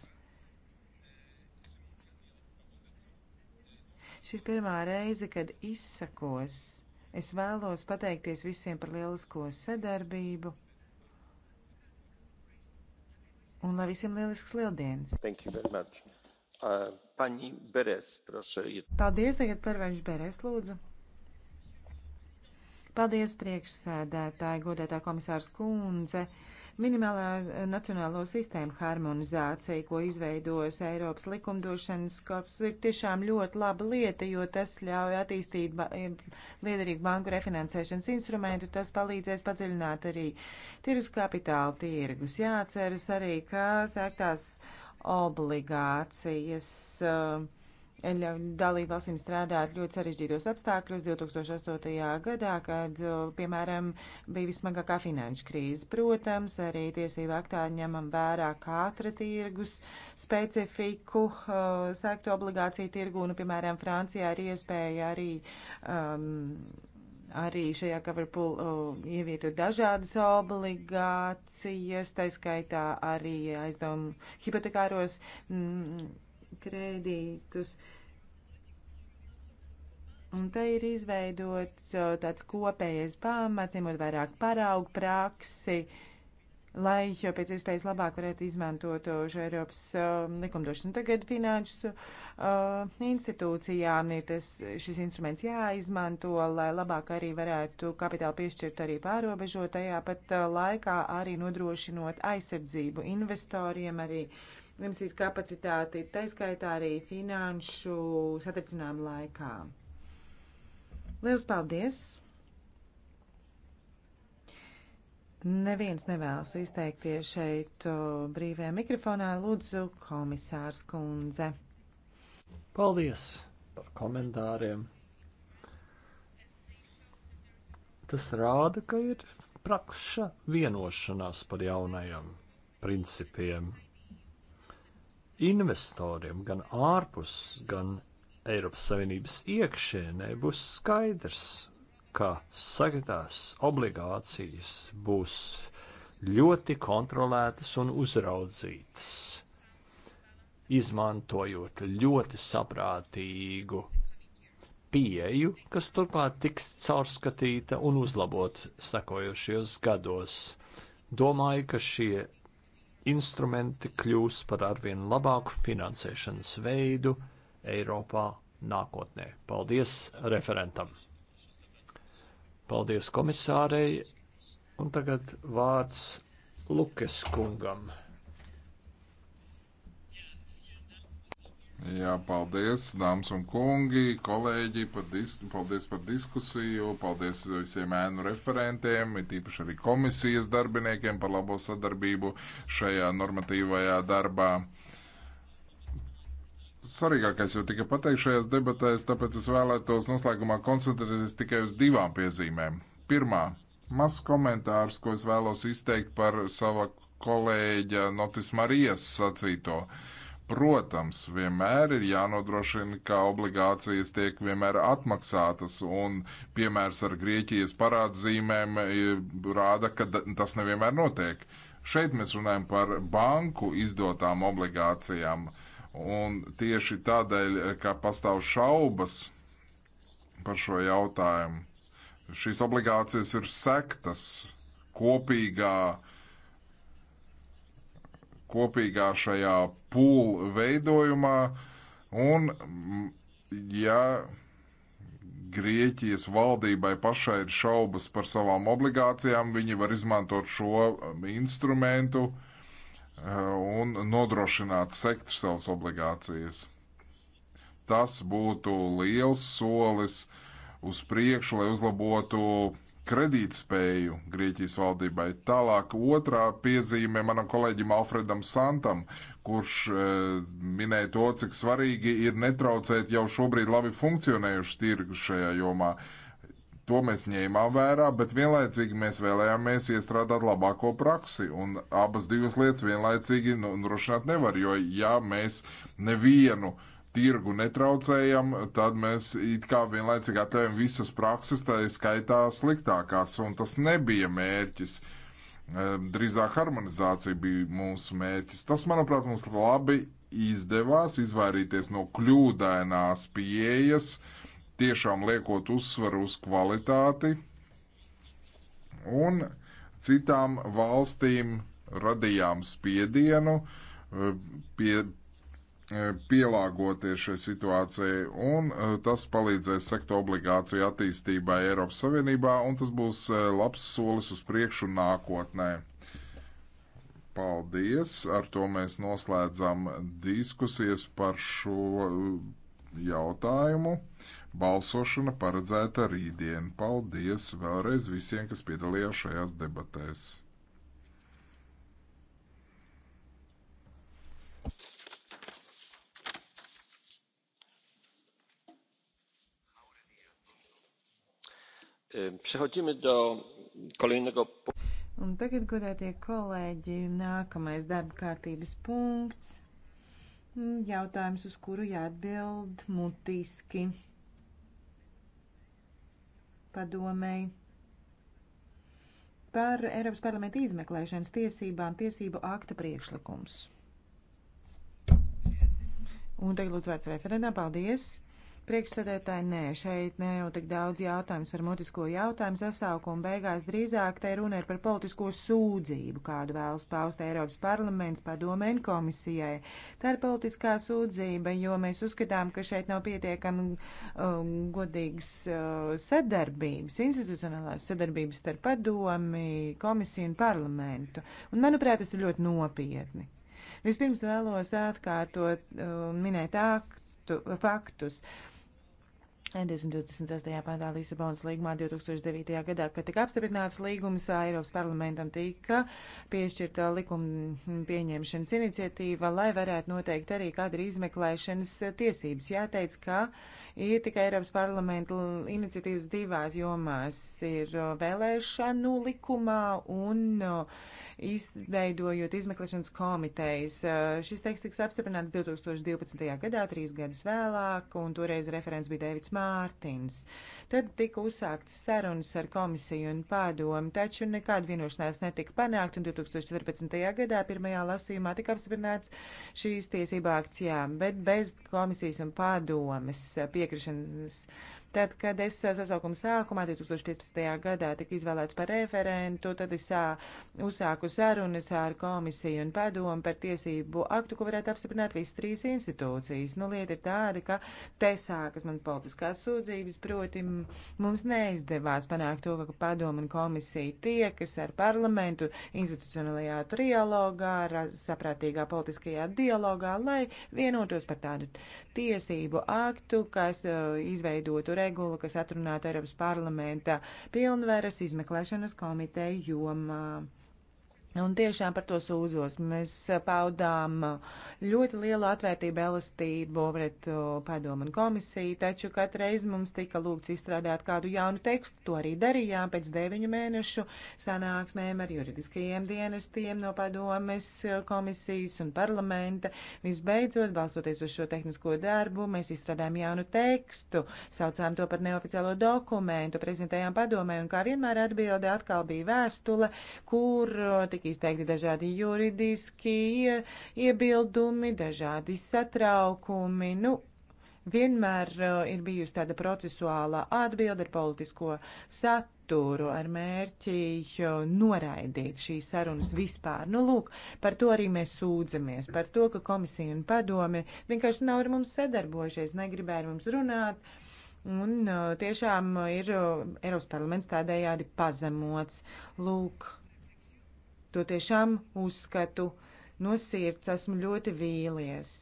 Šī ir pirmā reize, kad izsakos. Es vēlos pateikties visiem par lielisko sadarbību. Un lai visiem lielisks lieldienas! Thank you very much. Uh, Pani Beres, prošu. Paldies, tagad par Vēņš Beres, lūdzu. Paldies, priekšsēdētāji, godētā komisārs Kundze. Minimālā nacionālo sistēmu harmonizācija, ko izveidojas Eiropas likumdošanas kops, ir tiešām ļoti laba lieta, jo tas ļauj attīstīt ba e, liederīgu banku refinansēšanas instrumentu, tas palīdzēs padziļināt arī tirgus kapitāla tirgus. Jāceras arī, ka sēktās obligācijas. Uh, dalību valstīm strādāt ļoti sarežģītos apstākļos 2008. gadā, kad, piemēram, bija vismagākā finanšu krīze. Protams, arī tiesība aktā ņemam vērā katra tirgus specifiku, uh, sēktu obligāciju tirgu, nu, piemēram, Francijā ir iespēja arī. Um, arī šajā coverpool uh, ievietot dažādas obligācijas, tā skaitā arī aizdevumu hipotekāros. Mm, kredītus. Un te ir izveidots tāds kopējais pamats, ņemot vairāk paraugu praksi, lai jau pēc iespējas labāk varētu izmantot šo Eiropas uh, likumdošanu. Tagad finanšu uh, institūcijām ir tas, šis instruments jāizmanto, lai labāk arī varētu kapitālu piešķirt arī pārobežotajā, pat uh, laikā arī nodrošinot aizsardzību investoriem arī. Uh, emisijas kapacitāti, taiskaitā arī finanšu satricinājumu laikā. Lielas paldies! Neviens nevēlas izteikties šeit brīvajā mikrofonā. Lūdzu, komisārs kundze. Paldies par komentāriem. Tas rāda, ka ir prakša vienošanās par jaunajiem principiem investoriem gan ārpus, gan Eiropas Savienības iekšēnē būs skaidrs, ka sagatās obligācijas būs ļoti kontrolētas un uzraudzītas, izmantojot ļoti saprātīgu pieju, kas turklāt tiks caurskatīta un uzlabot sekojošajos gados. Domāju, ka šie instrumenti kļūs par arvien labāku finansēšanas veidu Eiropā nākotnē. Paldies referentam! Paldies komisārei! Un tagad vārds Lukas kungam. Jā, paldies, dāmas un kungi, kolēģi, par paldies par diskusiju, paldies visiem ēnu referentiem, it īpaši arī komisijas darbiniekiem par labo sadarbību šajā normatīvajā darbā. Svarīgākais jau tika pateikt šajās debatēs, tāpēc es vēlētos noslēgumā koncentrēties tikai uz divām piezīmēm. Pirmā, mazs komentārs, ko es vēlos izteikt par sava kolēģa Notis Marijas sacīto. Uh, Protams, vienmēr ir jānodrošina, ka obligācijas tiek vienmēr atmaksātas, un piemērs ar Grieķijas parādzīmēm e, rāda, ka tas nevienmēr notiek. Šeit mēs runājam par banku izdotām obligācijām, un tieši tādēļ, e, ka pastāv šaubas par šo jautājumu, šīs obligācijas ir sektas kopīgā kopīgā šajā pūlu veidojumā, un mm, ja Grieķijas valdībai pašai ir šaubas par savām obligācijām, viņi var izmantot šo um, instrumentu uh, un nodrošināt sekt savas obligācijas. Tas būtu liels solis uz priekšu, lai uzlabotu kredītspēju Grieķijas valdībai. Tālāk otrā piezīme manam kolēģim Alfredam Santam, kurš e, minēja to, cik svarīgi ir netraucēt jau šobrīd labi funkcionējuši tirgu šajā jomā. To mēs ņēmām vērā, bet vienlaicīgi mēs vēlējāmies iestrādāt labāko praksi, un abas divas lietas vienlaicīgi nu, nodrošināt nevar, jo ja mēs nevienu uh, tirgu netraucējam, tad mēs it kā vienlaicīgi atļaujam visas prakses, tā skaitā sliktākās, un tas nebija mērķis. Drīzāk harmonizācija bija mūsu mērķis. Tas, manuprāt, mums labi izdevās izvairīties no kļūdainās pieejas, tiešām liekot uzsvaru uz kvalitāti un citām valstīm radījām spiedienu, pie, E, pielāgoties šai situācijai, un e, tas palīdzēs sekta obligāciju attīstībai Eiropas Savienībā, un tas būs e, labs solis uz priekšu nākotnē. Paldies! Ar to mēs noslēdzam diskusijas par šo jautājumu. Balsošana paredzēta rītdien. Paldies vēlreiz visiem, kas piedalījās šajās debatēs! Przechodzimy do kolejnego. Un tagad, godētie kolēģi, nākamais darba kārtības punkts. Mm, jautājums, uz kuru jāatbild mutiski padomēji par Eiropas parlamenta izmeklēšanas tiesībām tiesību akta priekšlikums. Un tagad lūdzu vērts referendā. Paldies! Priekšsēdētāji, nē, šeit ne jau tik daudz jautājums par mutisko jautājumu sasaukumu. Beigās drīzāk te runa ir par politisko sūdzību, kādu vēlas paust Eiropas parlaments padomēn komisijai. Tā ir politiskā sūdzība, jo mēs uzskatām, ka šeit nav pietiekami um, godīgas uh, sadarbības, institucionālās sadarbības starp padomi, komisiju un parlamentu. Un, manuprāt, tas ir ļoti nopietni. Vispirms vēlos atkārtot uh, minēt aktu, faktus. Uh, 228. pantā Lisabonas līgumā 2009. gadā, kad tika apstiprināts līgums, Eiropas parlamentam tika piešķirta likuma pieņemšanas iniciatīva, lai varētu noteikt arī kāda ir izmeklēšanas tiesības. Jāteic, ka ir tikai Eiropas parlamenta iniciatīvas divās jomās - ir vēlēšanu likumā un uh, izveidojot izmeklēšanas komitejas. Eh, šis teksts tiks apstiprināts 2012. gadā, trīs gadus vēlāk, un toreiz referents bija Dēvids Mārtins. Tad tika uzsāktas sarunas ar komisiju un padomu, taču nekāda vienošanās netika panākt, un 2014. gadā pirmajā lasījumā tika apstiprināts šīs tiesība akcijām, bet bez komisijas un padomes piekrišanas. Tad, kad es sasaukuma sākumā 2015. gadā tika izvēlēts par referentu, tad es uzsāku sarunas ar komisiju un padomu par tiesību aktu, ko varētu apstiprināt visas trīs institūcijas. Nu, lieta ir tāda, ka te sākas man politiskās sūdzības, proti mums neizdevās panākt to, ka padomu un komisija tiekas ar parlamentu institucionālajā trialogā, ar saprātīgā politiskajā dialogā, lai vienotos par tādu tiesību aktu, kas uh, izveidotu regula, kas atrunāta Eiropas parlamenta pilnveres izmeklēšanas komiteju jomā. Um, Un tiešām par to sūdzos. Mēs uh, paudām uh, ļoti lielu atvērtību, elastību pret uh, padomu un komisiju, taču katreiz mums tika lūgts izstrādāt kādu jaunu tekstu. To arī darījām pēc deviņu mēnešu sanāksmēm ar juridiskajiem dienestiem no padomes komisijas un parlamenta. Visbeidzot, balstoties uz šo tehnisko darbu, mēs izstrādājām jaunu tekstu, saucām to par neoficiālo dokumentu, prezentējām padomē un kā vienmēr atbilde atkal bija vēstule, kur tika tiek izteikti dažādi juridiski iebildumi, dažādi satraukumi. Nu, vienmēr uh, ir bijusi tāda procesuālā atbilde ar politisko saturu, ar mērķi uh, noraidīt šīs sarunas vispār. Nu, lūk, par to arī mēs sūdzamies, par to, ka komisija un padome vienkārši nav ar mums sadarbojušies, negribēja ar mums runāt. Un uh, tiešām ir uh, Eiropas parlaments tādējādi pazemots. Lūk, To tiešām uzskatu no sirds, esmu ļoti vīlies.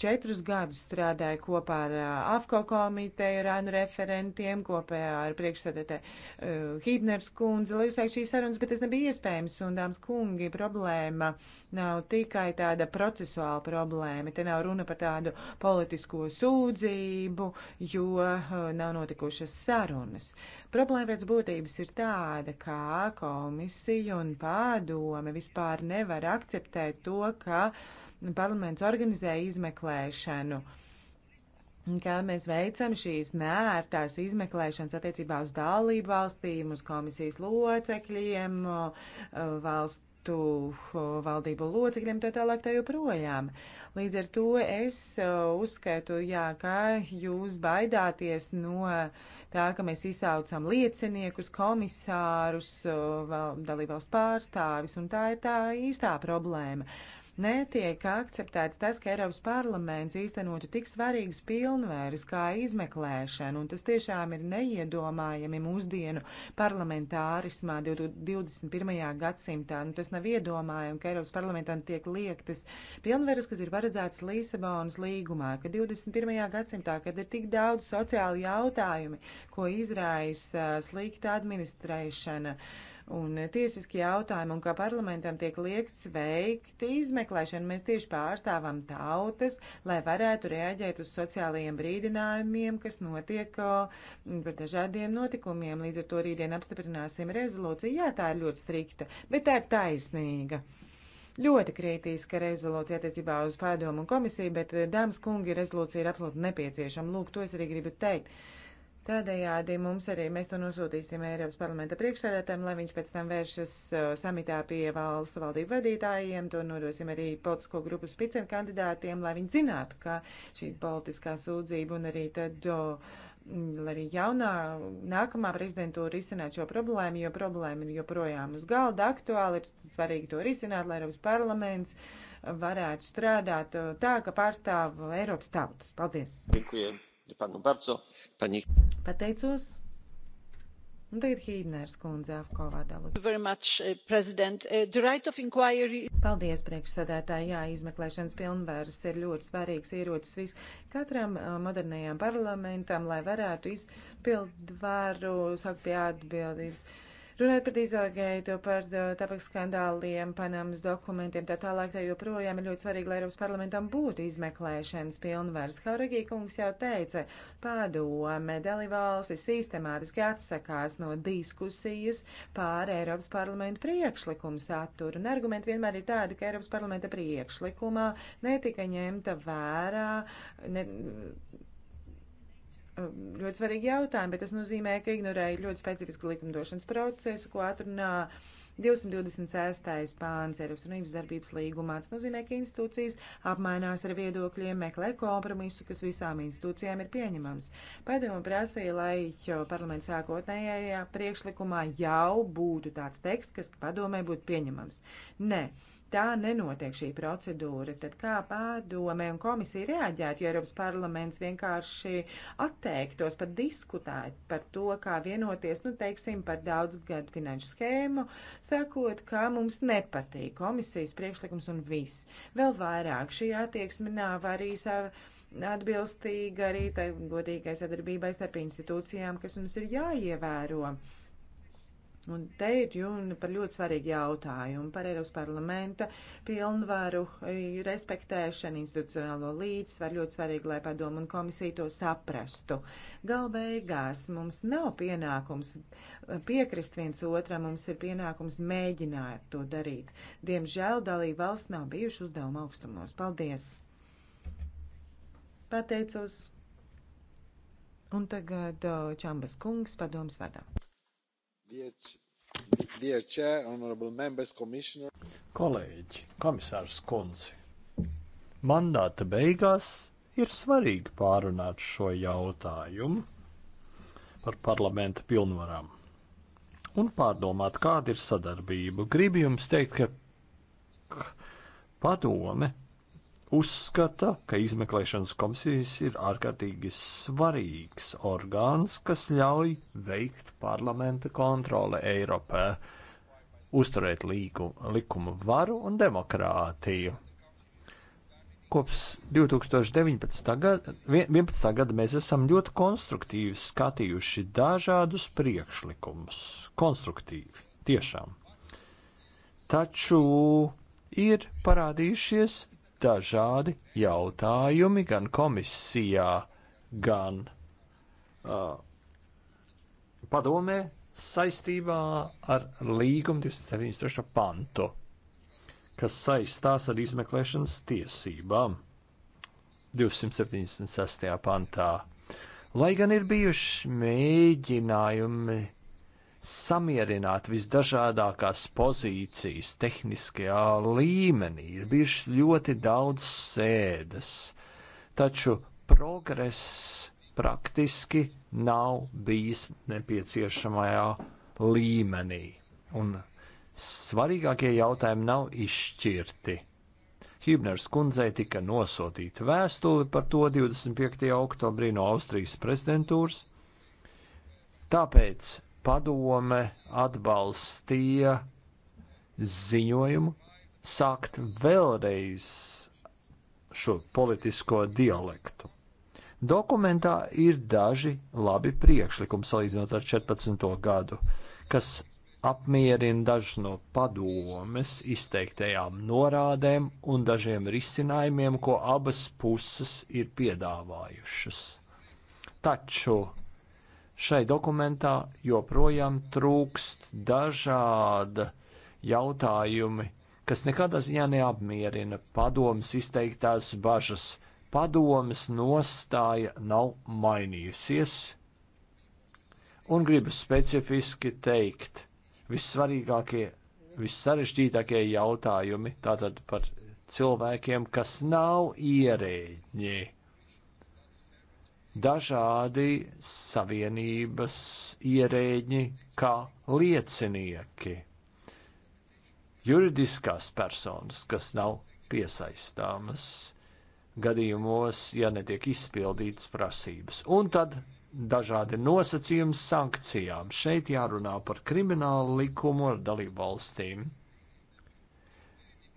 Četrus gadus strādāju kopā ar uh, AFCO komiteju, ar ANU referentiem, kopējā ar priekšsēdētāju uh, Hībners kundzi, lai uzsākt šīs sarunas, bet tas nebija iespējams. Un, dāmas kungi, problēma nav tikai tāda procesuāla problēma. Te nav runa par tādu politisko sūdzību, jo uh, nav notikušas sarunas. Problēma pēc būtības ir tāda, ka komisija un pārdome vispār nevar akceptēt to, ka uh, parlaments organizēja izmeklēšanu. Kā mēs veicam šīs nērtās izmeklēšanas attiecībā uz dalību valstīm, uz komisijas locekļiem, valstu citu valdību locekļiem, tā tālāk tā joprojām. Līdz ar to es uzskaitu, jā, ka jūs baidāties no tā, ka mēs izsaucam lieciniekus, komisārus, dalībvalstu pārstāvis, un tā ir tā īstā problēma. Netiek akceptēts tas, ka Eiropas parlaments īstenotu tik svarīgas pilnvērs kā izmeklēšana, un tas tiešām ir neiedomājami mūsdienu parlamentārismā 21. gadsimtā. Nu, tas nav iedomājami, ka Eiropas parlamentam tiek liektas pilnvērs, kas ir paredzētas Lisabonas līgumā, ka 21. gadsimtā, kad ir tik daudz sociāli jautājumi, ko izraisa slikta administrēšana. Uh, un e, tiesiski jautājumi, un kā parlamentam tiek liekts veikt izmeklēšanu. Mēs tieši pārstāvam tautas, lai varētu reaģēt uz sociālajiem brīdinājumiem, kas notiek par dažādiem notikumiem. Līdz ar to rītdien apstiprināsim rezolūciju. Jā, tā ir ļoti strikta, bet tā ir taisnīga ļoti kritiska rezolūcija attiecībā uz padomu un komisiju, bet, e, dāmas kungi, rezolūcija ir absolūti nepieciešama. Lūk, to es arī gribu teikt. Uh, Tādējādi mums arī mēs to nosūtīsim Eiropas parlamenta priekšsēdētājiem, lai viņš pēc tam vēršas samitā pie valstu valdību vadītājiem. To nodosim arī politisko grupu spicen kandidātiem, lai viņi zinātu, ka šī politiskā sūdzība un arī tad. Lai arī jaunā, nākamā prezidentūra risināt šo problēmu, jo problēma ir joprojām uz galda aktuāli, ir svarīgi to risināt, lai Eiropas parlaments varētu strādāt tā, ka pārstāv Eiropas tautas. Paldies! Dziekujem. Panu bardzo, pani. Pateicos. Un tagad Hībners kundze Afko vārdā. Uh, uh, right inquiry... Paldies, priekšsēdētāji. Jā, izmeklēšanas pilnvērs ir ļoti svarīgs ierocis vis katram uh, modernajām parlamentam, lai varētu izpildvaru sākt pie atbildības. Uh, Runājot par dīzelgeitu, par tabakas skandāliem, Panamas dokumentiem, tā tālāk, tā joprojām ir ļoti svarīgi, lai Eiropas parlamentam būtu izmeklēšanas pilnvars. Hauragī kungs jau teica, padome dalībvalstis sistemātiski atsakās no diskusijas pār Eiropas parlamentu priekšlikumu saturu. Un argumenti vienmēr ir tādi, ka Eiropas parlamenta priekšlikumā netika ņemta vērā. Ne, Um, ļoti svarīgi jautājumi, bet tas nozīmē, ka ignorēja ļoti specifisku likumdošanas procesu, ko atrunā 226. pāns Eiropas Unības darbības līgumā. Tas nozīmē, ka institūcijas apmainās ar viedokļiem, meklē kompromisu, kas visām institūcijām ir pieņemams. Padomu prasīja, lai parlaments sākotnējajā priekšlikumā jau būtu tāds teksts, kas padomē būtu pieņemams. Nē. Ne tā nenotiek šī procedūra, tad kā pārdomē un komisija reaģētu, ja Eiropas parlaments vienkārši atteiktos pat diskutēt par to, kā vienoties, nu, teiksim, par daudz gadu finanšu schēmu, sakot, ka mums nepatīk komisijas priekšlikums un viss. Vēl vairāk šī attieksme nav arī sava atbilstīga arī tai godīgai sadarbībai starp institūcijām, kas mums ir jāievēro. Un te ir runa par ļoti svarīgu jautājumu par Eiropas parlamenta pilnvaru respektēšanu, institucionālo līdzsvaru. Ļoti svarīgi, lai padomu un komisija to saprastu. Gal beigās mums nav pienākums piekrist viens otram, mums ir pienākums mēģināt to darīt. Diemžēl dalība valsts nav bijuši uzdevuma augstumos. Paldies! Pateicos! Un tagad Čambas kungs padoms vadā. Kolēģi, komisārs Kunzi, mandāta beigās ir svarīgi pārunāt šo jautājumu par parlamenta pilnvarām un pārdomāt, kāda ir sadarbība. Gribu jums teikt, ka padome uzskata, ka izmeklēšanas komisijas ir ārkārtīgi svarīgs orgāns, kas ļauj veikt parlamenta kontroli Eiropā, uzturēt līgu, likumu varu un demokrātiju. Kopš 2019. Gada, 11. gada mēs esam ļoti konstruktīvi skatījuši dažādus priekšlikumus. Konstruktīvi, tiešām. Taču ir parādījušies dažādi jautājumi gan komisijā, gan uh, padomē saistībā ar līgumu 273. pantu, kas saistās ar izmeklēšanas tiesībām 276. pantā. Lai gan ir bijuši mēģinājumi samierināt visdažādākās pozīcijas tehniskajā līmenī. Ir bijušas ļoti daudz sēdes, taču progress praktiski nav bijis nepieciešamajā līmenī. Un svarīgākie jautājumi nav izšķirti. Hibners kundzei tika nosūtīta vēstule par to 25. oktobrī no Austrijas prezidentūras. Tāpēc padome atbalstīja ziņojumu sākt vēlreiz šo politisko dialektu. Dokumentā ir daži labi priekšlikumi salīdzinot ar 14. gadu, kas apmierina dažas no padomes izteiktajām norādēm un dažiem risinājumiem, ko abas puses ir piedāvājušas. Taču Šai dokumentā joprojām trūkst dažāda jautājumi, kas nekādā ziņā neapmierina padomas izteiktās bažas. Padomas nostāja nav mainījusies. Un gribu specifiski teikt, vissvarīgākie, vissarežģītākie jautājumi tātad par cilvēkiem, kas nav ierēģi dažādi savienības ierēģi kā liecinieki, juridiskās personas, kas nav piesaistāmas gadījumos, ja netiek izpildītas prasības, un tad dažādi nosacījumi sankcijām. Šeit jārunā par kriminālu likumu ar dalību valstīm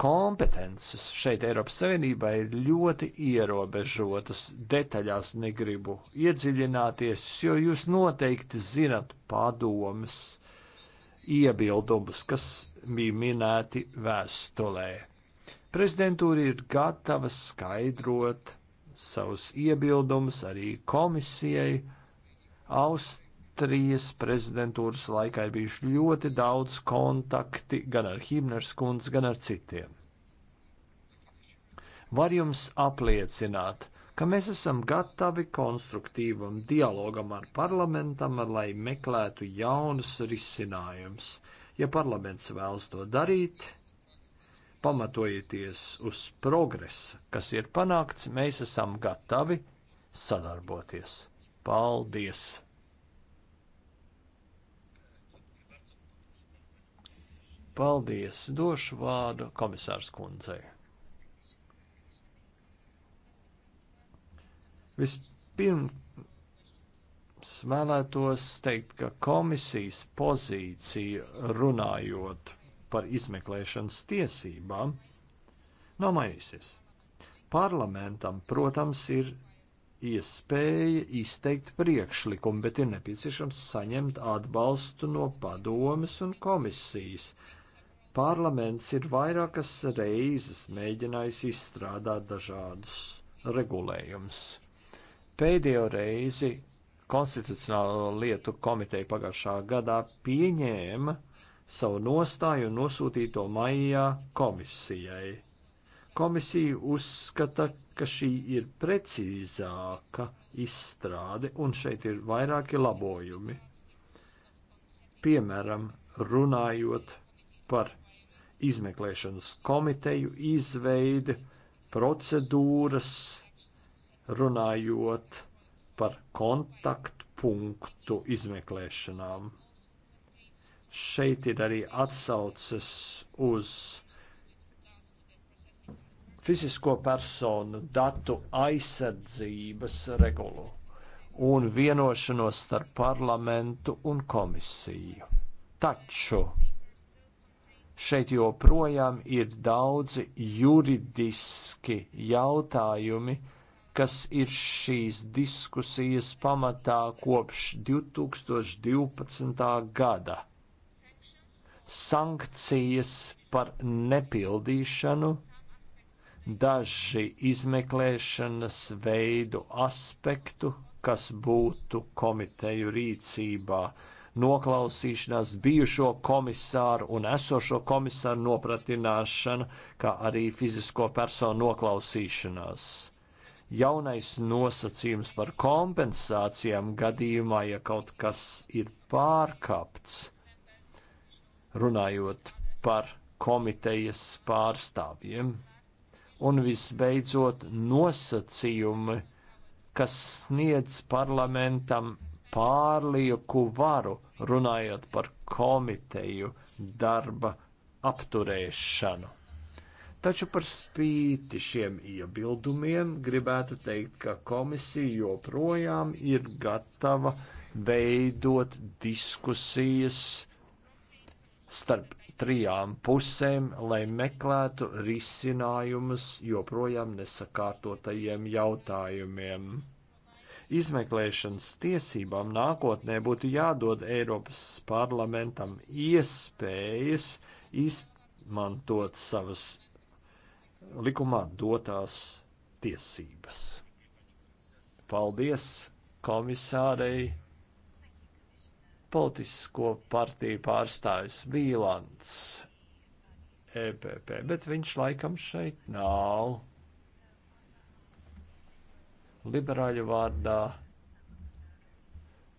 kompetences šeit Eiropas Savienībā ir ļoti ierobežotas. Detaļās negribu iedziļināties, jo jūs noteikti zinat padomas iebildumus, kas bija minēti vēstulē. Prezidentūra ir gatava skaidrot savus iebildumus arī komisijai, aust Zviedrijas prezidentūras laikā ir bijuši ļoti daudz kontakti gan ar Himners kundzi, gan ar citiem. Var jums apliecināt, ka mēs esam gatavi konstruktīvam dialogam ar parlamentam, ar, lai meklētu jaunus risinājumus. Ja parlaments vēlas to darīt, pamatojieties uz progresu, kas ir panākts, mēs esam gatavi sadarboties. Paldies! Paldies! Došu vārdu komisārs kundzei. Vispirms vēlētos teikt, ka komisijas pozīcija runājot par izmeklēšanas tiesībām nav mainīsies. Parlamentam, protams, ir iespēja izteikt priekšlikumu, bet ir nepieciešams saņemt atbalstu no padomes un komisijas. Parlaments ir vairākas reizes mēģinājis izstrādāt dažādus regulējumus. Pēdējo reizi Konstitucionālo lietu komiteja pagājušā gadā pieņēma savu nostāju un nosūtīja to maijā komisijai. Komisija uzskata, ka šī ir precīzāka izstrāde un šeit ir vairāki labojumi. Piemēram, runājot par izmeklēšanas komiteju izveidi, procedūras, runājot par kontaktpunktu izmeklēšanām. Šeit ir arī atsauces uz fizisko personu datu aizsardzības regulu un vienošanos starp parlamentu un komisiju. Taču Šeit joprojām ir daudzi juridiski jautājumi, kas ir šīs diskusijas pamatā kopš 2012. gada. Sankcijas par nepildīšanu, daži izmeklēšanas veidu aspektu, kas būtu komiteju rīcībā, uh, noklausīšanās, bijušo komisāru un esošo komisāru nopratināšana, kā arī fizisko personu noklausīšanās. Jaunais nosacījums par kompensācijām gadījumā, ja kaut kas ir pārkāpts, runājot par komitejas pārstāvjiem, un visbeidzot nosacījumi, kas sniedz parlamentam pārlieku varu, runājot par komiteju darba apturēšanu. Taču par spīti šiem iebildumiem gribētu teikt, ka komisija joprojām ir gatava veidot diskusijas starp trijām pusēm, lai meklētu risinājumus joprojām nesakārtotajiem jautājumiem izmeklēšanas tiesībām nākotnē būtu jādod Eiropas parlamentam iespējas izmantot savas likumā dotās tiesības. Paldies komisārei! Politisko partiju pārstāvis Vīlants EPP, bet viņš laikam šeit nav liberāļu vārdā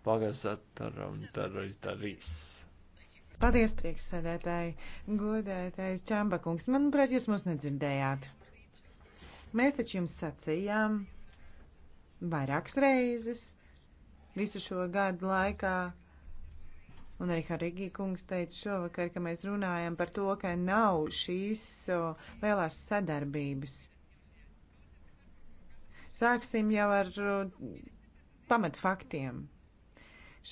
pagazataram teroritarīs. Paldies, priekšsēdētāji, godētājs Čambakungs. Manuprāt, jūs mūs nedzirdējāt. Mēs taču jums sacījām vairākas reizes visu šo gadu laikā. Un arī Harigī kungs teica šovakar, ka mēs runājam par to, ka nav šīs o, lielās sadarbības Sāksim jau ar uh, pamatfaktiem.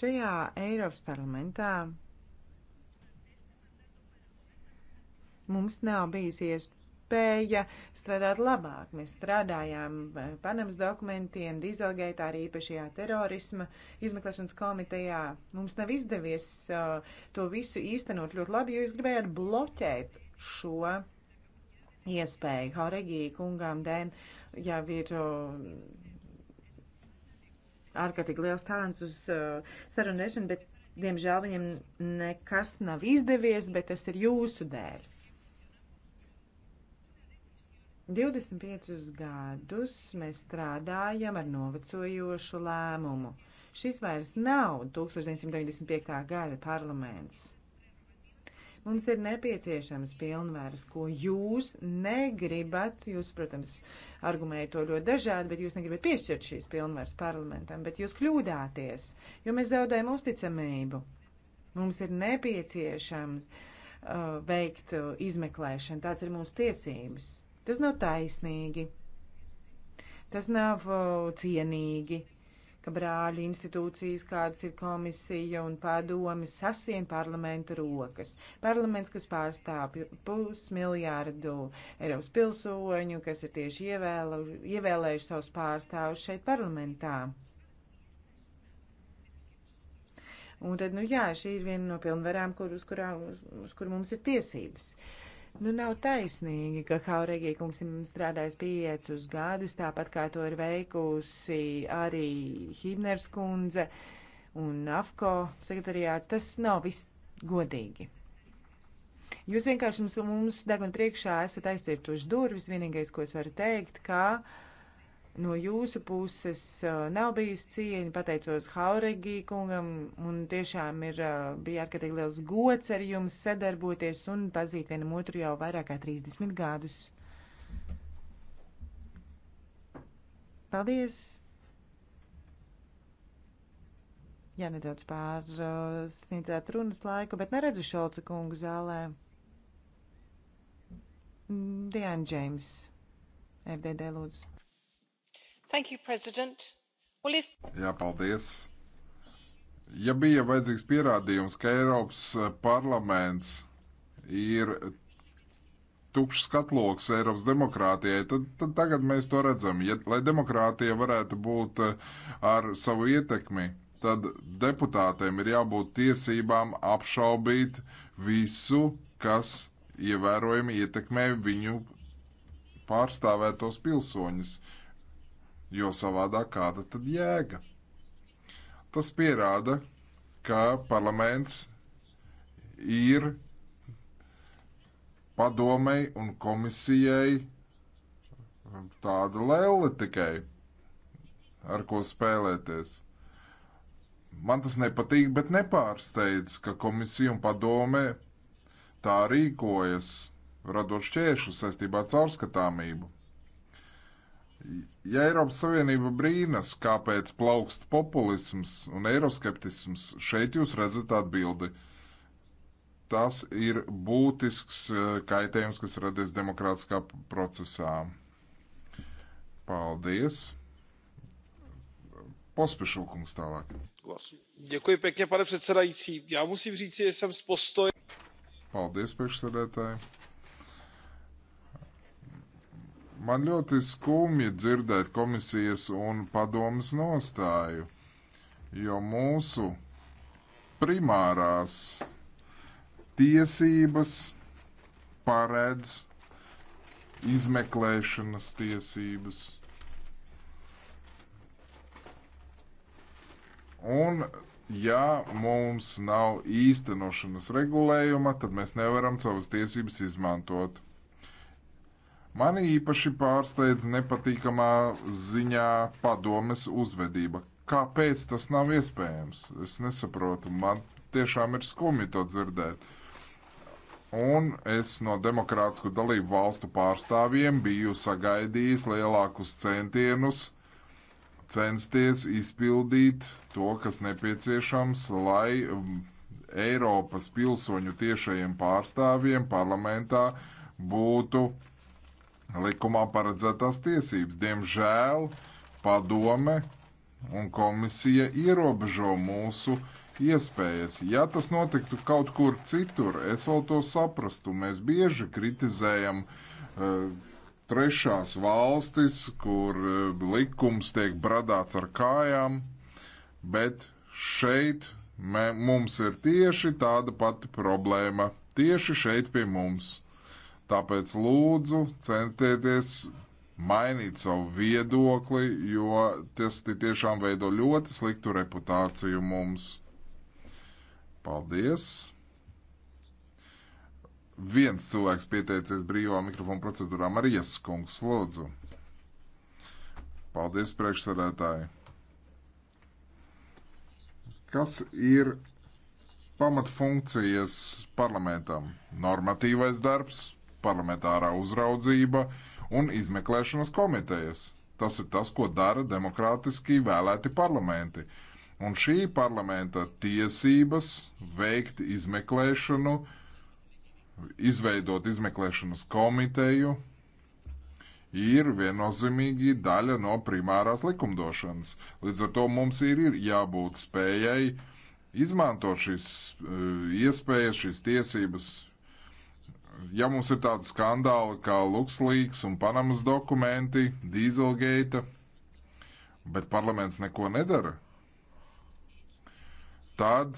Šajā Eiropas parlamentā mums nav bijusi iespēja strādāt labāk. Mēs strādājām uh, Panamas dokumentiem, dizelgaitā, arī īpašajā terorisma izmeklēšanas komitejā. Mums nav izdevies uh, to visu īstenot ļoti labi, jo es gribēju bloķēt šo iespēju Horegī kungām dēļ. Uh, jau ir ārkārtīgi liels talants uz sarunēšanu, bet, diemžēl, viņam nekas nav izdevies, bet tas ir jūsu dēļ. 25 gadus mēs strādājam ar novecojošu lēmumu. Šis vairs nav 1995. gada parlaments. Mums ir nepieciešams pilnvaras, ko jūs negribat. Jūs, protams, argumentējat to ļoti dažādi, bet jūs negribat piešķirt šīs pilnvaras parlamentam, bet jūs kļūdāties, jo mēs zaudējam uzticamību. Mums ir nepieciešams uh, veikt uh, izmeklēšanu. Tāds ir mūsu tiesības. Tas nav taisnīgi. Tas nav uh, cienīgi ka brāļu institūcijas, kādas ir komisija un padomi, sasien parlamenta rokas. Parlaments, kas pārstāv pusmiljārdu Eiropas pilsoņu, kas ir tieši ievēlu, ievēlējuši savus pārstāvus šeit parlamentā. Un tad, nu jā, šī ir viena no pilnvarām, kur, uz, kurā, uz, uz kur mums ir tiesības. Uh, Nu, nav taisnīgi, ka Haurēgī kungs ir strādājis piecus gadus, tāpat kā to ir veikusi arī Himners kundze un AFCO sekretariāts. Tas nav viss godīgi. Jūs vienkārši mums, mums deguna priekšā esat aizcirtuši durvis. Vienīgais, ko es varu teikt, ka. Kā no jūsu puses nav bijis cieņa, pateicos Haurigī kungam, un tiešām ir, bija ārkārtīgi liels gods ar jums sadarboties un pazīt vienam otru jau vairāk kā 30 gadus. Paldies! Jā, nedaudz pārsniedzēt runas laiku, bet neredzu Šolca kungu zālē. Diana Džeims, FDD lūdzu. You, well, if... Jā, paldies. Ja bija vajadzīgs pierādījums, ka Eiropas eh, parlaments ir tukšs skatloks Eiropas demokrātijai, tad, tad tagad mēs to redzam. Ja, lai demokrātija varētu būt eh, ar savu ietekmi, tad deputātiem ir jābūt tiesībām apšaubīt visu, kas ievērojami ietekmē viņu pārstāvētos pilsoņus. Uh, jo savādāk kāda tad jēga? Tas pierāda, ka parlaments ir padomei un komisijai tāda lēle tikai, ar ko spēlēties. Man tas nepatīk, bet nepārsteidz, ka komisija un padome tā rīkojas, radot šķēršļus saistībā ar caurskatāmību. Ja Eiropas Savienība brīnās, kāpēc plaukst populisms un eiroskeptisms, šeit jūs redzat atbildi. Tas ir būtisks eh, kaitējums, kas radies demokrātiskā procesā. Paldies! Pospešilkums tālāk. Děkuji pěkně, pane předsedající. Já musím říct, že jsem z postoje. Paldies, priekšsēdētāji. Man ļoti skumji dzirdēt komisijas un padomas nostāju, jo mūsu primārās tiesības paredz izmeklēšanas tiesības. Un, ja mums nav īstenošanas regulējuma, tad mēs nevaram savas tiesības izmantot. Mani īpaši pārsteidz nepatīkamā ziņā padomes uzvedība. Kāpēc tas nav iespējams? Es nesaprotu. Man tiešām ir skumji to dzirdēt. Un es no demokrātisku dalību valstu pārstāvjiem biju sagaidījis lielākus centienus censties izpildīt to, kas nepieciešams, lai um, Eiropas pilsoņu tiešajiem pārstāvjiem parlamentā būtu uh, likumā paredzētās tiesības. Diemžēl padome un komisija ierobežo mūsu iespējas. Ja tas notiktu kaut kur citur, es vēl to saprastu. Mēs bieži kritizējam uh, trešās valstis, kur uh, likums tiek bradāts ar kājām, bet šeit mē, mums ir tieši tāda pati problēma. Tieši šeit pie mums. Tāpēc lūdzu centieties mainīt savu viedokli, jo tas tiešām veido ļoti sliktu reputāciju mums. Paldies! Viens cilvēks pieteicies brīvā mikrofona procedūrā, Marijas Kungs, lūdzu. Paldies, priekšsēdētāji! Kas ir pamatfunkcijas parlamentam? Normatīvais darbs, parlamentārā uzraudzība un izmeklēšanas komitejas. Tas ir tas, ko dara demokrātiski vēlēti parlamenti. Un šī parlamenta tiesības veikt izmeklēšanu, izveidot izmeklēšanas komiteju, ir viennozīmīgi daļa no primārās likumdošanas. Līdz ar to mums ir, ir jābūt spējai izmantot šīs eh, iespējas, šīs tiesības ja mums ir tādi skandāli kā LuxLeaks un Panamas dokumenti, Dieselgate, bet parlaments neko nedara, tad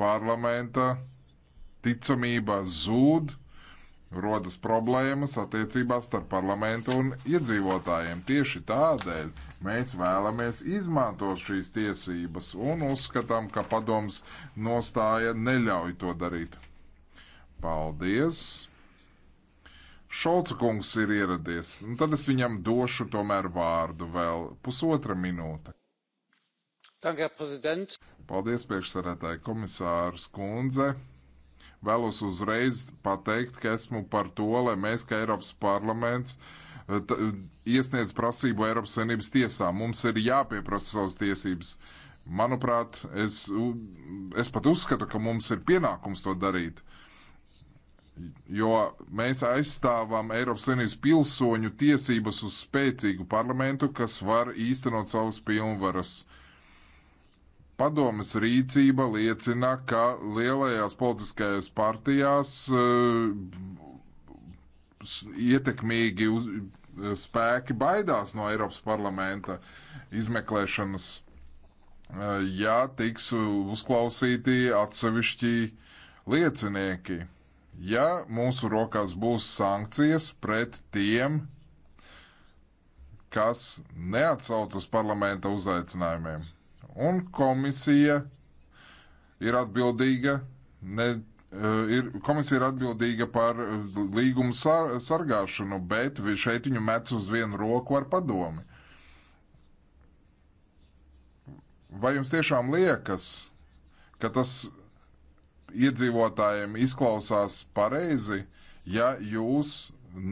parlamenta ticamība zūd, rodas problēmas attiecībās starp parlamentu un iedzīvotājiem. Tieši tādēļ mēs vēlamies izmantot šīs tiesības un uzskatām, ka padoms nostāja neļauj to darīt. Paldies! Šolca kungs ir ieradies, un tad es viņam došu tomēr vārdu vēl pusotra minūte. Danke, Herr Präsident. Paldies, priekšsarētāji komisārs Kundze. Vēlos uzreiz pateikt, ka esmu par to, lai mēs, kā Eiropas parlaments, iesniedz prasību Eiropas Savienības tiesā. Mums ir jāpieprasa savas tiesības. Manuprāt, es, es pat uzskatu, ka mums ir pienākums to darīt. Uh, jo mēs aizstāvam Eiropas Savienības pilsoņu tiesības uz spēcīgu parlamentu, kas var īstenot savas pilnvaras. Padomas rīcība liecina, ka lielajās politiskajās partijās uh, ietekmīgi uz, spēki baidās no Eiropas parlamenta izmeklēšanas, uh, ja tiks uzklausīti atsevišķi liecinieki. Ja mūsu rokās būs sankcijas pret tiem, kas neatsaucas parlamenta uzaicinājumiem, un komisija ir atbildīga ne eh, ir, komisija ir atbildīga par eh, līgumu sargāšanu, bet šeit viņu met uz vienu roku ar padomi. Vai jums tiešām liekas, ka tas iedzīvotājiem izklausās pareizi, ja jūs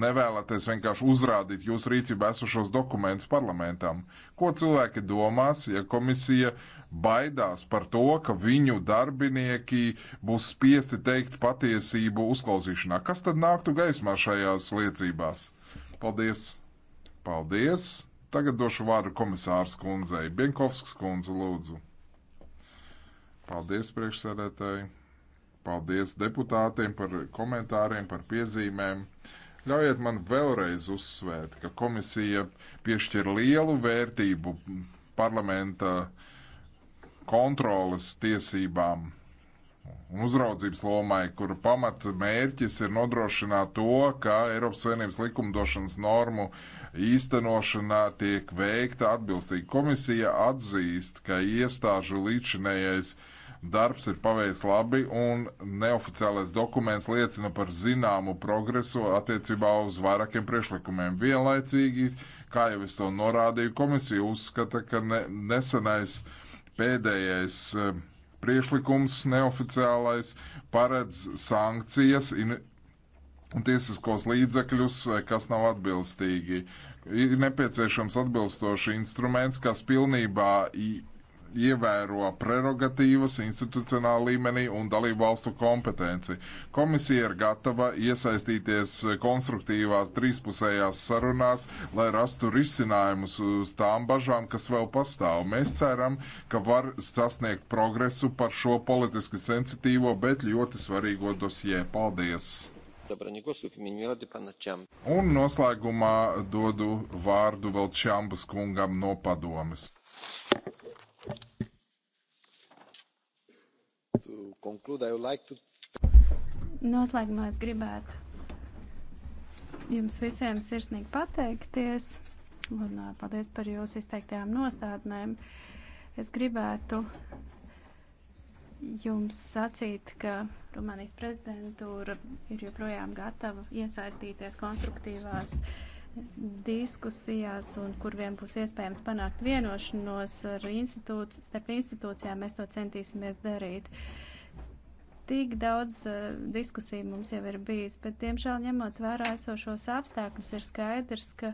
nevēlaties vienkārši uzrādīt jūsu rīcībā esošos dokumentus parlamentam. Ko cilvēki domās, ja komisija baidās par to, ka viņu darbinieki būs spiesti teikt patiesību uzklausīšanā? Kas tad nāktu gaismā šajās liecībās? Paldies! Paldies! Tagad došu vārdu komisārs kundzei. Bienkovskas kundze, lūdzu. Paldies, priekšsēdētāji! Paldies deputātiem par komentāriem, par piezīmēm. Ļaujiet man vēlreiz uzsvērt, ka komisija piešķir lielu vērtību parlamenta kontrolas tiesībām un uzraudzības lomai, kur pamata mērķis ir nodrošināt to, ka Eiropas Savienības likumdošanas normu īstenošanā tiek veikta atbilstīgi. Komisija atzīst, ka iestāžu līdzinējais uh, Darbs ir paveikts labi, un neoficiālais dokuments liecina par zināmu progresu attiecībā uz vairākiem priekšlikumiem. Vienlaicīgi, kā jau es to norādīju, komisija uzskata, ka ne, nesenais pēdējais e, priekšlikums neoficiālais paredz sankcijas in, un tiesiskos līdzekļus, e, kas nav atbilstīgi. Ir nepieciešams atbilstoši instruments, kas pilnībā ievēro prerogatīvas institucionāla līmenī un dalību valstu kompetenci. Komisija ir gatava iesaistīties konstruktīvās trīspusējās sarunās, lai rastu risinājumus uz tām bažām, kas vēl pastāv. Mēs ceram, ka var sasniegt progresu par šo politiski sensitīvo, bet ļoti svarīgo dosjē. Paldies! Un noslēgumā dodu vārdu vēl Čambas kungam no padomes. conclude, I would like to... Noslēgumā es gribētu jums visiem sirsnīgi pateikties un paldies par jūsu izteiktajām nostādnēm. Es gribētu jums sacīt, ka Rumānijas prezidentūra ir joprojām gatava iesaistīties konstruktīvās diskusijās un kur vien būs iespējams panākt vienošanos ar institūci, starp institūcijām, mēs to centīsimies darīt. Uh, Tik daudz uh, diskusiju mums jau ir bijis, bet, diemžēl, ņemot vērā esošos apstākļus, ir skaidrs, ka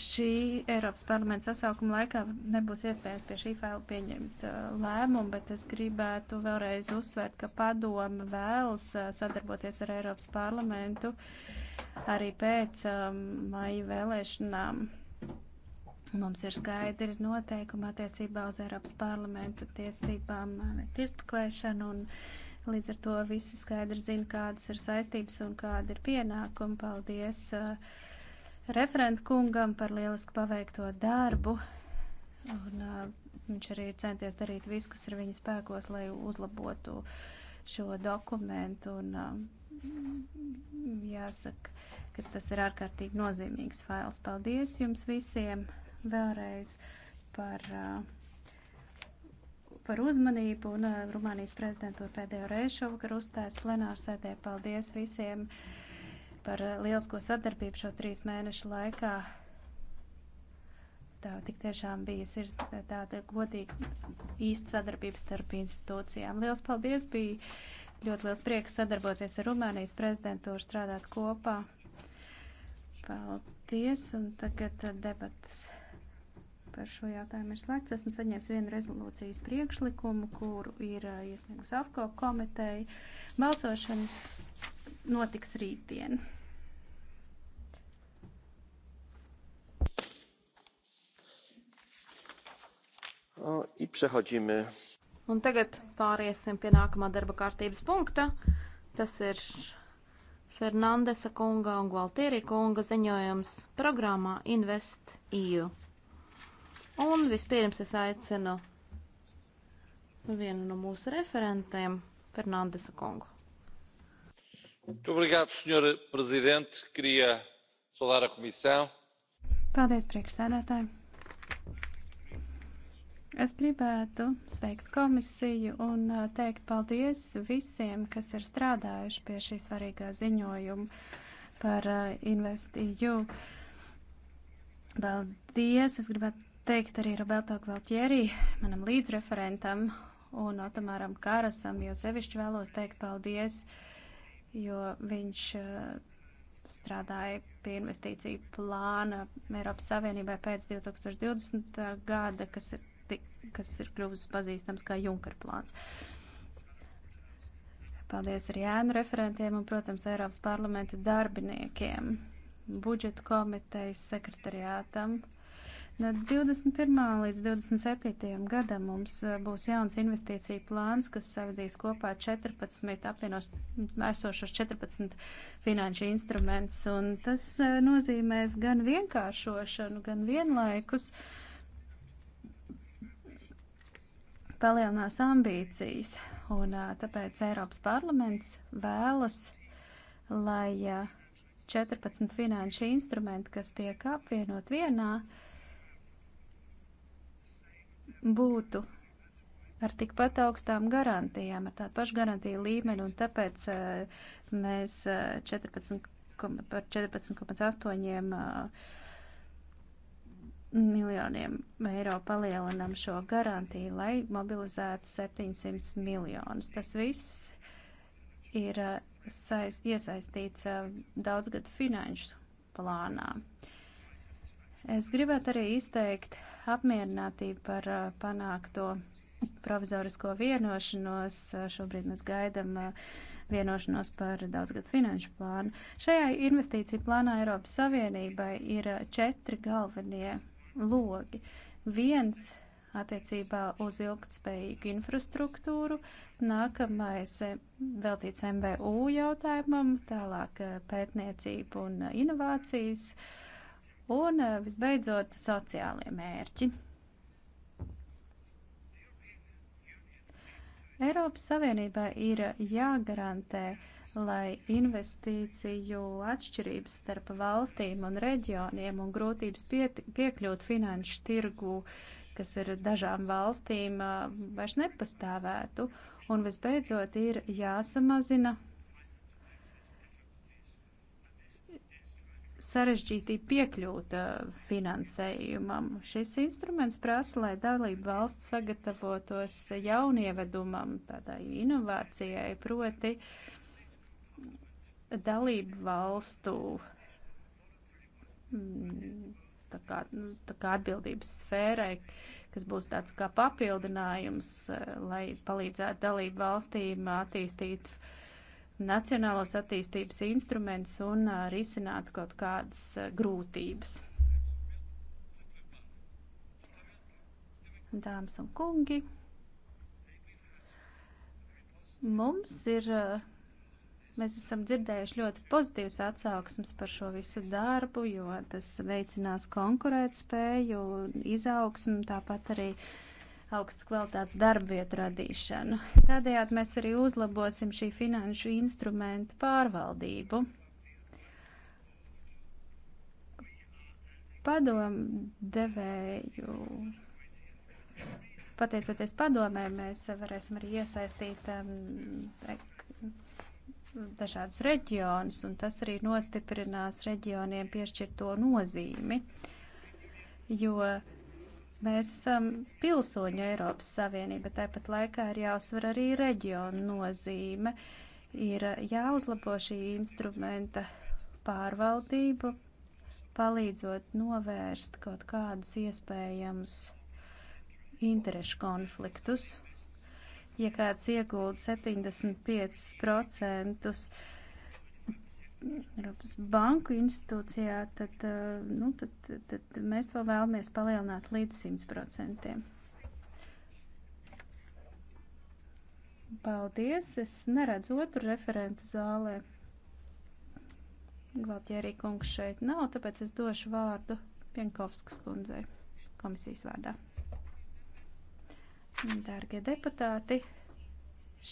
šī Eiropas parlamenta sasaukuma laikā nebūs iespējams pie šī faila pieņemt uh, lēmumu, bet es gribētu vēlreiz uzsvērt, ka padoma vēlas uh, sadarboties ar Eiropas parlamentu arī pēc um, maija vēlēšanām mums ir skaidri noteikumi attiecībā uz Eiropas parlamenta tiesībām, eh, tiespaklēšanu un līdz ar to visi skaidri zina, kādas ir saistības un kāda ir pienākuma. Paldies uh, eh, referentu kungam par lielisku paveikto darbu. Un, uh, viņš arī ir centies darīt visu, kas ir viņa spēkos, lai uzlabotu šo dokumentu. Un, uh, jāsaka, ka tas ir ārkārtīgi nozīmīgs fails. Paldies jums visiem! vēlreiz par, uh, par uzmanību un uh, Rumānijas prezidentu pēdējo reizi šovakar uzstājas plenārsēdē. Paldies visiem par uh, lielisko sadarbību šo trīs mēnešu laikā. Tā tik tiešām bija ir tāda godīga īsta sadarbība starp institūcijām. Liels paldies! Bija ļoti liels prieks sadarboties ar Rumānijas prezidentūru, strādāt kopā. Paldies! Un tagad debatas par šo jautājumu ir slēgts. Esmu saņēmis vienu rezolūcijas priekšlikumu, kuru ir uh, iesniegusi AFCO komiteja. Balsošanas notiks rītdien. I przechodzimy. Un tagad pāriesim pie nākamā darba kārtības punkta. Tas ir Fernandesa kunga un Gualtieri kunga ziņojums programmā Invest EU. Un vispirms es aicinu vienu no mūsu referentiem, Fernandesa kungu. Obrigado, senhora presidente. Queria saudar a comissão. Paldies, priekšsēdētāji. Es gribētu sveikt komisiju un teikt paldies visiem, kas ir strādājuši pie šī svarīgā ziņojuma par InvestEU. Paldies! Es gribētu teikt arī Roberto Gvaltieri, manam līdzreferentam un Otamāram Kārasam, jo sevišķi vēlos teikt paldies, jo viņš eh, strādāja pie investīciju plāna Eiropas Savienībai pēc 2020. Eh, gada, kas ir, kas ir kļuvusi pazīstams kā Junker plāns. Paldies arī ēnu referentiem un, protams, Eiropas parlamenta darbiniekiem, budžeta komitejas sekretariātam No 21. līdz 27. gadam mums eh, būs jauns investīcija plāns, kas savadīs kopā 14, apvienos esošos 14 finanšu instrumentus, un tas eh, nozīmēs gan vienkāršošanu, gan vienlaikus palielinās ambīcijas, un eh, tāpēc Eiropas parlaments vēlas, lai 14 finanšu instrumenti, kas tiek apvienot vienā, uh, būtu ar tikpat augstām garantijām, ar tādu pašu garantiju līmeni, un tāpēc uh, mēs uh, eh, 14, par 14,8 uh, eh, miljoniem eiro palielinam šo garantiju, lai mobilizētu 700 miljonus. Tas viss ir saist, iesaistīts daudzgadu finanšu plānā. Es gribētu arī izteikt apmierinātību par panākto provizorisko vienošanos. Šobrīd mēs gaidam vienošanos par daudzgad finanšu plānu. Šajā investīciju plānā Eiropas Savienībai ir četri galvenie logi. Viens attiecībā uz ilgtspējīgu infrastruktūru, nākamais veltīts MBU jautājumam, tālāk pētniecību un inovācijas. Uh, Un eh, visbeidzot, sociālie mērķi. Eiropas Savienībā ir jāgarantē, lai investīciju atšķirības starp valstīm un reģioniem un grūtības piekļūt finanšu tirgu, kas ir dažām valstīm, eh, vairs nepastāvētu. Un visbeidzot ir jāsamazina sarežģīti piekļūt uh, finansējumam. Šis instruments prasa, lai dalība valsts sagatavotos jaunievedumam, tādai inovācijai, proti dalību valstu mm, tā kā, nu, tā kā atbildības sfērai, kas būs tāds kā papildinājums, uh, lai palīdzētu dalību valstīm attīstīt uh, nacionālos attīstības instrumentus un risinātu kaut kādas grūtības. Dāmas un kungi, mums ir, mēs esam dzirdējuši ļoti pozitīvas atsauksmes par šo visu darbu, jo tas veicinās konkurētspēju, izaugsmu, tāpat arī uh, augstas kvalitātes darbvietu radīšanu. Tādējādi mēs arī uzlabosim šī finanšu instrumenta pārvaldību. Padomdevēju. Pateicoties padomē, mēs varēsim arī iesaistīt um, dažādus reģionus, un tas arī nostiprinās reģioniem piešķirto nozīmi, jo uh, Mēs esam pilsoņi Eiropas Savienība, tāpat laikā ir jāuzsver arī reģionu nozīme, ir jāuzlabo šī instrumenta pārvaldību, palīdzot novērst kaut kādus iespējamus interešu konfliktus. Ja kāds iegūda 75% Eiropas banku institūcijā, tad, eh, nu, tad, tad mēs to vēlamies palielināt līdz 100%. Paldies! Es neredzu otru referentu zālē. Gvaltjērī kungs šeit nav, tāpēc es došu vārdu Pienkovskas kundzei komisijas vārdā. Dārgie deputāti,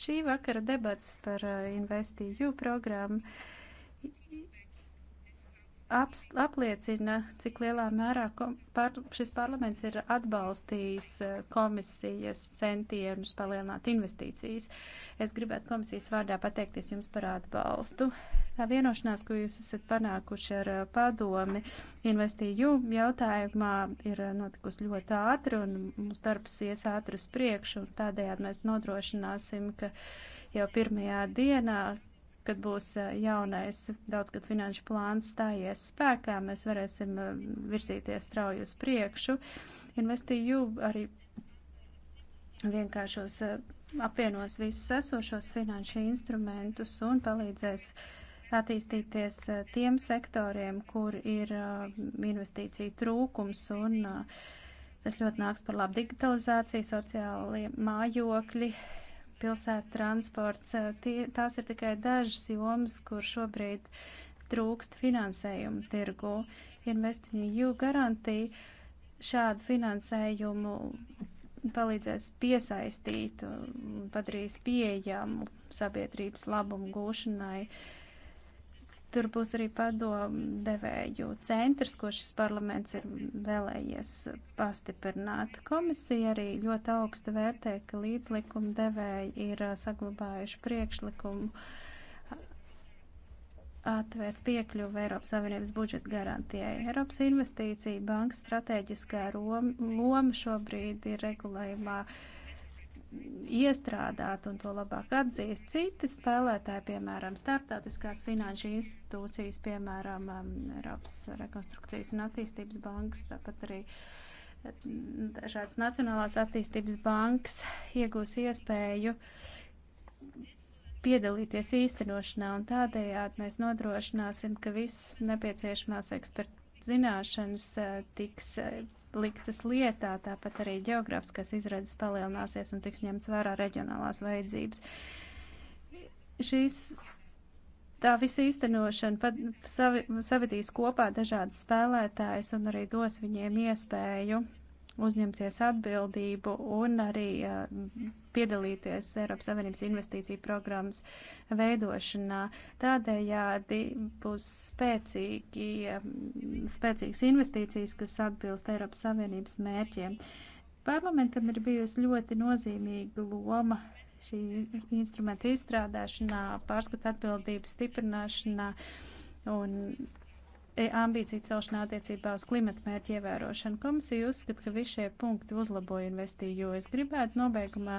šī vakara debats par eh, investīju programmu aps, apliecina, cik lielā mērā kom, par, šis parlaments ir atbalstījis eh, komisijas centienus palielināt investīcijas. Es gribētu komisijas vārdā pateikties jums par atbalstu. Tā vienošanās, ko jūs esat panākuši ar eh, padomi investīju jautājumā, ir eh, notikusi ļoti ātri un mūsu darbs ies ātri uz priekšu, un tādējādi mēs nodrošināsim, ka jau pirmajā dienā kad būs eh, jaunais daudzgad finanšu plāns stājies spēkā, mēs varēsim eh, virzīties strauji uz priekšu. Investīju arī vienkāršos eh, apvienos visus esošos finanšu instrumentus un palīdzēs attīstīties tiem sektoriem, kur ir investīcija trūkums un tas ļoti nāks par labu digitalizāciju, sociālie mājokļi, pilsētu transports. Eh, tie, tās ir tikai dažas jomas, kur šobrīd trūkst finansējumu tirgu. Investiņu garantija šādu finansējumu palīdzēs piesaistīt eh, un padarīs pieejamu sabiedrības labumu gūšanai. Uh, Tur būs arī padomdevēju centrs, ko šis parlaments ir vēlējies pastiprināt. Komisija arī ļoti augstu vērtē, ka līdzlikuma devēji ir saglabājuši priekšlikumu atvērt piekļuvu Eiropas Savienības budžeta garantijai. Eiropas Investīcija bankas strateģiskā loma šobrīd ir regulējumā uh, iestrādāt un to labāk atzīst citi spēlētāji, piemēram, starptautiskās finanšu institūcijas, piemēram, um, Eiropas rekonstrukcijas un attīstības bankas, tāpat arī mm, dažādas Nacionālās attīstības bankas iegūs iespēju piedalīties īstenošanā, un tādējādi mēs nodrošināsim, ka visas nepieciešamās ekspertu zināšanas eh, tiks eh, liktas lietā, tāpat arī geogrāfiskās izredzes palielināsies un tiks ņemts vērā reģionālās vajadzības. Šīs tā visa īstenošana pat savi, savitīs kopā dažādas spēlētājas un arī dos viņiem iespēju uzņemties atbildību un arī eh, piedalīties Eiropas Savienības investīciju programmas veidošanā. Tādējādi būs spēcīgi, eh, spēcīgas investīcijas, kas atbilst Eiropas Savienības mērķiem. Parlamentam ir bijusi ļoti nozīmīga loma šī instrumenta izstrādāšanā, pārskata atbildības stiprināšanā un E, ambīciju celšanā attiecībā uz klimata mērķu ievērošanu. Komisija uzskata, ka visi šie punkti uzlaboja investīju, jo es gribētu nobeigumā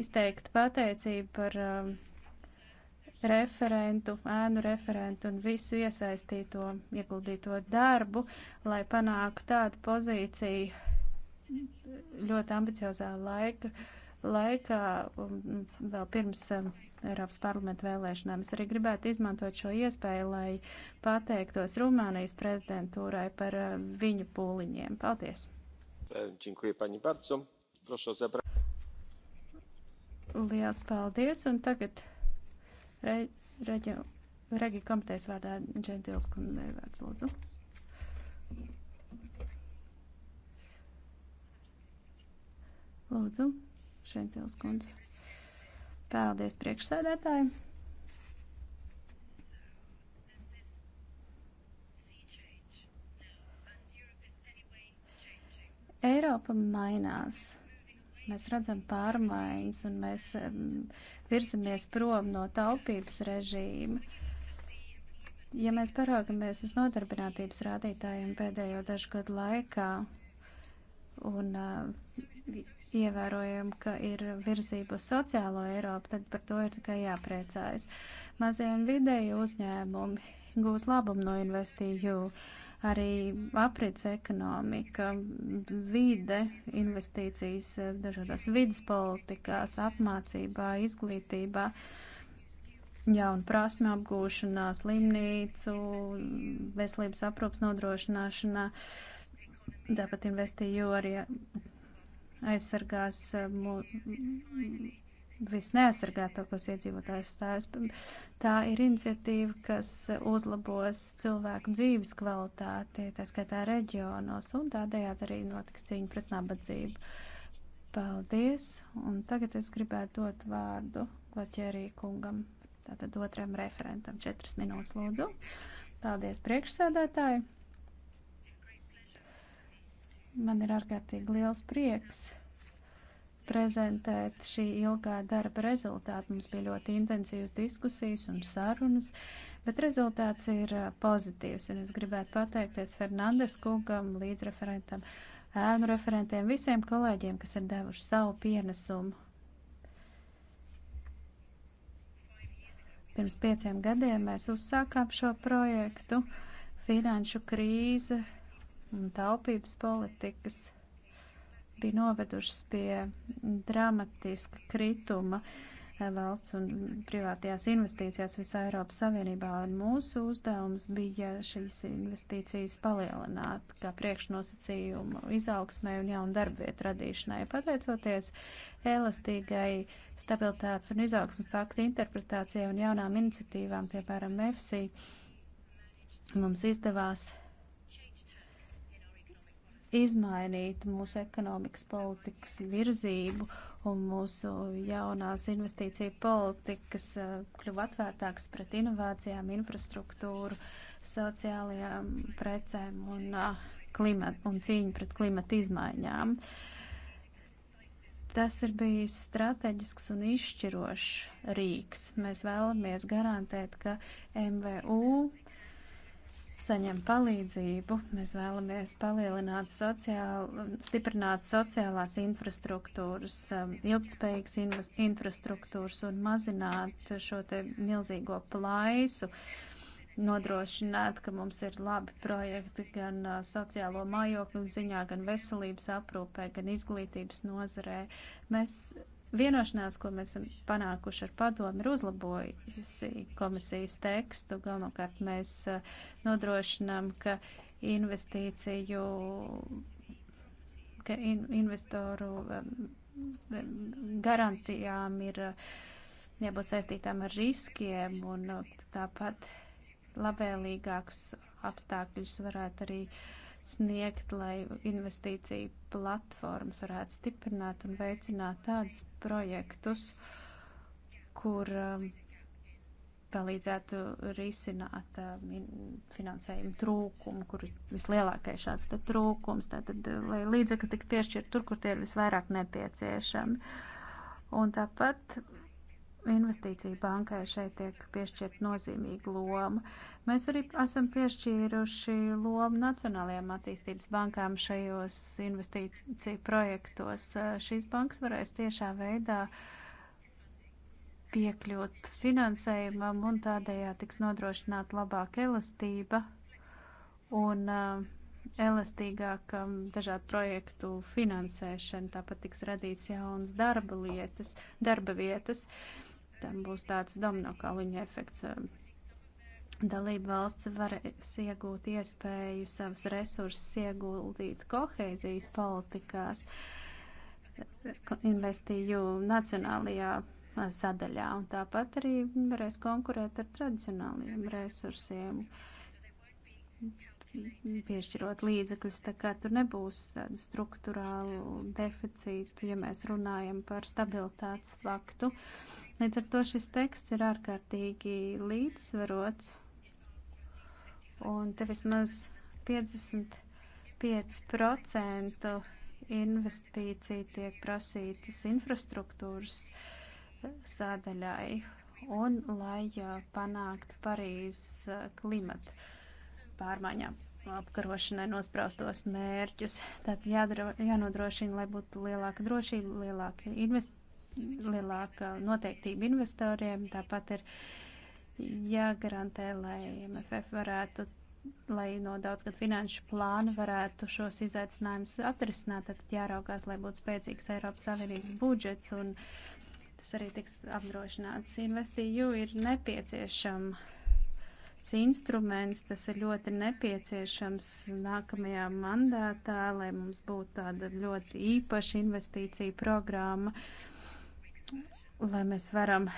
izteikt pateicību par um, referentu, ēnu referentu un visu iesaistīto, ieguldīto darbu, lai panāktu tādu pozīciju ļoti ambiciozā laika, laikā, um, vēl pirms um, Eiropas parlamenta vēlēšanām. Es arī gribētu izmantot šo iespēju, lai pateiktos Rumānijas prezidentūrai par eh, viņu pūliņiem. Paldies! Eh, Lielas paldies! Un tagad re, reģi, reģi komitejas vārdā Džentils kundze vārds lūdzu. Lūdzu, Šentils kundze. Paldies priekšsēdētāji. Eiropa mainās. Mēs redzam pārmaiņas un mēs virzamies prom no taupības režīma. Ja mēs paraugamies uz nodarbinātības rādītājiem pēdējo dažu gadu laikā un uh, ievērojam, ka ir virzība uz sociālo Eiropu, tad par to ir tikai jāpriecājas. Mazie un vidēji uzņēmumi gūs labumu no investīju, arī aprits ekonomika, vide, investīcijas eh, dažādās vidas politikās, apmācībā, izglītībā jaunu prasme apgūšanā, slimnīcu, veselības aprūpas nodrošināšanā. Tāpat investīju arī aizsargās eh, mm, visneaizsargātākos iedzīvotājus stāvis. Tā ir iniciatīva, kas uzlabos cilvēku dzīves kvalitāti, tā skaitā reģionos, un tādējādi arī notiks cīņa pret nabadzību. Paldies, un tagad es gribētu dot vārdu Glaķērī kungam, tātad otram referentam, četras minūtes lūdzu. Paldies priekšsēdētāji! Man ir ārkārtīgi liels prieks prezentēt šī ilgā darba rezultātu. Mums bija ļoti intensīvas diskusijas un sarunas, bet rezultāts ir pozitīvs. Un es gribētu pateikties Fernandes kungam, līdzreferentam, ēnu referentiem, visiem kolēģiem, kas ir devuši savu pienesumu. Pirms pieciem gadiem mēs uzsākām šo projektu. Finanšu krīze un taupības politikas bija novedušas pie dramatiska krituma eh, valsts un privātajās investīcijās visā Eiropas Savienībā, un mūsu uzdevums bija šīs investīcijas palielināt kā priekšnosacījumu izaugsmai un jaunu darbvietu radīšanai. Pateicoties elastīgai stabilitātes un izaugsmas faktu interpretācijai un jaunām iniciatīvām, piemēram, EFSI, mums izdevās izmainīt mūsu ekonomikas politikas virzību un mūsu jaunās investīcija politikas eh, kļuva atvērtākas pret inovācijām, infrastruktūru, sociālajām precēm un, eh, klimat, un cīņu pret klimata izmaiņām. Tas ir bijis strateģisks un izšķirošs rīks. Mēs vēlamies garantēt, ka MVU saņem palīdzību. Mēs vēlamies palielināt sociāli, stiprināt sociālās infrastruktūras, um, ilgtspējīgas in infrastruktūras un mazināt šo te milzīgo plaisu nodrošināt, ka mums ir labi projekti gan uh, sociālo mājokļu ziņā, gan veselības aprūpē, gan izglītības nozarē. Mēs Vienošanās, ko mēs esam panākuši ar padomu, ir uzlabojusi komisijas tekstu. Galvenokārt mēs eh, nodrošinām, ka investīciju, ka in, investoru eh, garantijām ir eh, jābūt saistītām ar riskiem un tāpat labvēlīgāks apstākļus varētu arī uh, sniegt, lai investīcija platformas varētu stiprināt un veicināt tādus projektus, kur um, palīdzētu risināt uh, finansējumu trūkumu, kur vislielākais šāds tad trūkums, tātad, uh, lai līdzekļi tik piešķirt tur, kur tie ir visvairāk nepieciešami. Un tāpat investīcija bankai šeit tiek piešķirt nozīmīga loma. Uh, Mēs arī esam piešķīruši lomu Nacionālajām attīstības bankām šajos investīciju projektos. Eh, šīs bankas varēs tiešā veidā piekļūt finansējumam un tādējā tiks nodrošināt labāka elastība un uh, elastīgāka dažādu projektu finansēšana. Tāpat tiks radīts jaunas darba, lietas, darba vietas. Tam būs tāds domino kaluņa efekts eh, dalība valsts varēs iegūt iespēju savus resursus ieguldīt kohēzijas politikās, investīju nacionālajā sadaļā, un tāpat arī varēs konkurēt ar tradicionāliem resursiem, piešķirot līdzekļus, tā kā tur nebūs tādu struktūrālu deficītu, ja mēs runājam par stabilitātes faktu. Līdz ar to šis teksts ir ārkārtīgi līdzsvarots un te vismaz 55% investīcija tiek prasītas infrastruktūras eh, sādaļai un lai eh, panāktu Parīzes eh, klimata pārmaiņām apkarošanai nospraustos mērķus. Tātad jādara, jānodrošina, lai būtu lielāka drošība, lielāka, invest, lielāka noteiktība investoriem. Tāpat ir jāgarantē, lai MFF varētu, lai no daudzgad finanšu plāna varētu šos izaicinājumus atrisināt, tad jāraugās, lai būtu spēcīgs Eiropas Savienības budžets un tas arī tiks apdrošināts. Investīju ir nepieciešama šis instruments, tas ir ļoti nepieciešams nākamajā mandātā, lai mums būtu tāda ļoti īpaša investīcija programma, lai mēs varam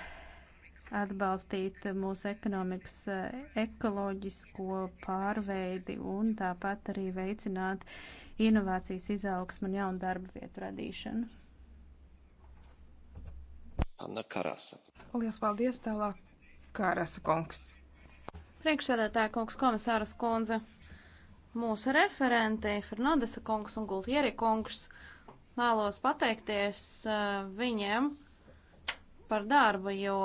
atbalstīt mūsu ekonomikas eh, ekoloģisko pārveidi un tāpat arī veicināt inovācijas izaugsmu un jaunu darba vietu radīšanu. Anna Karasa. Lielas paldies tālāk, Karasa kungs. Priekšsēdētāja kungs, komisāras kundze, mūsu referenti Fernandesa kungs un Gultieri kungs vēlos pateikties eh, viņiem par darbu, jo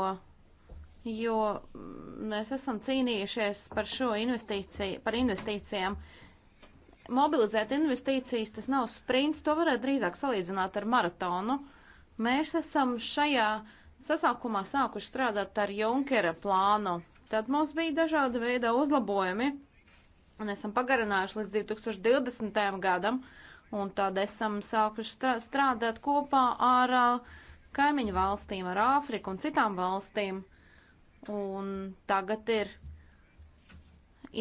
jo mm, mēs esam cīnījušies par šo investīciju, par investīcijām. Mobilizēt investīcijas tas nav sprints, to varētu drīzāk salīdzināt ar maratonu. Mēs esam šajā sasākumā sākuši strādāt ar Junkera plānu. Tad mums bija dažāda veida uzlabojumi, un esam pagarinājuši līdz 2020. gadam, un tad esam sākuši strādāt kopā ar kaimiņu valstīm, ar Āfriku un citām valstīm Un tagad ir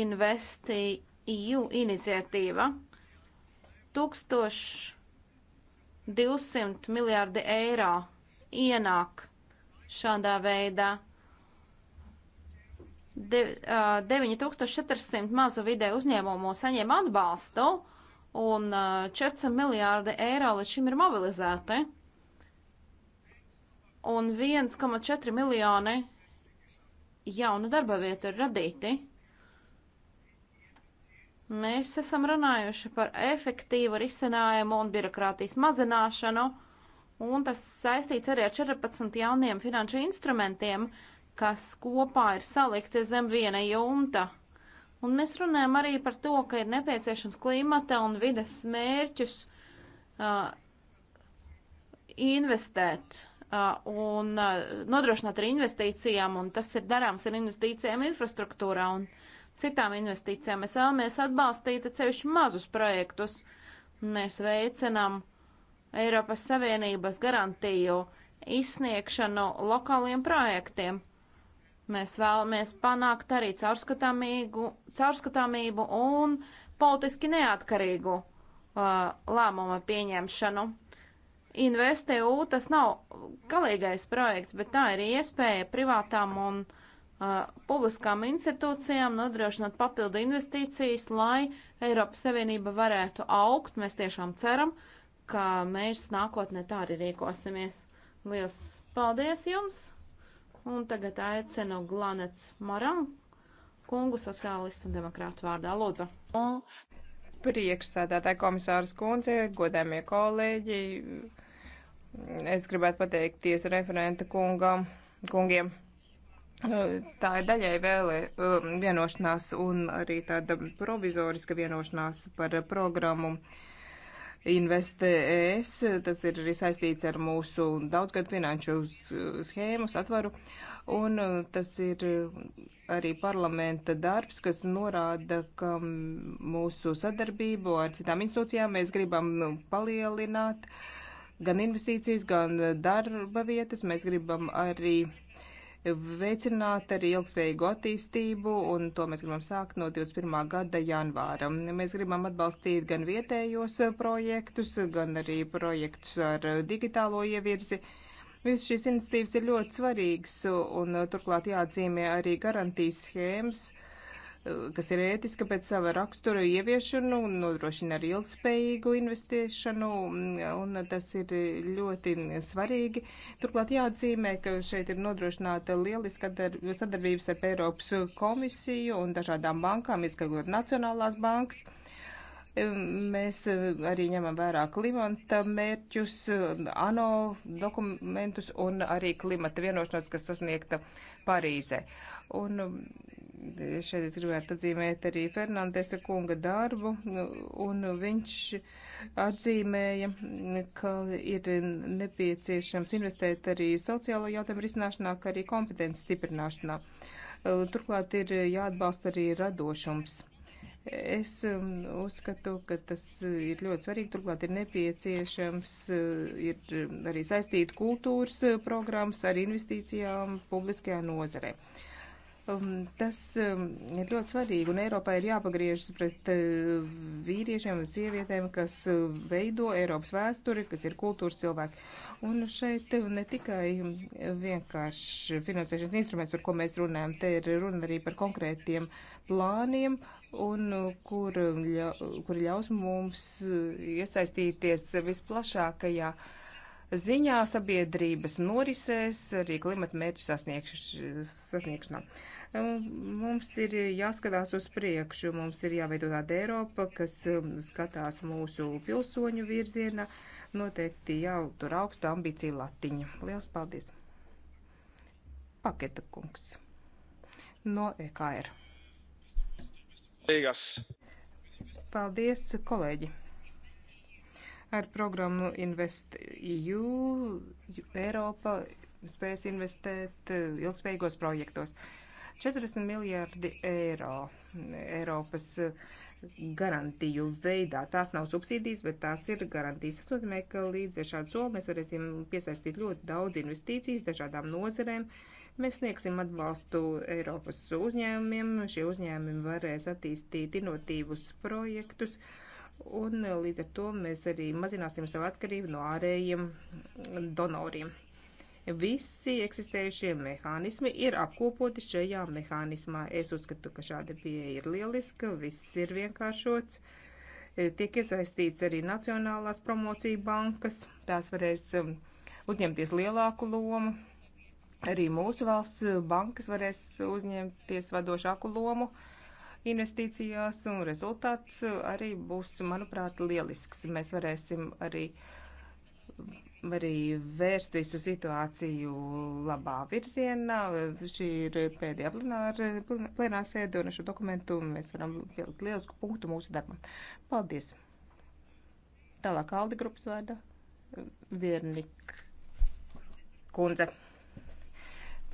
InvestEU iniciatīva. 1200 miljārdi eiro ienāk šādā veidā. De, uh, 9400 mazu vidē uzņēmumu saņem atbalstu un uh, 400 miljārdi eiro līdz šim ir mobilizēti. Un 1,4 miljoni jaunu darba vietu ir radīti. Mēs esam runājuši par efektīvu risinājumu un birokrātijas mazināšanu, un tas saistīts arī ar 14 jauniem finanšu instrumentiem, kas kopā ir salikti zem viena jumta. Un mēs runājam arī par to, ka ir nepieciešams klimata un vides mērķus uh, investēt un nodrošināt ar investīcijām, un tas ir darāms ar investīcijām infrastruktūrā un citām investīcijām. Mēs vēlamies atbalstīt atsevišķi mazus projektus. Mēs veicinām Eiropas Savienības garantiju izsniegšanu lokāliem projektiem. Mēs vēlamies panākt arī caurskatāmību un politiski neatkarīgu uh, lēmuma pieņemšanu. InvestEU tas nav galīgais projekts, bet tā ir iespēja privātām un uh, publiskām institūcijām nodrošināt papildu investīcijas, lai Eiropas Savienība varētu augt. Mēs tiešām ceram, ka mēs nākotnē tā arī rīkosimies. Lielas paldies jums! Un tagad aicinu Glanets Maram, kungu sociālistu un demokrātu vārdā. Lūdzu! Priekšsēdētāja komisāras kundze, godēmie kolēģi, Es gribētu pateikties referenta kungam, kungiem. Tā ir daļai vēlē vienošanās un arī tāda provizoriska vienošanās par programmu InvestES. Tas ir arī saistīts ar mūsu daudzgadu finanšu schēmu satvaru. Un tas ir arī parlamenta darbs, kas norāda, ka mūsu sadarbību ar citām institūcijām mēs gribam palielināt. Uh, gan investīcijas, gan eh, darba vietas. Mēs gribam arī veicināt arī ilgspējīgu attīstību, un to mēs gribam sākt no 21. gada janvāra. Mēs gribam atbalstīt gan vietējos eh, projektus, gan arī projektus ar eh, digitālo ievirzi. Visas šīs iniciatīvas ir ļoti svarīgas, un turklāt jāatzīmē arī garantijas schēmas, uh, kas ir ētiska pēc sava rakstura ieviešanu un nodrošina arī ilgspējīgu investiešanu, un tas ir ļoti svarīgi. Turklāt jāatzīmē, ka šeit ir nodrošināta lieliska sadarbības ar Eiropas komisiju un dažādām bankām, izskatot Nacionālās bankas. Mēs arī ņemam vērā klimata mērķus, ANO dokumentus un arī klimata vienošanos, kas sasniegta Parīzē. Un šeit es gribētu atzīmēt arī Fernandesa kunga darbu, nu, un viņš atzīmēja, ka ir nepieciešams investēt arī sociālo jautājumu risināšanā, kā arī kompetences stiprināšanā. Turklāt ir jāatbalsta arī radošums. Es um, uzskatu, ka tas ir ļoti svarīgi, turklāt ir nepieciešams uh, ir um, arī saistīt kultūras uh, programmas ar investīcijām publiskajā nozarē. Uh, Um, tas um, ir ļoti svarīgi, un Eiropā ir jāpagriežas pret uh, vīriešiem un sievietēm, kas uh, veido Eiropas vēsturi, kas ir kultūras cilvēki. Un šeit uh, ne tikai vienkārši finansēšanas instruments, par ko mēs runājam, te ir runa arī par konkrētiem plāniem, un kur, ļa, kur ļaus mums iesaistīties visplašākajā. Ja, ziņā sabiedrības norisēs arī klimata mērķu sasniegšanā. Mums ir jāskatās uz priekšu, mums ir jāveido tāda Eiropa, kas um, skatās mūsu pilsoņu virzienā, noteikti jau tur augsta ambīcija latiņa. Liels paldies! Paketa kungs no EKR. Paldies, kolēģi! Ar programmu Invest EU Eiropa spēs investēt eh, ilgspējīgos projektos. 40 miljārdi eiro Eiropas eh, garantiju veidā. Tās nav subsīdijas, bet tās ir garantijas. Tas nozīmē, ka līdz ar šādu soli mēs varēsim piesaistīt ļoti daudz investīcijas dažādām nozerēm. Mēs sniegsim atbalstu Eiropas uzņēmumiem. Šie uzņēmumi varēs attīstīt inovatīvus projektus. Uh, Un eh, līdz ar to mēs arī mazināsim savu atkarību no ārējiem mm, donoriem. Visi eksistējušie mehānismi ir apkopoti šajā mehānismā. Es uzskatu, ka šāda pieeja ir lieliska, viss ir vienkāršots. Eh, tiek iesaistīts arī Nacionālās promocija bankas, tās varēs mm, uzņemties lielāku lomu. Arī mūsu valsts bankas varēs uzņemties vadošāku lomu. Uh, investīcijās, un rezultāts uh, arī būs, manuprāt, lielisks. Mēs varēsim arī, arī vērst visu situāciju labā virzienā. Šī ir pēdējā plenāra, plenāra sēde, un ar šo dokumentu mēs varam pielikt lielisku punktu mūsu darbam. Paldies! Tālāk Aldi grupas vārda Viernik kundze,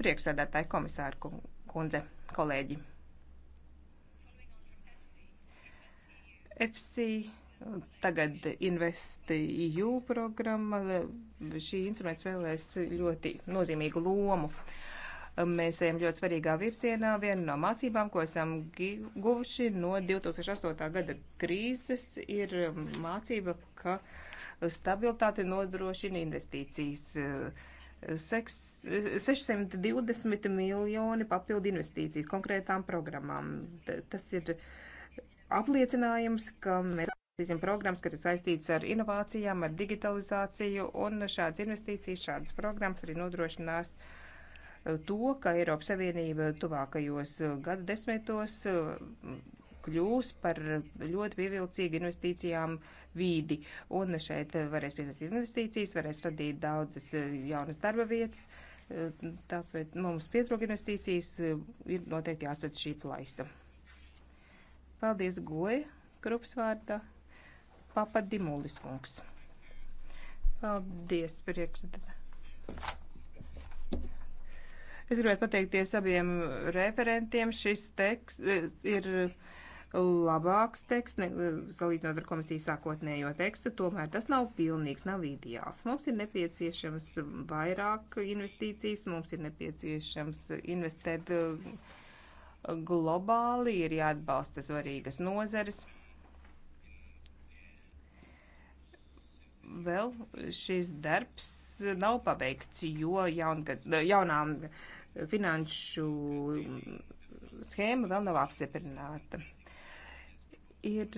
priekšsēdētāji komisāru kundze, kolēģi. FC, tagad InvestEU programma. Šī instruments spēlēs ļoti nozīmīgu lomu. Mēs ejam ļoti svarīgā virzienā. Viena no mācībām, ko esam guvuši no 2008. gada krīzes, ir mācība, ka stabilitāti nodrošina investīcijas. 620 miljoni papildu investīcijas konkrētām programmām. Tas ir uh, apliecinājums, ka mēs attīstīsim programmas, kas ir saistītas ar inovācijām, ar digitalizāciju, un šādas investīcijas, šādas programmas arī nodrošinās uh, to, ka Eiropas Savienība tuvākajos uh, gadu desmitos uh, kļūs par ļoti pievilcīgu investīcijām vīdi. Un šeit varēs piesaistīt investīcijas, varēs radīt daudzas jaunas darba vietas. Tāpēc mums pietrūk investīcijas, ir noteikti jāsat šī plaisa. Paldies goja grupas vārdā. Papa Dimulis kungs. Paldies priekšsēdētājai. Es gribētu pateikties abiem referentiem. Šis teksts eh, ir labāks teksts, salīdzinot ar komisijas sākotnējo tekstu, tomēr tas nav pilnīgs, nav ideāls. Mums ir nepieciešams vairāk investīcijas, mums ir nepieciešams investēt uh, globāli ir jāatbalsta svarīgas nozeres. Vēl šis darbs nav pabeigts, jo jaungad, jaunām finanšu schēma vēl nav apstiprināta. Ir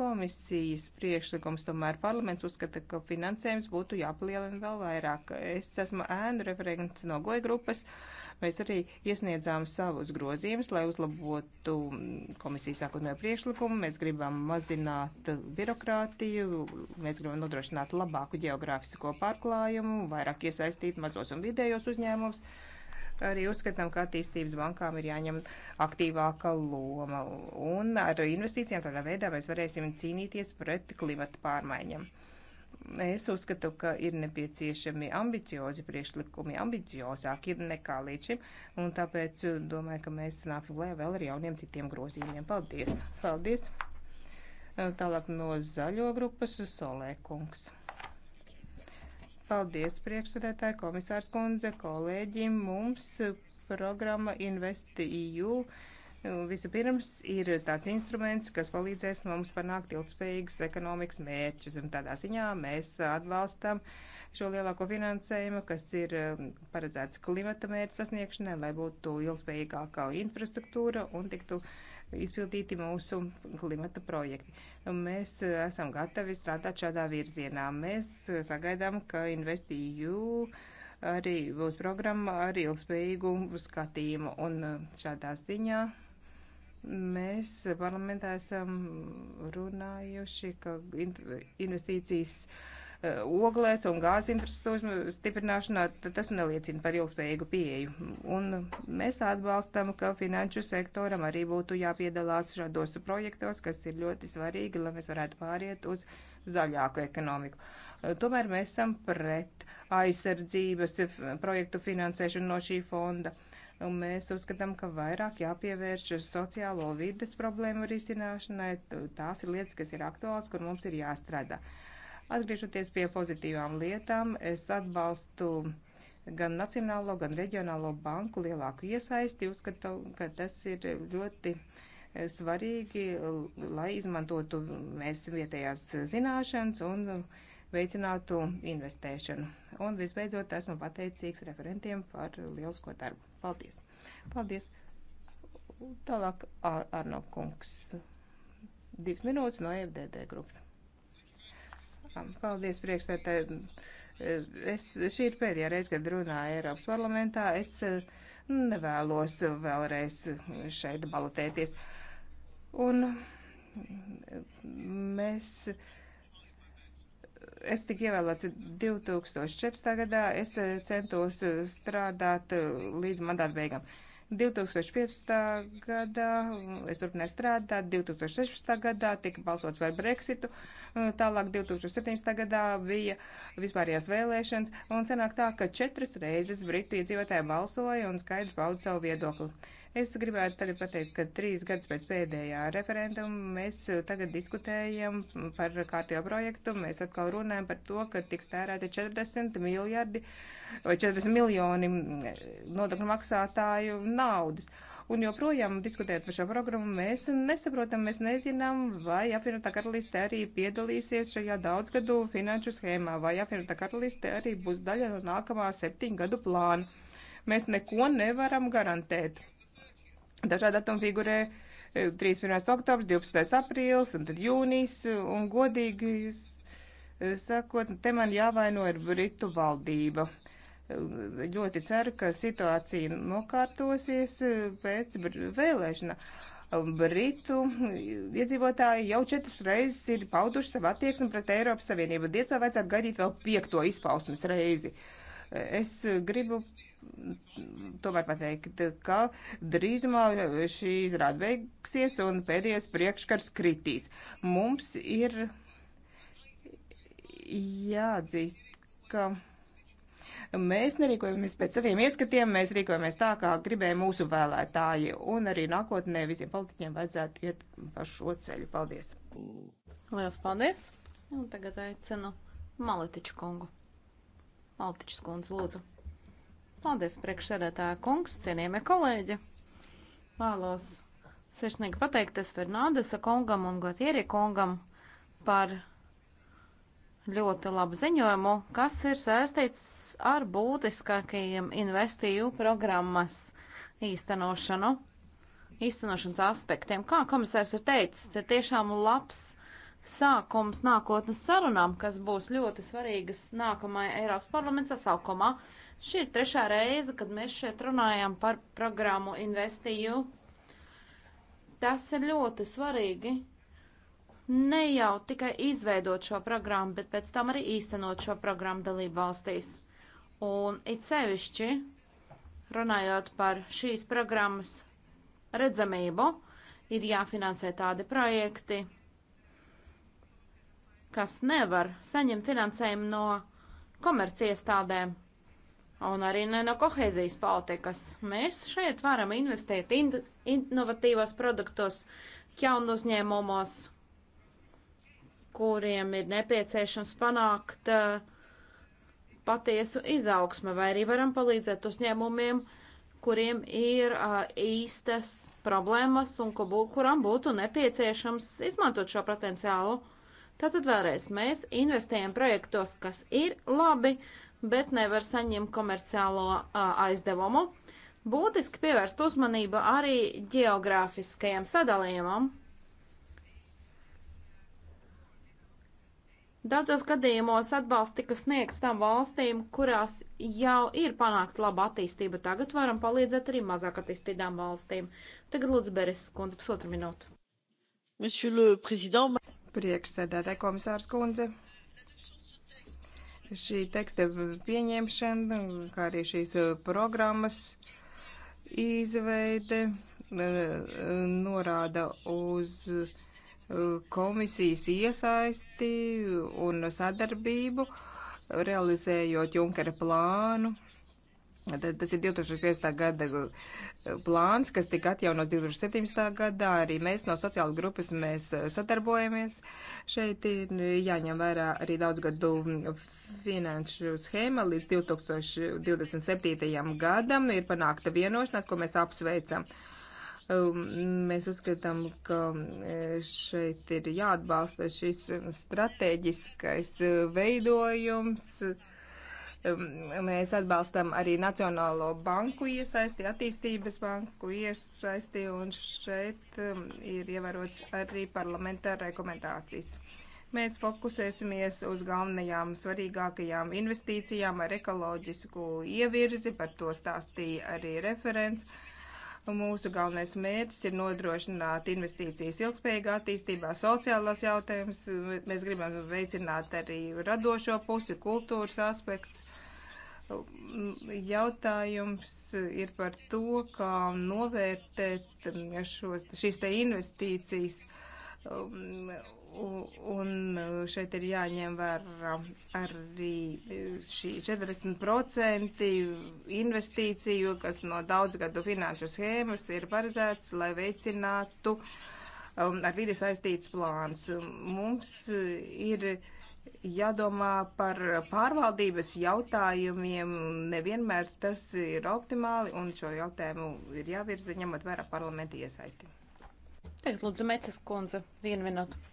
komisijas priekšlikums, tomēr parlaments uzskata, ka finansējums būtu jāpalielina vēl vairāk. Es esmu ēnu referents no goja grupas. Uh, Mēs arī iesniedzām savus grozījumus, lai uzlabotu mm, komisijas sākotnējo priekšlikumu. Mēs gribam mazināt birokrātiju, mēs gribam nodrošināt labāku geogrāfisko pārklājumu, vairāk iesaistīt mazos un vidējos uzņēmumus arī uzskatām, ka attīstības bankām ir jāņem aktīvāka loma. Un ar investīcijām tādā veidā mēs varēsim cīnīties pret klimata pārmaiņām. Es uzskatu, ka ir nepieciešami ambiciozi priekšlikumi, ambiciozāki ir nekā līdz šim, un tāpēc uh, domāju, ka mēs nāksim lē vēl ar jauniem citiem grozījumiem. Paldies! Paldies! Uh, tālāk no zaļo grupas Solēkungs. Paldies, priekšsēdētāji, komisārs kundze, kolēģi. Mums uh, programma InvestEU Vispirms ir tāds instruments, kas palīdzēs mums panākt ilgspējīgas ekonomikas mērķus, un tādā ziņā mēs atbalstam šo lielāko finansējumu, kas ir um, paredzēts klimata mērķu sasniegšanai, lai būtu ilgspējīgākā infrastruktūra un tiktu izpildīti mūsu klimata projekti. Mēs uh, esam gatavi strādāt šādā virzienā. Mēs uh, sagaidām, ka investīju e arī būs programma ar ilgspējīgu skatījumu un uh, šādā ziņā Mēs parlamentā esam runājuši, ka investīcijas eh, oglēs un gāzes infrastruktūras stiprināšanā tas neliecina par ilgspējīgu pieeju. Un mēs atbalstam, ka finanšu sektoram arī būtu jāpiedalās šādos projektos, kas ir ļoti svarīgi, lai mēs varētu pāriet uz zaļāku ekonomiku. Eh, tomēr mēs esam pret aizsardzības projektu finansēšanu no šī fonda. Uh, Un mēs uzskatām, ka vairāk jāpievērš sociālo vides problēmu risināšanai. Tās ir lietas, kas ir aktuāls, kur mums ir jāstrādā. Atgriežoties pie pozitīvām lietām, es atbalstu gan Nacionālo, gan Reģionālo banku lielāku iesaisti. Uzskatu, ka tas ir ļoti e, svarīgi, lai izmantotu mēs vietējās zināšanas un uh, veicinātu investēšanu. Un visbeidzot, esmu pateicīgs referentiem par lielisko darbu. Paldies! Paldies! Tālāk Arno kungs. Divas minūtes no FDD grupas. Paldies, priekšsētāji. Es, šī ir pēdējā reize, kad runāju Eiropas parlamentā. Es mm, nevēlos vēlreiz šeit balotēties. Un mm, mēs. Uh, Es tiku ievēlēts 2014. gadā, es eh, centos eh, strādāt eh, līdz mandāta beigām. 2015. gadā mm, es turpināju strādāt, 2016. gadā tika balsots par Brexitu, mm, tālāk 2017. gadā bija vispārējās vēlēšanas, un sanāk tā, ka četras reizes Britu iedzīvotāji balsoja un skaidri pauda savu viedokli. Es gribētu tagad pateikt, ka trīs gadus pēc pēdējā referenduma mēs eh, tagad diskutējam par kārtējo projektu. Mēs atkal runājam par to, ka tiks tērēti 40 miljardi vai 40 miljoni eh, nodokļu maksātāju naudas. Un joprojām diskutējot par šo programmu, mēs nesaprotam, mēs nezinām, vai apvienotā karaliste arī piedalīsies šajā daudzgadu finanšu schēmā, vai apvienotā karaliste arī būs daļa no nākamā septiņu gadu plāna. Mēs neko nevaram garantēt. Dažādi datumi figurē 31. oktobrs, 12. aprīls un tad jūnijas, e, un godīgi e, sakot, te man jāvaino ir Britu valdība. E, ļoti ceru, ka situācija nokārtosies pēc vēlēšana. Britu iedzīvotāji jau četras reizes ir pauduši savu attieksmi pret Eiropas Savienību. Diez vai vajadzētu gaidīt vēl piekto izpausmes reizi. Es gribu tomēr pateikt, ka drīzumā šī izrāda beigsies un pēdējais priekškars kritīs. Mums ir jāatzīst, ka mēs nerīkojamies pēc saviem ieskatiem, mēs rīkojamies tā, kā gribēja mūsu vēlētāji, un arī nākotnē visiem politiķiem vajadzētu iet pa šo ceļu. Paldies! Lielas paldies! Un tagad aicinu Maletiču kungu. Maletiču skundz, lūdzu. Paldies, priekšsēdētā kungs, cienījamie kolēģi. Vēlos sirsnīgi pateikties Fernandesa kungam un Gotieri kungam par ļoti labu ziņojumu, kas ir saistīts ar būtiskākajiem investīju programmas īstenošanu, īstenošanas aspektiem. Kā komisārs ir teicis, ir tiešām labs sākums nākotnes sarunām, kas būs ļoti svarīgas nākamajā Eiropas parlamenta sasaukumā. Šī ir trešā reize, kad mēs šeit runājam par programmu Investīju. Tas ir ļoti svarīgi. Ne jau tikai izveidot šo programmu, bet pēc tam arī īstenot šo programmu dalību valstīs. Un it sevišķi, runājot par šīs programmas redzamību, ir jāfinansē tādi projekti, kas nevar saņemt finansējumu no komerciestādēm. iestādēm un arī ne no kohēzijas politikas. Mēs šeit varam investēt in innovatīvos produktos, jaunu uzņēmumos, kuriem ir nepieciešams panākt uh, patiesu izaugsmu, vai arī varam palīdzēt uzņēmumiem, kuriem ir uh, īstas problēmas un kubu, kuram būtu nepieciešams izmantot šo potenciālu. Tātad vēlreiz mēs investējam projektos, kas ir labi, uh, bet nevar saņemt komerciālo a, aizdevumu. Būtiski pievērst uzmanību arī geogrāfiskajam sadalījumam. Daudzos gadījumos atbalsts tika sniegts tām valstīm, kurās jau ir panākta laba attīstība. Tagad varam palīdzēt arī mazāk attīstītām valstīm. Tagad lūdzu Beres kundze pusotru minūtu. Priekšsēdētāji komisārs kundze, šī teksta pieņemšana, kā arī šīs uh, programmas izveide uh, norāda uz uh, komisijas iesaisti un sadarbību, realizējot Junkera plānu Tas ir 2015. gada eh, plāns, kas tika atjaunots 2017. gadā. Arī mēs no sociāla grupas mēs eh, sadarbojamies. Šeit ir eh, jāņem vērā arī daudz gadu mm, finanšu schēma līdz 2027. gadam. Ir panākta vienošanās, ko mēs apsveicam um, mēs uzskatām, ka šeit ir jāatbalsta šis strateģiskais veidojums. Mēs atbalstam arī Nacionālo banku iesaisti, attīstības banku iesaisti, un šeit ir ievērots arī parlamenta rekomendācijas. Mēs fokusēsimies uz galvenajām svarīgākajām investīcijām ar ekoloģisku ievirzi, par to stāstīja arī referents. Uh, Mūsu galvenais mērķis ir nodrošināt investīcijas ilgspējīgā attīstībā, sociālās jautājumus. Mēs gribam veicināt arī radošo pusi, kultūras aspekts. Jautājums ir par to, kā novērtēt šos, šīs te investīcijas um, Un uh, šeit ir jāņem vērā arī uh, šī 40% investīciju, kas no daudzgadu finanšu schēmas ir paredzēts, lai veicinātu um, ar vidi saistīts plāns. Mums uh, ir jādomā par pārvaldības jautājumiem. Nevienmēr tas ir optimāli, un šo jautājumu ir jāvirza ņemot vērā parlamenta iesaisti. Tagad lūdzu Mecas kundze, vienu minūtu.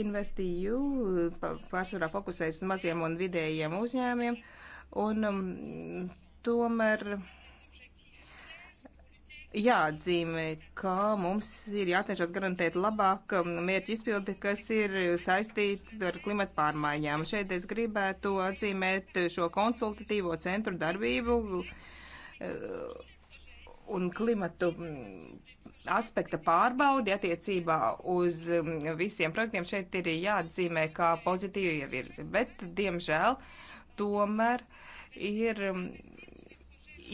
Investiju pārsvarā fokusējas uz maziem un vidējiem uzņēmiem, un um, tomēr jāatzīmē, ka mums ir jācenšas garantēt labāk um, mērķu izpildi, kas ir saistīti ar klimatu pārmaiņām. Šeit es gribētu atzīmēt šo konsultatīvo centru darbību uh, un klimatu mm, aspekta pārbaudi attiecībā uz mm, visiem projektiem šeit ir jāatzīmē kā pozitīvi ievirzi. Bet, diemžēl, tomēr ir mm,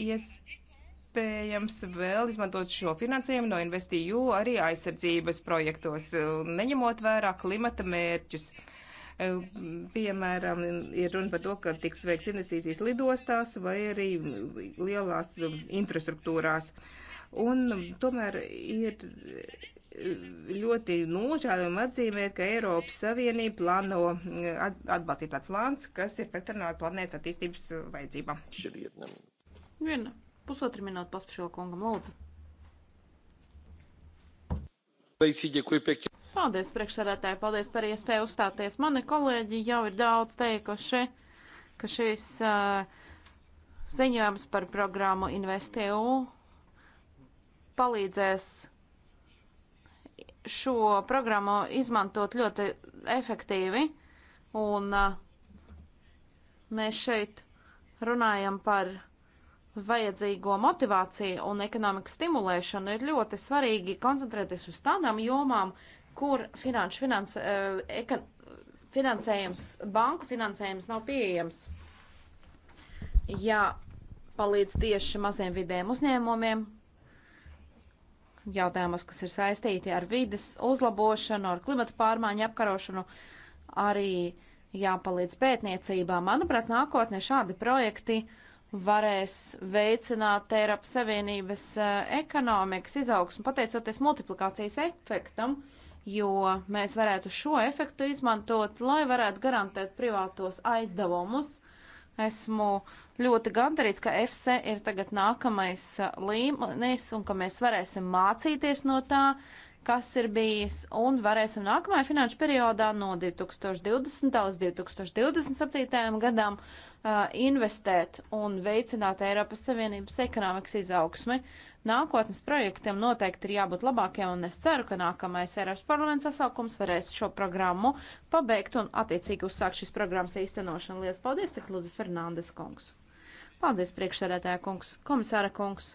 iespējams vēl izmantot šo finansējumu no investīju arī aizsardzības projektos, neņemot vērā klimata mērķus. Uh, Piemēram, ir runa par to, ka tiks veikts investīcijas lidostās vai arī lielās infrastruktūrās. Un tomēr ir ļoti nožēlojami atzīmēt, ka Eiropas Savienība plāno atbalstīt tāds plāns, kas ir pretrunā ar planētas attīstības vajadzībām. Viena pusotra minūte paspašēla kungam lūdzu. Děkuji pěkně. Paldies, priekšsēdētāji, paldies par iespēju uzstāties. Mani kolēģi jau ir daudz teikuši, ka šis uh, ziņojums par programmu InvestEU palīdzēs šo programmu izmantot ļoti efektīvi, un uh, mēs šeit runājam par vajadzīgo motivāciju un ekonomikas stimulēšanu. Ir ļoti svarīgi koncentrēties uz tādām jomām, uh, kur finanšu finans, eh, eka, finansējums, banku finansējums nav pieejams. Jā, palīdz tieši maziem vidējiem uzņēmumiem, jautājumos, kas ir saistīti ar vides uzlabošanu, ar klimatu pārmaiņu apkarošanu, arī jāpalīdz pētniecībā. Manuprāt, nākotnē šādi projekti varēs veicināt Eiropas Savienības eh, ekonomikas izaugsmu pateicoties multiplikācijas efektam, jo mēs varētu šo efektu izmantot, lai varētu garantēt privātos aizdevumus. Esmu ļoti gandarīts, ka FC ir tagad nākamais uh, līmenis un ka mēs varēsim mācīties no tā, kas ir bijis, un varēsim nākamajā finanšu periodā no 2020. līdz 2027. gadam Uh, investēt un veicināt Eiropas Savienības ekonomikas izaugsmi. Nākotnes projektiem noteikti ir jābūt labākiem, un es ceru, ka nākamais Eiropas parlamenta sasaukums varēs šo programmu pabeigt un attiecīgi uzsākt šīs programmas īstenošanu. Lielas paldies, tik lūdzu, Fernandes kungs. Paldies, priekšsēdētāja kungs, komisāra kungs.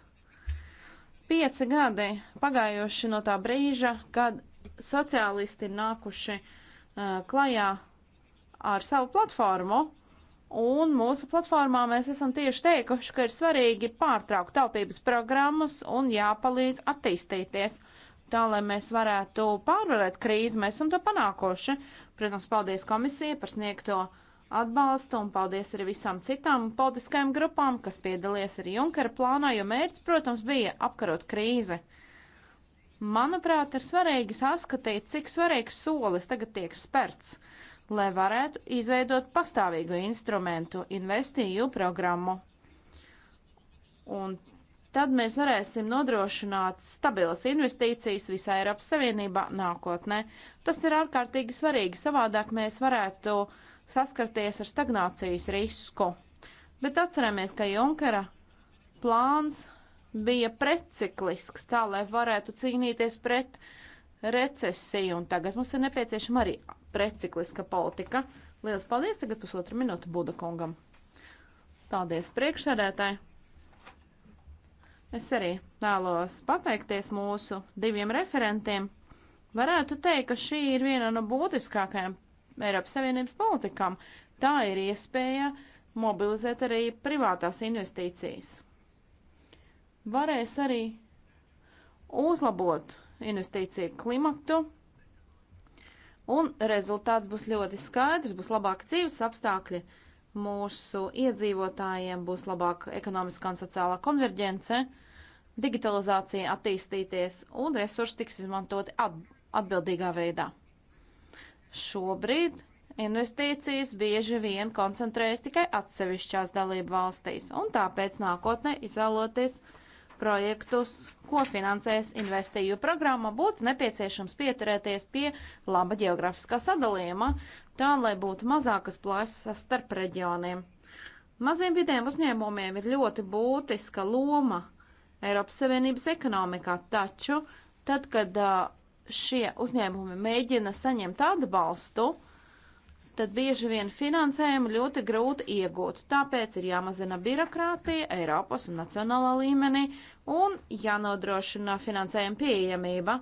Pieci gadi pagājuši no tā brīža, kad sociālisti ir nākuši uh, klajā ar savu platformu, Un mūsu platformā mēs esam tieši teikuši, ka ir svarīgi pārtraukt taupības programmas un jāpalīdz attīstīties. Tā, lai mēs varētu pārvarēt krīzi, mēs esam to panākoši. Protams, paldies komisijai par sniegto atbalstu un paldies arī visām citām politiskajām grupām, kas piedalījās arī Junkera plānā, jo mērķis, protams, bija apkarot krīzi. Manuprāt, ir svarīgi saskatīt, cik svarīgs solis tagad tiek sperts. Uh, lai varētu izveidot pastāvīgu instrumentu investīju programmu. Un tad mēs varēsim nodrošināt stabilas investīcijas visā Eiropas Savienībā nākotnē. Tas ir ārkārtīgi svarīgi, savādāk mēs varētu saskarties ar stagnācijas risku. Bet atceramies, ka Junkera plāns bija preciklisks, tā lai varētu cīnīties pret recesiju, un tagad mums ir nepieciešama arī precikliska politika. Lielas paldies tagad pusotru minūtu Buda kungam. Paldies priekšsēdētāji. Es arī vēlos pateikties mūsu diviem referentiem. Varētu teikt, ka šī ir viena no būtiskākajām Eiropas Savienības politikām. Tā ir iespēja mobilizēt arī privātās investīcijas. Varēs arī uzlabot investīciju klimatu un rezultāts būs ļoti skaidrs, būs labāki dzīves apstākļi, mūsu iedzīvotājiem būs labāka ekonomiskā un sociālā konverģence, digitalizācija attīstīties un resursi tiks izmantoti atbildīgā veidā. Šobrīd investīcijas bieži vien koncentrējas tikai atsevišķās dalību valstīs, un tāpēc nākotnē izvēloties projektus, ko finansēs investīju programma, būtu nepieciešams pieturēties pie laba geogrāfiskā sadalījuma, tā lai būtu mazākas plāsas starp reģioniem. Maziem vidiem uzņēmumiem ir ļoti būtiska loma Eiropas Savienības ekonomikā, taču tad, kad šie uzņēmumi mēģina saņemt atbalstu, tad bieži vien finansējumu ļoti grūti iegūt. Tāpēc ir jāmazina birokrātija Eiropas un nacionālā līmenī un jānodrošina finansējuma pieejamība.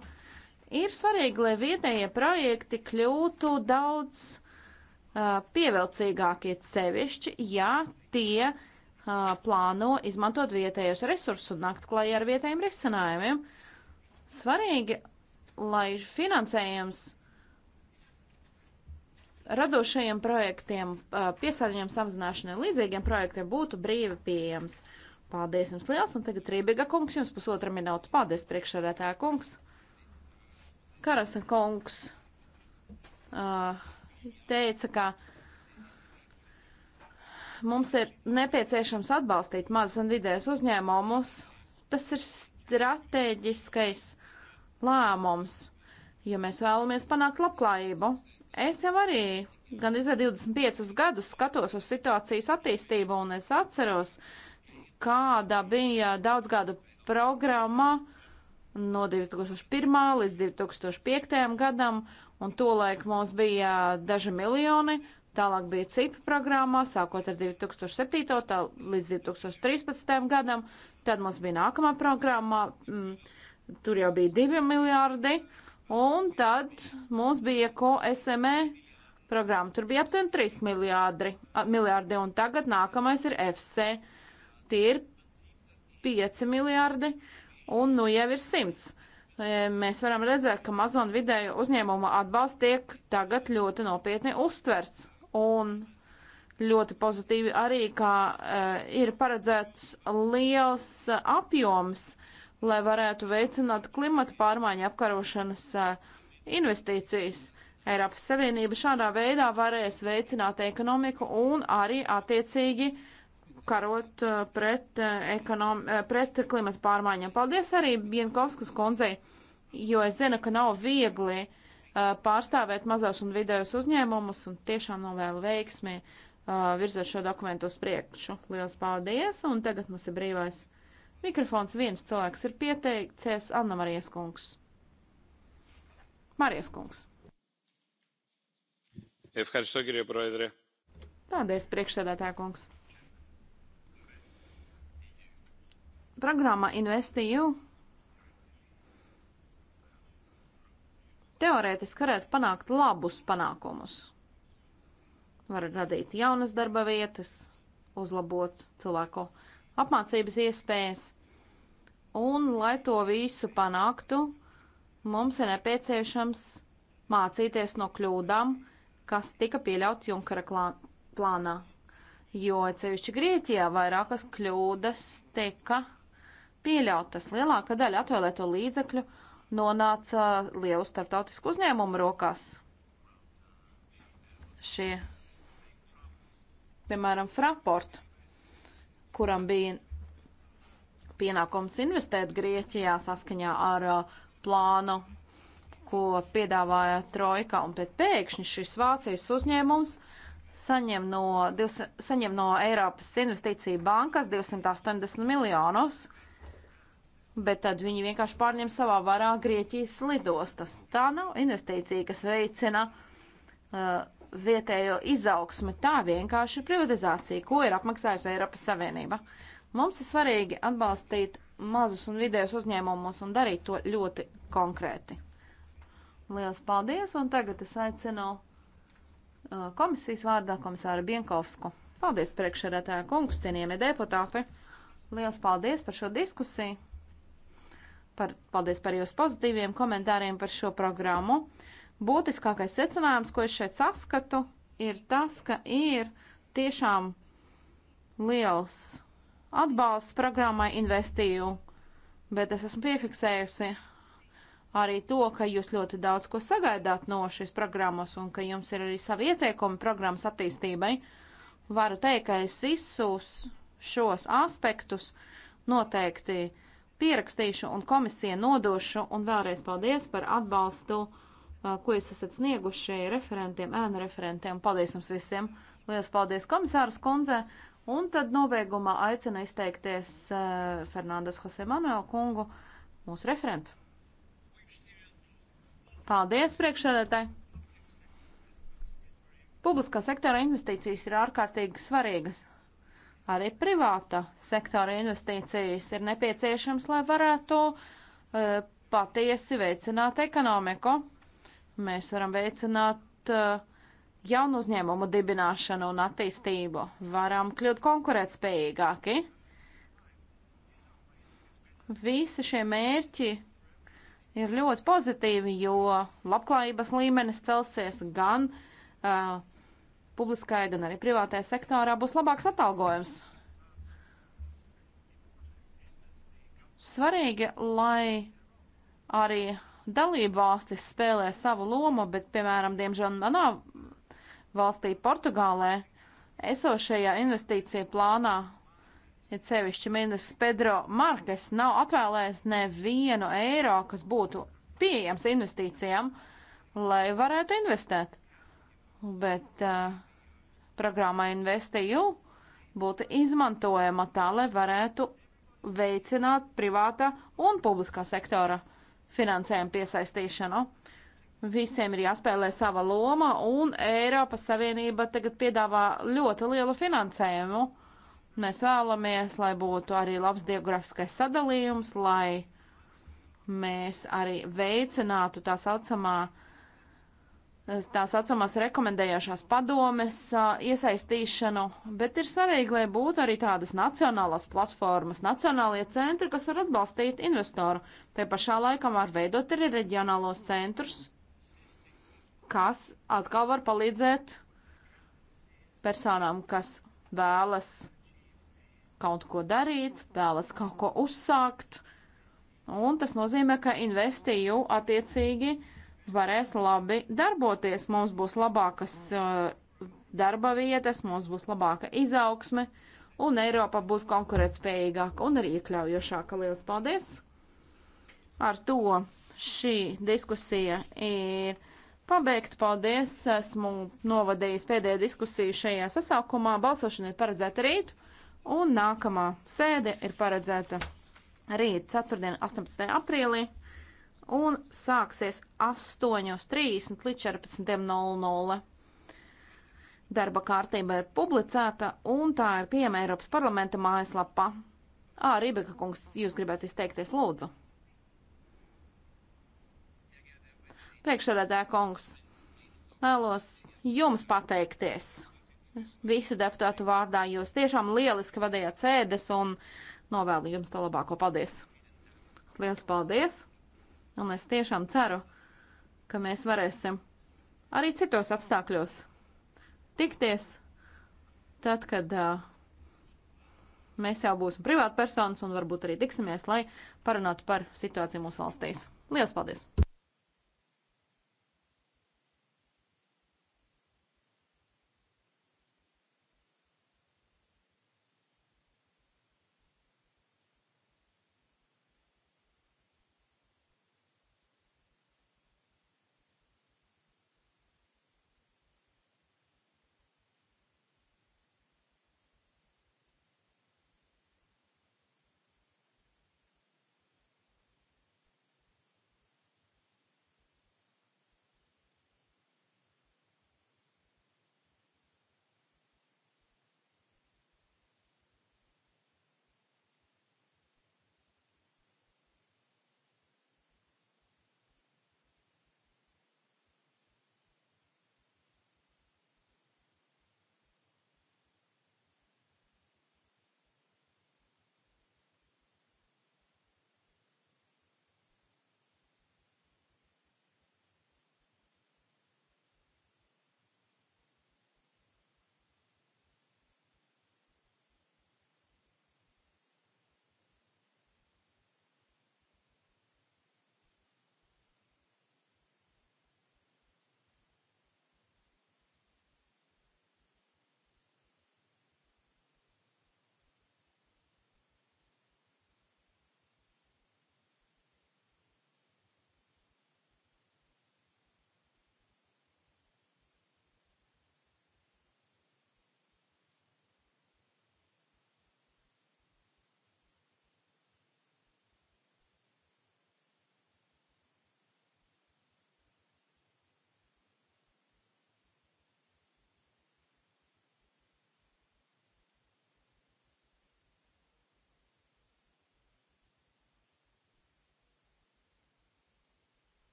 Ir svarīgi, lai vietējie projekti kļūtu daudz uh, pievilcīgākie sevišķi, ja tie uh, plāno izmantot vietējos resursus un nakt klajā ar vietējiem risinājumiem. Svarīgi, lai finansējums radošajiem projektiem, piesārņojumu samazināšanai līdzīgiem projektiem būtu brīvi pieejams. Paldies jums liels, un tagad Rībiga kungs, jums pusotra minūte. Paldies, priekšsēdētāja kungs. Karasa kungs teica, ka mums ir nepieciešams atbalstīt mazus un vidējos uzņēmumus. Tas ir strateģiskais lēmums, ja mēs vēlamies panākt labklājību. Es jau arī gandrīz 25 gadus skatos uz situācijas attīstību, un es atceros, kāda bija daudzgadu programma no 2001. līdz 2005. gadam, un tolaik mums bija daži miljoni, tālāk bija CIP programma, sākot ar 2007. Tā, līdz 2013. gadam, tad mums bija nākamā programma, mm, tur jau bija divi miljārdi. Uh, Un tad mums bija CoSME programma. Tur bija aptuveni 3 miljārdi, miljārdi, un tagad nākamais ir FC. E. Tie ir 5 miljārdi, un nu jau ir 100. E, mēs varam redzēt, ka mazo un vidēju uzņēmumu atbalsts tiek tagad ļoti nopietni uztverts. Un ļoti pozitīvi arī, ka uh, ir paredzēts liels apjoms uh, lai varētu veicināt klimata pārmaiņu apkarošanas eh, investīcijas. Eiropas Savienība šādā veidā varēs veicināt ekonomiku un arī attiecīgi karot eh, pret, eh, ekonom, pret klimata pārmaiņām. Paldies arī Bienkovskas kundzei, jo es zinu, ka nav viegli pārstāvēt mazās un vidējos uzņēmumus un tiešām novēlu veiksmi virzot šo dokumentu uz priekšu. Lielas paldies un tagad mums ir brīvais Mikrofons viens cilvēks ir pieteicies, Anna Marijas kungs. Marijas kungs. Paldies, priekšsēdētā kungs. Programma InvestEU teorētiski varētu panākt labus panākumus. Var radīt jaunas darba vietas, uzlabot cilvēku apmācības iespējas. Un, lai to visu panāktu, mums ir nepieciešams mācīties no kļūdām, kas tika pieļauts Junkara plānā. Jo cevišķi Grieķijā vairākas kļūdas tika pieļautas. Lielākā daļa atvēlēto līdzekļu nonāca lielu starptautisku uzņēmumu rokās. Šie, piemēram, Fraport kuram bija pienākums investēt Grieķijā saskaņā ar uh, plānu, ko piedāvāja Trojka, un pēkšņi šis Vācijas uzņēmums saņem no, 200, saņem no Eiropas investīcija bankas 280 miljonus, bet tad viņi vienkārši pārņem savā varā Grieķijas lidostas. Tā nav investīcija, kas veicina uh, vietējo izaugsmi, tā vienkārši privatizācija, ko ir apmaksājusi Eiropas Savienība. Mums ir svarīgi atbalstīt mazus un vidējos uzņēmumus un darīt to ļoti konkrēti. Lielas paldies, un tagad es aicinu uh, komisijas vārdā komisāru Bienkovsku. Paldies, priekšsēdētāja kungs, cienījamie deputāti! Lielas paldies par šo diskusiju! Par, paldies par jūsu pozitīviem komentāriem par šo programmu. Uh, būtiskākais secinājums, ko es šeit saskatu, ir tas, ka ir tiešām liels atbalsts programmai investīju, bet es esmu piefiksējusi arī to, ka jūs ļoti daudz ko sagaidāt no šīs programmas un ka jums ir arī savi ieteikumi programmas attīstībai. Varu teikt, ka es visus šos aspektus noteikti pierakstīšu un komisija nodošu un vēlreiz paldies par atbalstu uh, ko jūs esat snieguši referentiem, ēnu referentiem. Paldies jums visiem! Lielas paldies komisāras kundze! Un tad nobeigumā aicinu izteikties Fernandes Jose Manuel kungu, mūsu referentu. Paldies, priekšsēdētāji! Publiskā sektora investīcijas ir ārkārtīgi svarīgas. Arī privāta sektora investīcijas ir nepieciešams, lai varētu uh, patiesi veicināt ekonomiku. Mēs varam veicināt uh, jaunu uzņēmumu dibināšanu un attīstību, varam kļūt konkurētspējīgāki. Visi šie mērķi ir ļoti pozitīvi, jo labklājības līmenis celsies gan uh, publiskajā, gan arī privātajā sektorā būs labāks atalgojums. Svarīgi, lai arī dalību valstis spēlē savu lomu, bet, piemēram, diemžēl manā valstī Portugālē esošajā investīcija plānā, ja cevišķi ministrs Pedro Markes nav atvēlējis nevienu eiro, kas būtu pieejams investīcijām, lai varētu investēt. Bet uh, eh, programma InvestEU būtu izmantojama tā, lai varētu veicināt privātā un publiskā sektora finansējumu piesaistīšanu. Visiem ir jāspēlē sava loma, un Eiropas Savienība tagad piedāvā ļoti lielu finansējumu. Mēs vēlamies, lai būtu arī labs geogrāfiskais sadalījums, lai mēs arī veicinātu tā saucamā uh, Eh, tā saucamās rekomendējošās padomes eh, iesaistīšanu, bet ir svarīgi, lai būtu arī tādas nacionālās platformas, nacionālie centri, kas var atbalstīt investoru. Te pašā laikā var veidot arī reģionālos centrus, kas atkal var palīdzēt personām, kas vēlas kaut ko darīt, vēlas kaut ko uzsākt. Un tas nozīmē, ka investīju attiecīgi uh, varēs labi darboties, mums būs labākas uh, darba vietas, mums būs labāka izaugsme, un Eiropa būs konkurētspējīgāka un arī iekļaujošāka. Lielas paldies! Ar to šī diskusija ir pabeigta. Paldies! Esmu novadījis pēdējo diskusiju šajā sasaukumā. Balsošana ir paredzēta rīt, un nākamā sēde ir paredzēta rīt, ceturtdien, 18. aprīlī un sāksies 8.30 līdz 14.00. Darba kārtība ir publicēta un tā ir pieejama Eiropas parlamenta mājaslapā. Ā, Rībeka kungs, jūs gribētu izteikties, lūdzu. Priekšsēdētāja kungs, vēlos jums pateikties. Visu deputātu vārdā jūs tiešām lieliski vadījāt sēdes un novēlu jums to labāko. Paldies! Liels paldies! Un es tiešām ceru, ka mēs varēsim arī citos apstākļos tikties, tad, kad uh, mēs jau būsim privātpersonas un varbūt arī tiksimies, lai parunātu par situāciju mūsu valstīs. Lielas paldies!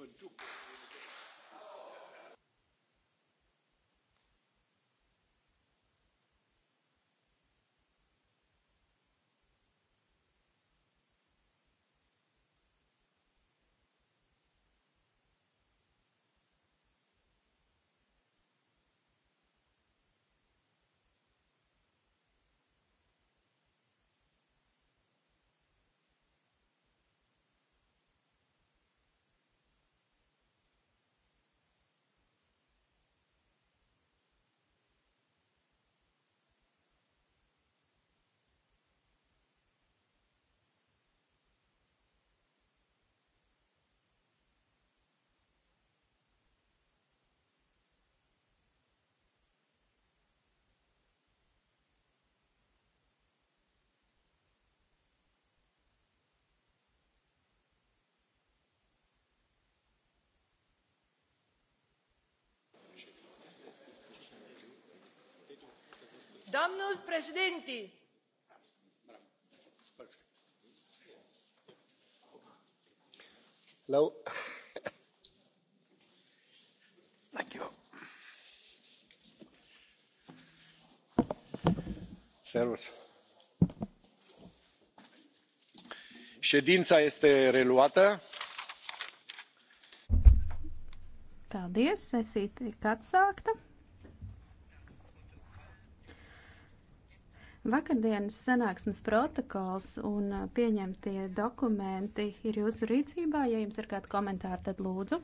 even took. domnul președinte ședința este reluată. Paldies, sesija tiek atsākta. Vakardienas sanāksmes protokols un uh, pieņemtie dokumenti ir jūsu rīcībā. Ja jums ir kādi komentāri, tad lūdzu.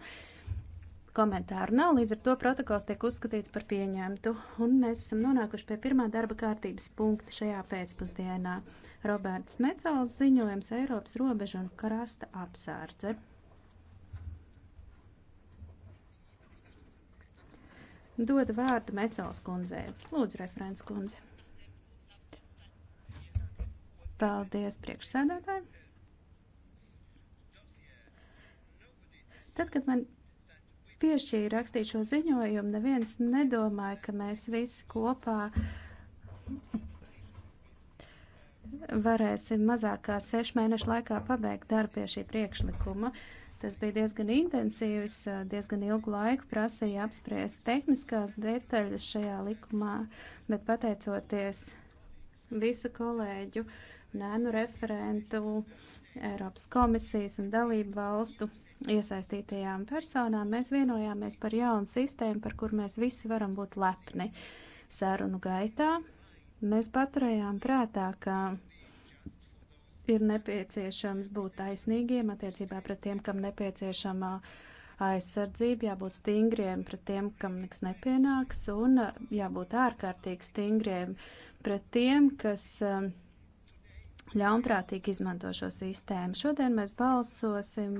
Komentāru nav, līdz ar to protokols tiek uzskatīts par pieņemtu. Un mēs esam nonākuši pie pirmā darba kārtības punkta šajā pēcpusdienā. Roberts Mecāls ziņojums Eiropas robeža un karasta apsārdze. Dod vārdu Mecāls kundzei. Lūdzu, referents kundzei. Paldies, priekšsēdētāji. Tad, kad man piešķīra rakstīt šo ziņojumu, neviens nedomāja, ka mēs visi kopā varēsim mazākā sešu mēnešu laikā pabeigt darbu pie šī priekšlikuma. Tas bija diezgan intensīvs, diezgan ilgu laiku prasīja apspriest tehniskās detaļas šajā likumā, bet pateicoties visu kolēģu uh, nēnu referentu, Eiropas komisijas un dalību valstu iesaistītajām personām, mēs vienojāmies par jaunu sistēmu, par kur mēs visi varam būt lepni. Sarunu gaitā mēs paturējām prātā, ka ir nepieciešams būt taisnīgiem attiecībā pret tiem, kam nepieciešama aizsardzība, jābūt stingriem pret tiem, kam nekas nepienāks, un jābūt ārkārtīgi stingriem pret tiem, kas uh, ļaunprātīgi izmanto šo sistēmu. Šodien mēs balsosim,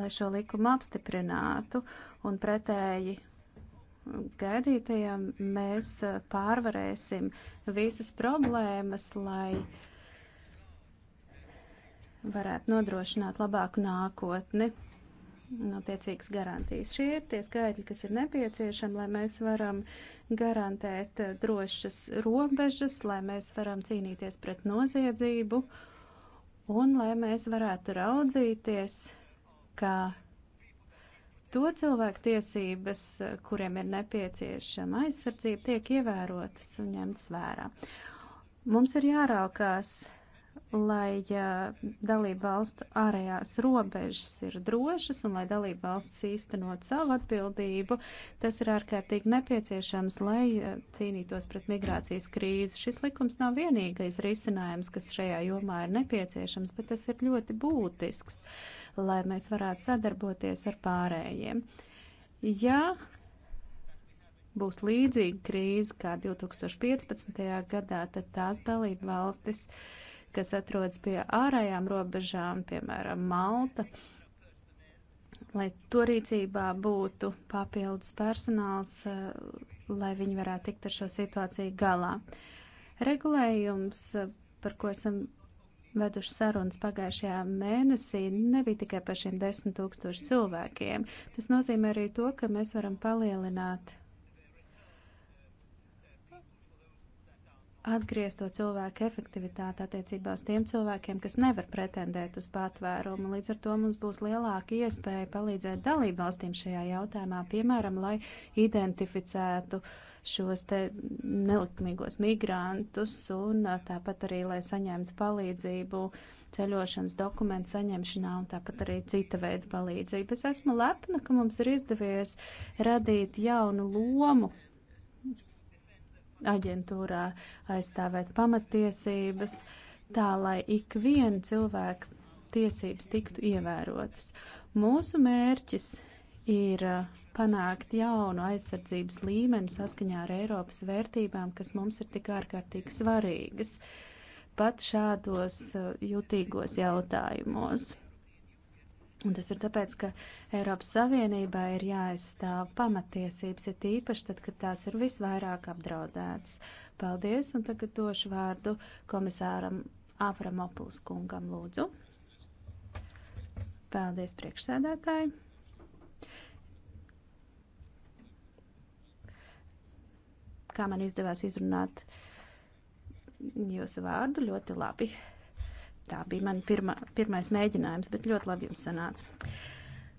lai šo likumu apstiprinātu un pretēji gaidītajam mēs eh, pārvarēsim visas problēmas, lai varētu nodrošināt labāku nākotni notiecīgas garantijas. Šie ir tie skaitļi, kas ir nepieciešami, lai mēs varam garantēt eh, drošas robežas, lai mēs varam cīnīties pret noziedzību un lai mēs varētu raudzīties, ka to cilvēku tiesības, kuriem ir nepieciešama aizsardzība, tiek ievērotas un ņemtas vērā. Mums ir jāraukās lai ja, dalība valstu ārējās robežas ir drošas un lai dalība valsts īstenot savu atbildību, tas ir ārkārtīgi nepieciešams, lai ja, eh, cīnītos pret migrācijas krīzi. Šis likums nav vienīgais risinājums, kas šajā jomā ir nepieciešams, bet tas ir ļoti būtisks, lai mēs varētu sadarboties ar pārējiem. Ja būs līdzīga krīze kā 2015. gadā, tad tās dalība valstis uh, kas atrodas pie ārējām robežām, piemēram, Malta, lai to rīcībā būtu papildus personāls, eh, lai viņi varētu tikt ar šo situāciju galā. Regulējums, eh, par ko esam veduši sarunas pagājušajā mēnesī, nebija tikai par šiem desmit tūkstošu cilvēkiem. Tas nozīmē arī to, ka mēs varam palielināt atgriezt to cilvēku efektivitāti attiecībā uz tiem cilvēkiem, kas nevar pretendēt uz patvērumu. Līdz ar to mums būs lielāka iespēja palīdzēt dalībvalstīm šajā jautājumā, piemēram, lai identificētu šos te nelikmīgos migrantus un uh, tāpat arī, lai saņemtu palīdzību ceļošanas dokumentu saņemšanā un tāpat arī cita veida palīdzību. Es esmu lepna, ka mums ir izdevies radīt jaunu lomu aģentūrā aizstāvēt pamatiesības, tā lai ik viena cilvēka tiesības tiktu ievērotas. Mūsu mērķis ir uh, panākt jaunu aizsardzības līmeni saskaņā ar Eiropas vērtībām, kas mums ir tik ārkārtīgi svarīgas, pat šādos uh, jutīgos jautājumos. Un tas ir tāpēc, ka Eiropas Savienībā ir jāaizstāv pamatiesības, ir tīpaši tad, kad tās ir visvairāk apdraudētas. Paldies, un tagad došu vārdu komisāram Āframopuls kungam lūdzu. Paldies, priekšsēdētāji. Kā man izdevās izrunāt jūsu vārdu ļoti labi. Tā bija man pirma, pirmais mēģinājums, bet ļoti labi jums sanāca.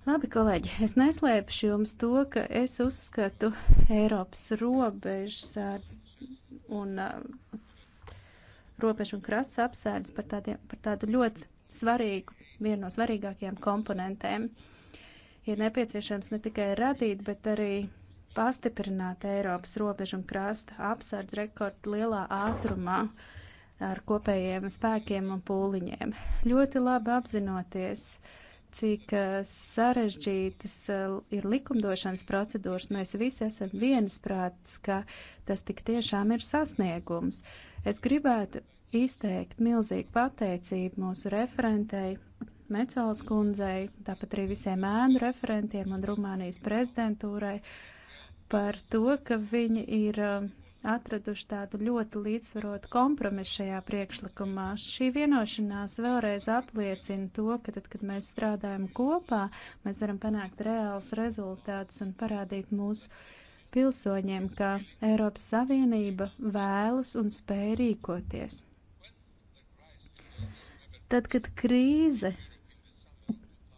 Labi, kolēģi, es neslēpšu jums to, ka es uzskatu Eiropas robežas ar, un uh, robežu un krasts apsērdes par, tādiem, par tādu ļoti svarīgu, vienu no svarīgākajām komponentēm. Ir nepieciešams ne tikai radīt, bet arī pastiprināt Eiropas robežu un krasta apsardz rekordu lielā ātrumā. Uh, ar kopējiem spēkiem un pūliņiem. Ļoti labi apzinoties, cik eh, sarežģītas eh, ir likumdošanas procedūras, mēs visi esam viensprāts, ka tas tik tiešām ir sasniegums. Es gribētu izteikt milzīgu pateicību mūsu referentei, Mecāls kundzei, tāpat arī visiem ēnu referentiem un Rumānijas prezidentūrai par to, ka viņi ir uh, atraduši tādu ļoti līdzsvarotu kompromisu šajā priekšlikumā. Šī vienošanās vēlreiz apliecina to, ka tad, kad mēs strādājam kopā, mēs varam panākt reāls rezultāts un parādīt mūsu pilsoņiem, ka Eiropas Savienība vēlas un spēj rīkoties. Tad, kad krīze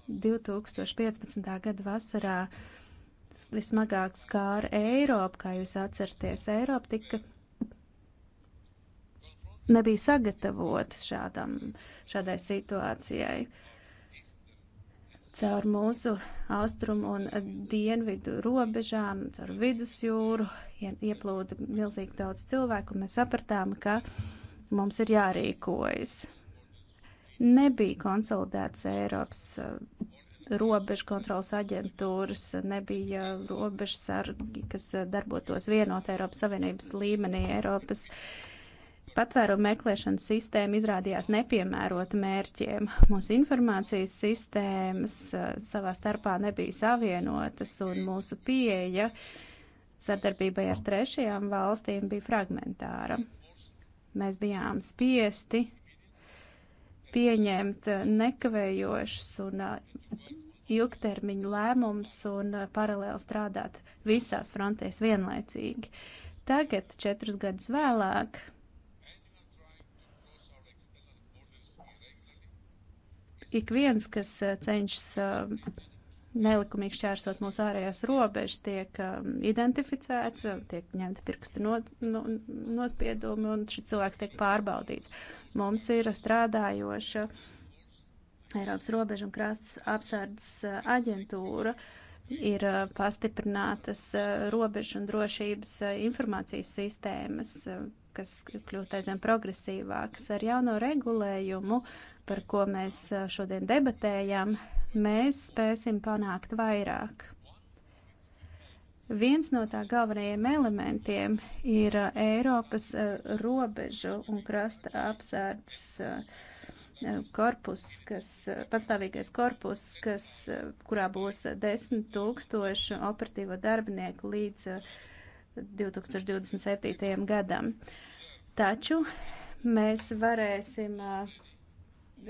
2015. gada vasarā uh, vismagāk skāra Eiropu, kā jūs atceraties. Eiropa tika nebija sagatavotas šādam, šādai situācijai. Caur mūsu austrumu un dienvidu robežām, caur vidusjūru ieplūda milzīgi daudz cilvēku, un mēs sapratām, ka mums ir jārīkojas. Nebija konsolidēts Eiropas uh, robežu kontrolas aģentūras, nebija robežu sargi, kas darbotos vienot Eiropas Savienības līmenī. Eiropas patvērumu meklēšanas sistēma izrādījās nepiemērota mērķiem. Mūsu informācijas sistēmas eh, savā starpā nebija savienotas un mūsu pieeja sadarbībai ar trešajām valstīm bija fragmentāra. Mēs bijām spiesti pieņemt eh, nekavējošus un eh, ilgtermiņu lēmums un eh, paralēli strādāt visās frontēs vienlaicīgi. Tagad, četrus gadus vēlāk, ik viens, kas eh, cenšas eh, nelikumīgi šķērsot mūsu ārējās robežas, tiek um, identificēts, tiek ņemta pirksta no, no, nospiedumi un šis cilvēks tiek pārbaudīts. Mums ir strādājoša Eiropas robežu un krasts apsardzes eh, aģentūra ir eh, pastiprinātas eh, robežu un drošības informācijas sistēmas, kas kļūst aizvien progresīvākas. Ar jauno regulējumu, par ko mēs šodien debatējam, mēs spēsim panākt vairāk. Viens no tā galvenajiem elementiem ir Eiropas robežu un krasta apsardzes Eh, korpus, kas, eh, pastāvīgais korpus, kas, eh, kurā būs 10 tūkstoši operatīvo darbinieku līdz 2027. gadam. Taču mēs varēsim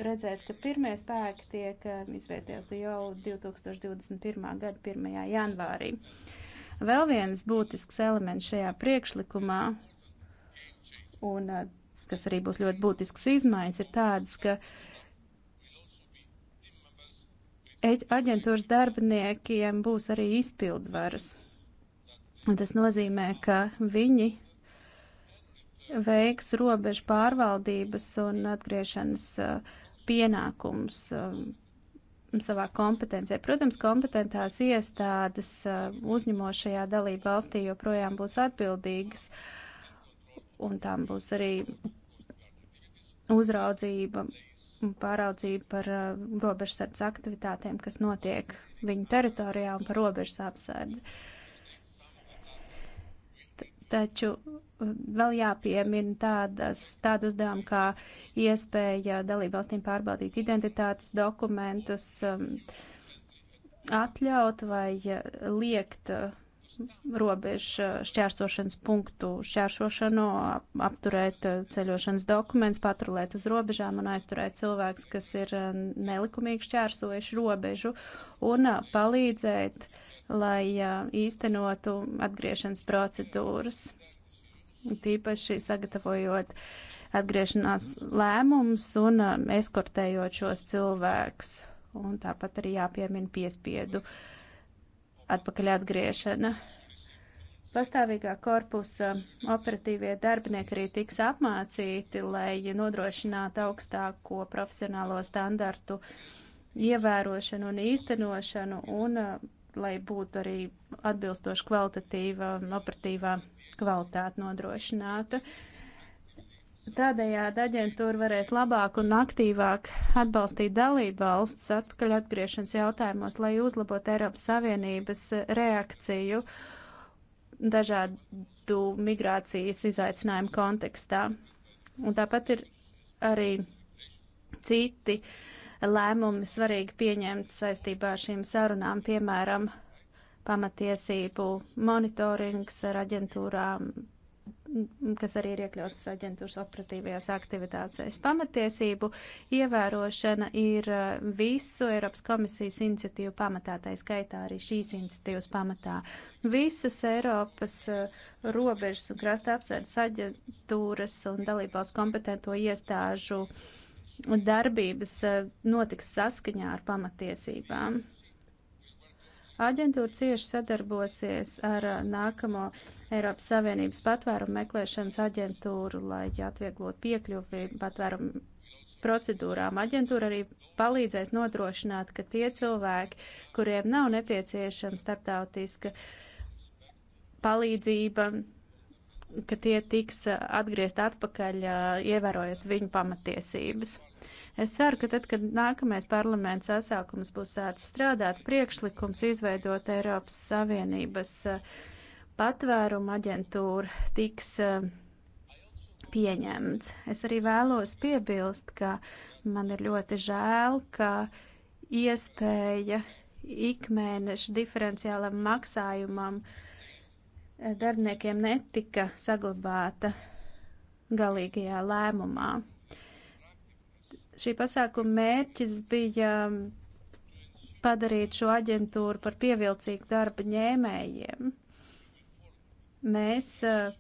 redzēt, ka pirmie spēki tiek izvietoti jau 2021. gada 1. janvārī. Vēl viens būtisks elements šajā priekšlikumā un kas arī būs ļoti būtisks izmaiņas, ir tādas, ka aģentūras darbiniekiem būs arī izpildvaras. Un tas nozīmē, ka viņi veiks robežu pārvaldības un atgriešanas pienākums savā kompetencijā. Protams, kompetentās iestādes uzņemošajā dalību valstī joprojām būs atbildīgas, un tām būs arī uzraudzība un pāraudzība par uh, robežsardz aktivitātēm, kas notiek viņu teritorijā un par robežas apsardzi. Taču uh, vēl jāpiemina tādas, tādu uzdevumu kā iespēja dalībvalstīm pārbaudīt identitātes dokumentus, um, atļaut vai uh, liekt uh, robežu šķērsošanas punktu šķērsošanu, apturēt eh, ceļošanas dokumentus, patrulēt uz robežām un aizturēt cilvēkus, kas ir eh, nelikumīgi šķērsojuši robežu un eh, palīdzēt, lai īstenotu atgriešanas procedūras. Tīpaši sagatavojot atgriešanās lēmumus un eskortējot šos cilvēkus. Un tāpat arī jāpiemina piespiedu uh, atpakaļ atgriešana. Pastāvīgā korpusa operatīvie darbinieki arī tiks apmācīti, lai nodrošinātu augstāko profesionālo standartu ievērošanu un īstenošanu un uh, lai būtu arī atbilstoši kvalitatīva, operatīvā kvalitāte nodrošināta. Uh, Tādējādi aģentūra varēs labāk un aktīvāk atbalstīt dalību valsts atpakaļ atgriešanas jautājumos, lai uzlabotu Eiropas Savienības reakciju dažādu migrācijas izaicinājumu kontekstā. Un tāpat ir arī citi lēmumi svarīgi pieņemt saistībā ar šīm sarunām, piemēram, pamatiesību monitorings ar aģentūrām kas arī ir iekļautas aģentūras operatīvajās aktivitācēs. Pamatiesību ievērošana ir uh, visu Eiropas komisijas iniciatīvu pamatā, tā skaitā arī šīs iniciatīvas pamatā. Visas Eiropas uh, robežas un krasta apsardzes aģentūras un dalībvalstu kompetento iestāžu darbības uh, notiks saskaņā ar pamatiesībām. Aģentūra cieši sadarbosies ar nākamo Eiropas Savienības patvērumu meklēšanas aģentūru, lai atvieglotu piekļuvi patvērumu procedūrām. Aģentūra arī palīdzēs nodrošināt, ka tie cilvēki, kuriem nav nepieciešama starptautiska palīdzība, ka tie tiks atgriezt atpakaļ, ievērojot viņu pamatiesības. Es ceru, ka tad, kad nākamais parlaments sasākums būs sācis strādāt, priekšlikums izveidot Eiropas Savienības uh, patvēruma aģentūra tiks eh, pieņemts. Es arī vēlos piebilst, ka man ir ļoti žēl, ka iespēja ikmēneša diferenciālam maksājumam eh, darbiniekiem netika saglabāta galīgajā lēmumā. Šī pasākuma mērķis bija mm, padarīt šo aģentūru par pievilcīgu darba ņēmējiem mēs eh,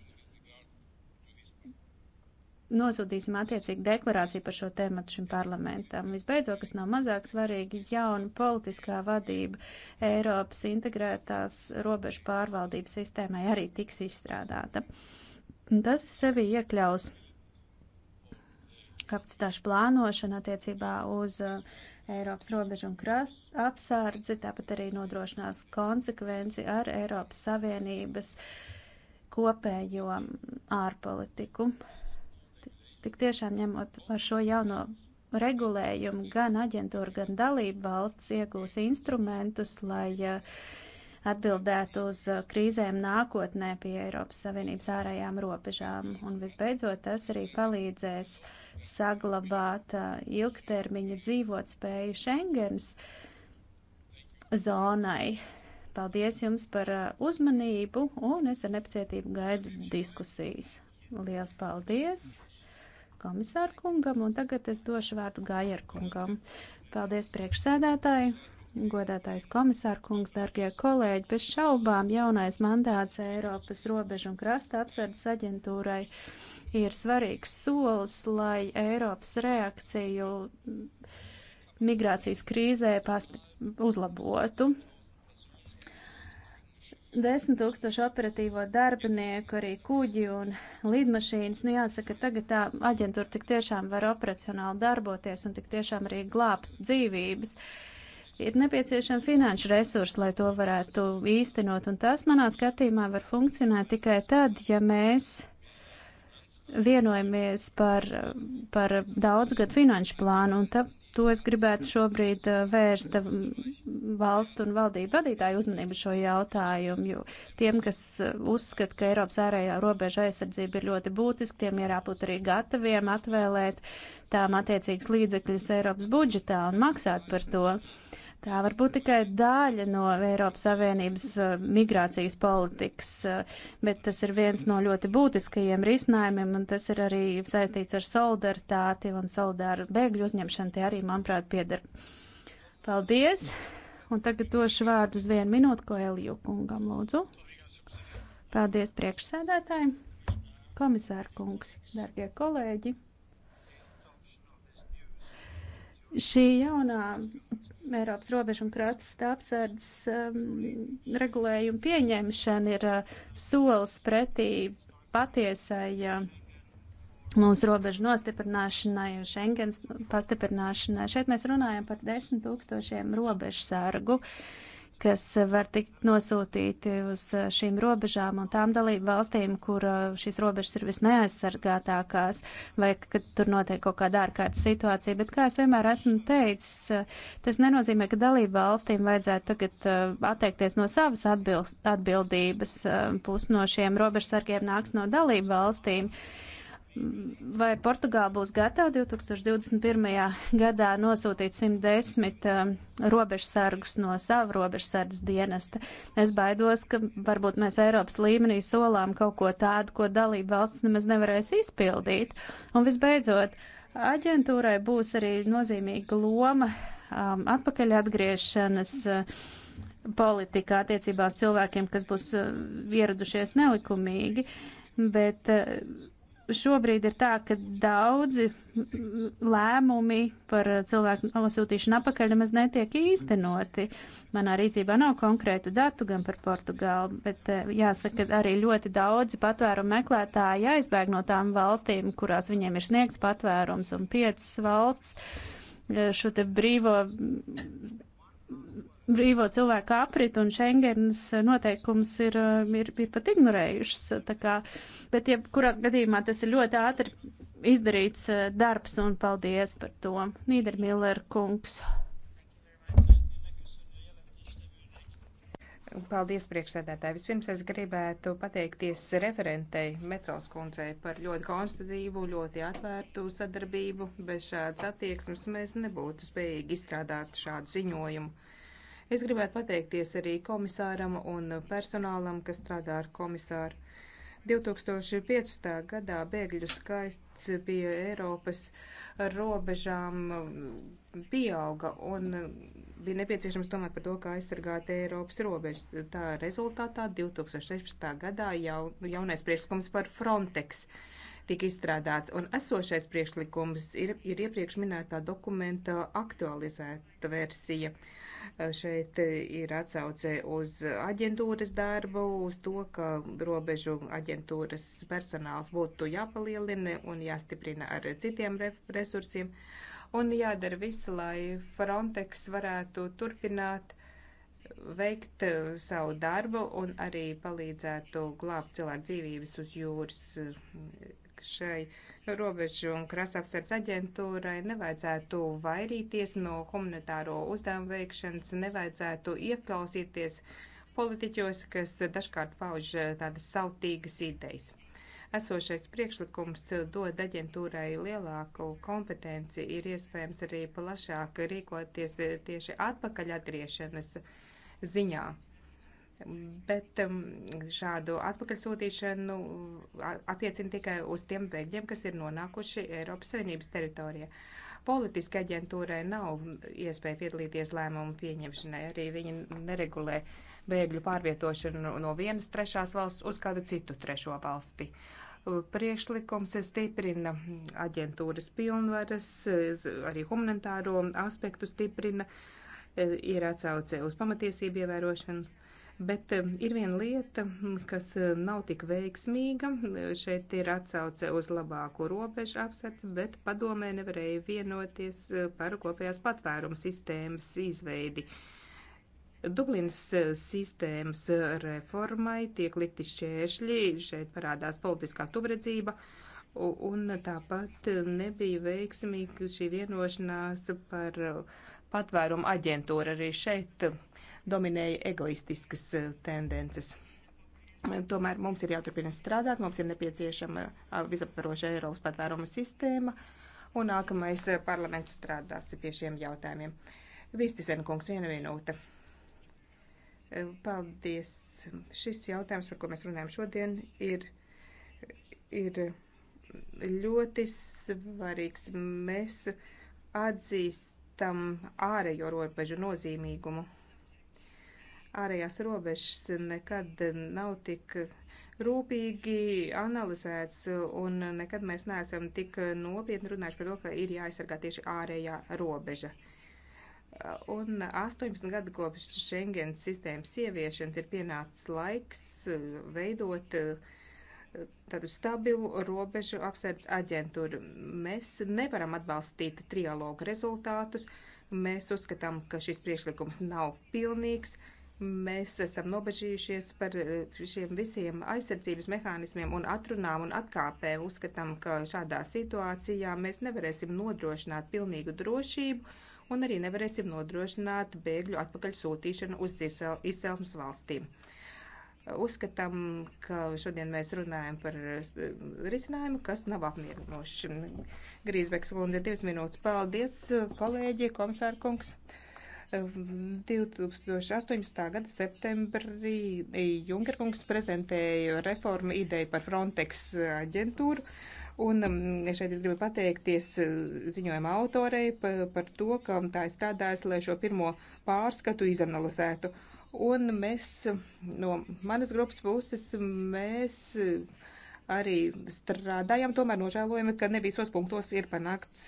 nosūtīsim attiecīgi deklarāciju par šo tēmatu šim parlamentam. Visbeidzot, kas nav mazāk svarīgi, jauna politiskā vadība Eiropas integrētās robežu pārvaldības sistēmai arī tiks izstrādāta. Tas sevi iekļaus kapacitāšu plānošanu attiecībā uz eh, Eiropas robežu un krastu apsārdzi, tāpat arī nodrošinās konsekvenci ar Eiropas Savienības uh, kopējo mm, ārpolitiku. Tik tiešām ņemot ar šo jauno regulējumu, gan aģentūra, gan dalība valsts iegūs instrumentus, lai eh, atbildētu uz eh, krīzēm nākotnē pie Eiropas Savienības ārējām robežām. Un visbeidzot, tas arī palīdzēs saglabāt eh, ilgtermiņa dzīvotspēju Schengens zonai Paldies jums par uh, uzmanību un es ar nepacietību gaidu diskusijas. Liels paldies komisāru kungam un tagad es došu vārdu Gajer kungam. Paldies priekšsēdētāji! Godātais komisāra kungs, darbie kolēģi, bez šaubām jaunais mandāts Eiropas robežu un krasta apsardzes aģentūrai ir svarīgs solis, lai Eiropas reakciju migrācijas krīzē uzlabotu. Desmit tūkstoši operatīvo darbinieku, arī kuģi un lidmašīnas. Nu, jāsaka, tagad tā aģentūra tik tiešām var operacionāli darboties un tik tiešām arī glābt dzīvības. Ir nepieciešama finanšu resursi, lai to varētu īstenot, un tas manā skatījumā var funkcionēt tikai tad, ja mēs vienojamies par, par daudzgadu finanšu plānu, un tad to es gribētu šobrīd eh, vērst eh, valstu un valdību vadītāju uzmanību šo jautājumu, jo tiem, kas eh, uzskata, ka Eiropas ārējā robeža aizsardzība ir ļoti būtiska, tiem ir jābūt arī gataviem atvēlēt tām attiecīgas līdzekļas Eiropas budžetā un maksāt par to. Uh, Tā var būt tikai daļa no Eiropas Savienības uh, migrācijas politikas, uh, bet tas ir viens no ļoti būtiskajiem risinājumiem, un tas ir arī saistīts ar solidaritāti un solidāru bēgļu uzņemšanu. Tie arī, manuprāt, pieder. Paldies! Un tagad došu vārdu uz vienu minūti, ko Eliju kungam lūdzu. Paldies priekšsēdētājiem, komisāra kungs, darbie kolēģi! Šī jaunā Eiropas robežu un krātas apsardzes um, regulējumu pieņemšana ir uh, solis pretī patiesai uh, mūsu robežu nostiprināšanai un Schengens pastiprināšanai. Šeit mēs runājam par desmit tūkstošiem robežu sargu. Uh, kas var tikt nosūtīti uz eh, šīm robežām un tām dalību valstīm, kur eh, šīs robežas ir visneaizsargātākās, vai kad tur notiek kaut kāda ārkārtas situācija. Bet, kā es vienmēr esmu teicis, eh, tas nenozīmē, ka dalību valstīm vajadzētu tagad atteikties no savas atbildības. Pus no šiem robežsargiem nāks no dalību valstīm. Uh, Vai Portugāla būs gatava 2021. gadā nosūtīt 110 uh, um, robežsargus no savu robežsardas dienesta? Es baidos, ka varbūt mēs Eiropas līmenī solām kaut ko tādu, ko dalība valsts nemaz nevarēs izpildīt. Un visbeidzot, aģentūrai būs arī nozīmīga loma um, atpakaļ atgriešanas. Uh, politikā attiecībās cilvēkiem, kas būs uh, ieradušies nelikumīgi, bet uh, šobrīd ir tā, ka daudzi lēmumi par cilvēku nosūtīšanu apakaļ nemaz netiek īstenoti. Manā rīcībā nav konkrētu datu gan par Portugālu, bet eh, jāsaka, ka arī ļoti daudzi patvērumu meklētāji aizbēg no tām valstīm, kurās viņiem ir sniegts patvērums un piecas valsts eh, šo te brīvo brīvo cilvēku aprit un Schengens noteikums ir, um, ir, ir pat ignorējušas. Kā, bet jebkurā gadījumā tas ir ļoti ātri izdarīts uh, darbs un paldies par to. Nīdermiller kungs. Paldies, priekšsēdētāji. Vispirms es gribētu pateikties referentei Mecels kundzei par ļoti konstruktīvu, ļoti atvērtu sadarbību. Bez šādas attieksmes mēs nebūtu spējīgi izstrādāt šādu ziņojumu. Es gribētu pateikties arī komisāram un personālam, kas strādā ar komisāru. 2015. gadā bēgļu skaists pie Eiropas robežām mm, pieauga un bija nepieciešams domāt par to, kā aizsargāt Eiropas robežas. Tā rezultātā 2016. gadā jau, jaunais priekšlikums par Frontex tika izstrādāts, un esošais priekšlikums ir, ir iepriekš minētā dokumenta aktualizēta versija. Uh, Šeit ir atsauce uz aģentūras darbu, uz to, ka robežu aģentūras personāls būtu jāpalielina un jāstiprina ar citiem resursiem. Un jādara viss, lai Frontex varētu turpināt veikt savu darbu un arī palīdzētu glābt cilvēku dzīvības uz jūras šai robežu un krasapsardz aģentūrai nevajadzētu vairīties no humanitāro uzdevumu veikšanas, nevajadzētu ieklausīties politiķos, kas dažkārt pauž eh, tādas sautīgas idejas. Esošais priekšlikums dod aģentūrai lielāku kompetenci, ir iespējams arī plašāk rīkoties tieši atpakaļ atgriešanas ziņā bet um, šādu atpakaļsūtīšanu attiecina tikai uz tiem bēgļiem, kas ir nonākuši Eiropas Savienības teritorijā. Politiski aģentūrai nav iespēja piedalīties lēmumu pieņemšanai, arī viņi neregulē bēgļu pārvietošanu no vienas trešās valsts uz kādu citu trešo valsti. Priekšlikums stiprina aģentūras pilnvaras, arī humanitāro aspektu stiprina, ir atsauce uz pamatiesību ievērošanu Bet um, ir viena lieta, mm, kas uh, nav tik veiksmīga. Šeit ir atsauce uz labāku robežu apsardzi, bet padomē nevarēja vienoties uh, par kopējās patvērumu sistēmas izveidi. Dublinas uh, sistēmas reformai tiek likti šķēršļi, šeit parādās politiskā tuvredzība, un tāpat nebija veiksmīga šī vienošanās par patvērumu aģentūru arī šeit. Uh, dominēja egoistiskas eh, tendences. Tomēr mums ir jāturpina strādāt, mums ir nepieciešama visaptvaroša Eiropas patvēruma sistēma, un nākamais eh, parlaments strādās pie šiem jautājumiem. Vistisen kungs, viena minūte. Eh, paldies. Šis jautājums, par ko mēs runājam šodien, ir, ir ļoti svarīgs. Mēs atzīstam ārējo robežu nozīmīgumu ārējās robežas nekad nav tik rūpīgi analizēts, un nekad mēs neesam tik nopietni runājuši par to, ka ir jāaizsargā tieši ārējā robeža. Un 18 gadu kopš Schengens sistēmas ieviešanas ir pienācis laiks veidot eh, tādu stabilu robežu apsardz aģentūru. Mēs nevaram atbalstīt trialogu rezultātus. Mēs uzskatām, ka šis priekšlikums nav pilnīgs. Uh, Mēs esam nobežījušies par eh, šiem visiem aizsardzības mehānismiem un atrunām un atkāpēm. Uzskatām, ka šādā situācijā mēs nevarēsim nodrošināt pilnīgu drošību un arī nevarēsim nodrošināt bēgļu atpakaļ sūtīšanu uz izcelsmes valstīm. Uzskatām, ka šodien mēs runājam par eh, risinājumu, kas nav apmierinoši. Grīzbeks kundze, divas minūtes. Paldies, kolēģi, komisārkungs. kungs. 2018. gada septembrī Junkerkungs prezentēja reformu ideju par Frontex aģentūru. Un um, šeit es gribu pateikties uh, ziņojuma autorei par, par to, ka tā ir strādājusi, lai šo pirmo pārskatu izanalizētu. Un mēs no manas grupas puses, mēs uh, arī strādājam, tomēr nožēlojam, ka ne visos punktos ir panākts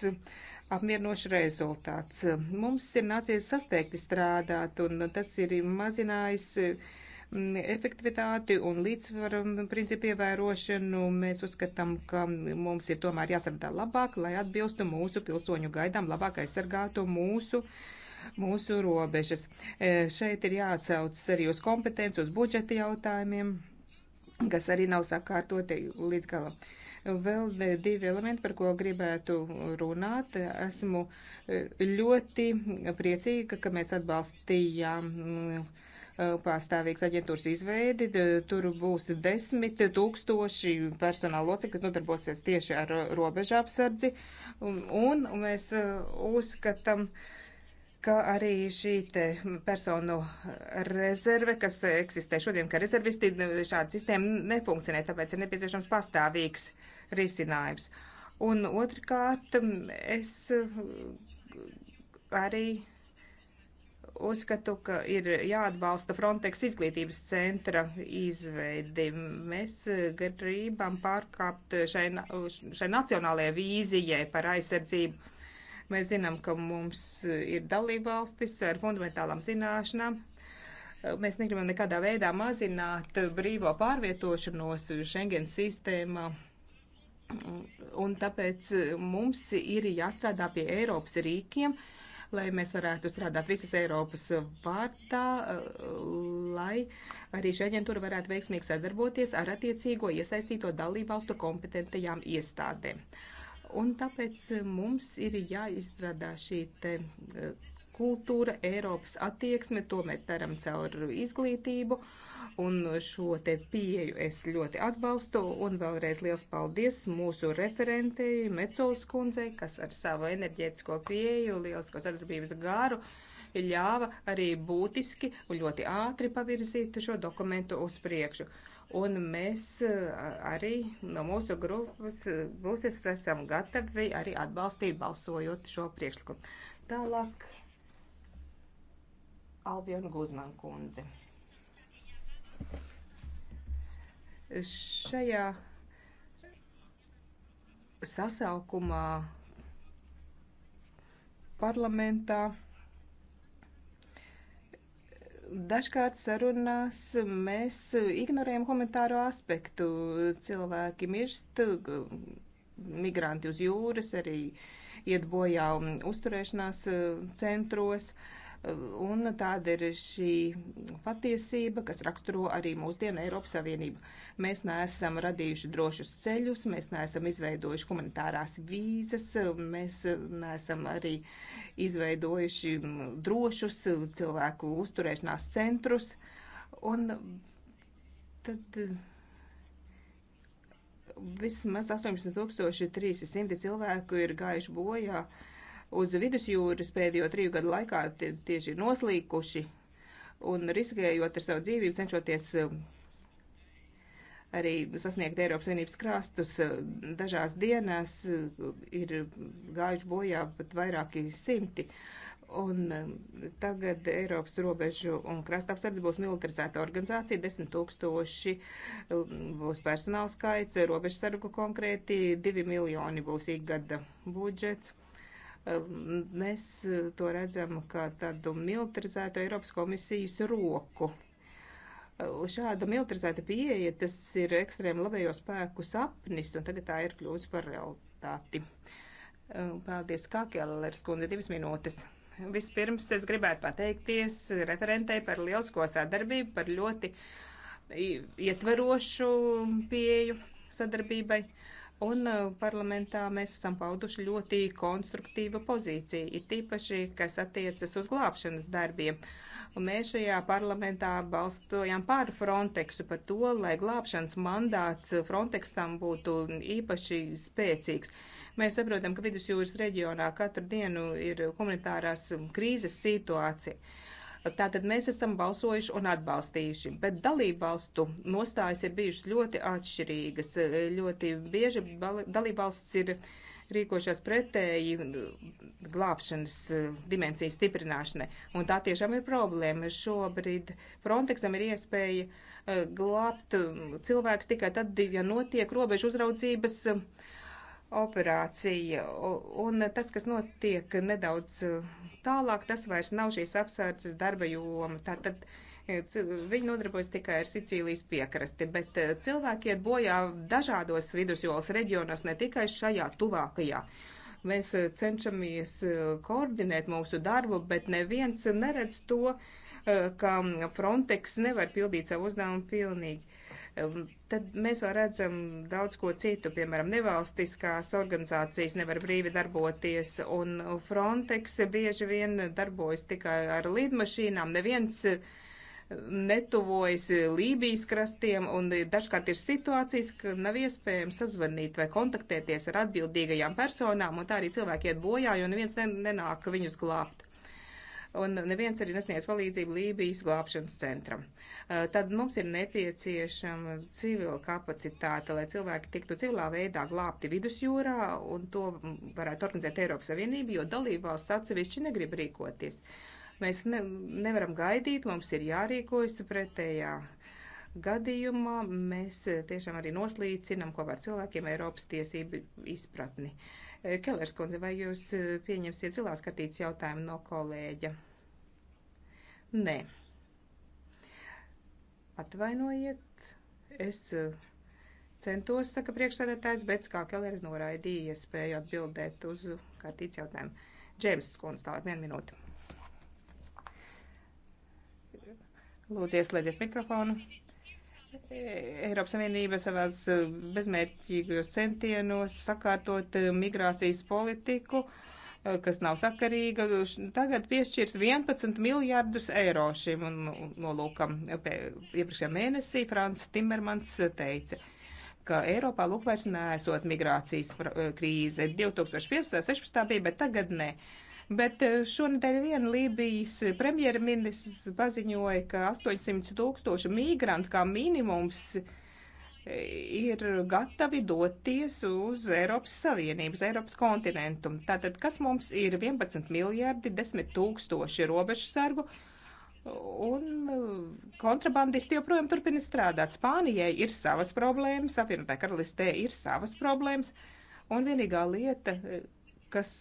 apmierinošs rezultāts. Mums ir nācies sasteigti strādāt, un tas ir mazinājis mm, efektivitāti un līdzsvaru mm, principu ievērošanu. Mēs uzskatām, ka mums ir tomēr jāsardā labāk, lai atbilstu mūsu pilsoņu gaidām, labāk aizsargātu mūsu mūsu robežas. E, šeit ir jāatcaucas arī uz kompetenci, uz budžeta jautājumiem, kas arī nav sakārtoti līdz galam. Uh, Vēl divi elementi, par ko gribētu runāt. Esmu eh, ļoti priecīga, ka mēs atbalstījām eh, pārstāvīgas aģentūras izveidi. Tur būs desmit tūkstoši personāla locekļi, kas nodarbosies tieši ar robežu apsardzi. Un, un mēs eh, uzskatām, ka arī šī te personu rezerve, kas eksistē šodien, ka rezervisti šāda sistēma nefunkcionē, tāpēc ir nepieciešams pastāvīgs uh, risinājums. Un otrkārt, es eh, arī uzskatu, ka ir jāatbalsta Frontex izglītības centra izveidi. Mēs eh, gribam pārkāpt šai, šai nacionālajai vīzijai par aizsardzību. Mēs zinām, ka mums eh, ir dalībvalstis ar fundamentālām zināšanām. Mēs negribam nekādā veidā mazināt brīvo pārvietošanos Schengen sistēmā. Un tāpēc mums ir jāstrādā pie Eiropas rīkiem, lai mēs varētu strādāt visas Eiropas vārtā, lai arī šī aģentūra varētu veiksmīgi sadarboties ar attiecīgo iesaistīto dalībvalstu kompetentajām iestādēm. Un tāpēc mums ir jāizstrādā šī te eh, kultūra, Eiropas attieksme, to mēs darām caur izglītību. Uh, un šo te pieju es ļoti atbalstu, un vēlreiz liels paldies mūsu referentei Mecols kundzei, kas ar savu enerģētisko pieju, lielisko sadarbības gāru ļāva arī būtiski un ļoti ātri pavirzīt šo dokumentu uz priekšu. Un mēs e, arī no mūsu grupas e, puses esam gatavi arī atbalstīt balsojot šo priekšlikumu. Tālāk Albion Guzman kundze. Šajā sasaukumā parlamentā dažkārt sarunās mēs ignorējam humanitāro aspektu. Cilvēki mirst, migranti uz jūras arī iet bojā uzturēšanās centros. Uh, Un tāda ir šī patiesība, kas raksturo arī mūsdienu Eiropas Savienību. Mēs neesam radījuši drošus ceļus, mēs neesam izveidojuši humanitārās vīzas, mēs neesam arī izveidojuši drošus cilvēku uzturēšanās centrus. Un tad vismaz 18,300 cilvēku ir gājuši bojā. Ja uz vidusjūras pēdējo triju gadu laikā tieši ir noslīkuši un riskējot ar savu dzīvību, cenšoties um, arī sasniegt Eiropas Savienības krastus. Um, dažās dienās um, ir gājuši bojā pat vairāki simti. Un tagad Eiropas robežu un krasta apsardze būs militarizēta organizācija, desmit tūkstoši būs personāla skaits, robežsargu konkrēti, divi miljoni būs ikgada budžets. Mēs eh, to redzam kā tādu militarizētu Eiropas komisijas roku. Šāda militarizēta pieeja, tas ir ekstrēma labējo spēku sapnis, un tagad tā ir kļūst par realitāti. Paldies, Kākēlers kundze, divas minūtes. Vispirms es gribētu pateikties referentei par lielisko sadarbību, par ļoti ietverošu pieju sadarbībai. Uh, Un uh, parlamentā mēs esam pauduši ļoti konstruktīvu pozīciju, it tīpaši, kas attiecas uz glābšanas darbiem. Un mēs šajā parlamentā balstojām par Frontexu, par to, lai glābšanas mandāts Frontexam būtu īpaši spēcīgs. Mēs saprotam, ka vidusjūras reģionā katru dienu ir komunitārās krīzes situācija. Tātad mēs esam balsojuši un atbalstījuši, bet dalību valstu nostājas ir bijušas ļoti atšķirīgas. Ļoti bieži dalību valsts ir rīkošās pretēji glābšanas eh, dimensijas stiprināšanai, un tā tiešām ir problēma. Šobrīd Frontexam ir iespēja eh, glābt mm, cilvēks tikai tad, ja notiek robežu uzraudzības uh, operācija. Un tas, kas notiek nedaudz uh, tālāk, tas vairs nav šīs apsardzes darba joma. Tātad uh, viņi nodarbojas tikai ar Sicīlijas piekrasti, bet uh, cilvēki iet bojā dažādos vidusjūras reģionos, ne tikai šajā tuvākajā. Mēs cenšamies koordinēt mūsu darbu, bet neviens neredz to, ka Frontex nevar pildīt savu uzdevumu pilnīgi um, tad mēs vēl redzam daudz ko citu, piemēram, nevalstiskās organizācijas nevar brīvi darboties, un Frontex bieži vien darbojas tikai ar līdmašīnām, neviens mm, netuvojas Lībijas krastiem, un dažkārt ir situācijas, ka nav iespējams sazvanīt vai kontaktēties ar atbildīgajām personām, un tā arī cilvēki iet bojā, jo neviens nenāk viņus glābt un neviens arī nesniedz palīdzību Lībijas glābšanas centram. Eh, tad mums ir nepieciešama civila kapacitāte, lai cilvēki tiktu civilā veidā glābti vidusjūrā, un to varētu organizēt Eiropas Savienība, jo dalībvalsts atsevišķi negrib rīkoties. Mēs ne, nevaram gaidīt, mums ir jārīkojas pretējā gadījumā. Mēs tiešām arī noslīcinam kopā ar cilvēkiem Eiropas tiesību izpratni. Uh, Eh, Kelers kundze, vai jūs eh, pieņemsiet zilās kartītes jautājumu no kolēģa? Nē. Atvainojiet, es eh, centos, saka priekšsēdētājs, bet kā Keller noraidīja iespēju atbildēt uz kārtīts jautājumu. Džēms Skundz, tālāk vienu minūti. Lūdzu, ieslēdziet mikrofonu. Eiropas Savienība savās eh, bezmērķīgajos centienos sakārtot eh, migrācijas politiku, eh, kas nav sakarīga, tagad piešķirs 11 miljārdus eiro šim nolūkam. Iepriekšējā mēnesī Frans Timermans teica, ka Eiropā lūk vairs nesot migrācijas krīze. 2015. 16. bija, bet tagad ne. Ne Bet eh, šonadēļ vien Lībijas premjerministrs paziņoja, ka 800 tūkstoši migrantu kā minimums eh, ir gatavi doties uz Eiropas Savienības, Eiropas kontinentu. Tātad, kas mums ir 11 miljardi, 10 tūkstoši robežu sargu, un eh, kontrabandisti joprojām turpina strādāt. Spānijai ir savas problēmas, apvienotā karalistē ir savas problēmas, un vienīgā lieta, kas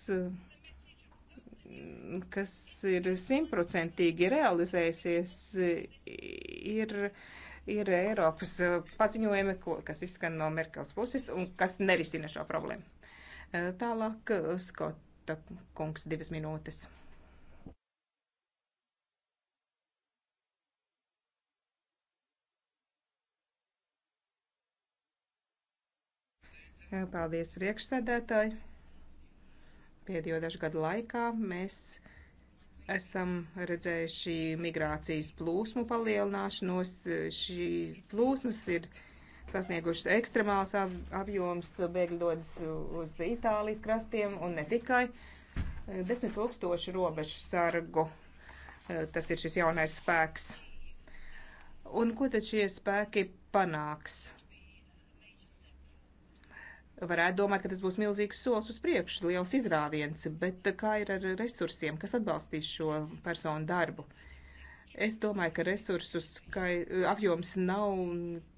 kas ir simtprocentīgi realizēsies, ir, ir Eiropas paziņojumi, ko, kas izskan no Merkels puses un kas nerisina šo problēmu. Eh, tālāk eh, Skota kungs divas minūtes. Eh, paldies priekšsēdētāji. Pēdējo dažu gadu laikā mēs esam redzējuši migrācijas plūsmu palielināšanos. Šīs plūsmas ir sasniegušas ekstremāls apjoms, bēgļi dodas uz Itālijas krastiem un ne tikai. Desmit tūkstoši robežu sargu. Tas ir šis jaunais spēks. Un ko tad šie spēki panāks? varētu domāt, ka tas būs milzīgs solis uz priekšu, liels izrāviens, bet eh, kā ir ar resursiem, kas atbalstīs šo personu darbu? Es domāju, ka resursu eh, apjoms nav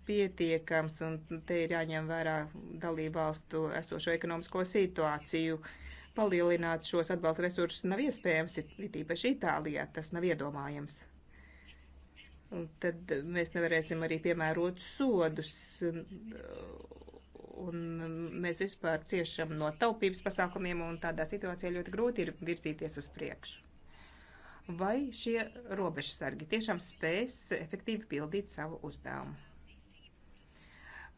pietiekams, un te ir jāņem vērā dalību valstu esošo ekonomisko situāciju. Palielināt šos atbalsta resursus nav iespējams, it īpaši Itālijā tas nav iedomājams. Un tad mēs nevarēsim arī piemērot sodus un mēs vispār ciešam no taupības pasākumiem, un tādā situācijā ļoti grūti ir virzīties uz priekšu. Vai šie robežsargi tiešām spēs efektīvi pildīt savu uzdevumu?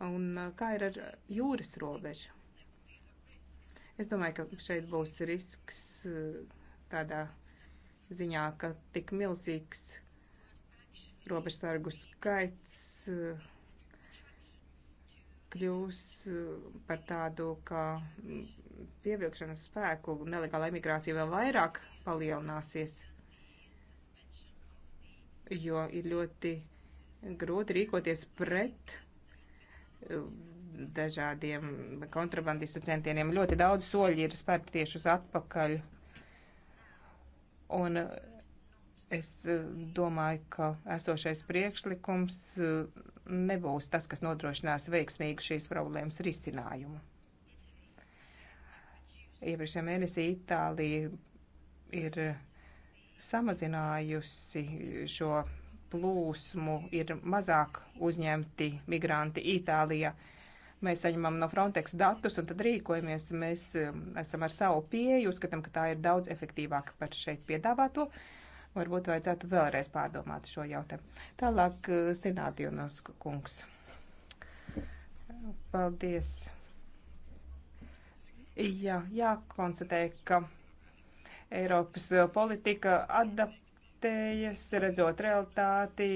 Un uh, kā ir ar jūras robežu? Es domāju, ka šeit būs risks uh, tādā ziņā, ka tik milzīgs robežsargu skaits uh, kļūs eh, par tādu, ka pievilkšanas spēku nelegāla imigrācija vēl vairāk palielināsies, jo ir ļoti grūti rīkoties pret eh, dažādiem kontrabandistu centieniem. Ļoti daudz soļi ir spērti tieši uz atpakaļ. Un Es eh, domāju, ka esošais priekšlikums eh, nebūs tas, kas nodrošinās veiksmīgu šīs problēmas risinājumu. Iepriekšējā mēnesī Itālija ir samazinājusi šo plūsmu, ir mazāk uzņemti migranti Itālijā. Mēs saņemam no Frontex datus un tad rīkojamies. Mēs eh, esam ar savu pieeju, uzskatām, ka tā ir daudz efektīvāka par šeit piedāvāto. Uh, Varbūt vajadzētu vēlreiz pārdomāt šo jautājumu. Tālāk eh, Sinādionas kungs. Paldies. Jā, jākonstatē, ka Eiropas politika adaptējas, redzot realitāti,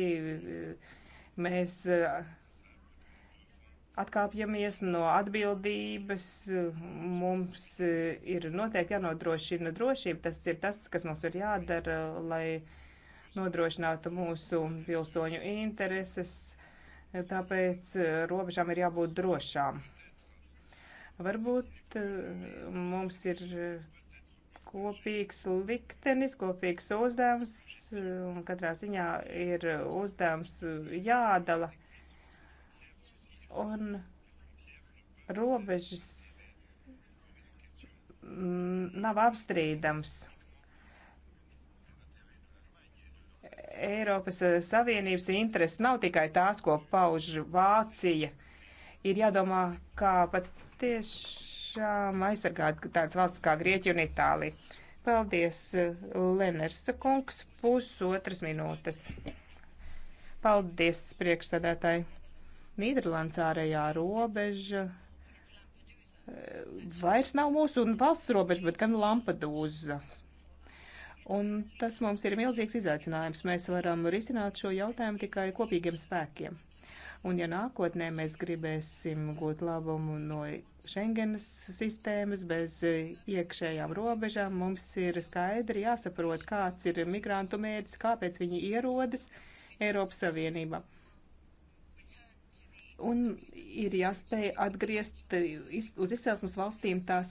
mēs eh, atkāpjamies no atbildības, mums eh, ir noteikti jānodrošina drošība. Tas ir tas, kas mums ir jādara, lai nodrošinātu mūsu pilsoņu intereses. Tāpēc eh, robežām ir jābūt drošām. Varbūt eh, mums ir kopīgs liktenis, kopīgs uzdevums, un katrā ziņā ir uzdevums jādala. Un robežas mm, nav apstrīdams. Eiropas eh, Savienības intereses nav tikai tās, ko pauž Vācija. Ir jādomā, kā pat tiešām aizsargāt tādas valsts kā Grieķija un Itālija. Paldies, eh, Lenersa kungs, pusotras minūtes. Paldies, priekšsēdētāji. Nīderlandes ārējā robeža eh, vairs nav mūsu valsts robeža, bet gan Lampedūza. Un tas mums ir milzīgs izaicinājums. Mēs varam risināt šo jautājumu tikai kopīgiem spēkiem. Un ja nākotnē mēs gribēsim gūt labumu no Schengenas sistēmas bez iekšējām robežām, mums ir skaidri jāsaprot, kāds ir migrantu mērķis, kāpēc viņi ierodas Eiropas Savienībā. Un ir jāspēj atgriezt uz izcelsmes valstīm tās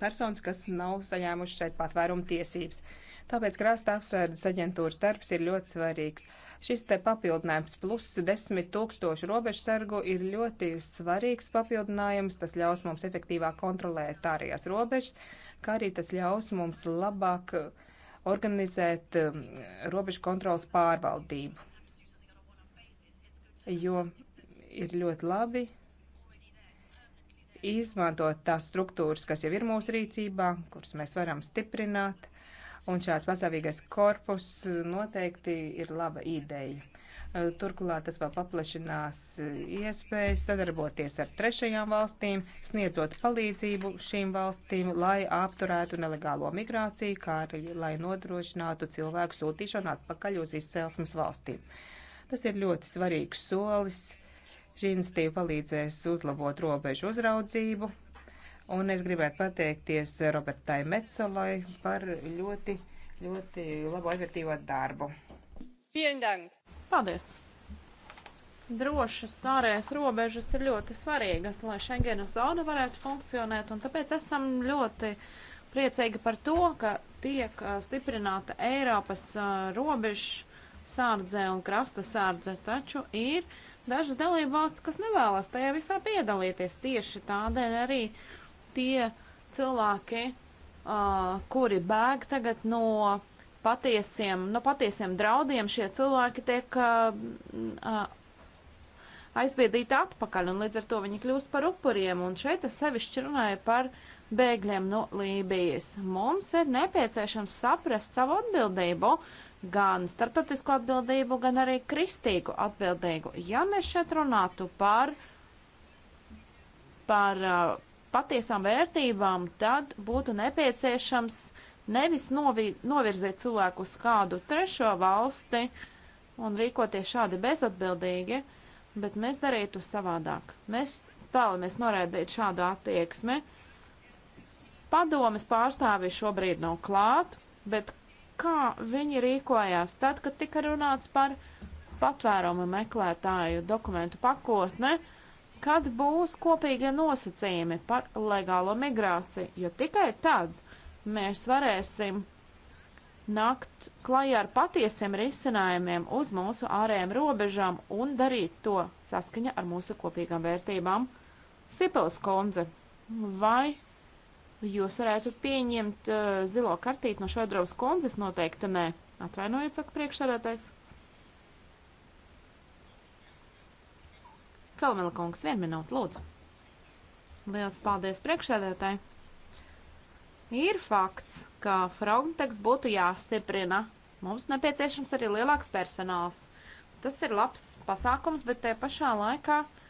personas, kas nav saņēmuši šeit patvērumu tiesības. Tāpēc krāsta apsardzes aģentūras darbs ir ļoti svarīgs. Šis te papildinājums plus 10 tūkstoši robežsargu ir ļoti svarīgs papildinājums. Tas ļaus mums efektīvāk kontrolēt ārējās robežas, kā arī tas ļaus mums labāk organizēt um, robežu kontrolas pārvaldību. Jo ir ļoti labi izmantot tās struktūras, kas jau ir mūsu rīcībā, kuras mēs varam stiprināt, un šāds pastāvīgais korpus noteikti ir laba ideja. Eh, turklāt tas vēl paplašinās eh, iespējas sadarboties ar trešajām valstīm, sniedzot palīdzību šīm valstīm, lai apturētu nelegālo migrāciju, kā arī lai nodrošinātu cilvēku sūtīšanu atpakaļ uz izcelsmes valstīm. Tas ir ļoti svarīgs solis Šī iniciatīva palīdzēs uzlabot robežu uzraudzību, un es gribētu pateikties Robertai Metsolai par ļoti, ļoti labu efektīvo darbu. Paldies! Drošas ārējās robežas ir ļoti svarīgas, lai Schengenas zona varētu funkcionēt, un tāpēc esam ļoti priecīgi par to, ka tiek stiprināta Eiropas robeža sārdzē un krasta sārdze, taču ir uh, dažas dalībvalstis, kas nevēlas tajā visā piedalīties. Tieši tādēļ arī tie cilvēki, uh, kuri bēg tagad no patiesiem, no patiesiem draudiem, šie cilvēki tiek uh, uh, aizbiedīti atpakaļ, un līdz ar to viņi kļūst par upuriem. Un šeit es sevišķi runāju par bēgļiem no Lībijas. Mums ir nepieciešams saprast savu atbildību. Uh, gan starptautisko atbildību, gan arī kristīgu atbildību. Ja mēs šeit runātu par, par uh, patiesām vērtībām, tad būtu nepieciešams nevis novi, novirzīt cilvēku uz kādu trešo valsti un rīkoties šādi bezatbildīgi, bet mēs darītu savādāk. Mēs vēlamies noraidīt šādu attieksmi. Padomas pārstāvji šobrīd nav klāt, bet kā viņi rīkojās tad, kad tika runāts par patvērumu meklētāju dokumentu pakotne, kad būs kopīgie nosacījumi par legālo migrāciju, jo tikai tad mēs varēsim nākt klajā ar patiesiem risinājumiem uz mūsu ārējām robežām un darīt to saskaņa ar mūsu kopīgām vērtībām. Sipils kundze, vai Jūs varētu pieņemt uh, zilo kartīti no Šodrovas kundzes noteikti nē. Atvainojiet, saka priekšsēdētājs. Kalmela kungs, vien minūte, lūdzu. Liels paldies priekšsēdētāji. Ir fakts, ka Frontex būtu jāstiprina. Mums nepieciešams arī lielāks personāls. Tas ir labs pasākums, bet te pašā laikā. Uh,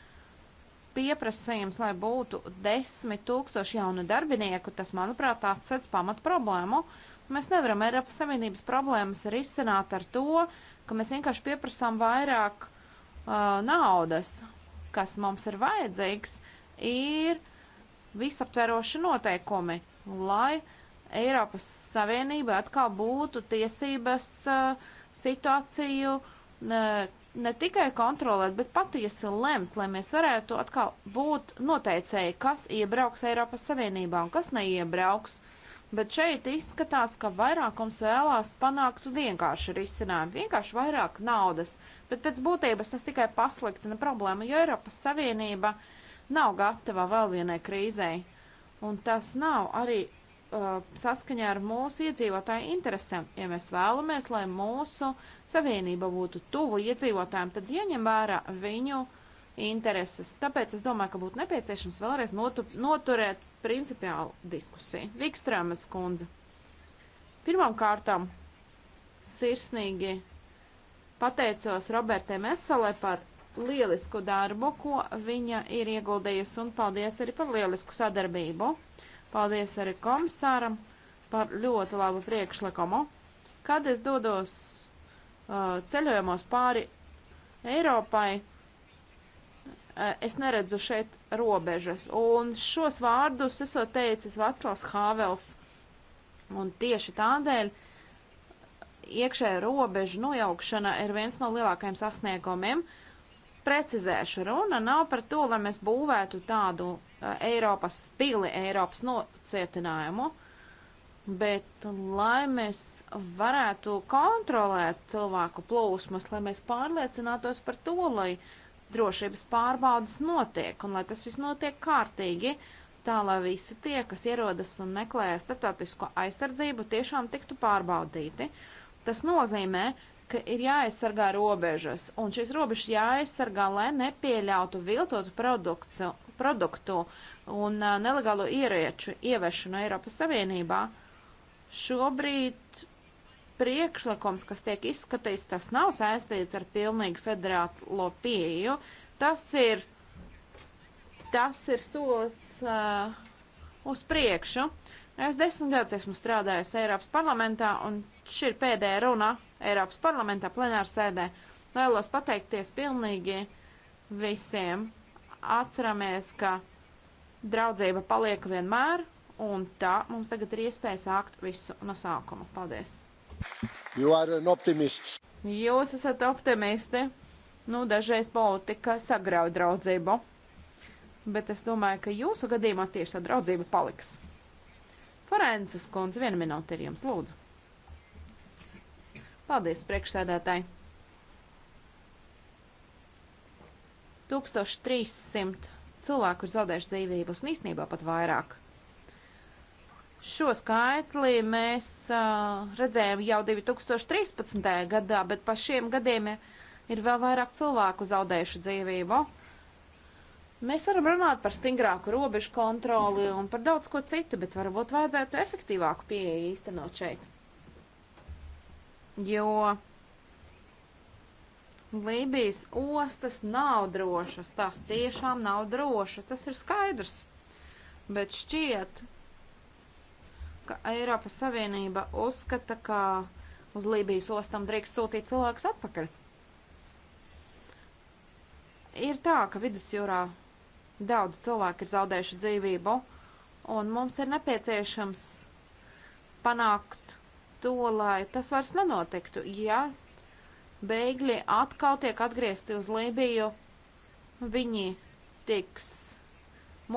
pieprasījums, lai būtu desmit tūkstoši jaunu darbinieku, tas, manuprāt, atsedz pamat problēmu. Mēs nevaram Eiropas Savienības problēmas risināt ar to, ka mēs vienkārši pieprasām vairāk uh, naudas, kas mums ir vajadzīgs, ir visaptveroši noteikumi, lai Eiropas Savienība atkal būtu tiesības uh, situāciju, uh, ne tikai kontrolēt, bet patiesi lemt, lai mēs varētu atkal būt noteicēji, kas iebrauks Eiropas Savienībā un kas neiebrauks. Bet šeit izskatās, ka vairākums vēlās panākt vienkāršu risinājumu, vienkārši vairāk naudas, bet pēc būtības tas tikai pasliktina problēmu, jo Eiropas Savienība nav gatava vēl vienai krīzei. Un tas nav arī Uh, saskaņā ar mūsu iedzīvotāju interesēm. Ja mēs vēlamies, lai mūsu savienība būtu tuvu iedzīvotājiem, tad ieņem vērā viņu intereses. Tāpēc es domāju, ka būtu nepieciešams vēlreiz notu, noturēt principiālu diskusiju. Vikstrāmas kundze. Pirmām kārtām sirsnīgi pateicos Robertai Mecelē par lielisku darbu, ko viņa ir ieguldījusi, un paldies arī par lielisku sadarbību. Paldies arī komisāram par ļoti labu priekšlikumu. Kad es dodos uh, ceļojumos pāri Eiropai, uh, es neredzu šeit robežas. Un šos vārdus esot teicis Vaclavs Hāvels. Un tieši tādēļ iekšēja robeža nojaukšana ir viens no lielākajiem sasniegumiem. Precizēšu runa nav par to, lai mēs būvētu tādu Eiropas pili, Eiropas nocietinājumu, bet lai mēs varētu kontrolēt cilvēku plūsmas, lai mēs pārliecinātos par to, lai drošības pārbaudas notiek un lai tas viss notiek kārtīgi, tā lai visi tie, kas ierodas un meklē starptautisko aizsardzību, tiešām tiktu pārbaudīti. Tas nozīmē, ka ir jāaizsargā robežas, un šīs robežas jāaizsargā, lai nepieļautu viltotu produktu produktu un uh, nelegālo ierieču ievešanu Eiropas Savienībā. Šobrīd priekšlikums, kas tiek izskatīts, tas nav saistīts ar pilnīgu federālo pieju. Tas ir, tas ir solis uh, uz priekšu. Es desmit gadus esmu strādājis Eiropas parlamentā, un šī ir pēdējā runa Eiropas parlamentā plenārsēdē. Vēlos pateikties pilnīgi visiem atceramies, ka draudzība paliek vienmēr, un tā mums tagad ir iespēja sākt visu no sākuma. Paldies! Jūs esat optimisti. Nu, dažreiz politika sagrauj draudzību, bet es domāju, ka jūsu gadījumā tieši tā draudzība paliks. Forences kundze, viena minūte ir jums lūdzu. Paldies, priekšsēdētāji! 1300 cilvēku ir zaudējuši dzīvības, un īstenībā pat vairāk. Šo skaitli mēs uh, redzējām jau 2013. gadā, bet pa šiem gadiem ir vēl vairāk cilvēku zaudējuši dzīvību. Mēs varam runāt par stingrāku robežu kontroli un par daudz ko citu, bet varbūt vajadzētu efektīvāku pieeju īstenot šeit. Jo Lībijas ostas nav drošas, tās tiešām nav drošas, tas ir skaidrs. Bet šķiet, ka Eiropas Savienība uzskata, ka uz Lībijas ostām drīkst sūtīt cilvēkus atpakaļ. Ir tā, ka vidusjūrā daudz cilvēku ir zaudējuši dzīvību, un mums ir nepieciešams panākt to, lai tas vairs nenotiktu. Ja bēgļi atkal tiek atgriezti uz Lībiju. Viņi tiks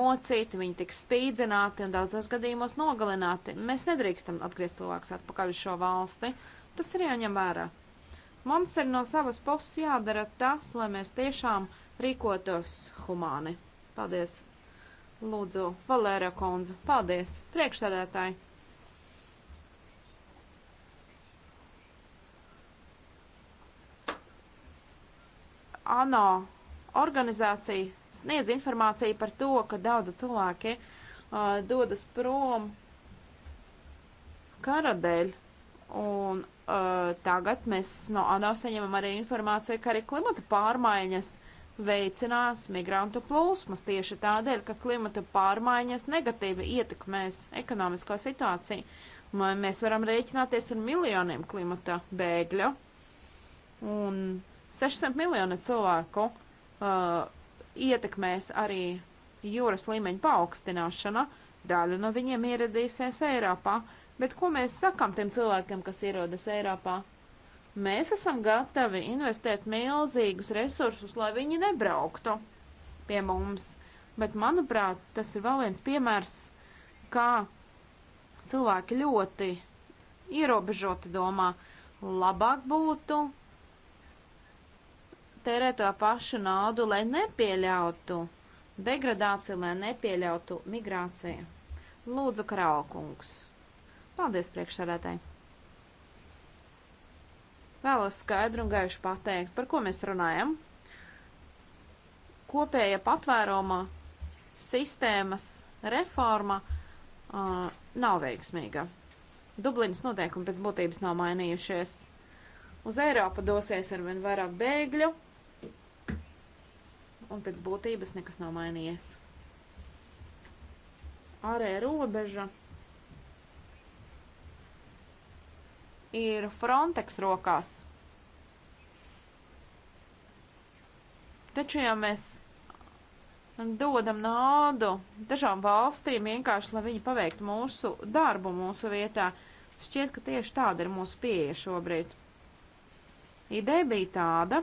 mocīti, viņi tiks spīdzināti un daudzos gadījumos nogalināti. Mēs nedrīkstam atgriezt cilvēkus atpakaļ uz šo valsti. Tas ir jāņem vērā. Mums ir no savas puses jādara tas, lai mēs tiešām rīkotos humāni. Paldies! Lūdzu, Valērija Konze, paldies! Priekšsēdētāji! ANO organizācija sniedz informāciju par to, ka daudzi cilvēki uh, dodas prom kara dēļ. Un uh, tagad mēs no ANO saņemam arī informāciju, ka arī klimata pārmaiņas veicinās migrantu plūsmas tieši tādēļ, ka klimata pārmaiņas negatīvi ietekmēs ekonomisko situāciju. Mēs varam rēķināties ar miljoniem klimata bēgļu. Un 600 miljoni cilvēku uh, ietekmēs arī jūras līmeņa paaugstināšana, daļa no viņiem ieradīsies Eiropā. Bet ko mēs sakam tiem cilvēkiem, kas ierodas Eiropā? Mēs esam gatavi investēt milzīgus resursus, lai viņi nebrauktu pie mums. Bet, manuprāt, tas ir vēl viens piemērs, kā cilvēki ļoti ierobežoti domā, labāk būtu tērē to pašu naudu, lai nepieļautu degradāciju, lai nepieļautu migrāciju. Lūdzu, Kraukungs. Paldies priekšsarētāji. Vēlos skaidru un gaišu pateikt, par ko mēs runājam. Kopēja patvēroma sistēmas reforma uh, nav veiksmīga. Dublinas noteikumi pēc būtības nav mainījušies. Uz Eiropu dosies arvien vairāk bēgļu, un pēc būtības nekas nav mainījies. Ārējā robeža ir Frontex rokās. Taču, ja mēs dodam naudu dažām valstīm vienkārši, lai viņi paveiktu mūsu darbu mūsu vietā, šķiet, ka tieši tāda ir mūsu pieeja šobrīd. Ideja bija tāda,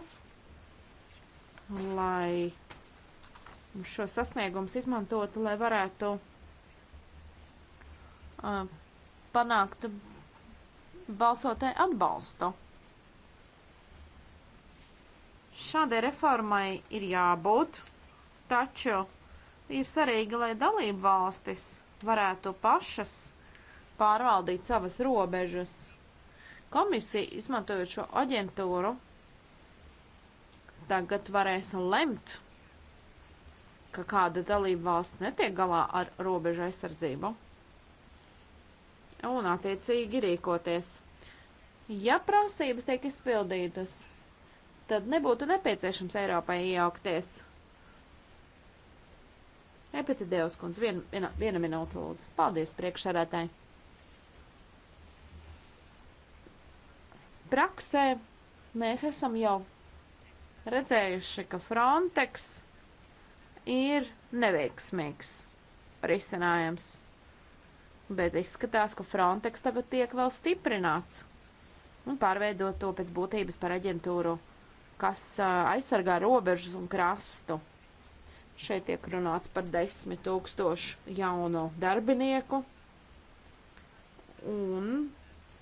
lai šo sasniegumus izmantotu, lai varētu uh, panākt balsotāju atbalstu. Šādai reformai ir jābūt, taču ir svarīgi, lai dalību valstis varētu pašas pārvaldīt savas robežas. Komisija, izmantojot šo aģentūru, tagad varēs lemt, ka kāda dalība valsts netiek galā ar robežu aizsardzību un attiecīgi rīkoties. Ja prasības tiek izpildītas, tad nebūtu nepieciešams Eiropai iejaukties. Epitēdevs kundze, vien, viena, viena minūte lūdzu. Paldies priekšsarētāji. Praksē mēs esam jau redzējuši, ka Frontex ir neveiksmīgs risinājums. Bet izskatās, ka Frontex tagad tiek vēl stiprināts un pārveidot to pēc būtības par aģentūru, kas aizsargā robežas un krastu. Šeit tiek runāts par desmit tūkstošu jaunu darbinieku, un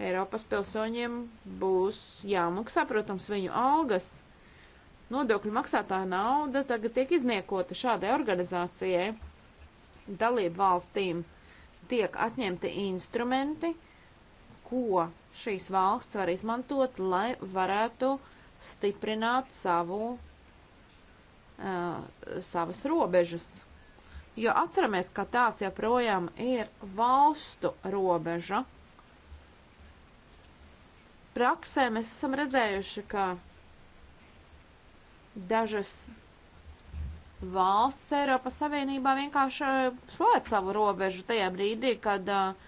Eiropas pilsoņiem būs jāmaksā, protams, viņu algas – Nodokļu maksātāja nauda tagad tiek izniekota šādai organizācijai. Dalību valstīm tiek atņemti instrumenti, ko šīs valsts var izmantot, lai varētu stiprināt savu, uh, savas robežas. Jo atceramies, ka tās joprojām ir valstu robeža. Praksē mēs esam redzējuši, ka Dažas valsts Eiropas Savienībā vienkārši eh, slēdz savu robežu tajā brīdī, kad uh,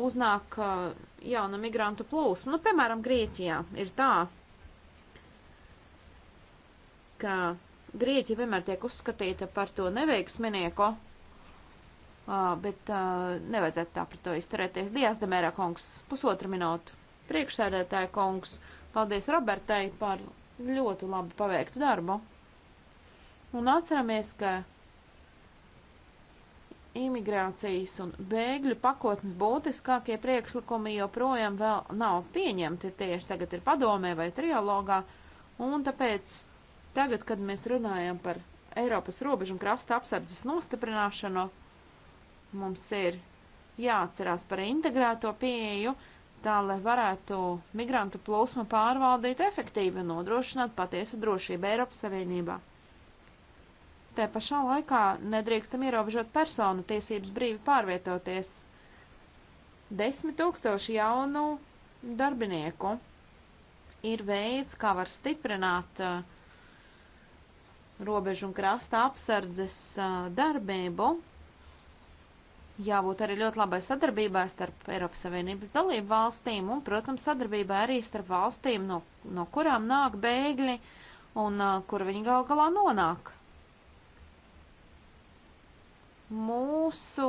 uznāk uh, jauna migrantu plūsma. Nu, piemēram, Grieķijā ir tā, ka Grieķija vienmēr tiek uzskatīta par to neveiksminieku, uh, bet uh, nevajadzētu tā par to izturēties. Dijas Demērā kungs, pusotra minūte. Priekšsēdētāja kungs, paldies Robertai par ļoti labi paveiktu darbu. Un atceramies, ka imigrācijas un bēgļu pakotnes būtiskākie priekšlikumi joprojām vēl nav pieņemti tieši tagad ir padomē vai trialogā, un tāpēc tagad, kad mēs runājam par Eiropas robežu un krasta apsardzes nostiprināšanu, mums ir jāatcerās par integrēto pieeju, uh, tā lai varētu migrantu plūsmu pārvaldīt efektīvi un nodrošināt patiesu drošību Eiropas Savienībā. Te pašā laikā nedrīkstam ierobežot personu tiesības brīvi pārvietoties. Desmit tūkstoši jaunu darbinieku ir veids, kā var stiprināt uh, robežu un krasta apsardzes uh, darbību, Jābūt arī ļoti labai sadarbībai starp Eiropas Savienības dalību valstīm un, protams, sadarbībai arī starp valstīm, no, no kurām nāk bēgļi un uh, kur viņi gal galā nonāk. Mūsu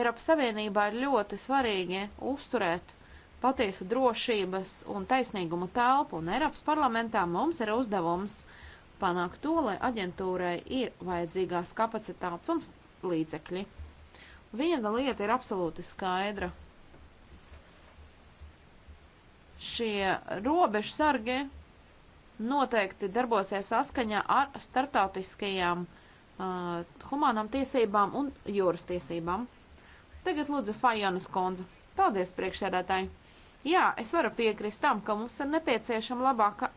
Eiropas Savienībā ir ļoti svarīgi uzturēt patiesu drošības un taisnīguma telpu, un Eiropas parlamentā mums ir uzdevums panākt to, lai aģentūrai ir vajadzīgās kapacitātes un līdzekļi. Viena lieta ir absolūti skaidra. Šie robežsargi noteikti darbosies saskaņā ar startautiskajām uh, humānām tiesībām un jūras tiesībām. Tagad lūdzu Fajanas kundze. Paldies priekšsēdētāji. Jā, es varu piekrist tam, ka mums ir nepieciešama labāka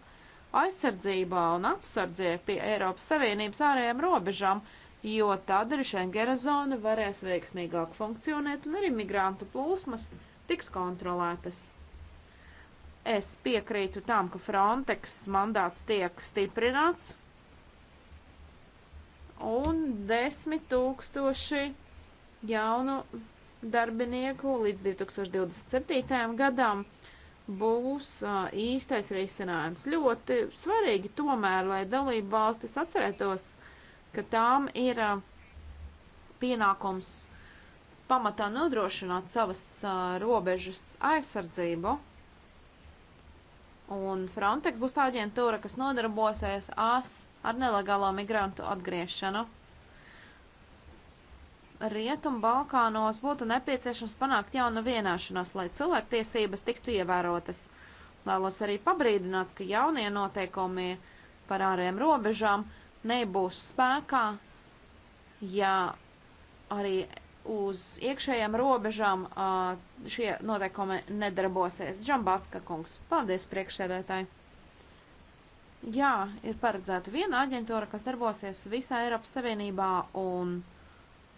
aizsardzībā un apsardzē pie Eiropas Savienības ārējām robežām. Uh, jo tad arī Schengera zona varēs veiksmīgāk funkcionēt un arī migrantu plūsmas tiks kontrolētas. Es piekrītu tam, ka Frontex mandāts tiek stiprināts un desmit tūkstoši jaunu darbinieku līdz 2027. gadam būs īstais risinājums. Ļoti svarīgi tomēr, lai dalību valstis atcerētos, ka tām ir pienākums pamatā nodrošināt savas uh, robežas aizsardzību. Un Frontex būs tā aģentūra, kas nodarbosies as ar nelegālo migrantu atgriešanu. Rietum Balkānos būtu nepieciešams panākt jaunu vienāšanos, lai cilvēktiesības tiktu ievērotas. Vēlos arī pabrīdināt, ka jaunie noteikumi par ārējām robežām uh, nebūs spēkā, ja arī uz iekšējām robežām šie noteikumi nedarbosies. Džambatska kungs, paldies priekšsēdētāji! Jā, ir paredzēta viena aģentūra, kas darbosies visā Eiropas Savienībā un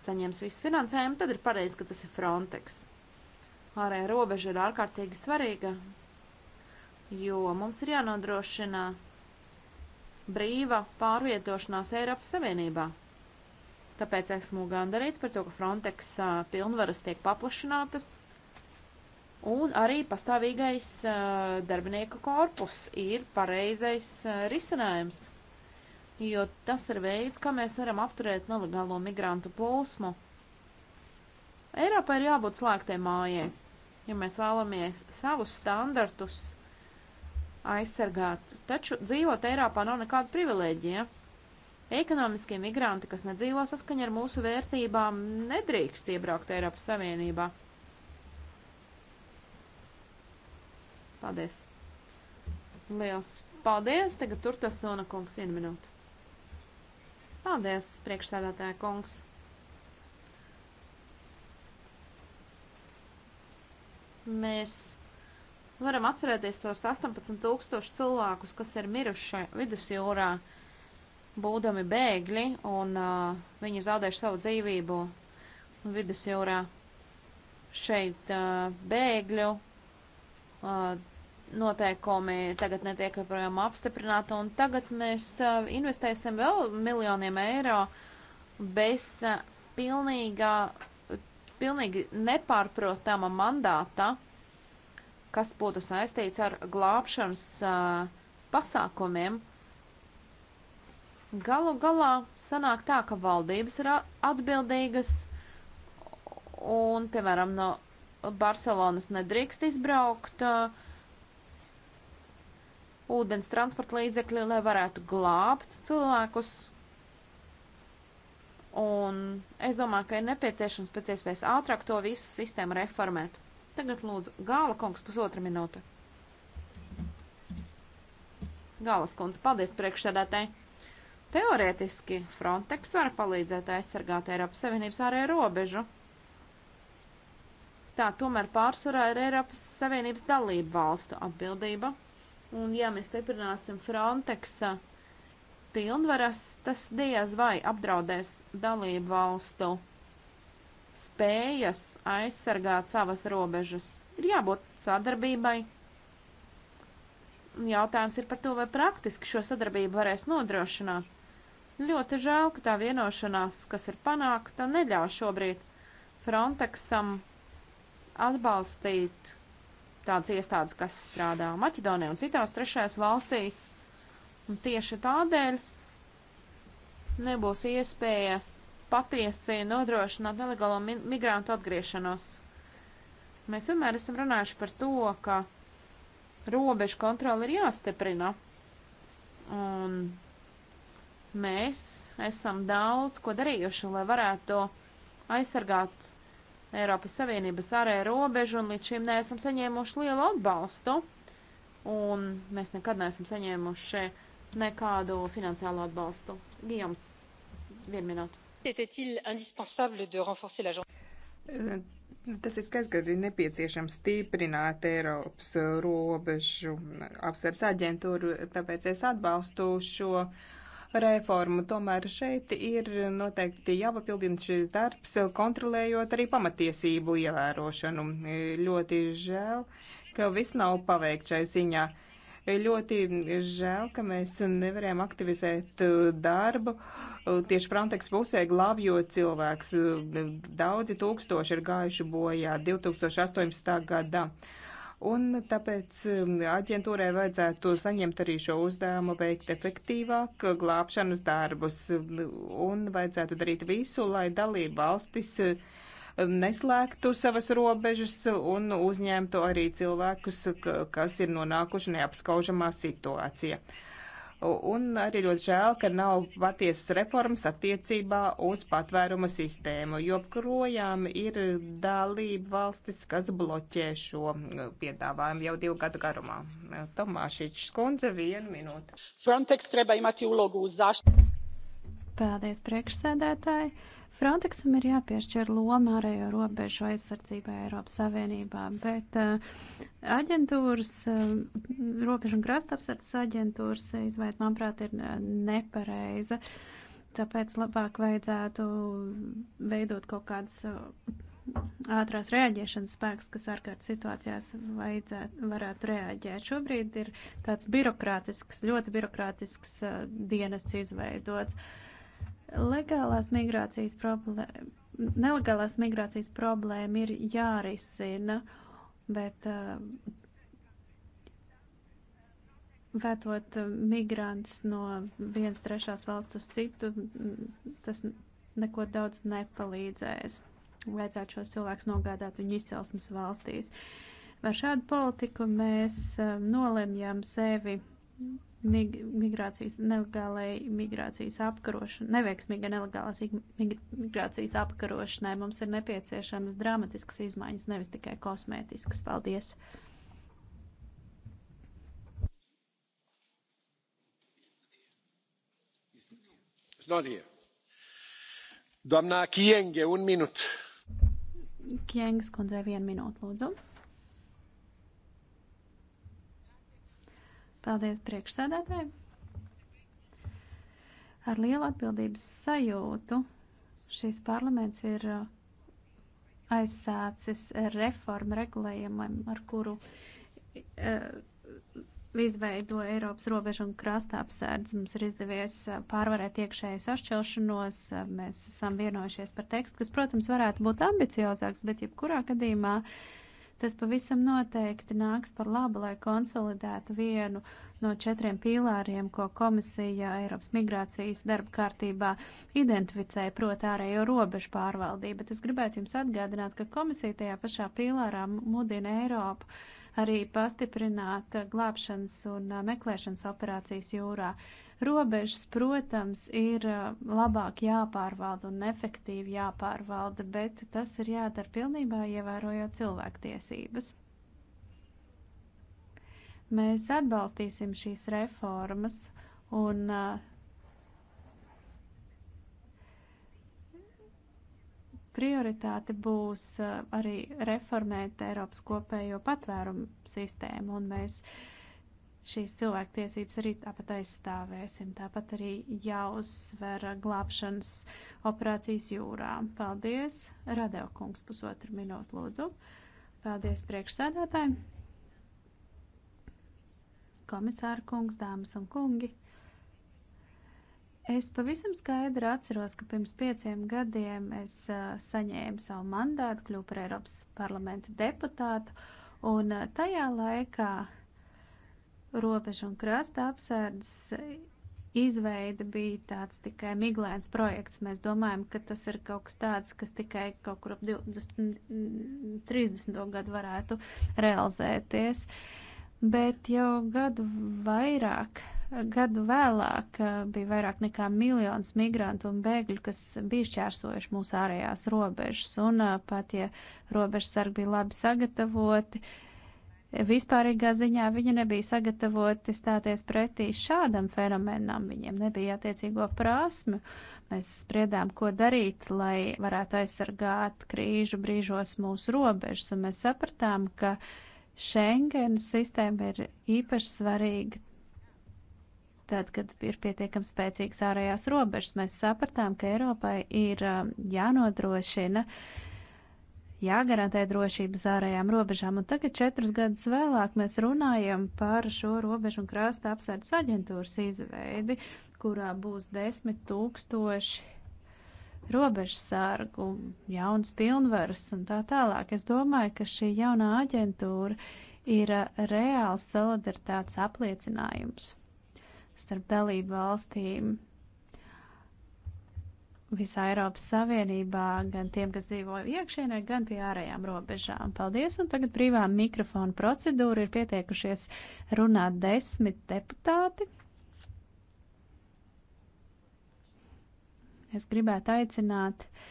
saņems visu finansējumu, tad ir pareizi, ka tas ir Frontex. Ārējā robeža ir ārkārtīgi svarīga, jo mums ir jānodrošina brīva pārvietošanās Eiropas Savienībā. Tāpēc esmu gandarīts par to, ka Frontex uh, pilnvaras tiek paplašinātas un arī pastāvīgais uh, darbinieku korpus ir pareizais uh, risinājums, jo tas ir veids, kā mēs varam apturēt nelegālo migrantu plūsmu. Eiropai ir jābūt slēgtai mājai, ja mēs vēlamies savus standartus aizsargāt. Taču dzīvot Eiropā nav nekāda privilēģija. Ekonomiskie migranti, kas nedzīvo saskaņā ar mūsu vērtībām, nedrīkst iebraukt Eiropas Savienībā. Paldies! Liels paldies! Tagad tur tas Sona kungs vienu minūtu. Paldies, priekšsēdētāja kungs! Mēs Varam atcerēties tos 18,000 cilvēkus, kas ir miruši vidusjūrā, būdami bēgļi, un uh, viņi zaudējuši savu dzīvību vidusjūrā. Šeit uh, bēgļu uh, noteikumi tagad netiek joprojām apstiprināti, un tagad mēs uh, investēsim vēl miljoniem eiro bez uh, pilnīga, pilnīgi nepārprotama mandāta. Uh, kas būtu saistīts ar glābšanas uh, pasākumiem. Galu galā sanāk tā, ka valdības ir atbildīgas un, piemēram, no Barcelonas nedrīkst izbraukt uh, ūdens transporta līdzekļi, lai varētu glābt cilvēkus. Un es domāju, ka ir nepieciešams pēc iespējas ātrāk to visu sistēmu reformēt. Tagad lūdzu, Gāla kungs, pusotra minūte. Gālas kundze, paldies priekšsēdētāji. Teorētiski Frontex var palīdzēt aizsargāt Eiropas Savienības ārējo robežu. Tā tomēr pārsvarā ir Eiropas Savienības dalību valstu atbildība. Un ja mēs stiprināsim Frontexa pilnvaras, tas diez vai apdraudēs dalību valstu spējas aizsargāt savas robežas. Ir jābūt sadarbībai. Jautājums ir par to, vai praktiski šo sadarbību varēs nodrošināt. Ļoti žēl, ka tā vienošanās, kas ir panākta, neļauj šobrīd Frontexam atbalstīt tādas iestādes, kas strādā Maķedonijā un citās trešajās valstīs. Un tieši tādēļ nebūs iespējas patiesi nodrošināt nelegālo mi migrantu atgriešanos. Mēs vienmēr esam runājuši par to, ka robežu kontroli ir jāstiprina. Un mēs esam daudz ko darījuši, lai varētu aizsargāt Eiropas Savienības ārēju robežu, un līdz šim neesam saņēmuši lielu atbalstu. Un mēs nekad neesam saņēmuši nekādu finansiālu atbalstu. Gijoms, vienu minūtu. Eh, tas ir skaidrs, ka ir nepieciešams stiprināt Eiropas robežu apsardz aģentūru, tāpēc es atbalstu šo reformu. Tomēr šeit ir noteikti jāpapildina šis darbs, kontrolējot arī pamatiesību ievērošanu. Ļoti žēl, ka viss nav paveikt šai ziņā. Uh, Ļoti žēl, ka mēs nevarējām aktivizēt uh, darbu uh, tieši Frontex pusē glābjot cilvēks. Uh, daudzi tūkstoši ir gājuši bojā 2018. gadā. Un tāpēc um, aģentūrai vajadzētu saņemt arī šo uzdevumu, veikt efektīvāk glābšanas darbus. Um, un vajadzētu darīt visu, lai dalība valstis uh, neslēgtu savas robežas un uzņemtu arī cilvēkus, kas ir nonākuši neapskaužamā situācijā. Un arī ļoti žēl, ka nav patiesas reformas attiecībā uz patvēruma sistēmu, jo projām ir dalība valstis, kas bloķē šo piedāvājumu jau divu gadu garumā. Tomāšiņš skundze, viena minūte. Frontex treba imati ulogu uz zaštitu. Paldies, priekšsēdētāji. Frontexam ir jāpiešķir loma ārējo robežu aizsardzībai Eiropas Savienībā, bet eh, aģentūras, eh, robežu un krasta apsardzes aģentūras izvēle, manuprāt, ir eh, nepareiza. Tāpēc labāk vajadzētu veidot kaut kādas ātrās reaģēšanas spēks, kas ārkārtas situācijās vajadzētu, varētu reaģēt. Šobrīd ir tāds birokrātisks, ļoti birokrātisks uh, dienests izveidots. Uh, Legālās migrācijas problēma, nelegālās migrācijas problēma ir jārisina, bet uh, vetot migrants no vienas trešās valsts uz citu, tas neko daudz nepalīdzēs. Vajadzētu šos cilvēkus nogādāt viņu izcelsmes valstīs. Ar šādu politiku mēs nolemjam sevi mig migrācijas, nelegālai migrācijas apkarošanai, neveiksmīga nelegālās migrācijas apkarošanai mums ir nepieciešamas dramatiskas izmaiņas, nevis tikai kosmētiskas. Paldies! Doamna Kienge, un minut. Kienges kundze, vienu minūtu, lūdzu. Paldies priekšsēdētāji! Ar lielu atbildības sajūtu šīs parlaments ir uh, aizsācis reformu regulējumam, ar kuru uh, izveido Eiropas robežu un krasta apsardz. Mums ir izdevies uh, pārvarēt iekšēju sašķelšanos, mēs esam vienojušies par tekstu, kas, protams, varētu būt ambiciozāks, bet jebkurā gadījumā uh, Tas pavisam noteikti nāks par labu, lai konsolidētu vienu no četriem pīlāriem, ko komisija Eiropas migrācijas darba kārtībā identificēja, proti ārējo robežu pārvaldību. Bet es gribētu jums atgādināt, ka komisija tajā pašā pīlārā mudina Eiropu arī pastiprināt glābšanas un meklēšanas operācijas jūrā. Robežas, protams, ir labāk jāpārvalda un efektīvi jāpārvalda, bet tas ir jādara pilnībā ievērojot cilvēktiesības. Mēs atbalstīsim šīs reformas un uh, prioritāte būs arī reformēt Eiropas kopējo patvērumu sistēmu, un mēs uh, šīs cilvēktiesības arī tāpat aizstāvēsim. Tāpat arī jāuzsver glābšanas operācijas jūrā. Paldies, Radev kungs, pusotru minūtu lūdzu. Paldies priekšsēdētājiem. Komisāra kungs, dāmas un kungi. Es pavisam skaidri atceros, ka pirms pieciem gadiem es saņēmu savu mandātu, kļuvu par Eiropas parlamenta deputātu, un tajā laikā robežu un krasta apsardzes izveida bija tāds tikai miglēns projekts. Mēs domājam, ka tas ir kaut kas tāds, kas tikai kaut kur ap 20, 30. Mm, gadu varētu realizēties. Bet jau gadu vairāk, gadu vēlāk eh, bija vairāk nekā miljons migrantu un bēgļu, kas bija šķērsojuši mūsu ārējās robežas. Un eh, pat ja robežas sargi bija labi sagatavoti, uh, vispārīgā ziņā viņi nebija sagatavoti stāties pretī šādam fenomenam, viņiem nebija attiecīgo prasmu. Mēs spriedām, ko darīt, lai varētu aizsargāt krīžu brīžos mūsu robežas, un mēs sapratām, ka Schengen sistēma ir īpaši svarīga. Tad, kad ir pietiekami spēcīgas ārējās robežas, mēs sapratām, ka Eiropai ir um, jānodrošina uh, jāgarantē drošības ārējām robežām, un tagad četrus gadus vēlāk mēs runājam par šo robežu un krāsta apsardzes aģentūras izveidi, kurā būs desmit tūkstoši robežsārgu, jauns pilnvaras un tā tālāk. Es domāju, ka šī jaunā aģentūra ir reāls solidaritātes apliecinājums starp dalību valstīm visā Eiropas Savienībā, gan tiem, kas dzīvo iekšienē, gan pie ārējām robežām. Paldies, un tagad brīvā mikrofona procedūra ir pieteikušies runāt desmit deputāti. Es gribētu aicināt uh,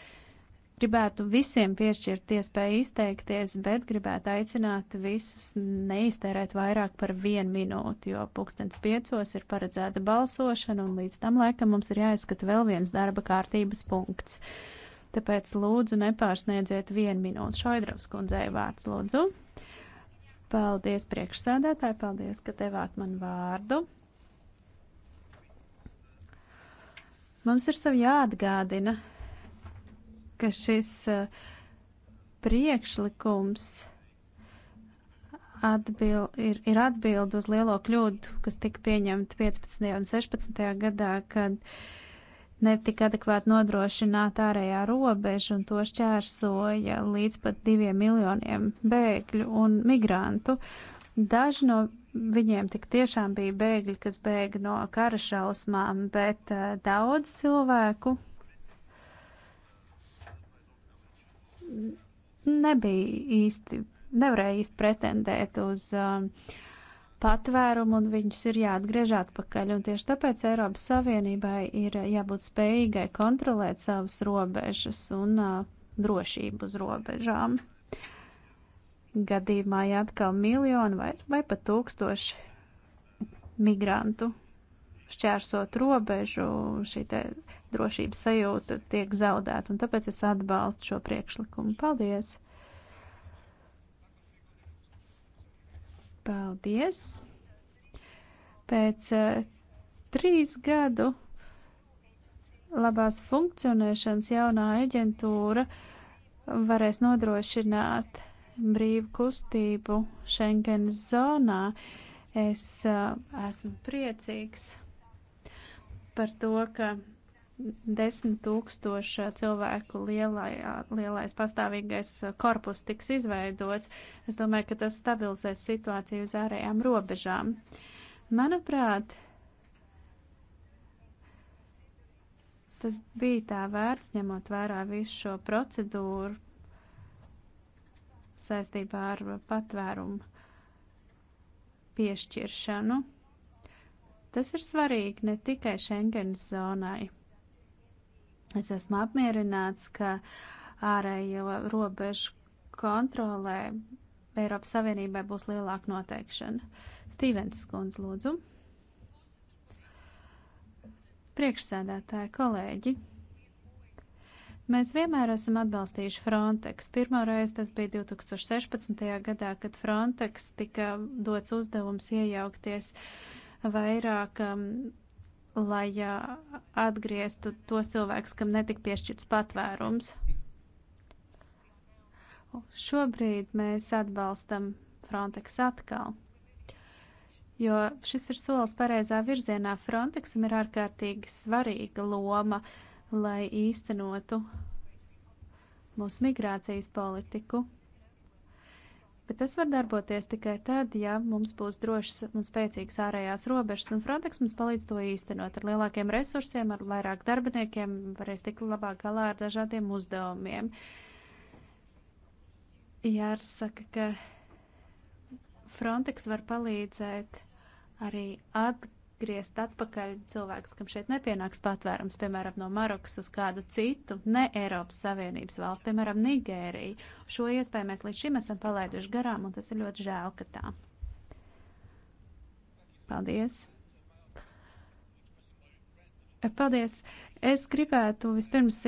Gribētu visiem piešķirt iespēju izteikties, bet gribētu aicināt visus neiztērēt vairāk par vienu minūti, jo pulkstens piecos ir paredzēta balsošana un līdz tam laikam mums ir jāizskata vēl viens darba kārtības punkts. Tāpēc lūdzu nepārsniedziet vienu minūti. Šoidravs kundzei vārds lūdzu. Paldies priekšsēdētāji, paldies, ka devāt man vārdu. Mums ir sev jāatgādina, ka šis eh, priekšlikums atbil, ir, ir atbild uz lielo kļūdu, kas tika pieņemta 15. un 16. gadā, kad netika adekvāti nodrošināta ārējā robeža un to šķērsoja līdz pat diviem miljoniem bēgļu un migrantu. Daži no viņiem tik tiešām bija bēgļi, kas bēga no kara šausmām, bet uh, daudz cilvēku nebija īsti, nevarēja īsti pretendēt uz um, patvērumu, un viņus ir jāatgriež atpakaļ. Un tieši tāpēc Eiropas Savienībai ir jābūt spējīgai kontrolēt savas robežas un uh, drošību uz robežām. Gadījumā ja atkal miljoni vai, vai pat tūkstoši migrantu šķērsot robežu, šī drošības sajūta tiek zaudēta, un tāpēc es atbalstu šo priekšlikumu. Paldies! Paldies! Pēc uh, trīs gadu labās funkcionēšanas jaunā aģentūra varēs nodrošināt brīvu kustību Schengenas zonā. Es uh, esmu priecīgs par to, ka desmit tūkstoši cilvēku lielajā, lielais pastāvīgais korpus tiks izveidots. Es domāju, ka tas stabilizēs situāciju uz ārējām robežām. Manuprāt, tas bija tā vērts, ņemot vērā visu šo procedūru saistībā ar patvērumu piešķiršanu. Tas ir svarīgi ne tikai Schengens zonai Es esmu apmierināts, ka ārējo robežu kontrolē Eiropas Savienībai būs lielāka noteikšana. Stīvens Skundz, lūdzu. Priekšsēdētāji, kolēģi. Mēs vienmēr esam atbalstījuši Frontex. Pirmoreiz tas bija 2016. gadā, kad Frontex tika dots uzdevums iejaukties vairāk um, lai atgrieztu to cilvēku, kam netika piešķirts patvērums. Šobrīd mēs atbalstam Frontex atkal jo šis ir solis pareizā virzienā. Frontexam ir ārkārtīgi svarīga loma, lai īstenotu mūsu migrācijas politiku bet tas var darboties tikai tad, ja mums būs drošas un spēcīgas ārējās robežas, un Frontex mums palīdz to īstenot ar lielākiem resursiem, ar vairāk darbiniekiem, varēs tikt labāk galā ar dažādiem uzdevumiem. Jāsaka, ka Frontex var palīdzēt arī atgādāt griezt atpakaļ cilvēks, kam šeit nepienāks patvērums, piemēram, no Marokas uz kādu citu, ne Eiropas Savienības valsts, piemēram, Nigēriju. Šo iespēju mēs līdz šim esam palaiduši garām, un tas ir ļoti žēl, ka tā. Paldies! Paldies! Es gribētu vispirms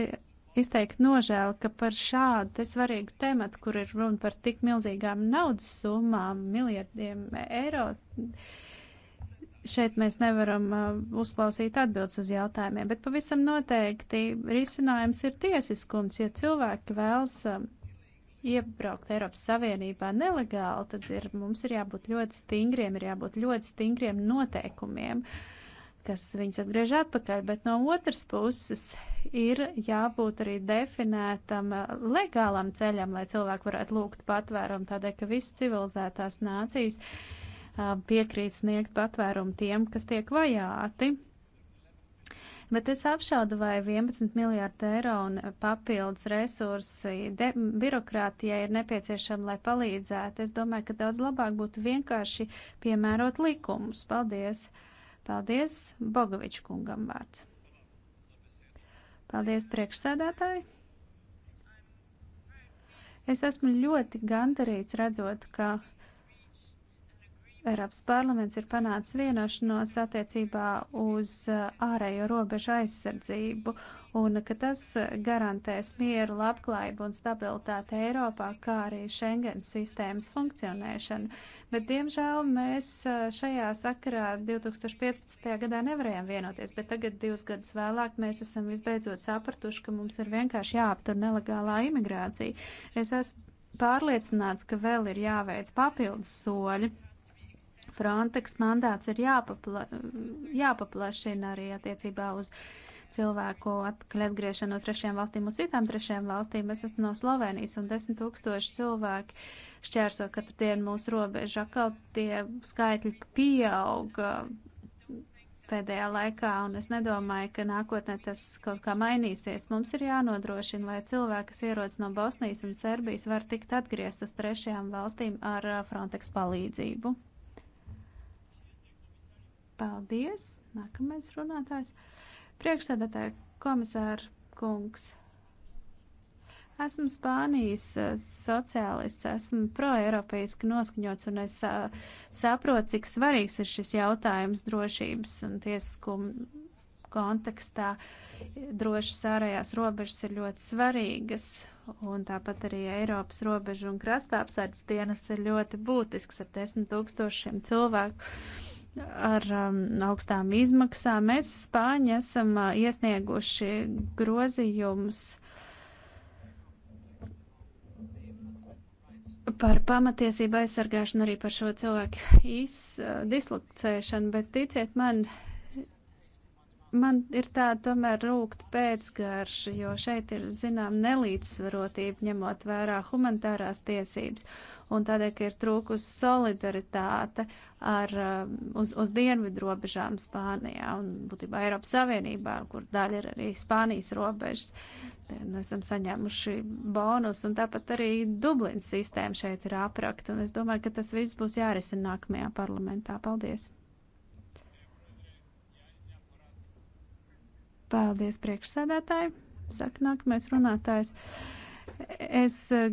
izteikt nožēlu, ka par šādu svarīgu tematu, kur ir runa par tik milzīgām naudas summām, miljardiem eiro, uh, šeit mēs nevaram uh, uzklausīt atbildes uz jautājumiem, bet pavisam noteikti risinājums ir tiesiskums. Ja cilvēki vēlas uh, iebraukt Eiropas Savienībā nelegāli, tad ir, mums ir jābūt ļoti stingriem, ir jābūt ļoti stingriem noteikumiem, kas viņus atgriež atpakaļ, bet no otras puses ir jābūt arī definētam uh, legālam ceļam, lai cilvēki varētu lūgt patvērumu, tādēļ, ka visas civilizētās nācijas. Uh, Um, piekrīt sniegt patvērumu tiem, kas tiek vajāti. Bet es apšaudu, vai 11 miljārdi eiro un papildus resursi de, birokrātijai ir nepieciešami, lai palīdzētu. Es domāju, ka daudz labāk būtu vienkārši piemērot likumus. Paldies! Paldies Bogoviču kungam vārds. Paldies priekšsēdētāji! Es esmu ļoti gandarīts redzot, ka Eiropas parlaments ir panācis vienošanos attiecībā uz uh, ārējo robežu aizsardzību un ka tas garantēs mieru, labklājību un stabilitāti Eiropā, kā arī Schengen sistēmas funkcionēšanu. Bet, diemžēl, mēs uh, šajā sakarā 2015. gadā nevarējām vienoties, bet tagad, divus gadus vēlāk, mēs esam visbeidzot sapratuši, ka mums ir vienkārši jāaptur nelegālā imigrācija. Es esmu pārliecināts, ka vēl ir jāveic papildus soļi Frontex mandāts ir jāpapla, jāpaplašina arī attiecībā uz cilvēku atpakaļ atgriešanu no trešajām valstīm uz citām trešajām valstīm. Es esmu no Slovenijas un desmit tūkstoši cilvēki šķērso katru dienu mūsu robežu. Akal tie skaitļi pieauga pēdējā laikā, un es nedomāju, ka nākotnē tas kaut kā mainīsies. Mums ir jānodrošina, lai cilvēki, kas ierodas no Bosnijas un Serbijas, var tikt atgriezt uz trešajām valstīm ar Frontex palīdzību. Paldies! Nākamais runātājs. Priekšsēdētāja komisāra kungs. Esmu Spānijas eh, sociālists, esmu proeiropeiski noskaņots un es eh, saprotu, cik svarīgs ir šis jautājums drošības un tiesiskuma kontekstā. Drošas ārējās robežas ir ļoti svarīgas un tāpat arī Eiropas robežu un krasta apsardzes dienas ir ļoti būtisks ar desmit tūkstošiem cilvēku ar um, augstām izmaksām. Mēs Spāņi esam uh, iesnieguši grozījumus par pamatiesību aizsargāšanu, arī par šo cilvēku iz, uh, dislokcēšanu, bet ticiet man, uh, man ir tāda tomēr rūkt pēcgarša, jo šeit ir, zinām, nelīdzsvarotība ņemot vērā humanitārās tiesības, un tādēļ, ka ir trūkus solidaritāte ar, um, uz, uz dienvidu robežām Spānijā un, būtībā, Eiropas Savienībā, kur daļa ir arī Spānijas robežas. Nu, esam saņēmuši bonus, un tāpat arī Dublinas sistēma šeit ir aprakta, un es domāju, ka tas viss būs jārisina nākamajā parlamentā. Paldies! Paldies, priekšsēdētāji. Saka nākamais runātājs. Es eh,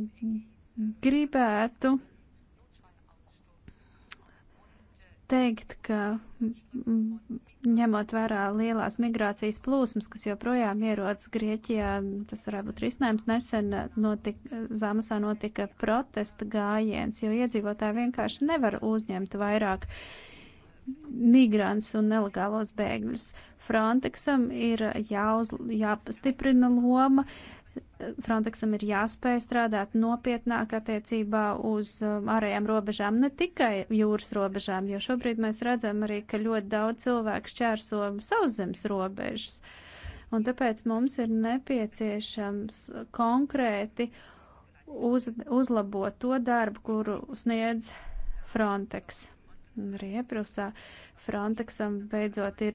gribētu teikt, ka ņemot vērā lielās migrācijas plūsmas, kas joprojām ierodas Grieķijā, tas varētu būt risinājums. Nesen notika, Zamasā notika protesta gājiens, jo iedzīvotāji vienkārši nevar uzņemt vairāk uh, migrants un nelegālos bēgļus. Frontexam ir jāuz, jāpastiprina loma. Frontexam ir jāspēj strādāt nopietnāk attiecībā uz um, ārējām robežām, ne tikai jūras robežām, jo šobrīd mēs redzam arī, ka ļoti daudz cilvēku šķērso sauszemes robežas. Un tāpēc mums ir nepieciešams konkrēti uz, uzlabot to darbu, kuru sniedz Frontex arī Ebrusā. Frontexam beidzot ir